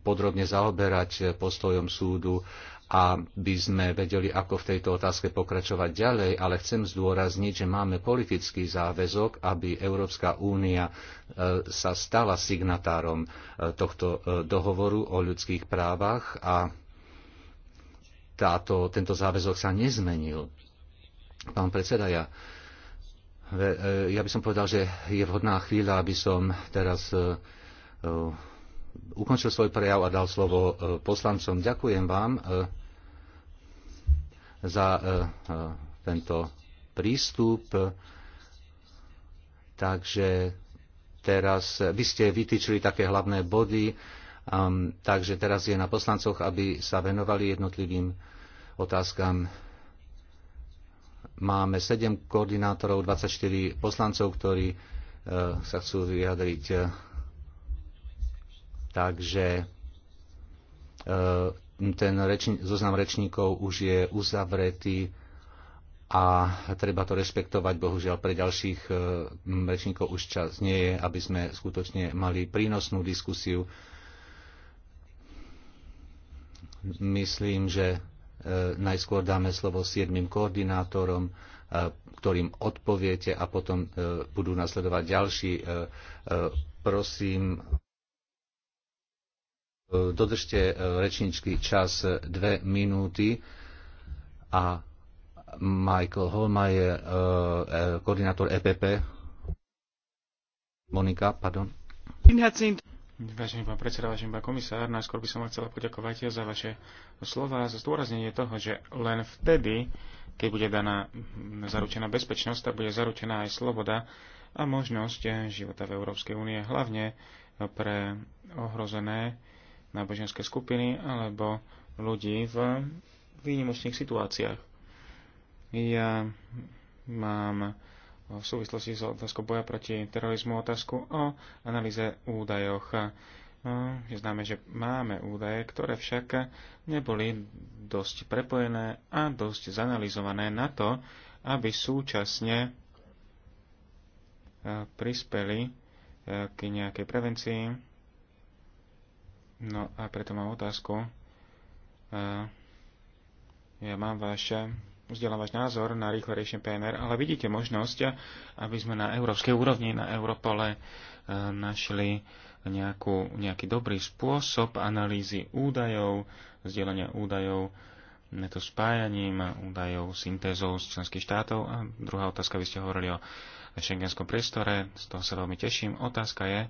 podrobne zaoberať postojom súdu a by sme vedeli, ako v tejto otázke pokračovať ďalej, ale chcem zdôrazniť, že máme politický záväzok, aby Európska únia sa stala signatárom tohto dohovoru o ľudských právach a táto, tento záväzok sa nezmenil. Pán predseda, ja E, ja by som povedal, že je vhodná chvíľa, aby som teraz e, e, ukončil svoj prejav a dal slovo poslancom. Ďakujem vám za tento prístup. Takže teraz vy ste vytýčili také hlavné body, takže teraz je na poslancoch, aby sa venovali jednotlivým otázkam Máme 7 koordinátorov, 24 poslancov, ktorí e, sa chcú vyjadriť. Takže e, ten rečni, zoznam rečníkov už je uzavretý a treba to rešpektovať. Bohužiaľ pre ďalších e, rečníkov už čas nie je, aby sme skutočne mali prínosnú diskusiu. Myslím, že E, najskôr dáme slovo siedmým koordinátorom, e, ktorým odpoviete a potom e, budú nasledovať ďalší. Prosím, dodržte rečníčky čas dve minúty a Michael Holma je koordinátor EPP. Monika, pardon. Vážený pán predseda, vážený pán komisár, najskôr by som vám chcela poďakovať za vaše slova, za zdôraznenie toho, že len vtedy, keď bude daná zaručená bezpečnosť, tak bude zaručená aj sloboda a možnosť života v Európskej únie, hlavne pre ohrozené náboženské skupiny alebo ľudí v výnimočných situáciách. Ja mám v súvislosti s otázkou boja proti terorizmu otázku o analýze údajoch. Je známe, že máme údaje, ktoré však neboli dosť prepojené a dosť zanalizované na to, aby súčasne e, prispeli e, k nejakej prevencii. No a preto mám otázku. E, ja mám váš vzdelávať názor na rýchle riešenie PNR, ale vidíte možnosť, aby sme na európskej úrovni, na Europole e, našli nejakú, nejaký dobrý spôsob analýzy údajov, vzdelania údajov, to spájaním údajov, syntézou z členských štátov. A druhá otázka, vy ste hovorili o šengenskom priestore, z toho sa veľmi teším. Otázka je,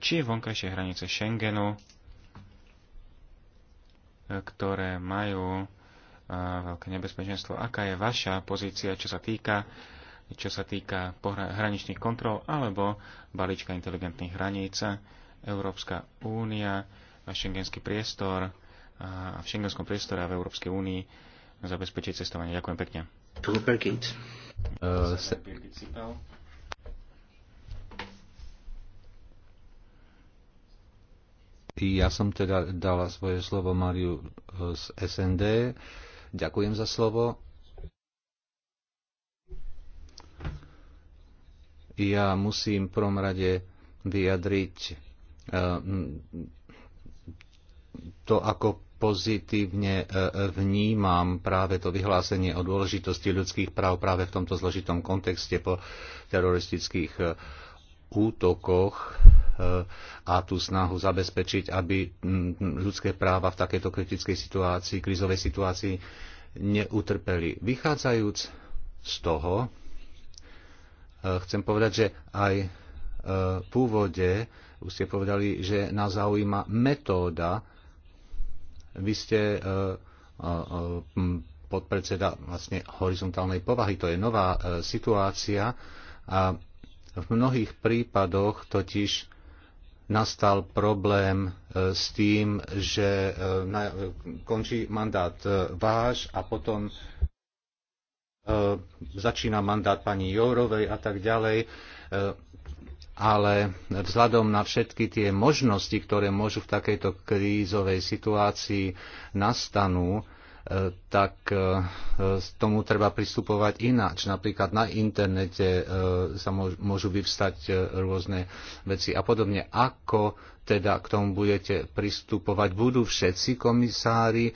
či vonkajšie hranice Schengenu, e, ktoré majú veľké nebezpečenstvo. Aká je vaša pozícia, čo sa týka, čo sa týka hraničných kontrol alebo balíčka inteligentných hraníc? Európska únia, šengenský priestor a v šengenskom priestore a v Európskej únii zabezpečiť cestovanie. Ďakujem pekne. Uh, ja som teda dala svoje slovo Mariu z SND. Ďakujem za slovo. Ja musím v prvom rade vyjadriť eh, to, ako pozitívne eh, vnímam práve to vyhlásenie o dôležitosti ľudských práv práve v tomto zložitom kontexte po teroristických eh, útokoch a tú snahu zabezpečiť, aby mm, ľudské práva v takejto kritickej situácii, krizovej situácii neutrpeli. Vychádzajúc z toho, e, chcem povedať, že aj e, v pôvode už ste povedali, že nás zaujíma metóda. Vy ste e, podpredseda vlastne horizontálnej povahy. To je nová situácia a v mnohých prípadoch totiž nastal problém e, s tým, že e, končí mandát e, váš a potom začína mandát pani Jourovej a tak ďalej. Ale vzhľadom na všetky tie možnosti, ktoré môžu v takejto krízovej situácii nastanú, tak k e, tomu treba pristupovať ináč. Napríklad na internete e, sa môžu vyvstať e, rôzne veci a podobne. Ako teda k tomu budete pristupovať? Budú všetci komisári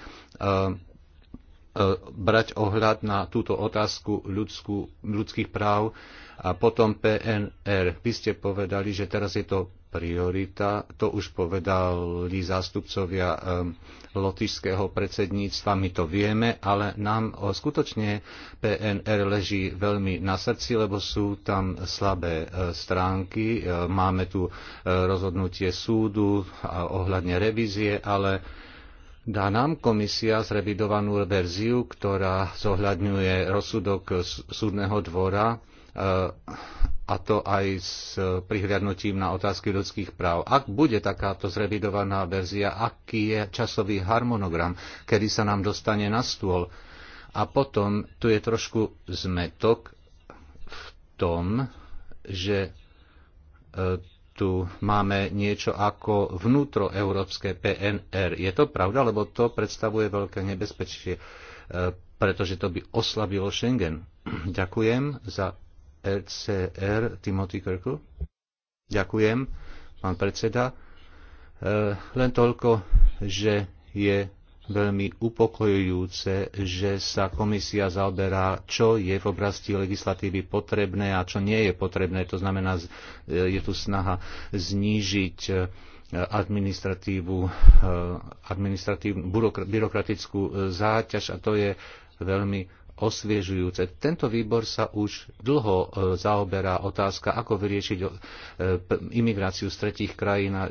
brať ohľad na túto otázku ľudskú, ľudských práv a potom PNR. Vy ste povedali, že teraz je to priorita. To už povedali zástupcovia eh, lotišského predsedníctva, my to vieme, ale nám eh, skutočne PNR leží veľmi na srdci, lebo sú tam slabé eh, stránky. Máme tu rozhodnutie súdu ohľadne revízie, ale Dá nám komisia zrevidovanú verziu, ktorá zohľadňuje rozsudok súdneho dvora a to aj s e, prihľadnutím na otázky ľudských práv. Ak bude takáto zrevidovaná verzia, aký je časový harmonogram, kedy sa nám dostane na stôl. A potom tu je trošku zmetok v tom, že e, tu máme niečo ako vnútroeurópske PNR. Je to pravda, lebo to predstavuje veľké nebezpečie, e, pretože to by oslabilo Schengen. Ďakujem za ECR Timothy Kirkle. Ďakujem, pán predseda. E, len toľko, že je veľmi upokojujúce, že sa komisia zaoberá, čo je v oblasti legislatívy potrebné a čo nie je potrebné. To znamená, e, je tu snaha znížiť e, administratívu, administratívnu, byrokratickú záťaž a to je veľmi osviežujúce. Tento výbor sa už dlho e, zaoberá otázka, ako vyriešiť e, imigráciu z tretich krajín a e,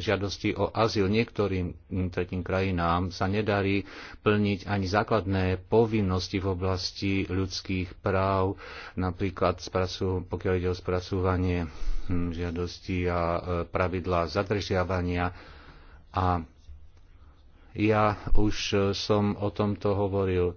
žiadosti o azyl. Niektorým tretím krajinám sa nedarí plniť ani základné povinnosti v oblasti ľudských práv, napríklad pokiaľ ide o spracúvanie hm, žiadosti a pravidlá zadržiavania a ja už som o tomto hovoril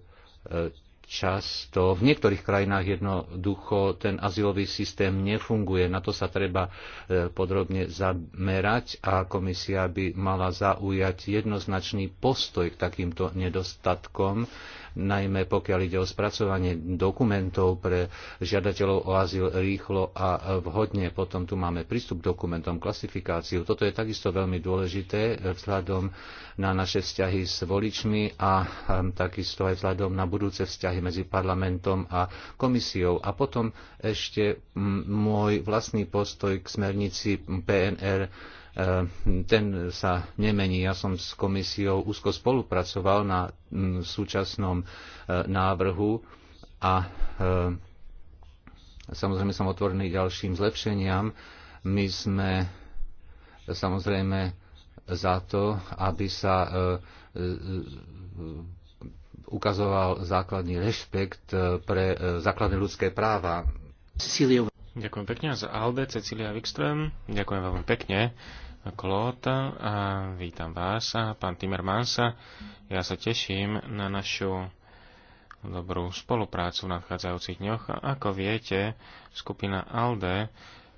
často v niektorých krajinách jednoducho ten azylový systém nefunguje. Na to sa treba e, podrobne zamerať a komisia by mala zaujať jednoznačný postoj k takýmto nedostatkom najmä pokiaľ ide o spracovanie dokumentov pre žiadateľov o azyl rýchlo a vhodne. Potom tu máme prístup k dokumentom, klasifikáciu. Toto je takisto veľmi dôležité vzhľadom na naše vzťahy s voličmi a takisto aj vzhľadom na budúce vzťahy medzi parlamentom a komisiou. A potom ešte môj vlastný postoj k smernici PNR Ehm, ten sa nemení. Ja som s komisiou úzko spolupracoval na mm, súčasnom e, návrhu a e, samozrejme som otvorený ďalším zlepšeniam. My sme e, samozrejme za to, aby sa ukazoval základný rešpekt pre základné ľudské práva. Cecíliová. Ďakujem pekne za Alde, Cecilia Wikström. Ďakujem veľmi pekne. Klód a vítam vás, pán Timmermansa. Ja sa teším na našu dobrú spoluprácu v nadchádzajúcich dňoch. Ako viete, skupina ALDE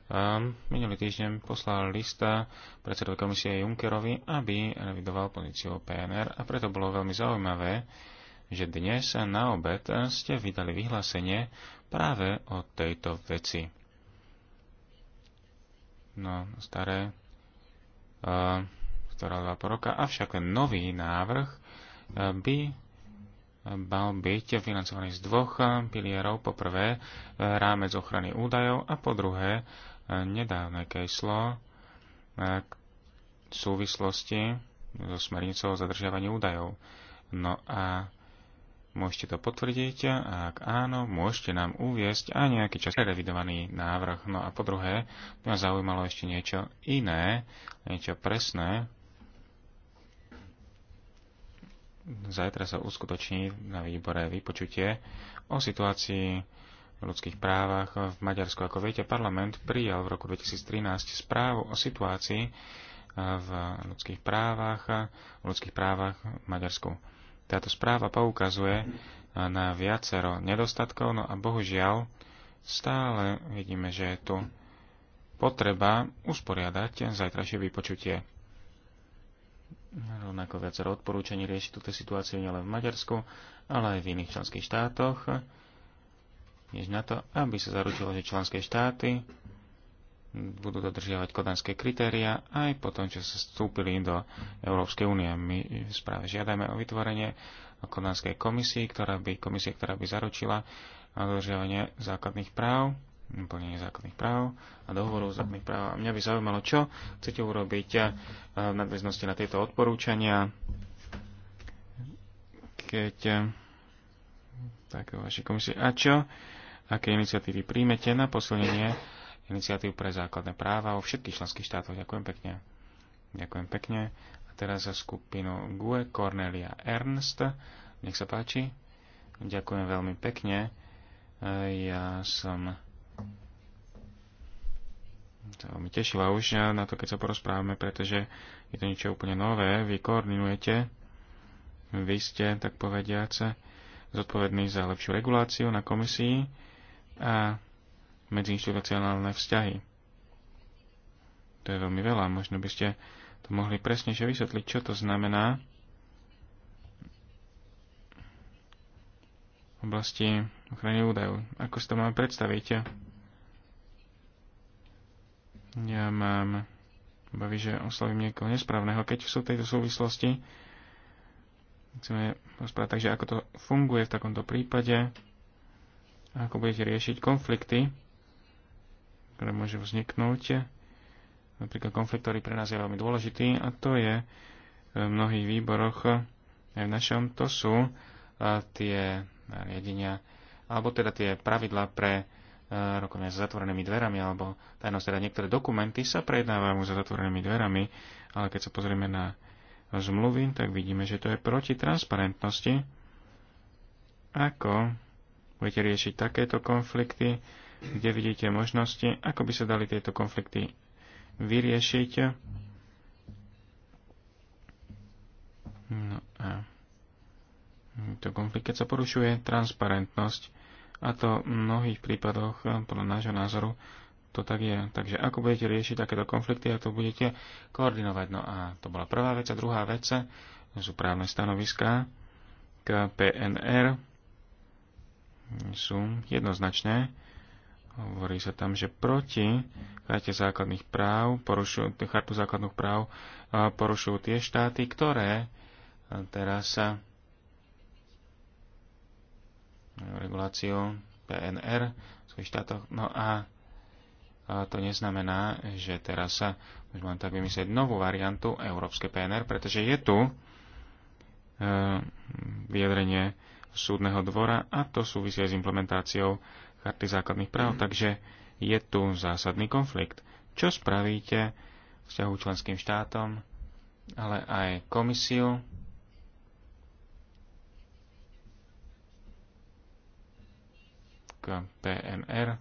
ehm, minulý týždeň poslal lista predsedovi komisie Junckerovi, aby revidoval pozíciu PNR a preto bolo veľmi zaujímavé, že dnes na obed ste vydali vyhlásenie práve o tejto veci no, staré, uh, staré dva po roka, avšak ten nový návrh uh, by mal byť financovaný z dvoch e, pilierov. Po prvé, e, rámec ochrany údajov a po druhé, nedávne kejslo v súvislosti so smernicou o zadržiavaní údajov. No a Môžete to potvrdiť a ak áno, môžete nám uviesť aj nejaký čas revidovaný návrh. No a po druhé, mňa zaujímalo ešte niečo iné, niečo presné. Zajtra sa uskutoční na výbore vypočutie o situácii v ľudských právach v Maďarsku. Ako viete, parlament prijal v roku 2013 správu o situácii v ľudských právach, v ľudských právach v Maďarsku táto správa poukazuje na viacero nedostatkov, no a bohužiaľ stále vidíme, že je tu potreba usporiadať zajtrajšie vypočutie. Rovnako viacero odporúčaní rieši túto situáciu nielen v Maďarsku, ale aj v iných členských štátoch, Jež na to, aby sa zaručilo, že členské štáty budú dodržiavať kodanské kritéria aj po tom, čo sa vstúpili do Európskej únie. My správe žiadame o vytvorenie kodanskej komisie, ktorá by, komisie, ktorá by zaručila dodržiavanie základných práv, plnenie základných práv a dohovorov základných práv. A mňa by zaujímalo, čo chcete urobiť eh, v nadväznosti na tieto odporúčania, keď eh, tak vaše komisie. A čo? Aké iniciatívy príjmete na posilnenie iniciatív pre základné práva vo všetkých členských štátoch. Ďakujem pekne. Ďakujem pekne. A teraz za skupinu GUE Cornelia Ernst. Nech sa páči. Ďakujem veľmi pekne. E, ja som to veľmi tešila už na to, keď sa porozprávame, pretože je to niečo úplne nové. Vy koordinujete, vy ste, tak povediace, zodpovední za lepšiu reguláciu na komisii a medziinstitucionálne vzťahy. To je veľmi veľa. Možno by ste to mohli presnejšie vysvetliť, čo to znamená v oblasti ochrany údajov. Ako si to máme predstaviť? Ja mám obavy, že oslovím niekoho nesprávneho, keď sú v tejto súvislosti. Chceme rozprávať, takže ako to funguje v takomto prípade, ako budete riešiť konflikty ktoré môžu vzniknúť, napríklad konflikt, ktorý pre nás je veľmi dôležitý, a to je v mnohých výboroch, aj v našom, to sú tie riadenia, alebo teda tie pravidla pre rokovania s zatvorenými dverami, alebo tajnosť, teda niektoré dokumenty sa prejednávajú za zatvorenými dverami, ale keď sa pozrieme na zmluvy, tak vidíme, že to je proti transparentnosti. Ako budete riešiť takéto konflikty? kde vidíte možnosti, ako by sa dali tieto konflikty vyriešiť. No a to konflikt, keď sa porušuje transparentnosť, a to v mnohých prípadoch, podľa nášho názoru, to tak je. Takže ako budete riešiť takéto konflikty, a to budete koordinovať. No a to bola prvá vec. A druhá vec sú právne stanoviská k PNR. Sú jednoznačné. Hovorí sa tam, že proti charte základných práv, porušujú, chartu základných práv porušujú tie štáty, ktoré teraz sa reguláciou PNR v svojich štátoch. No a to neznamená, že teraz sa môžeme len tak vymyslieť novú variantu Európske PNR, pretože je tu e, vyjadrenie súdneho dvora a to súvisia s implementáciou charty základných práv, mhm. takže je tu zásadný konflikt. Čo spravíte vzťahu členským štátom, ale aj komisiu? k PNR,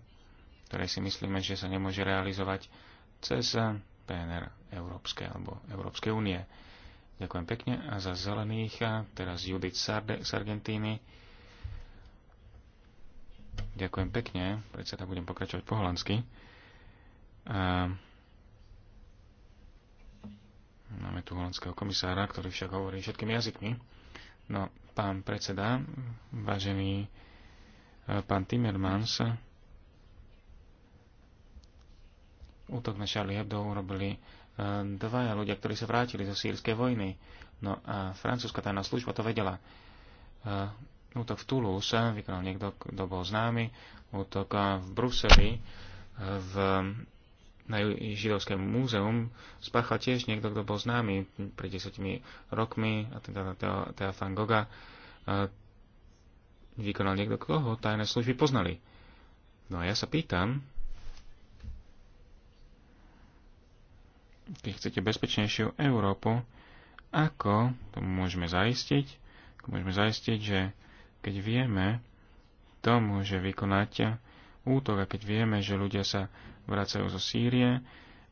ktoré si myslíme, že sa nemôže realizovať cez PNR Európskej alebo Európskej únie. Ďakujem pekne a za zelených a teraz Judith Sarde z Ďakujem pekne, predseda, budem pokračovať po holandsky. Uh, Máme tu holandského komisára, ktorý však hovorí všetkými jazykmi. No, pán predseda, vážený e, pán Timmermans, útok na Charlie Hebdo urobili e, dvaja ľudia, ktorí sa vrátili zo sírskej vojny. No a francúzska tajná služba to vedela. E, Útok v Toulouse vykonal niekto, kto bol známy. Útok v Bruseli v, na židovskému múzeum spáchal tiež niekto, kto bol známy pred 10 rokmi, a teda Thea Van Gogha, e, vykonal niekto, kto ho tajné služby poznali. No a ja sa pýtam, keď chcete bezpečnejšiu Európu, ako to môžeme zaistiť? Ako môžeme zaistiť, že keď vieme, to môže vykonať útok a keď vieme, že ľudia sa vracajú zo Sýrie,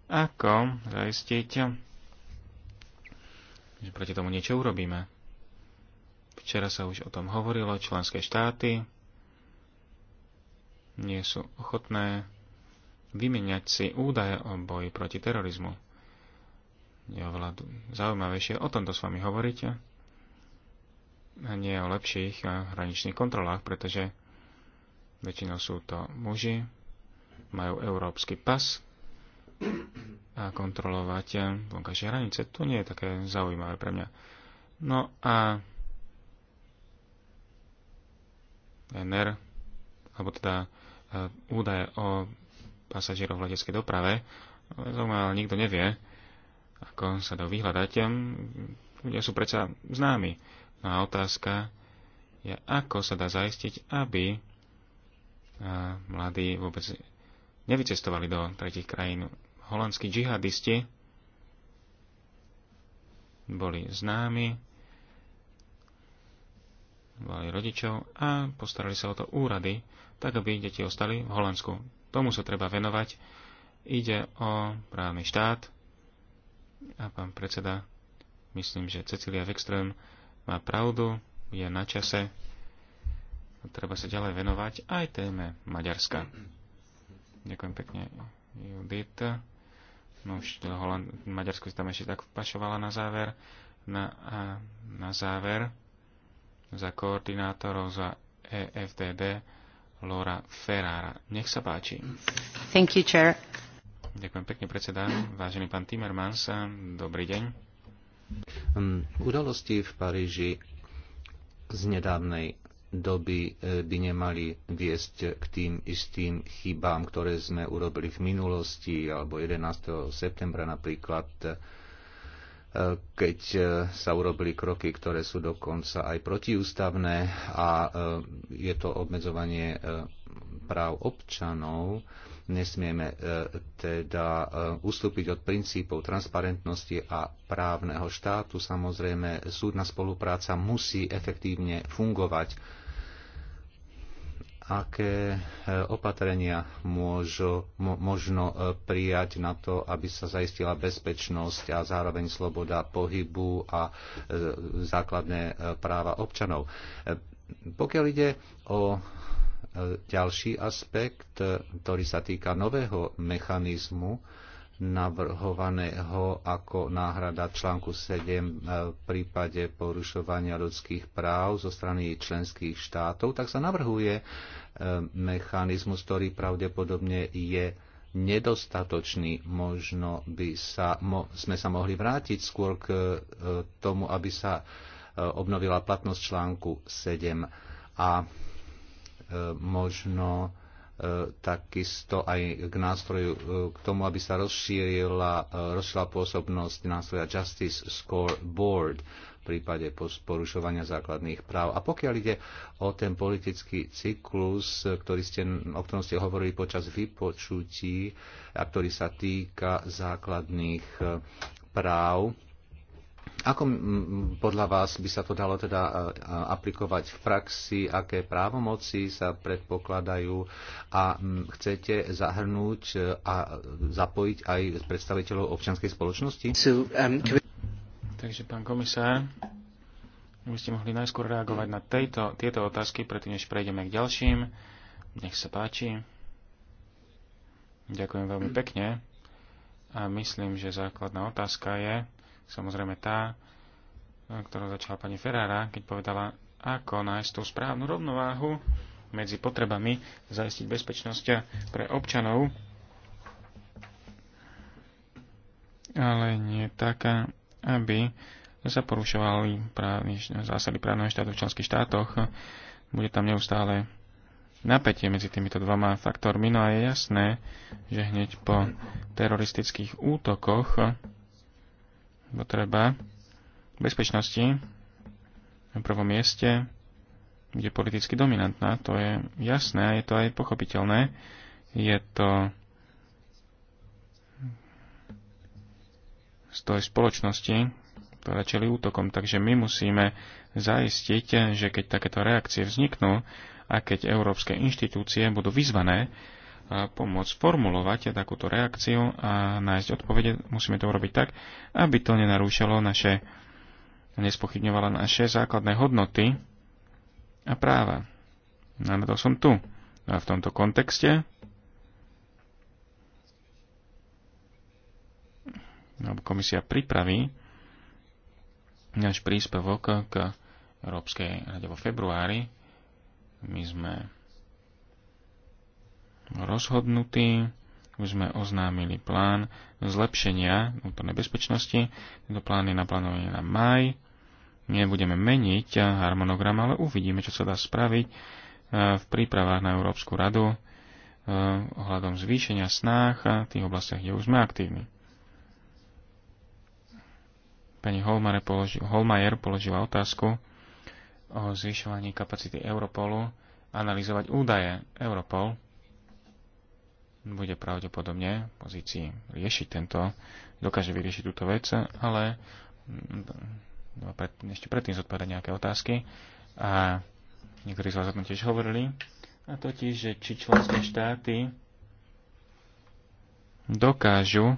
ako zaistiť, že proti tomu niečo urobíme. Včera sa už o tom hovorilo, členské štáty nie sú ochotné vymeniať si údaje o boji proti terorizmu. Je oveľa zaujímavejšie o tomto s vami hovoríte nie o lepších hraničných kontrolách, pretože väčšinou sú to muži, majú európsky pas a kontrolovať vonkajšie hranice. To nie je také zaujímavé pre mňa. No a NR, alebo teda e, údaje o pasažierov v leteckej doprave, zaujímavé, ale nikto nevie, ako sa to vyhľadať. Ľudia sú predsa známi. No a otázka je, ako sa dá zaistiť, aby mladí vôbec nevycestovali do tretich krajín. Holandskí džihadisti boli známi, boli rodičov a postarali sa o to úrady, tak aby deti ostali v Holandsku. Tomu sa treba venovať. Ide o právny štát a pán predseda, myslím, že Cecilia Wexström má pravdu, je na čase. a Treba sa ďalej venovať aj téme Maďarska. Ďakujem pekne, Judith. No už Holand, Maďarsku si tam ešte tak vpašovala na záver. Na, a, na záver za koordinátorov za EFDD Laura Ferrara. Nech sa páči. Thank you, chair. Ďakujem pekne, predseda. Vážený pán Timmermans, dobrý deň. Hm, udalosti v Paríži z nedávnej doby eh, by nemali viesť k tým istým chybám, ktoré sme urobili v minulosti, alebo 11. septembra napríklad, eh, keď eh, sa urobili kroky, ktoré sú dokonca aj protiústavné a je to obmedzovanie práv občanov, Nesmieme e, teda e, ustúpiť od princípov transparentnosti a právneho štátu. Samozrejme, súdna spolupráca musí efektívne fungovať. Aké e, opatrenia môžu, možno prijať na to, aby sa zaistila bezpečnosť a zároveň sloboda pohybu a základné práva občanov? Pokiaľ ide o ďalší aspekt, ktorý sa týka nového mechanizmu navrhovaného ako náhrada článku 7 e, v prípade porušovania ľudských práv zo strany členských štátov, tak sa navrhuje e, mechanizmus, ktorý pravdepodobne je nedostatočný. Možno by sa, mo, sme sa mohli vrátiť skôr k e, tomu, aby sa obnovila platnosť článku 7. A E, možno e, takisto aj k nástroju, e, k tomu, aby sa rozšírila, rozšírila pôsobnosť nástroja Justice Score Board v prípade porušovania základných práv. A pokiaľ ide o ten politický cyklus, ktorý ste, o ktorom ste hovorili počas vypočutí a ktorý sa týka základných práv, ako podľa vás by sa to dalo teda aplikovať v praxi, aké právomoci sa predpokladajú a chcete zahrnúť e, a zapojiť aj predstaviteľov občianskej spoločnosti? Um, Takže pán komisár, by ste mohli najskôr reagovať na tejto, tieto otázky, predtým než prejdeme k ďalším. Nech sa páči. Ďakujem veľmi pekne. A myslím, že základná otázka je, samozrejme tá, ktorú začala pani Ferrara, keď povedala, ako nájsť tú správnu rovnováhu medzi potrebami zaistiť bezpečnosť pre občanov, ale nie taká, aby sa porušovali právny, zásady právneho štátu v členských štátoch. Bude tam neustále napätie medzi týmito dvoma faktormi, no a je jasné, že hneď po teroristických útokoch potreba bezpečnosti na prvom mieste bude politicky dominantná. To je jasné a je to aj pochopiteľné. Je to z tej spoločnosti, ktorá čeli útokom. Takže my musíme zaistiť, že keď takéto reakcie vzniknú a keď európske inštitúcie budú vyzvané, pomôcť formulovať takúto reakciu a nájsť odpovede. Musíme to urobiť tak, aby to nenarúšalo naše, nespochybňovalo naše základné hodnoty a práva. A na to som tu. A v tomto kontexte komisia pripraví náš príspevok k Európskej rade vo februári. My sme rozhodnutí, už sme oznámili plán zlepšenia vnútornej bezpečnosti. Tento plán je naplánovaný na maj. Nebudeme meniť harmonogram, ale uvidíme, čo sa dá spraviť eh, v prípravách na Európsku radu eh, ohľadom zvýšenia snách a tých oblastiach, kde už sme aktívni. Pani Holmajer položila otázku o zvyšovaní kapacity Europolu analyzovať údaje Europol bude pravdepodobne v pozícii riešiť tento, dokáže vyriešiť túto vec, ale no, pred, ešte predtým zodpovedať nejaké otázky a niektorí z vás o tom tiež hovorili, a totiž, že či členské štáty dokážu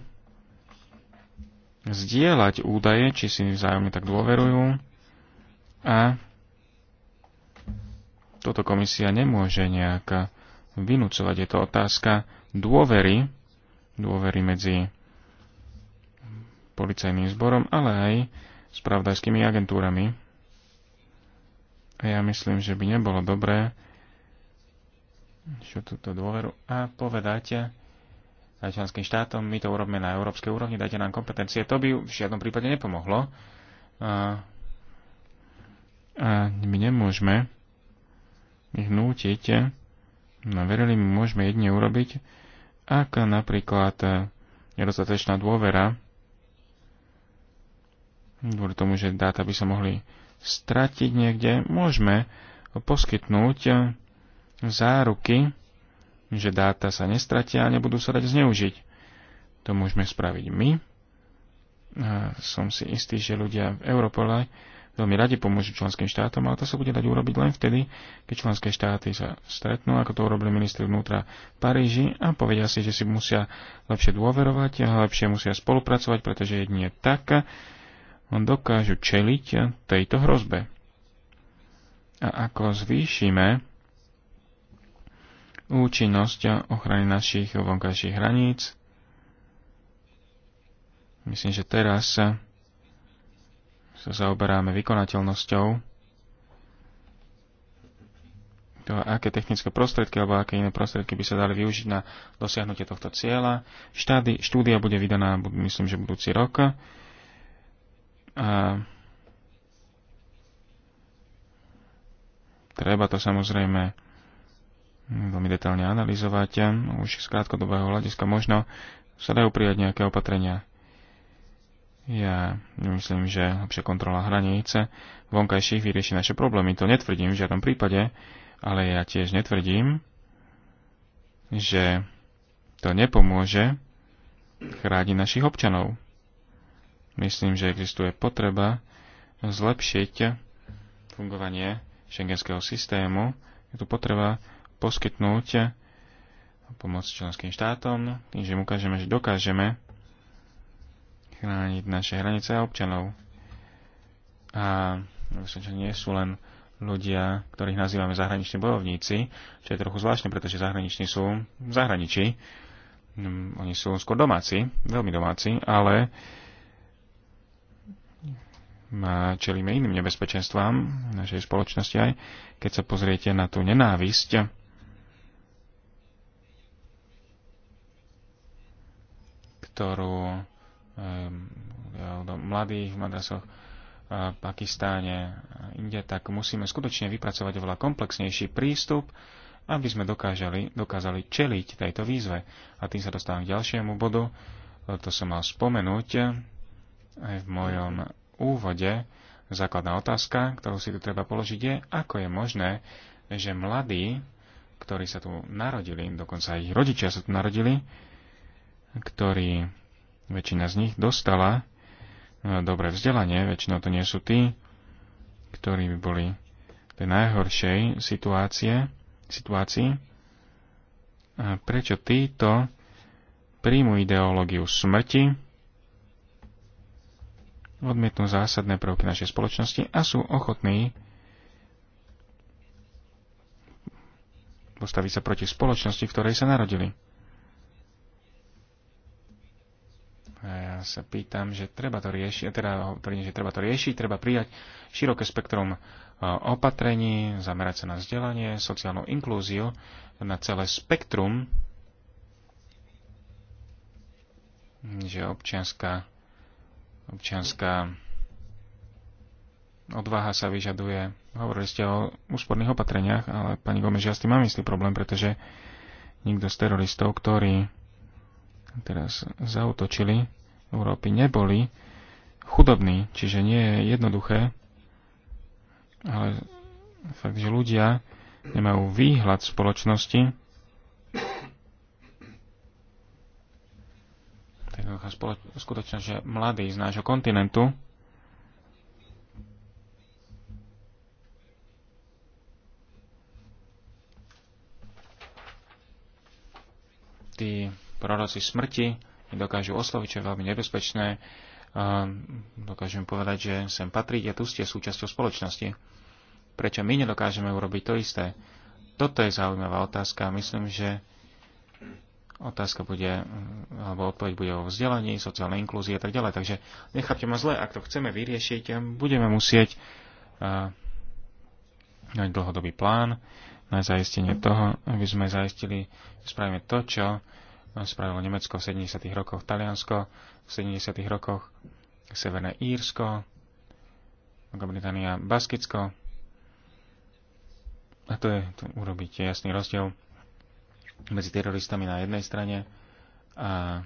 zdieľať údaje, či si vzájomne tak dôverujú a toto komisia nemôže nejak vynúcovať. Je to otázka dôvery, dôvery medzi policajným zborom, ale aj spravdajskými agentúrami. A ja myslím, že by nebolo dobré čo túto dôveru a povedať aj členským štátom, my to urobíme na európskej úrovni, dajte nám kompetencie. To by v žiadnom prípade nepomohlo. A, a my nemôžeme ich nútiť. No verili, my môžeme jedine urobiť, ak napríklad e, nedostatečná dôvera, kvôli tomu, že dáta by sa mohli stratiť niekde, môžeme poskytnúť e, záruky, že dáta sa nestratia a nebudú sa dať zneužiť. To môžeme spraviť my. E, som si istý, že ľudia v Europole veľmi radi pomôžu členským štátom, ale to sa bude dať urobiť len vtedy, keď členské štáty sa stretnú, ako to urobili ministri vnútra v Paríži a povedia si, že si musia lepšie dôverovať a lepšie musia spolupracovať, pretože jedine tak dokážu čeliť tejto hrozbe. A ako zvýšime účinnosť ochrany našich vonkajších hraníc, myslím, že teraz sa zaoberáme vykonateľnosťou, to, aké technické prostriedky alebo aké iné prostriedky by sa dali využiť na dosiahnutie tohto cieľa. Štády, štúdia bude vydaná, myslím, že budúci rok. A treba to samozrejme veľmi detálne analyzovať. Už z krátkodobého hľadiska možno sa dajú prijať nejaké opatrenia. Ja myslím, že lepšia kontrola hranice vonkajších vyrieši naše problémy. To netvrdím v žiadnom prípade, ale ja tiež netvrdím, že to nepomôže chrániť našich občanov. Myslím, že existuje potreba zlepšiť fungovanie šengenského systému. Je tu potreba poskytnúť pomoc členským štátom, tým, že im ukážeme, že dokážeme chrániť naše hranice a občanov. A nie sú len ľudia, ktorých nazývame zahraniční bojovníci, čo je trochu zvláštne, pretože zahraniční sú v zahraničí. Mm, oni sú skôr domáci, veľmi domáci, ale čelíme iným nebezpečenstvám v našej spoločnosti aj, keď sa pozriete na tú nenávisť, ktorú Ehm, do mladých v madrasoch v Pakistáne, inde, tak musíme skutočne vypracovať oveľa komplexnejší prístup, aby sme dokážali, dokázali čeliť tejto výzve. A tým sa dostávam k ďalšiemu bodu. E, to som mal spomenúť aj v mojom úvode. Základná otázka, ktorú si tu treba položiť, je, ako je možné, že mladí, ktorí sa tu narodili, dokonca aj ich rodičia sa tu narodili, ktorí Väčšina z nich dostala e, dobré vzdelanie, väčšinou to nie sú tí, ktorí by boli tej najhoršej situácie, situácii. A prečo títo príjmu ideológiu smrti, odmietnú zásadné prvky našej spoločnosti a sú ochotní postaviť sa proti spoločnosti, v ktorej sa narodili. Ja sa pýtam, že treba to riešiť, teda hovorím, že treba to riešiť, treba prijať široké spektrum e, opatrení, zamerať sa na vzdelanie, sociálnu inklúziu, na celé spektrum, že občianská, občianská odvaha sa vyžaduje. Hovorili ste o úsporných opatreniach, ale pani Gomez, ja s tým mám istý problém, pretože nikto z teroristov, ktorí teraz zautočili Európy neboli chudobní, čiže nie je jednoduché, ale fakt, že ľudia nemajú výhľad spoločnosti, jednoduchá skutočne, že mladí z nášho kontinentu tí proroci smrti dokážu osloviť, čo je veľmi nebezpečné. Dokážem povedať, že sem patrí, a tu ste súčasťou spoločnosti. Prečo my nedokážeme urobiť to isté? Toto je zaujímavá otázka. Myslím, že otázka bude, alebo odpoveď bude o vzdelaní, sociálnej inklúzii a tak ďalej. Takže nechápte ma zle, ak to chceme vyriešiť, budeme musieť mať dlhodobý plán na zaistenie toho, aby sme zaistili, spravíme to, čo spravilo Nemecko v 70. rokoch, Taliansko v 70. rokoch, Severné Írsko, Veľká Británia, Baskicko. A to je, tu urobíte jasný rozdiel medzi teroristami na jednej strane a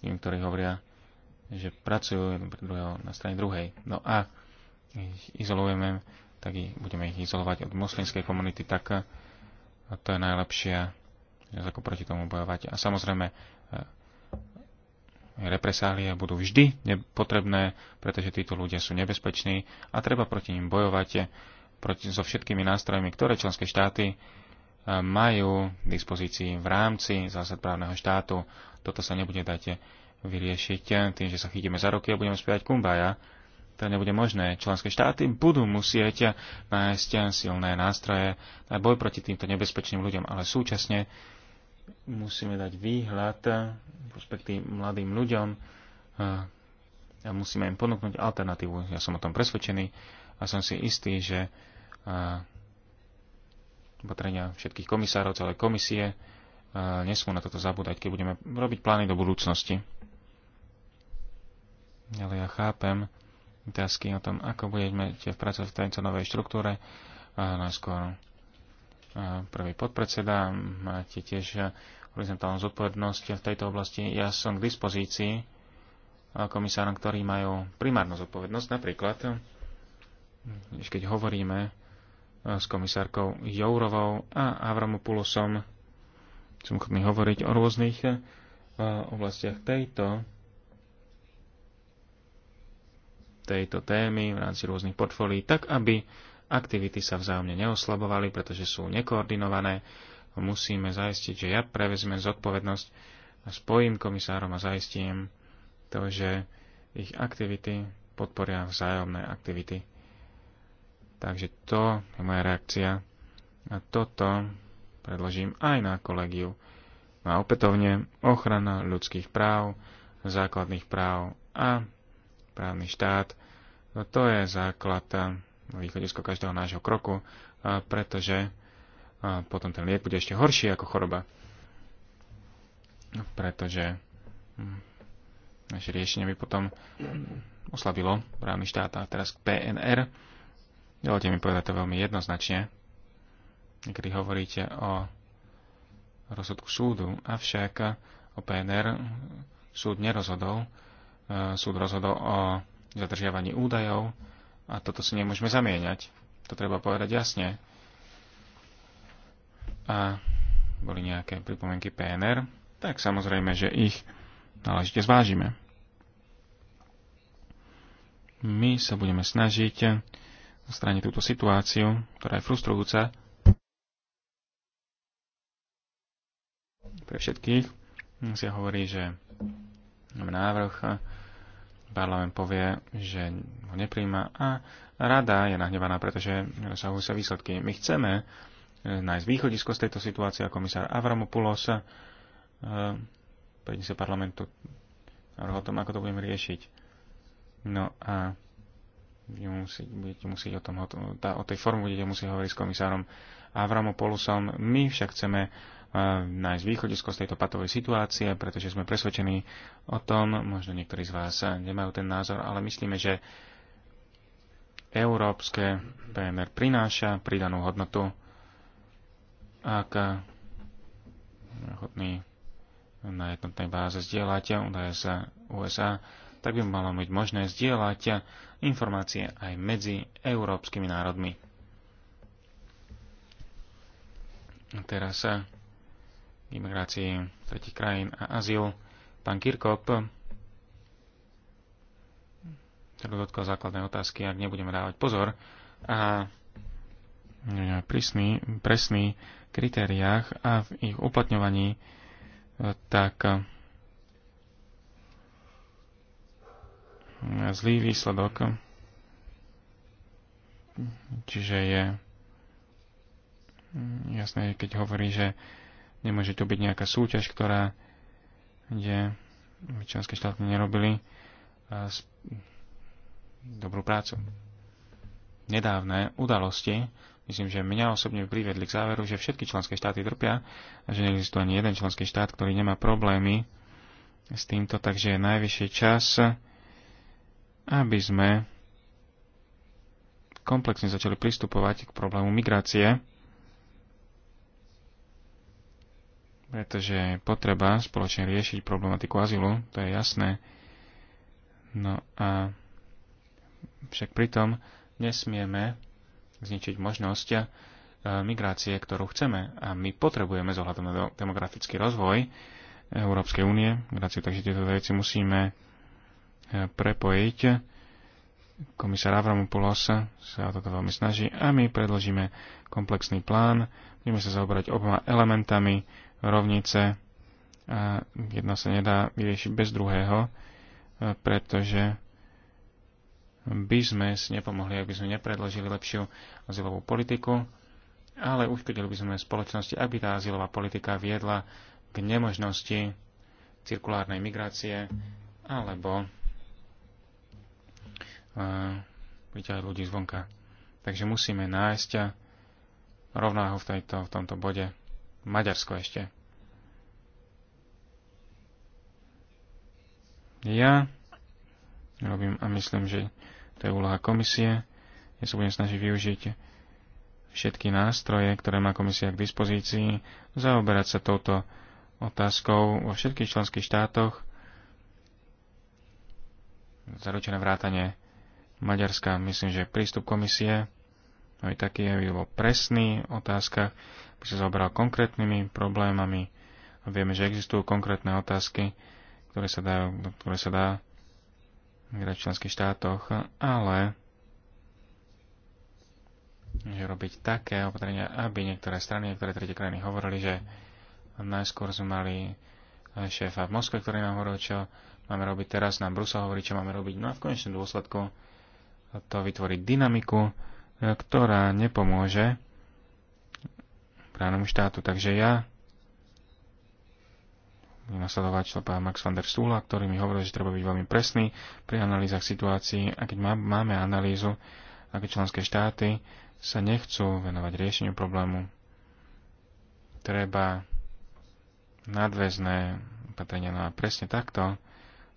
tým, ktorí hovoria, že pracujú pre druhého na strane druhej. No a ich izolujeme, tak ich, budeme ich izolovať od moslimskej komunity, tak a to je najlepšia ako proti tomu bojovať. A samozrejme, e, represálie budú vždy potrebné, pretože títo ľudia sú nebezpeční a treba proti nim bojovať e, proti, so všetkými nástrojmi, ktoré členské štáty e, majú k dispozícii v rámci zásad právneho štátu. Toto sa nebude dať vyriešiť tým, že sa chytíme za roky a budeme spievať kumbaja. To nebude možné. Členské štáty budú musieť nájsť silné nástroje na boj proti týmto nebezpečným ľuďom, ale súčasne musíme dať výhľad eh, prospekty mladým ľuďom eh, a musíme im ponúknuť alternatívu. Ja som o tom presvedčený a som si istý, že eh, potrenia všetkých komisárov, celé komisie nesmú na toto zabúdať, keď budeme robiť plány do budúcnosti. Ale ja chápem otázky o tom, ako budeme pracovať v tejto novej štruktúre, najskôr prvý podpredseda, máte tiež horizontálnu zodpovednosť v tejto oblasti. Ja som k dispozícii komisárom, ktorí majú primárnu zodpovednosť. Napríklad, keď hovoríme e, s komisárkou Jourovou a Avramopulosom, som chodný hovoriť o rôznych e, oblastiach tejto tejto témy v rámci rôznych portfólií, tak aby aktivity sa vzájomne neoslabovali, pretože sú nekoordinované. Musíme zaistiť, že ja prevezmem zodpovednosť a spojím komisárom a zaistím to, že ich aktivity podporia vzájomné aktivity. Takže to je moja reakcia a toto predložím aj na kolegiu. No a opätovne ochrana ľudských práv, základných práv a právny štát. No to je základ východisko každého nášho kroku, pretože potom ten liek bude ešte horší ako choroba. Pretože hm, naše riešenie by potom oslabilo právny štát a teraz k PNR. Dovolte mi povedať to veľmi jednoznačne, Niekedy hovoríte o rozsudku súdu, avšak o PNR súd nerozhodol. E, súd rozhodol o zadržiavaní údajov a toto si nemôžeme zamieňať. To treba povedať jasne. A boli nejaké pripomienky PNR, tak samozrejme, že ich náležite zvážime. My sa budeme snažiť odstrániť túto situáciu, ktorá je frustrujúca pre všetkých. Musia hovorí, že návrh parlament povie, že ho nepríjma a rada je nahnevaná, pretože dosahujú sa výsledky. My chceme eh, nájsť východisko z tejto situácie a komisár Avramopoulos eh, sa parlamentu o tom, ako to budeme riešiť. No a budete musieť o, tom, o tej formu budete musieť hovoriť s komisárom Avramopoulosom. My však chceme nájsť východisko z tejto patovej situácie, pretože sme presvedčení o tom, možno niektorí z vás nemajú ten názor, ale myslíme, že európske PNR prináša pridanú hodnotu, ak hodný na jednotnej báze zdieľať údaje z USA, tak by malo byť možné zdieľať informácie aj medzi európskymi národmi. Teraz sa imigrácii tretich krajín a azyl. Pán Kirkop, ktorý dotkol základnej otázky, ak nebudeme dávať pozor a prísny, presný kritériách a v ich uplatňovaní, tak zlý výsledok. Čiže je jasné, keď hovorí, že Nemôže to byť nejaká súťaž, ktorá kde členské štáty nerobili eh, dobrú prácu. Nedávne udalosti, myslím, že mňa osobne privedli k záveru, že všetky členské štáty trpia a že neexistuje ani jeden členský štát, ktorý nemá problémy s týmto, takže je najvyšší čas, aby sme komplexne začali pristupovať k problému migrácie pretože je potreba spoločne riešiť problematiku azylu, to je jasné. No a však pritom nesmieme zničiť možnosť eh, migrácie, ktorú chceme. A my potrebujeme zohľadom na demografický rozvoj Európskej únie migráciu, takže tieto veci musíme eh, prepojiť. Komisár Avramopoulos sa o toto veľmi snaží a my predložíme komplexný plán. Budeme sa zaoberať oboma elementami rovnice a jedno sa nedá vyriešiť bez druhého, e, pretože by sme si nepomohli, ak by sme nepredložili lepšiu azylovú politiku, ale uškodili by sme spoločnosti, aby tá azylová politika viedla k nemožnosti cirkulárnej migrácie alebo e, vyťahať ľudí zvonka. Takže musíme nájsť rovnáho v, tejto, v tomto bode. Maďarsko ešte. Ja robím a myslím, že to je úloha komisie. Ja sa budem snažiť využiť všetky nástroje, ktoré má komisia k dispozícii, zaoberať sa touto otázkou vo všetkých členských štátoch, zaručené vrátanie Maďarska, myslím, že prístup komisie, no i taký je bol presný v otázkach by sa zaoberal konkrétnymi problémami. A vieme, že existujú konkrétne otázky, ktoré sa, dajú, ktoré sa dá v členských štátoch, ale že robiť také opatrenia, aby niektoré strany, niektoré tretie krajiny hovorili, že najskôr sme mali šéfa v Moskve, ktorý nám hovoril, čo máme robiť teraz, nám Brusel hovorí, čo máme robiť. No a v konečnom dôsledku to vytvorí dynamiku, ktorá nepomôže právnemu štátu. Takže ja budem nasledovať čo pán Max van der Stula, ktorý mi hovoril, že treba byť veľmi presný pri analýzach situácií a keď máme analýzu, aké členské štáty sa nechcú venovať riešeniu problému, treba nadväzné opatrenia. No a presne takto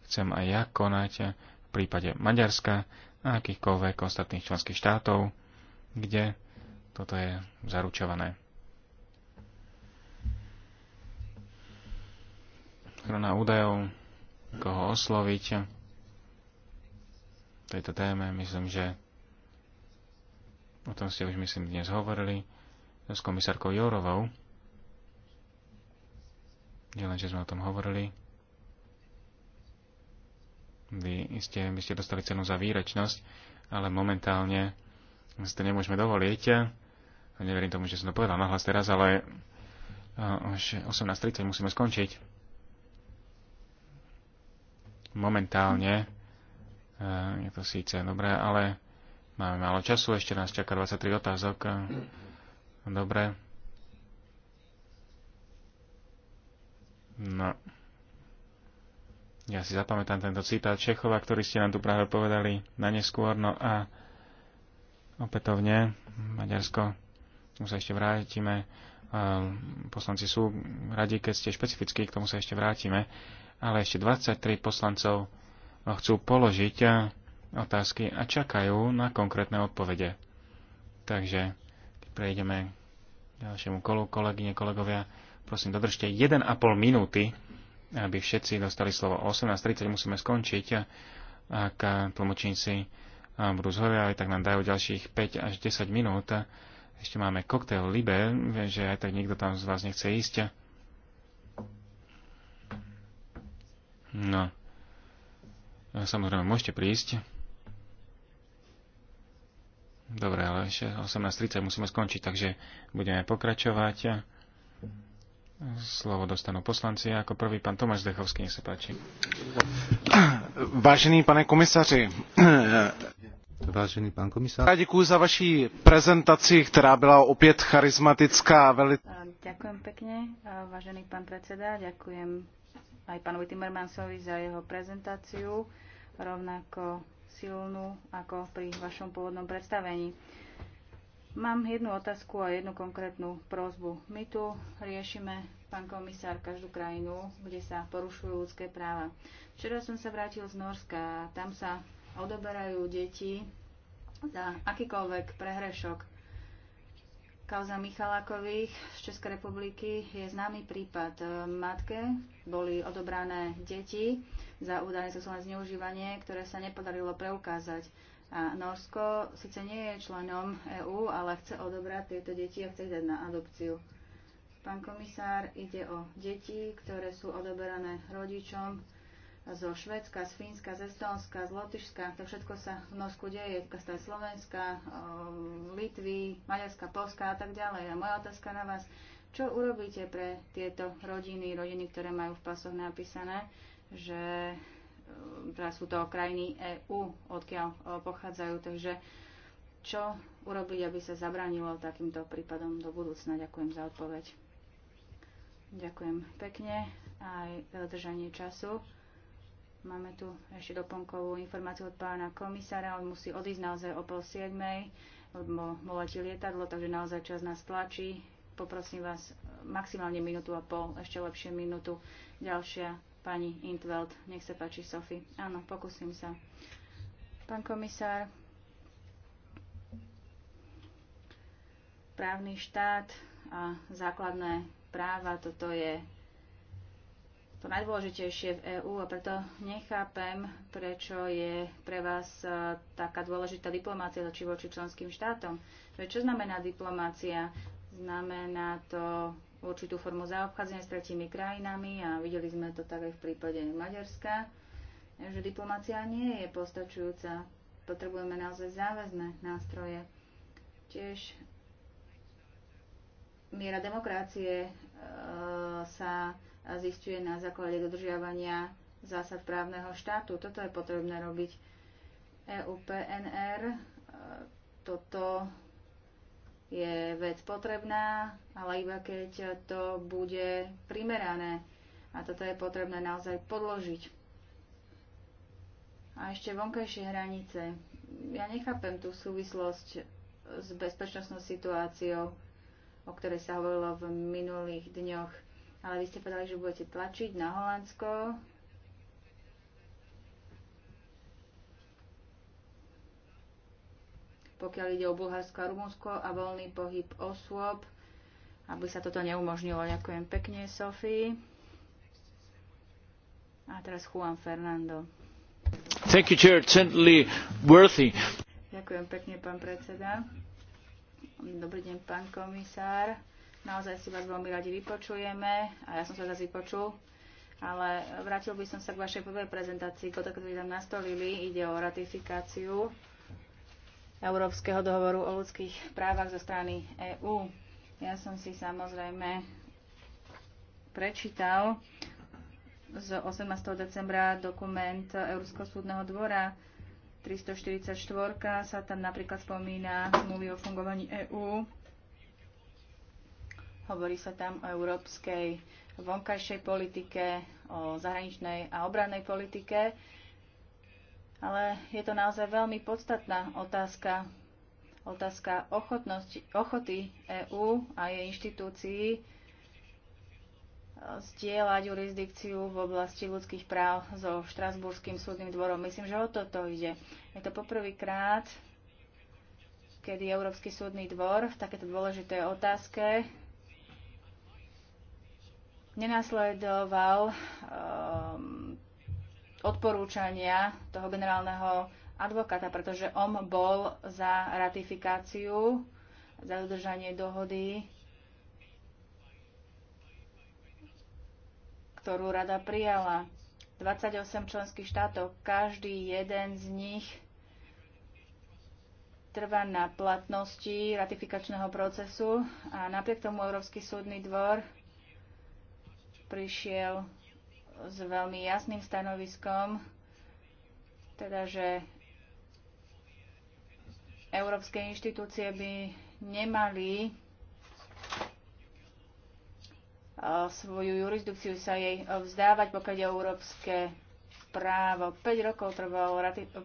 chcem aj ja konať v prípade Maďarska a akýchkoľvek ostatných členských štátov, kde toto je zaručované. ochrana údajov, koho osloviť v tejto téme. Myslím, že o tom ste už myslím dnes hovorili s komisárkou Jourovou. Nielen, že sme o tom hovorili. Vy ste, by ste dostali cenu za výrečnosť, ale momentálne si to nemôžeme dovoliť. Neverím tomu, že som to povedal nahlas teraz, ale už 18.30 musíme skončiť momentálne eh, je to síce dobré, ale máme málo času, ešte nás čaká 23 otázok. Eh, dobre. No. Ja si zapamätám tento citát Čechova, ktorý ste nám tu práve povedali na neskôr. No a opätovne Maďarsko tomu sa ešte vrátime. Eh, poslanci sú radi, keď ste špecifickí, k tomu sa ešte vrátime ale ešte 23 poslancov no, chcú položiť eh, otázky a čakajú na konkrétne odpovede. Takže prejdeme k ďalšiemu kolu. Kolegyne, kolegovia, prosím, dodržte 1,5 minúty, aby všetci dostali slovo. 18.30 musíme skončiť, eh, ak tlmočníci eh, budú zhoviavi, tak nám dajú ďalších 5 až 10 minút. Ešte máme koktail Libe, viem, že aj tak nikto tam z vás nechce ísť. No. Samozrejme, môžete prísť. Dobre, ale ešte 18.30 musíme skončiť, takže budeme pokračovať. Slovo dostanú poslanci. Ako prvý pán Tomáš Zdechovský, nech sa páči. Vážený pane komisaři, Vážený pán komisár. Ja děkuji za vaši prezentaci, ktorá byla opäť charizmatická. Veli... Ďakujem pekne, vážený pán predseda, ďakujem aj pánovi Timmermansovi za jeho prezentáciu, rovnako silnú ako pri vašom pôvodnom predstavení. Mám jednu otázku a jednu konkrétnu prozbu. My tu riešime, pán komisár, každú krajinu, kde sa porušujú ľudské práva. Včera som sa vrátil z Norska a tam sa odoberajú deti za akýkoľvek prehrešok. Kauza Michalákových z Českej republiky je známy prípad. E, matke boli odobrané deti za údajné sexuálne zneužívanie, ktoré sa nepodarilo preukázať. A Norsko síce nie je členom EÚ, ale chce odobrať tieto deti a chce dať na adopciu. Pán komisár, ide o deti, ktoré sú odoberané rodičom, zo Švedska, z Fínska, z Estónska, z Lotyšska. To všetko sa v Norsku deje, z Slovenska, Litvy, Maďarska, Polska a tak ďalej. A moja otázka na vás, čo urobíte pre tieto rodiny, rodiny, ktoré majú v pasoch napísané, že e, teraz sú to krajiny EÚ, odkiaľ e, pochádzajú, takže čo urobiť, aby sa zabránilo takýmto prípadom do budúcna? Ďakujem za odpoveď. Ďakujem pekne aj za držanie času. Máme tu ešte doplnkovú informáciu od pána komisára. On musí odísť naozaj o pol siedmej, lebo mu letí lietadlo, takže naozaj čas nás tlačí. Poprosím vás maximálne minútu a pol, ešte lepšie minútu. Ďalšia pani Intveld. Nech sa páči, Sofy. Áno, pokúsim sa. Pán komisár, právny štát a základné práva, toto je to najdôležitejšie v EÚ a preto nechápem, prečo je pre vás e, taká dôležitá diplomácia voči voči členským štátom. Čo znamená diplomácia? Znamená to určitú formu zaobchádzania s tretími krajinami a videli sme to tak aj v prípade Maďarska, že diplomácia nie je postačujúca. Potrebujeme naozaj záväzné nástroje. Tiež miera demokracie e, sa zistuje na základe dodržiavania zásad právneho štátu. Toto je potrebné robiť. EUPNR, e, toto je vec potrebná, ale iba keď to bude primerané. A toto je potrebné naozaj podložiť. A ešte vonkajšie hranice. Ja nechápem tú súvislosť s bezpečnostnou situáciou, o ktorej sa hovorilo v minulých dňoch ale vy ste povedali, že budete tlačiť na Holandsko. Pokiaľ ide o Bulharsko a Rumunsko a voľný pohyb osôb, aby sa toto neumožnilo. Ďakujem pekne, Sofii. A teraz Juan Fernando. Thank you, Chair. Certainly worthy. Ďakujem pekne, pán predseda. Dobrý deň, pán komisár. Naozaj si vás veľmi radi vypočujeme a ja som sa zase vypočul. Ale vrátil by som sa k vašej prvej prezentácii, ktorú ktorý tam nastolili. Ide o ratifikáciu Európskeho dohovoru o ľudských právach zo strany EÚ. Ja som si samozrejme prečítal z 18. decembra dokument Európskeho súdneho dvora, 344 sa tam napríklad spomína zmluvy o fungovaní EÚ Hovorí sa tam o európskej vonkajšej politike, o zahraničnej a obrannej politike. Ale je to naozaj veľmi podstatná otázka. Otázka ochoty EÚ a jej inštitúcií zdieľať jurisdikciu v oblasti ľudských práv so Štrasburským súdnym dvorom. Myslím, že o toto ide. Je to poprvýkrát, kedy Európsky súdny dvor v takéto dôležité otázke nenasledoval um, odporúčania toho generálneho advokáta, pretože on bol za ratifikáciu, za dodržanie dohody, ktorú rada prijala. 28 členských štátov, každý jeden z nich trvá na platnosti ratifikačného procesu a napriek tomu Európsky súdny dvor prišiel s veľmi jasným stanoviskom, teda že európske inštitúcie by nemali svoju jurisdikciu sa jej vzdávať, pokiaľ je európske právo. 5 rokov trval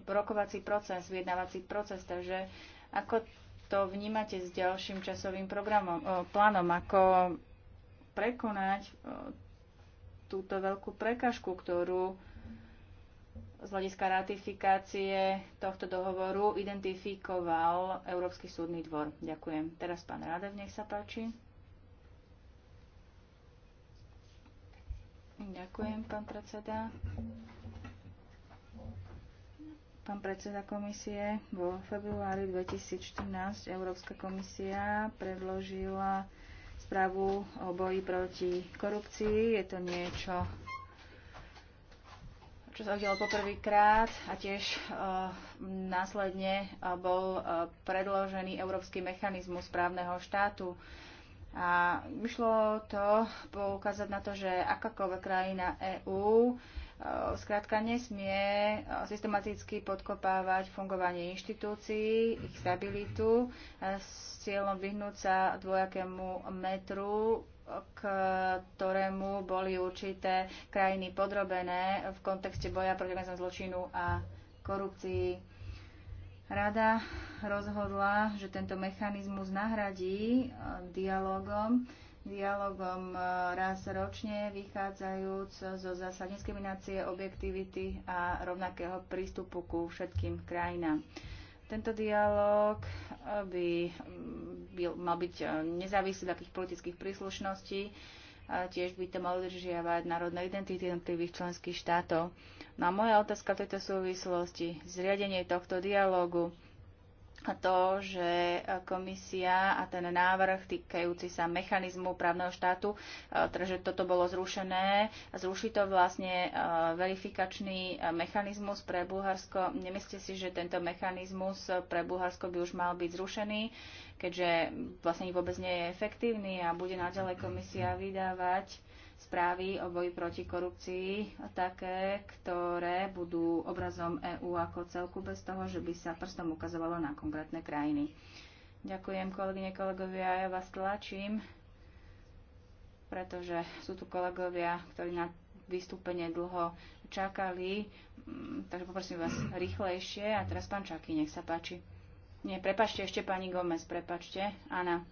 rokovací proces, vyjednávací proces, takže ako to vnímate s ďalším časovým programom, plánom, ako prekonať túto veľkú prekážku, ktorú z hľadiska ratifikácie tohto dohovoru identifikoval Európsky súdny dvor. Ďakujem. Teraz pán Radev, nech sa páči. Ďakujem, pán predseda. Pán predseda komisie, vo februári 2014 Európska komisia predložila správu o boji proti korupcii. Je to niečo, čo sa udialo poprvýkrát a tiež uh, následne uh, bol uh, predložený Európsky mechanizmus právneho štátu. A išlo to poukázať na to, že akákoľvek krajina EÚ Eh, Skrátka nesmie eh, systematicky podkopávať fungovanie inštitúcií, ich stabilitu eh, s cieľom vyhnúť sa dvojakému metru k ktorému boli určité krajiny podrobené v kontexte boja proti organizovanému zločinu a korupcii. Rada rozhodla, že tento mechanizmus nahradí dialogom, dialogom e, raz ročne, vychádzajúc zo zásad diskriminácie, objektivity a rovnakého prístupu ku všetkým krajinám. Tento dialog e, by mm, mal byť e, nezávislý od takých politických príslušností, a tiež by to malo udržiavať národné identity jednotlivých členských štátov. No a moja otázka v tejto súvislosti, zriadenie tohto dialogu, to, že komisia a ten návrh týkajúci sa mechanizmu právneho štátu, e, teda, že toto bolo zrušené. Zruší to vlastne e, verifikačný e, mechanizmus pre Bulharsko. Nemyslíte si, že tento mechanizmus pre Bulharsko by už mal byť zrušený, keďže vlastne vôbec nie je efektívny a bude naďalej komisia vydávať správy o boji proti korupcii také, ktoré budú obrazom EÚ ako celku bez toho, že by sa prstom ukazovalo na konkrétne krajiny. Ďakujem kolegyne, kolegovia, ja vás tlačím, pretože sú tu kolegovia, ktorí na vystúpenie dlho čakali, mm, takže poprosím vás rýchlejšie. A teraz pán Čaky, nech sa páči. Nie, prepačte ešte pani Gomez, prepačte. Áno.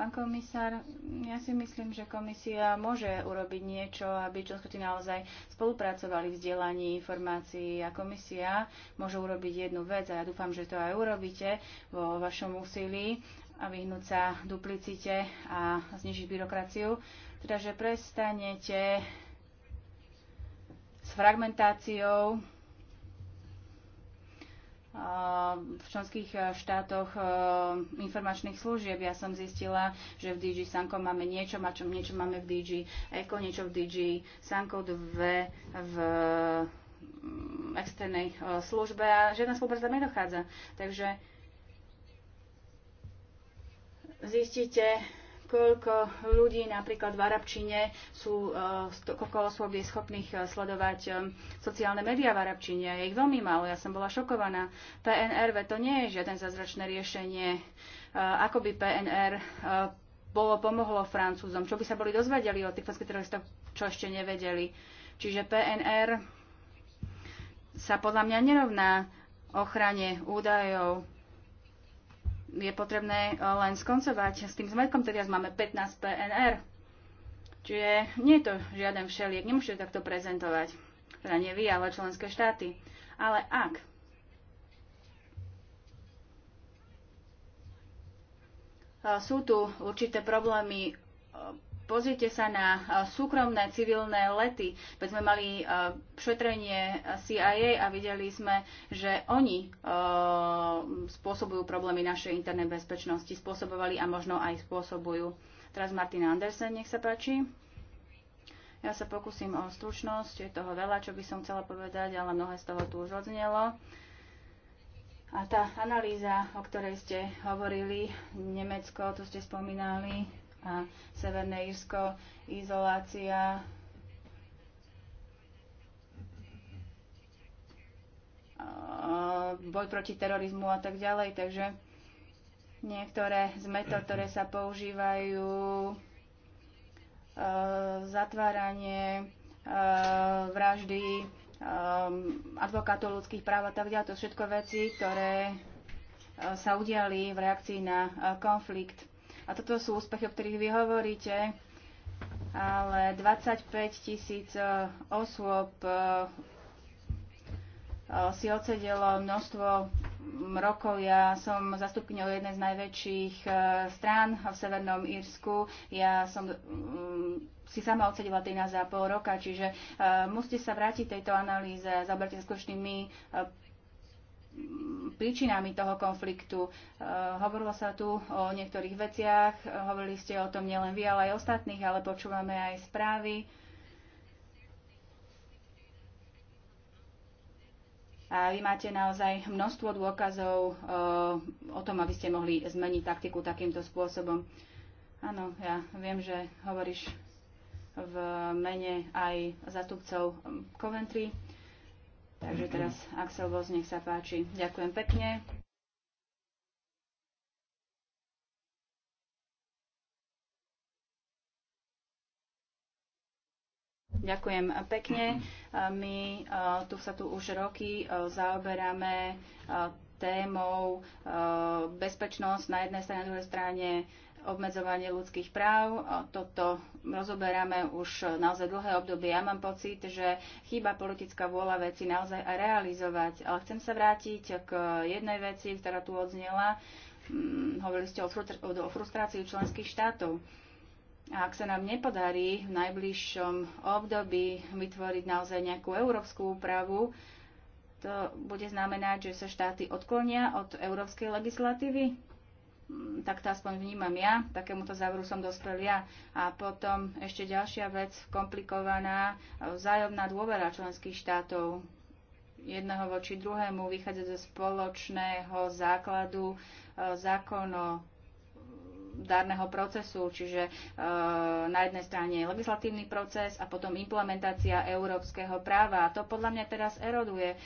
Pán komisár, ja si myslím, že komisia môže urobiť niečo, aby členské naozaj spolupracovali v vzdielaní informácií a komisia môže urobiť jednu vec a ja dúfam, že to aj urobíte vo vašom úsilí a vyhnúť sa duplicite a znižiť byrokraciu. Teda, že prestanete s fragmentáciou v členských e, štátoch e, informačných služieb. Ja som zistila, že v DG Sanko máme niečo, niečo máme v DG Eko, niečo v DG Sanko 2 v mm, externej e, službe a žiadna spolupráca tam nedochádza. Takže zistíte, koľko ľudí napríklad v arabčine sú, e, koľko osôb je schopných e, sledovať e, sociálne médiá v arabčine. Je ich veľmi málo, ja som bola šokovaná. PNRV to nie je žiaden zázračné riešenie. Ako by PNR bolo pomohlo Francúzom, čo by sa boli dozvedeli o tých francúzských teroristov, čo ešte nevedeli. Čiže PNR sa podľa mňa nerovná ochrane údajov je potrebné eh, len skoncovať s tým zmetkom, teraz máme 15 PNR. Čiže nie je to žiaden všeliek, nemôžete takto prezentovať. Teda nie vy, ale členské štáty. Ale ak eh, sú tu určité problémy eh, Pozrite sa na e, súkromné civilné lety. Veď sme mali e, šetrenie CIA a videli sme, že oni e, spôsobujú problémy našej internej bezpečnosti. Spôsobovali a možno aj spôsobujú. Teraz Martina Andersen, nech sa páči. Ja sa pokúsim o stručnosť, je toho veľa, čo by som chcela povedať, ale mnohé z toho tu už odznelo. A tá analýza, o ktorej ste hovorili, Nemecko, to ste spomínali, a Severné Írsko, izolácia boj proti terorizmu a tak ďalej. Takže niektoré z metód, ktoré sa používajú, e, zatváranie, e, vraždy, e, advokátov ľudských práv a tak ďalej. To všetko veci, ktoré sa udiali v reakcii na konflikt. A toto sú úspechy, o ktorých vy hovoríte, ale 25 tisíc e, osôb e, e, si odsedelo množstvo rokov. Ja som zastupňou jednej z najväčších strán v Severnom Írsku. Ja som mm, si sama odsedila 13,5 roka, čiže musíte sa vrátiť tejto analýze, zaberte sa skutočnými príčinami toho konfliktu. E, hovorilo sa tu o niektorých veciach, hovorili ste o tom nielen vy, ale aj ostatných, ale počúvame aj správy. A vy máte naozaj množstvo dôkazov e, o tom, aby ste mohli zmeniť taktiku takýmto spôsobom. Áno, ja viem, že hovoríš v mene aj zastupcov Coventry. Takže mhm. teraz Axel Voz, nech sa páči. Ďakujem pekne. Ďakujem pekne. Mhm. My tu sa tu už roky zaoberáme témou bezpečnosť na jednej strane, na druhej strane obmedzovanie ľudských práv. Toto rozoberáme už naozaj dlhé obdobie. Ja mám pocit, že chýba politická vôľa veci naozaj a realizovať. Ale chcem sa vrátiť k jednej veci, ktorá tu odznela. Mm, hovorili ste o, o frustrácii členských štátov. A ak sa nám nepodarí v najbližšom období vytvoriť naozaj nejakú európsku úpravu, to bude znamenať, že sa štáty odklonia od európskej legislatívy? tak to aspoň vnímam ja, takémuto záveru som dospel ja. A potom ešte ďalšia vec, komplikovaná vzájomná dôvera členských štátov jedného voči druhému vychádza zo spoločného základu e, zákon zákonodárneho procesu, čiže e, na jednej strane je legislatívny proces a potom implementácia európskeho práva. A to podľa mňa teraz eroduje e,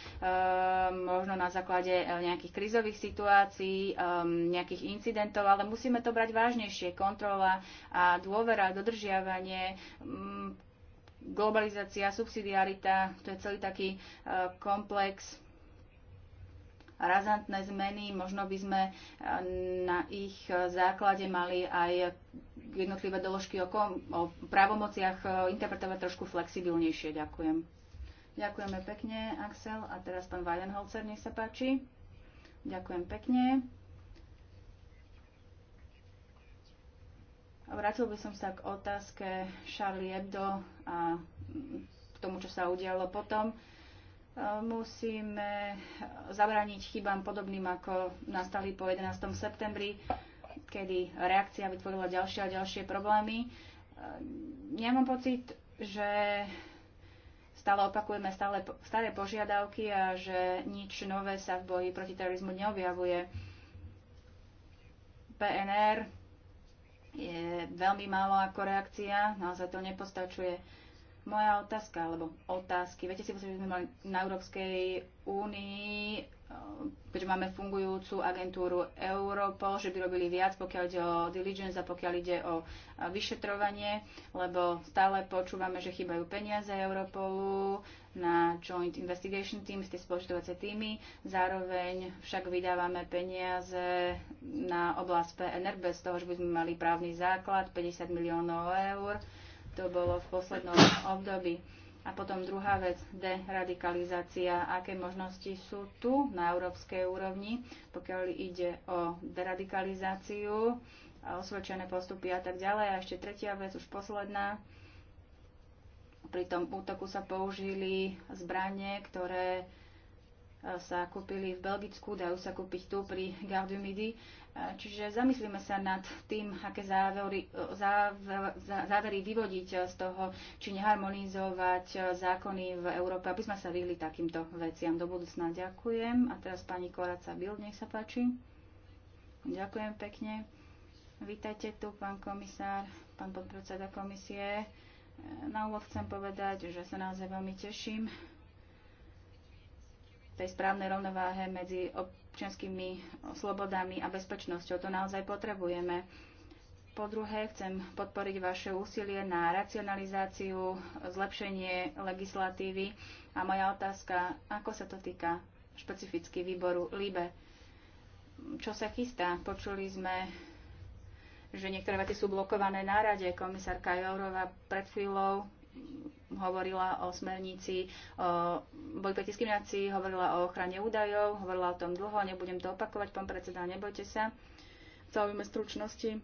možno na základe e, nejakých krizových situácií, nejakých incidentov, ale musíme to brať vážnejšie. Kontrola a dôvera, dodržiavanie globalizácia, subsidiarita, to je celý taký komplex razantné zmeny. Možno by sme e, na ich základe mali aj jednotlivé doložky o, kom, o právomociach e, interpretovať trošku flexibilnejšie. Ďakujem. Ďakujeme pekne, Axel. A teraz pán Weidenholzer, nech sa páči. Ďakujem pekne. Vrátil by som sa k otázke Charlie Hebdo a k tomu, čo sa udialo potom musíme zabrániť chybám podobným, ako nastali po 11. septembri, kedy reakcia vytvorila ďalšie a ďalšie problémy. Ja mám pocit, že stále opakujeme stále staré požiadavky a že nič nové sa v boji proti terorizmu neobjavuje. PNR je veľmi málo ako reakcia, naozaj to nepostačuje moja otázka, alebo otázky. Viete si myslím, že sme mali na Európskej únii, eh, keďže máme fungujúcu agentúru Europol, že by robili viac, pokiaľ ide o diligence a pokiaľ ide o eh, vyšetrovanie, lebo stále počúvame, že chýbajú peniaze Europolu na Joint Investigation Team, tie spoločitovacie týmy. Zároveň však vydávame peniaze na oblasť PNR bez toho, že by sme mali právny základ 50 miliónov eur to bolo v poslednom období. A potom druhá vec, deradikalizácia. Aké možnosti sú tu na európskej úrovni, pokiaľ ide o deradikalizáciu, osvedčené postupy a tak ďalej. A ešte tretia vec, už posledná. Pri tom útoku sa použili zbranie, ktoré sa kúpili v Belgicku, dajú sa kúpiť tu pri Midi. Čiže zamyslíme sa nad tým, aké závery, záver, závery vyvodiť z toho, či neharmonizovať zákony v Európe, aby sme sa vyhli takýmto veciam. Do budúcna ďakujem. A teraz pani Koraca Bild, nech sa páči. Ďakujem pekne. Vítajte tu, pán komisár, pán podpredseda komisie. Na úvod chcem povedať, že sa naozaj veľmi teším, tej správnej rovnováhe medzi občianskými slobodami a bezpečnosťou. To naozaj potrebujeme. Po druhé, chcem podporiť vaše úsilie na racionalizáciu, zlepšenie legislatívy. A moja otázka, ako sa to týka špecificky výboru LIBE? Čo sa chystá? Počuli sme, že niektoré veci sú blokované na rade. Komisárka Jourova pred chvíľou hovorila o smernici o boj proti diskriminácii, hovorila o ochrane údajov, hovorila o tom dlho, nebudem to opakovať, pán predseda, nebojte sa. Zaujíme stručnosti.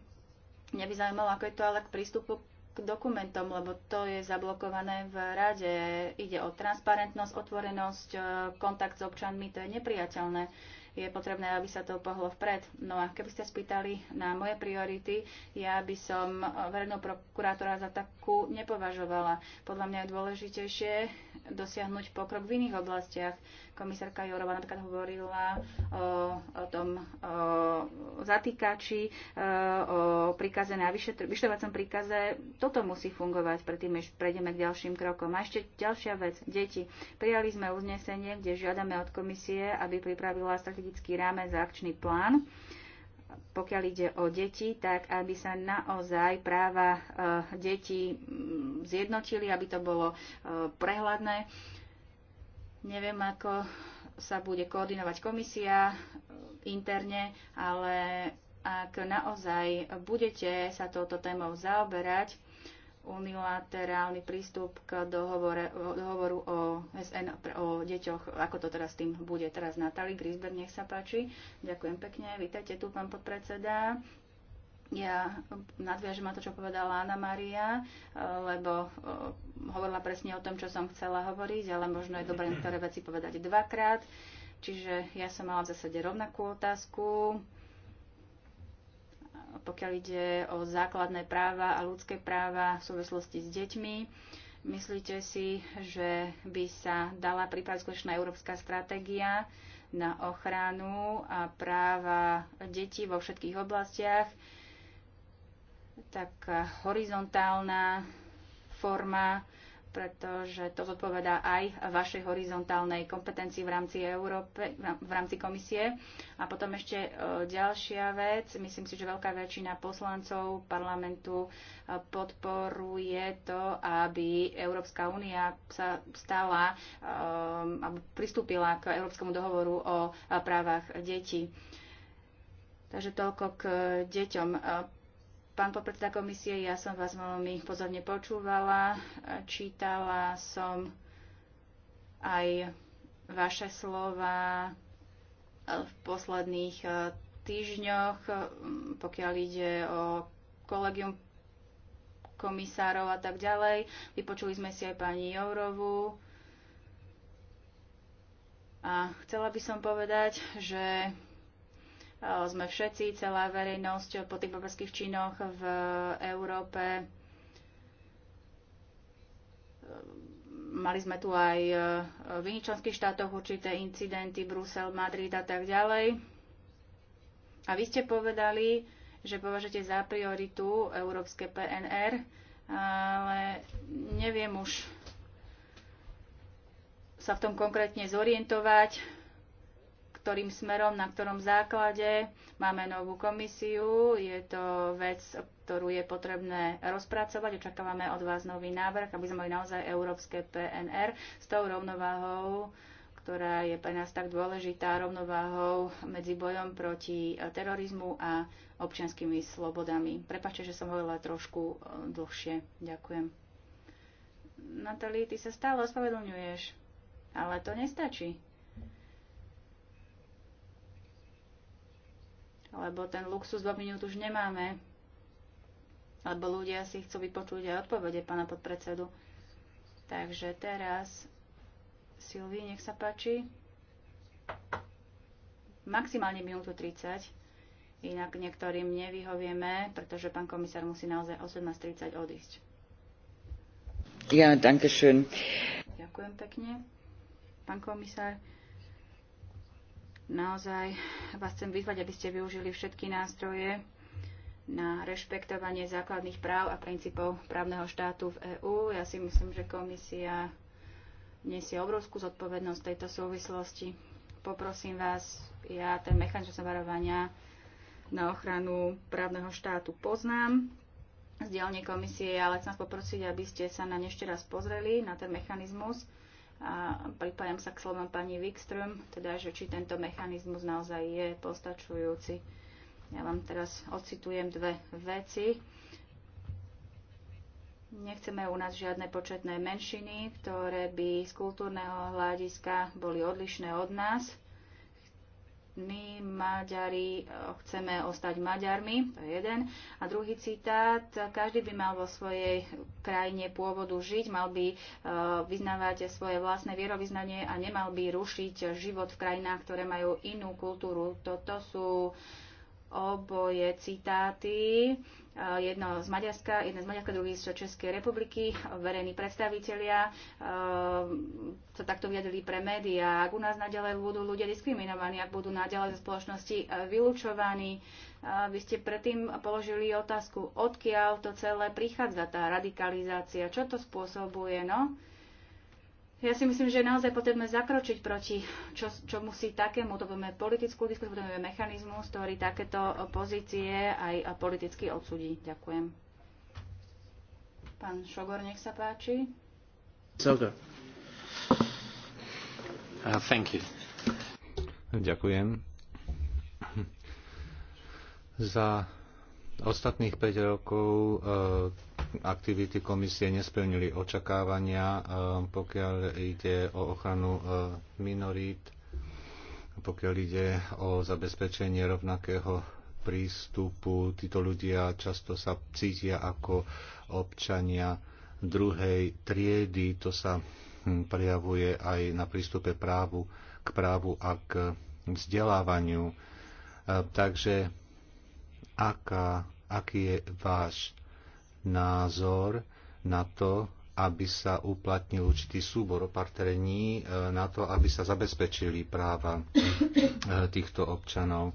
Mňa by zaujímalo, ako je to ale k prístupu k dokumentom, lebo to je zablokované v rade. Ide o transparentnosť, otvorenosť, e, kontakt s občanmi, to je nepriateľné je potrebné, aby sa to pohlo vpred. No a keby ste spýtali na moje priority, ja by som verejného prokurátora za takú nepovažovala. Podľa mňa je dôležitejšie dosiahnuť pokrok v iných oblastiach. Komisárka Jorová napríklad hovorila o, o tom o, zatýkači, e, o príkaze na vyšetrovacom príkaze. Toto musí fungovať predtým, než prejdeme k ďalším krokom. A ešte ďalšia vec, deti. Prijali sme uznesenie, kde žiadame od komisie, aby pripravila strategickú strategický rámec a akčný plán, pokiaľ ide o deti, tak aby sa naozaj práva e, detí mm, zjednotili, aby to bolo e, prehľadné. Neviem, ako sa bude koordinovať komisia e, interne, ale ak naozaj budete sa touto témou zaoberať, unilaterálny prístup k dohovore, dohovoru o SN o deťoch, ako to teraz tým bude. Teraz Natali Grisberg, nech sa páči. Ďakujem pekne. Vítajte tu, pán podpredseda. Ja nadviažem na to, čo povedala Anna Maria, eh, lebo eh, hovorila presne o tom, čo som chcela hovoriť, ale možno je dobré niektoré veci povedať dvakrát. Čiže ja som mala v zásade rovnakú otázku pokiaľ ide o základné práva a ľudské práva v súvislosti s deťmi. Myslíte si, že by sa dala pripraviť skutočná európska stratégia na ochranu a práva detí vo všetkých oblastiach? taká eh, horizontálna forma pretože to zodpovedá aj vašej horizontálnej kompetencii v rámci Európe, v rámci komisie. A potom ešte e, ďalšia vec, myslím si, že veľká väčšina poslancov parlamentu e, podporuje to, aby Európska únia sa stala, e, alebo pristúpila k Európskemu dohovoru o právach detí. Takže toľko k deťom Pán podpredseda komisie, ja som vás veľmi pozorne počúvala, čítala som aj vaše slova v posledných eh, týždňoch, mm, pokiaľ ide o kolegium komisárov a tak ďalej. Vypočuli sme si aj pani Jourovu. A chcela by som povedať, že Eh, sme všetci, celá verejnosť eh, po tých barbarských činoch v Európe. Eh, mali sme tu aj v iných členských štátoch určité incidenty, Brusel, Madrid a tak ďalej. A vy ste povedali, že považujete za prioritu európske PNR, ale neviem už sa v tom konkrétne zorientovať ktorým smerom, na ktorom základe máme novú komisiu. Je to vec, ktorú je potrebné rozpracovať. Očakávame od vás nový návrh, aby sme mali naozaj európske PNR s tou rovnováhou ktorá je pre nás tak dôležitá rovnováhou medzi bojom proti terorizmu a občianskými slobodami. Prepačte, že som hovorila trošku e, dlhšie. Ďakujem. Natalí, ty sa stále ospravedlňuješ, ale to nestačí. lebo ten luxus dvoch minút už nemáme, lebo ľudia si chcú vypočuť aj odpovede pána podpredsedu. Takže teraz, Silvi, nech sa páči. Maximálne minútu 30, inak niektorým nevyhovieme, pretože pán komisár musí naozaj 18.30 odísť. Ja, danke schön. Ďakujem pekne. Pán komisár, Naozaj vás chcem vyzvať, aby ste využili všetky nástroje na rešpektovanie základných práv a princípov právneho štátu v EÚ. Ja si myslím, že komisia nesie obrovskú zodpovednosť tejto súvislosti. Poprosím vás, ja ten mechanizmus varovania na ochranu právneho štátu poznám z dielne komisie, ale chcem vás poprosiť, aby ste sa na ešte raz pozreli, na ten mechanizmus a pripájam sa k slovom pani Wikström, teda, že či tento mechanizmus naozaj je postačujúci. Ja vám teraz ocitujem dve veci. Nechceme u nás žiadne početné menšiny, ktoré by z kultúrneho hľadiska boli odlišné od nás my, Maďari, e, chceme ostať Maďarmi, to je jeden. A druhý citát, každý by mal vo svojej krajine pôvodu žiť, mal by e, vyznávať svoje vlastné vierovýznanie a nemal by rušiť život v krajinách, ktoré majú inú kultúru. Toto sú uh, oboje citáty, e, jedno z Maďarska, jedno z Maďarska, druhý z Českej republiky, verejní predstavitelia e, sa takto vyjadrili pre médiá. Ak u nás naďalej budú ľudia diskriminovaní, ak budú naďalej zo spoločnosti e, vylúčovaní, vy ste predtým položili otázku, odkiaľ to celé prichádza, tá radikalizácia, čo to spôsobuje, no? Ja si myslím, že je naozaj potrebné zakročiť proti čo, čo musí takému. To budeme politickú diskusiu, budeme mechanizmus, ktorý takéto pozície aj politicky odsudí. Ďakujem. Pán Šogor, nech sa páči. Uh, thank you. Ďakujem za ostatných 5 rokov eh, aktivity komisie nesplnili očakávania, eh, pokiaľ ide o ochranu eh, minorít, pokiaľ ide o zabezpečenie rovnakého prístupu. Títo ľudia často sa cítia ako občania druhej triedy. To sa hm, prejavuje aj na prístupe právu, k právu a k vzdelávaniu. Takže aká, aký je váš názor na to, aby sa uplatnil určitý súbor opatrení e, na to, aby sa zabezpečili práva e, týchto občanov e,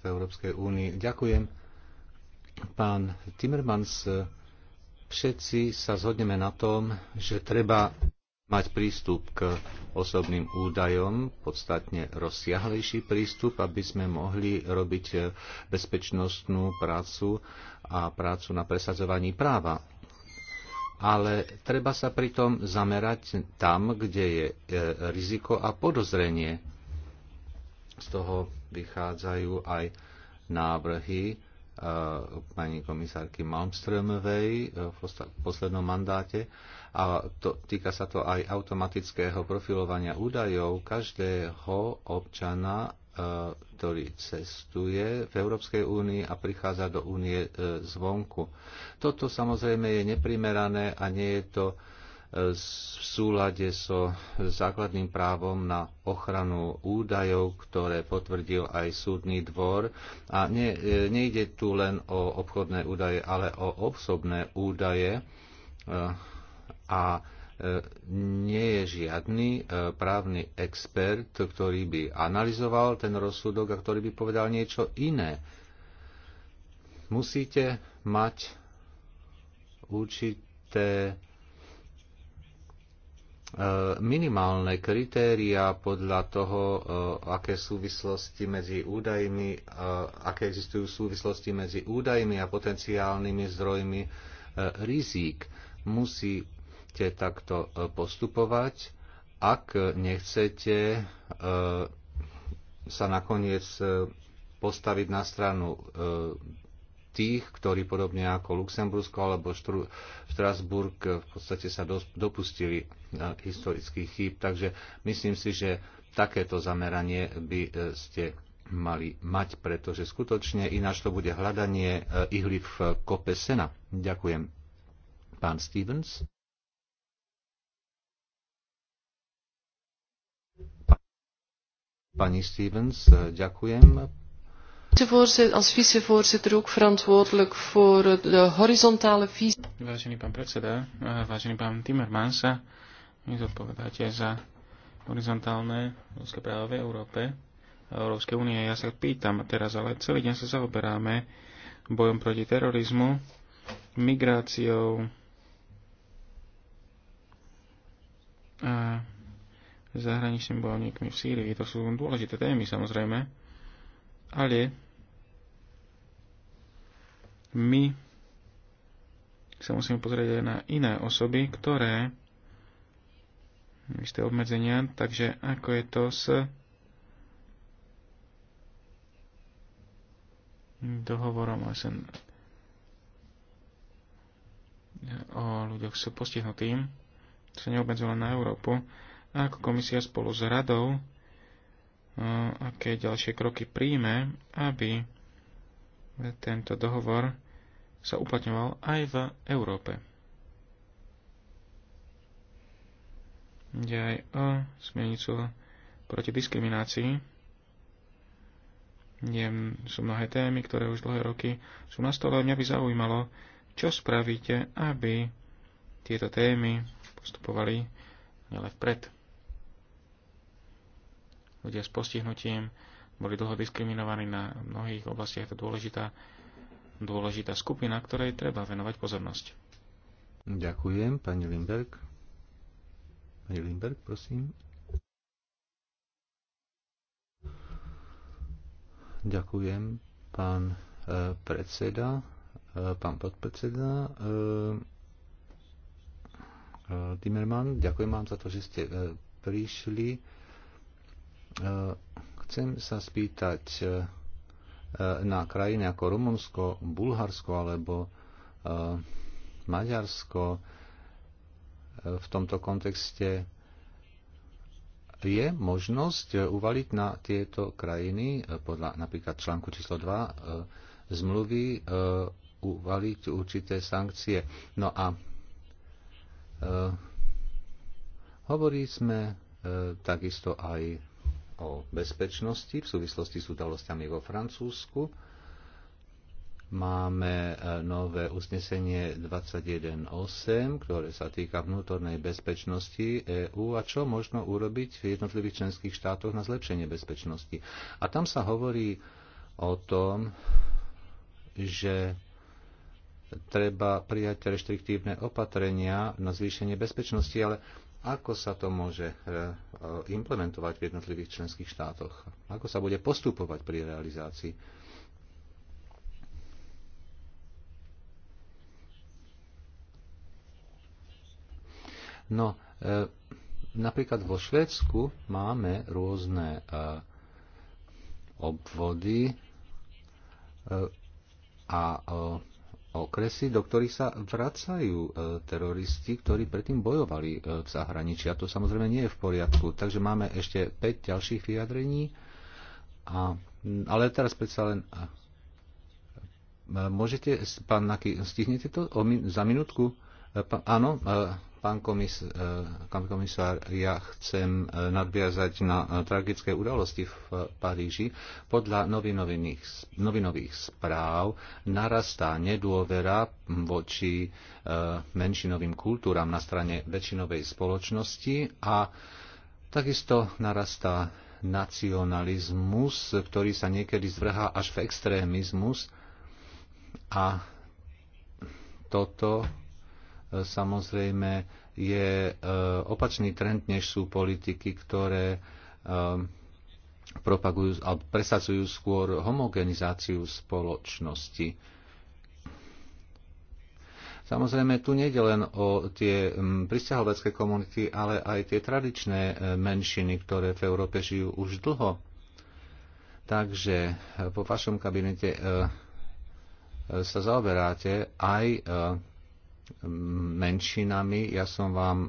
v Európskej únii. Ďakujem. Pán Timmermans, všetci sa zhodneme na tom, že treba mať prístup k osobným údajom, podstatne rozsiahlejší prístup, aby sme mohli robiť e, bezpečnostnú prácu a prácu na presadzovaní práva. Ale treba sa pritom zamerať tam, kde je e, riziko a podozrenie. Z toho vychádzajú aj návrhy e, pani komisárky Malmströmovej v poslednom mandáte a to, týka sa to aj automatického profilovania údajov každého občana, e, ktorý cestuje v Európskej únii a prichádza do únie e, zvonku. Toto samozrejme je neprimerané a nie je to e, v súlade so základným právom na ochranu údajov, ktoré potvrdil aj súdny dvor. A ne, nejde tu len o obchodné údaje, ale o osobné údaje, a e, nie je žiadny e, právny expert, ktorý by analyzoval ten rozsudok a ktorý by povedal niečo iné. Musíte mať určité e, minimálne kritéria podľa toho, aké súvislosti medzi údajmi, aké existujú súvislosti medzi údajmi a potenciálnymi zdrojmi rizík. Musí nechcete takto e, postupovať, ak nechcete e, sa nakoniec e, postaviť na stranu tých, ktorí podobne ako Luxembursko alebo Štrasburg v podstate sa dopustili historických chýb. Takže myslím si, že takéto zameranie by ste mali mať, pretože skutočne ináč to bude hľadanie ihly v kope sena. Ďakujem. Pán Stevens. Pani Stevens, ďakujem. Als vicevoorzitter ook verantwoordelijk voor de horizontale visie. Vážený pán predseda, vážený pán Timmermans, my zodpovedáte za horizontálne ľudské práva v Európe a Európskej únie. Ja sa pýtam teraz, ale celý deň sa zaoberáme bojom proti terorizmu, migráciou, a zahraničnými bojovníkmi v Sýrii. To sú dôležité témy samozrejme, ale my sa musíme pozrieť aj na iné osoby, ktoré isté obmedzenia, takže ako je to s dohovorom SN o ľuďoch s postihnutým, to sa neobmedzuje len na Európu, a ako komisia spolu s radou e, aké ďalšie kroky príjme, aby tento dohovor sa uplatňoval aj v Európe. Ide aj o smernicu proti diskriminácii. Nie sú mnohé témy, ktoré už dlhé roky sú na stole. Mňa by zaujímalo, čo spravíte, aby tieto témy postupovali nielen vpred ľudia s postihnutím boli dlho diskriminovaní na mnohých oblastiach. Je to dôležitá, dôležitá skupina, ktorej treba venovať pozornosť. Ďakujem, pani Limberg. Pani Limberg, prosím. Ďakujem, pán eh, predseda, eh, pán podpredseda. Eh, Timerman, ďakujem vám za to, že ste prišli Eh, chcem sa spýtať eh, na krajiny ako Rumunsko, Bulharsko alebo eh, Maďarsko v tomto kontexte je možnosť uvaliť na tieto krajiny podľa napríklad článku číslo 2 zmluvy uvaliť určité sankcie. No a hovorí sme takisto aj o bezpečnosti v súvislosti s udalosťami vo Francúzsku. Máme e, nové uznesenie 21.8, ktoré sa týka vnútornej bezpečnosti EÚ a čo možno urobiť v jednotlivých členských štátoch na zlepšenie bezpečnosti. A tam sa hovorí o tom, že treba prijať reštriktívne opatrenia na zvýšenie bezpečnosti, ale ako sa to môže e, e, implementovať v jednotlivých členských štátoch? Ako sa bude postupovať pri realizácii? No, e, napríklad vo Švédsku máme rôzne obvody a okresy, do ktorých sa vracajú e, teroristi, ktorí predtým bojovali e, v zahraničí. A to samozrejme nie je v poriadku. Takže máme ešte 5 ďalších vyjadrení. A, ale teraz predsa len... Môžete, pán Naky, stihnete to o, za minútku? E, pán, áno, Pán komisár, e, komisár, ja chcem e, nadviazať na e, tragické udalosti v Paríži. Podľa novinových, novinových správ narastá nedôvera voči menšinovým kultúram na strane väčšinovej spoločnosti a takisto narastá nacionalizmus, ktorý sa niekedy zvrhá až v extrémizmus a toto samozrejme je e, opačný trend, než sú politiky, ktoré e, propagujú a presadzujú skôr homogenizáciu spoločnosti. Samozrejme, tu nejde len o tie pristahovacké komunity, ale aj tie tradičné e, menšiny, ktoré v Európe žijú už dlho. Takže po vašom kabinete sa zaoberáte aj menšinami. Ja som vám e,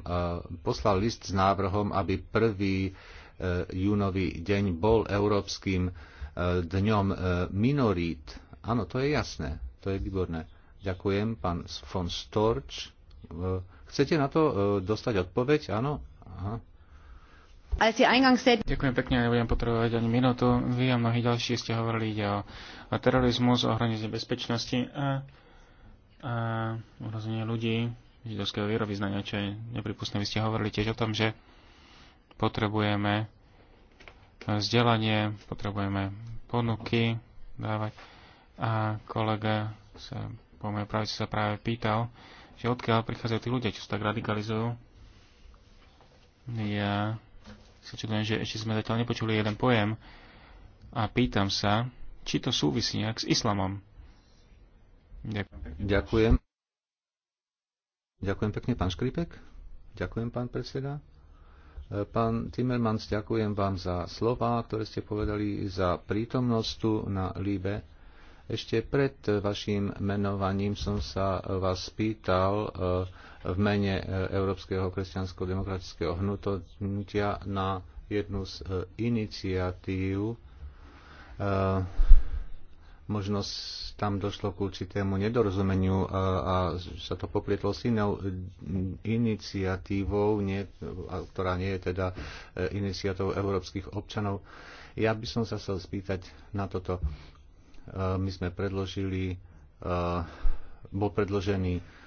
poslal list s návrhom, aby prvý e, júnový deň bol Európskym e, dňom minorít. Áno, to je jasné, to je výborné. Ďakujem, pán von Storč. Chcete na to dostať odpoveď? Áno? Aha. Ďakujem pekne, nebudem potrebovať ani minútu. Vy a mnohí ďalší ste hovorili ide o terorizmus, o hranici bezpečnosti a a ohrozenie ľudí židovského vierovýznania, čo je nepripustné. Vy ste hovorili tiež o tom, že potrebujeme vzdelanie, potrebujeme ponuky dávať. A kolega sa po mojej pravici sa práve pýtal, že odkiaľ prichádzajú tí ľudia, čo sa tak radikalizujú. Ja sa čudujem, že ešte sme zatiaľ nepočuli jeden pojem a pýtam sa, či to súvisí nejak s islamom. Ďakujem. Ďakujem pekne, pán Škripek. Ďakujem, pán predseda. E, pán Timmermans, ďakujem vám za slova, ktoré ste povedali, za prítomnosť tu na Líbe. Ešte pred vašim menovaním som sa vás pýtal e, v mene e, Európskeho kresťansko-demokratického hnutia na jednu z iniciatív možno tam došlo k určitému nedorozumeniu a, a sa to poprietlo s inou iniciatívou, nie, ktorá nie je teda e, iniciatívou európskych občanov. Ja by som sa chcel spýtať na toto. E, my sme predložili, e, bol predložený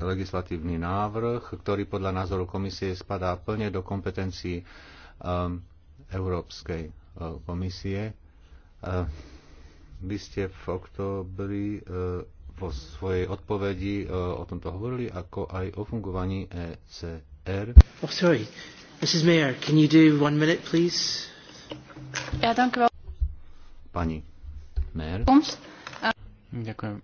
legislatívny návrh, ktorý podľa názoru komisie spadá plne do kompetencií Európskej komisie. Vy ste v októbri e, vo svojej odpovedi e, o tomto hovorili, ako aj o fungovaní ECR. Oh, sorry. Mrs. Mayor, can you do one minute, please? Ja, dank wel. Pani Mayor. Eh, ďakujem.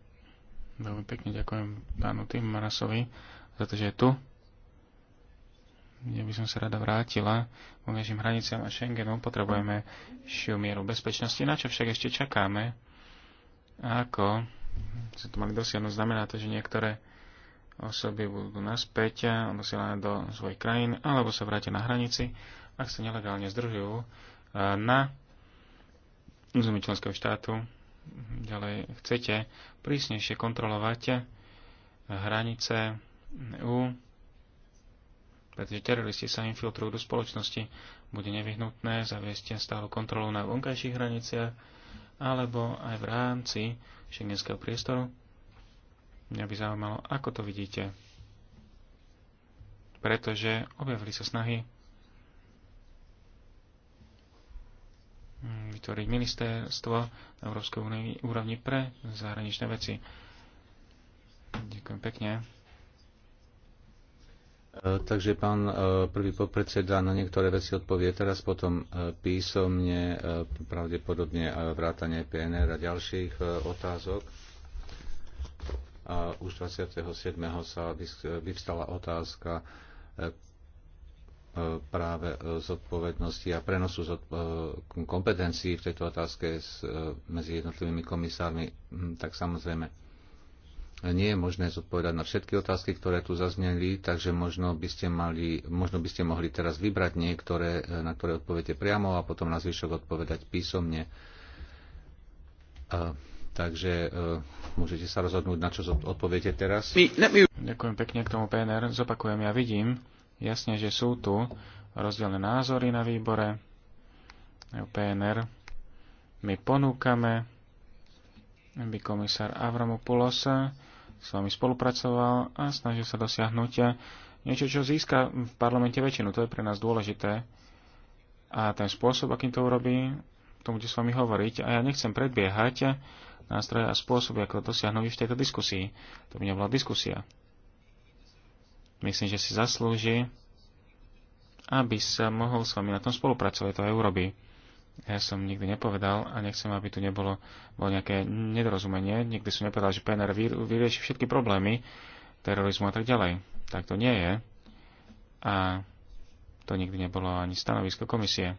Veľmi pekne ďakujem pánu Tim Marasovi za to, že je tu kde by som sa rada vrátila Po našim hraniciam a Schengenu. Potrebujeme šiu mieru bezpečnosti, na čo však ešte čakáme. A ako sa to mali dosiahnuť, znamená to, že niektoré osoby budú naspäť a dosielané do svojich krajín, alebo sa vrátia na hranici, ak sa nelegálne zdržujú e, na území členského štátu. Ďalej chcete prísnejšie kontrolovať hranice EU pretože teroristi sa infiltrujú do spoločnosti. Bude nevyhnutné zaviesť stálu kontrolu na vonkajších hraniciach alebo aj v rámci šengenského priestoru. Mňa by zaujímalo, ako to vidíte. Pretože objavili sa snahy vytvoriť ministerstvo na Európskej úrovni pre zahraničné veci. Ďakujem pekne. E, takže pán e, prvý podpredseda na niektoré veci odpovie teraz, potom e, písomne, pravdepodobne vrátanie PNR a ďalších otázok. A už 27. sa vyvstala otázka práve zodpovednosti a prenosu kompetencií v tejto otázke medzi jednotlivými komisármi, hm, tak samozrejme nie je možné zodpovedať na všetky otázky, ktoré tu zazneli, takže možno by ste, mali, možno by ste mohli teraz vybrať niektoré, e, na ktoré odpoviete priamo a potom na zvyšok odpovedať písomne. A, e, takže a, e, môžete sa rozhodnúť, na čo odpoviete teraz. Ďakujem pekne k tomu PNR. Zopakujem, ja vidím jasne, že sú tu rozdielne názory na výbore. PNR my ponúkame, aby komisár Avramopoulos s vami spolupracoval a snažil sa dosiahnuť niečo, čo získa v parlamente väčšinu. To je pre nás dôležité. A ten spôsob, akým to urobí, to bude s vami hovoriť. A ja nechcem predbiehať nástroje a spôsoby, ako to dosiahnuť v tejto diskusii. To by nebola diskusia. Myslím, že si zaslúži, aby sa mohol s vami na tom spolupracovať. To aj urobí ja som nikdy nepovedal a nechcem, aby tu nebolo bolo nejaké nedorozumenie. Nikdy som nepovedal, že PNR vyrieši všetky problémy terorizmu a tak ďalej. Tak to nie je. A to nikdy nebolo ani stanovisko komisie.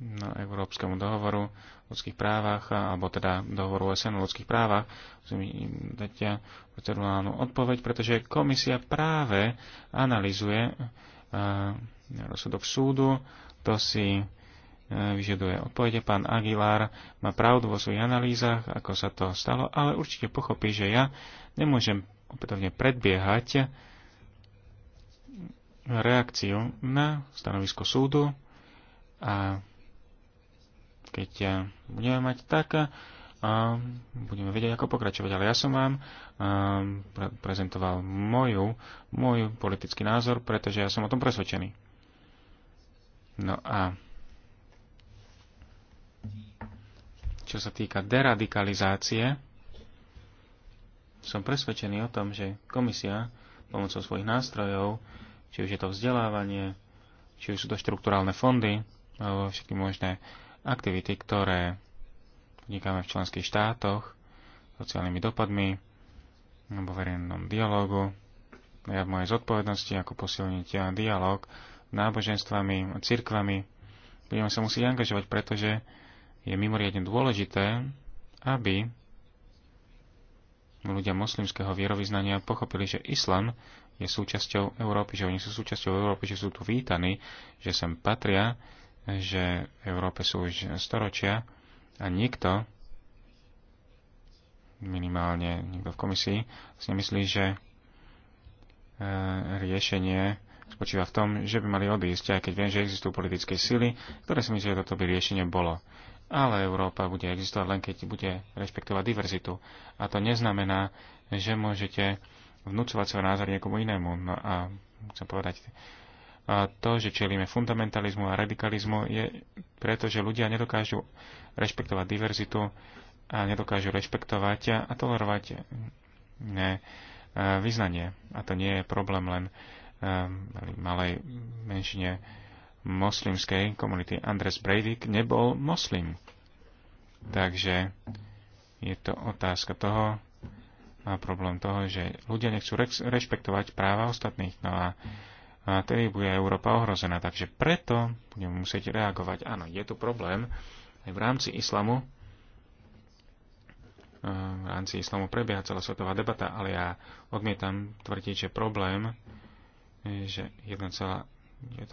No, Európskemu dohovoru o ľudských právach, alebo teda dohovoru OSN o ľudských právach, musím im dať ja procedurálnu odpoveď, pretože komisia práve analizuje uh, rozsudok súdu, to si e, vyžaduje odpovede. Pán Aguilar má pravdu vo svojich analýzach, ako sa to stalo, ale určite pochopí, že ja nemôžem opätovne predbiehať reakciu na stanovisko súdu a keď ja budeme mať tak, a e, budeme vedieť, ako pokračovať. Ale ja som vám e, prezentoval moju, môj politický názor, pretože ja som o tom presvedčený. No a čo sa týka deradikalizácie, som presvedčený o tom, že komisia pomocou svojich nástrojov, či už je to vzdelávanie, či už sú to štruktúrálne fondy, alebo všetky možné aktivity, ktoré podnikáme v členských štátoch, sociálnymi dopadmi, alebo verejnom dialogu. Ja v mojej zodpovednosti, ako posilniť dialog náboženstvami, cirkvami. Budeme sa musieť angažovať, pretože je mimoriadne dôležité, aby ľudia moslimského vierovýznania pochopili, že islam je súčasťou Európy, že oni sú súčasťou Európy, že sú tu vítaní, že sem patria, že v Európe sú už storočia a nikto, minimálne nikto v komisii, si nemyslí, že e, riešenie spočíva v tom, že by mali odísť, aj keď viem, že existujú politické sily, ktoré si myslia, že toto by riešenie bolo. Ale Európa bude existovať len keď bude rešpektovať diverzitu. A to neznamená, že môžete vnúcovať svoj názor niekomu inému. No a chcem povedať, a to, že čelíme fundamentalizmu a radikalizmu, je preto, že ľudia nedokážu rešpektovať diverzitu a nedokážu rešpektovať a tolerovať ne, a vyznanie. A to nie je problém len Ehm, malej menšine moslimskej komunity Andres Breivik nebol moslim. Takže je to otázka toho, a problém toho, že ľudia nechcú rešpektovať práva ostatných. No a, a tedy bude Európa ohrozená. Takže preto budeme musieť reagovať. Áno, je tu problém aj v rámci islamu. Ehm, v rámci islamu prebieha celosvetová debata, ale ja odmietam tvrdiť, že problém že 1,5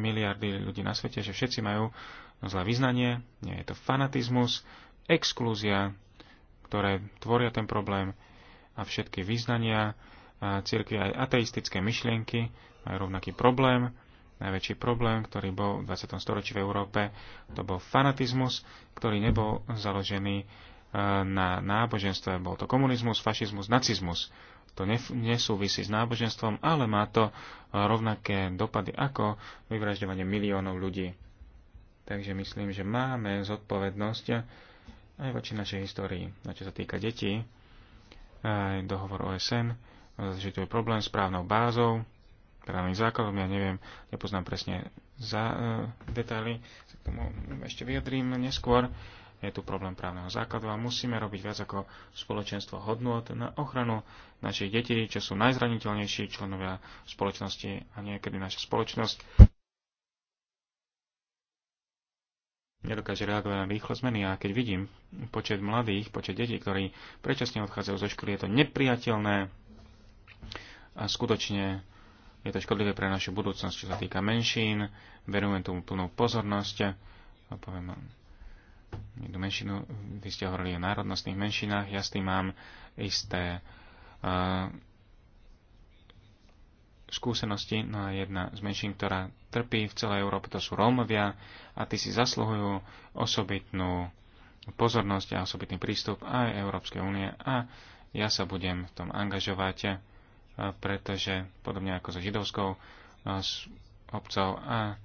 miliardy ľudí na svete, že všetci majú zlé vyznanie, nie je to fanatizmus, exklúzia, ktoré tvoria ten problém a všetky vyznania, círky aj ateistické myšlienky majú rovnaký problém. Najväčší problém, ktorý bol v 20. storočí v Európe, to bol fanatizmus, ktorý nebol založený e, na náboženstve. Bol to komunizmus, fašizmus, nacizmus to nesúvisí s náboženstvom, ale má to e, rovnaké dopady ako vyvražďovanie miliónov ľudí. Takže myslím, že máme zodpovednosť aj voči našej histórii, na čo sa týka detí. Aj e, dohovor OSN, e, že to je problém s právnou bázou, právnym základom, ja neviem, nepoznám presne za e, detaily, sa k tomu ešte vyjadrím neskôr je tu problém právneho základu a musíme robiť viac ako spoločenstvo hodnot na ochranu našich detí, čo sú najzraniteľnejší členovia spoločnosti a niekedy naša spoločnosť nedokáže reagovať na rýchle zmeny a keď vidím počet mladých, počet detí, ktorí predčasne odchádzajú zo školy, je to nepriateľné a skutočne je to škodlivé pre našu budúcnosť, čo sa týka menšín, verujem tomu plnú pozornosť a poviem jednu menšinu, vy ste hovorili o národnostných menšinách, ja s tým mám isté uh, skúsenosti, no a jedna z menšín, ktorá trpí v celej Európe, to sú Rómovia a tí si zasluhujú osobitnú pozornosť a osobitný prístup aj Európskej únie a ja sa budem v tom angažovať, e, pretože podobne ako so židovskou e, obcov a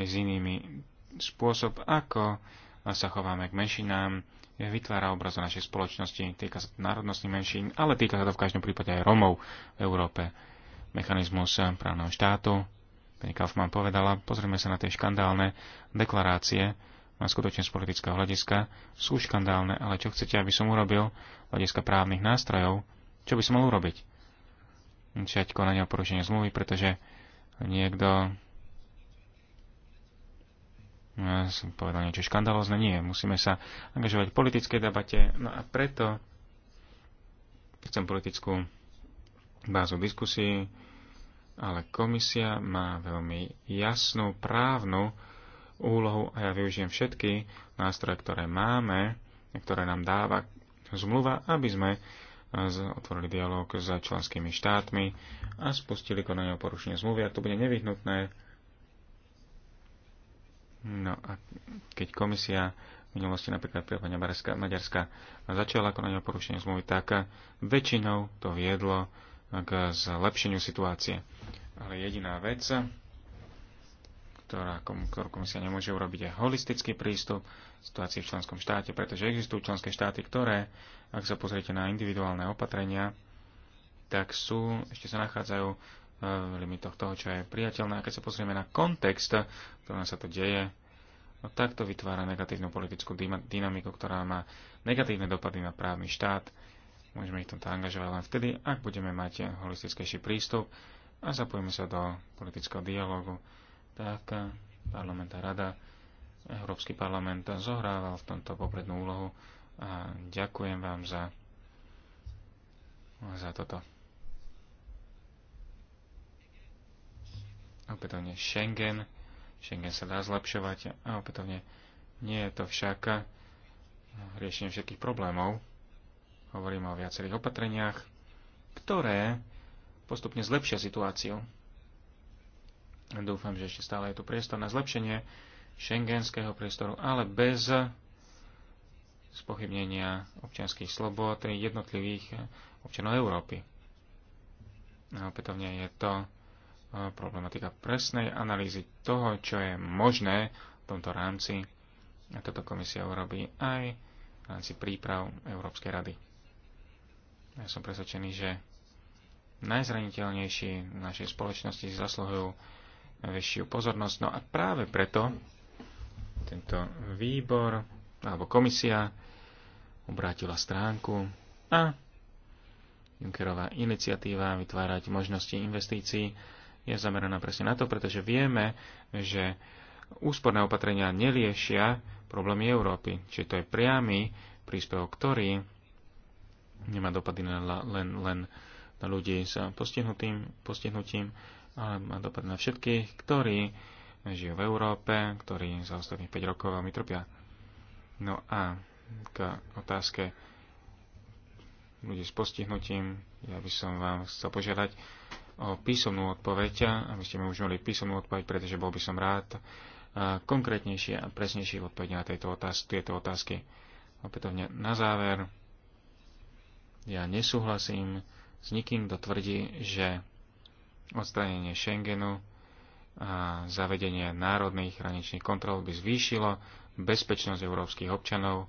s inými spôsob, ako sa chováme k menšinám, vytvára obraz o našej spoločnosti, týka sa to národnostných menšín, ale týka sa to v každom prípade aj Romov v Európe. Mechanizmus právneho štátu, pani Kaufmann povedala, pozrieme sa na tie škandálne deklarácie, a skutočne z politického hľadiska sú škandálne, ale čo chcete, aby som urobil hľadiska právnych nástrojov, čo by som mal urobiť? Čať konanie o porušenie zmluvy, pretože niekto som povedal niečo škandalozne. Nie, musíme sa angažovať v politickej debate. No a preto chcem politickú bázu diskusí, ale komisia má veľmi jasnú právnu úlohu a ja využijem všetky nástroje, ktoré máme, ktoré nám dáva zmluva, aby sme otvorili dialog s členskými štátmi a spustili konanie o porušenie zmluvy. Ak to bude nevyhnutné, No a keď komisia v minulosti napríklad prípadne Maďarska, Maďarska začala konať o porušení zmluvy, tak väčšinou to viedlo k zlepšeniu situácie. Ale jediná vec, ktorá, ktorú komisia nemôže urobiť, je holistický prístup v situácii v členskom štáte, pretože existujú členské štáty, ktoré, ak sa pozriete na individuálne opatrenia, tak sú, ešte sa nachádzajú v limitoch toho, čo je priateľné. A keď sa pozrieme na kontext, v ktorom sa to deje, no tak to vytvára negatívnu politickú dynamiku, ktorá má negatívne dopady na právny štát. Môžeme ich tomto angažovať len vtedy, ak budeme mať holistickejší prístup a zapojíme sa do politického dialogu. Tak parlament a rada, Európsky parlament zohrával v tomto poprednú úlohu a ďakujem vám za, za toto. opätovne Schengen. Schengen sa dá zlepšovať a opätovne nie je to však riešenie všetkých problémov. Hovoríme o viacerých opatreniach, ktoré postupne zlepšia situáciu. Dúfam, že ešte stále je tu priestor na zlepšenie šengenského priestoru, ale bez spochybnenia občianských slobod jednotlivých občanov Európy. A opätovne je to problematika presnej analýzy toho, čo je možné v tomto rámci. A toto komisia urobí aj v rámci príprav Európskej rady. Ja som presvedčený, že najzraniteľnejší v našej spoločnosti zasluhujú väčšiu pozornosť. No a práve preto tento výbor alebo komisia obrátila stránku a Junckerová iniciatíva vytvárať možnosti investícií je zameraná presne na to, pretože vieme, že úsporné opatrenia neliešia problémy Európy. Čiže to je priamy príspevok, ktorý nemá dopady na, len, len na ľudí s postihnutým, postihnutím, ale má dopad na všetkých, ktorí žijú v Európe, ktorí za ostatných 5 rokov veľmi trpia. No a k otázke ľudí s postihnutím, ja by som vám chcel požiadať, o písomnú odpoveď, aby ste mi už mali písomnú odpoveď, pretože bol by som rád e, konkrétnejšie a presnejšie odpovede na tejto otázky, tieto otázky. Opätovne na záver, ja nesúhlasím s nikým, kto tvrdí, že odstranenie Schengenu a zavedenie národných hraničných kontrol by zvýšilo bezpečnosť európskych občanov. E,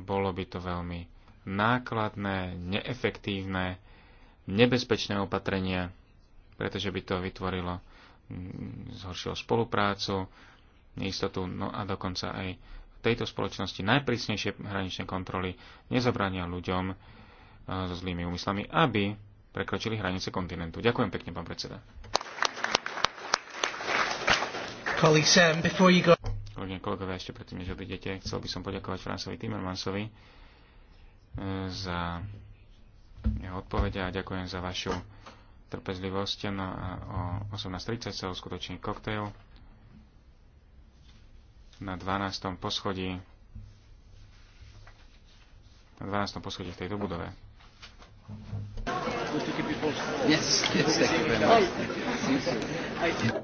bolo by to veľmi nákladné, neefektívne, nebezpečné opatrenia, pretože by to vytvorilo, mm, zhoršilo spoluprácu, neistotu, no a dokonca aj v tejto spoločnosti najprísnejšie hraničné kontroly nezabrania ľuďom e, so zlými úmyslami, aby prekročili hranice kontinentu. Ďakujem pekne, pán predseda. Kolegyne, kolegovia, ešte predtým, než odídete, chcel by som poďakovať Francovi Timmermansovi e, za odpovede a ďakujem za vašu trpezlivosť. No a o 18.30 sa uskutoční koktejl na 12. poschodí na 12. poschodí v tejto budove. Yes, yes, thank you very much.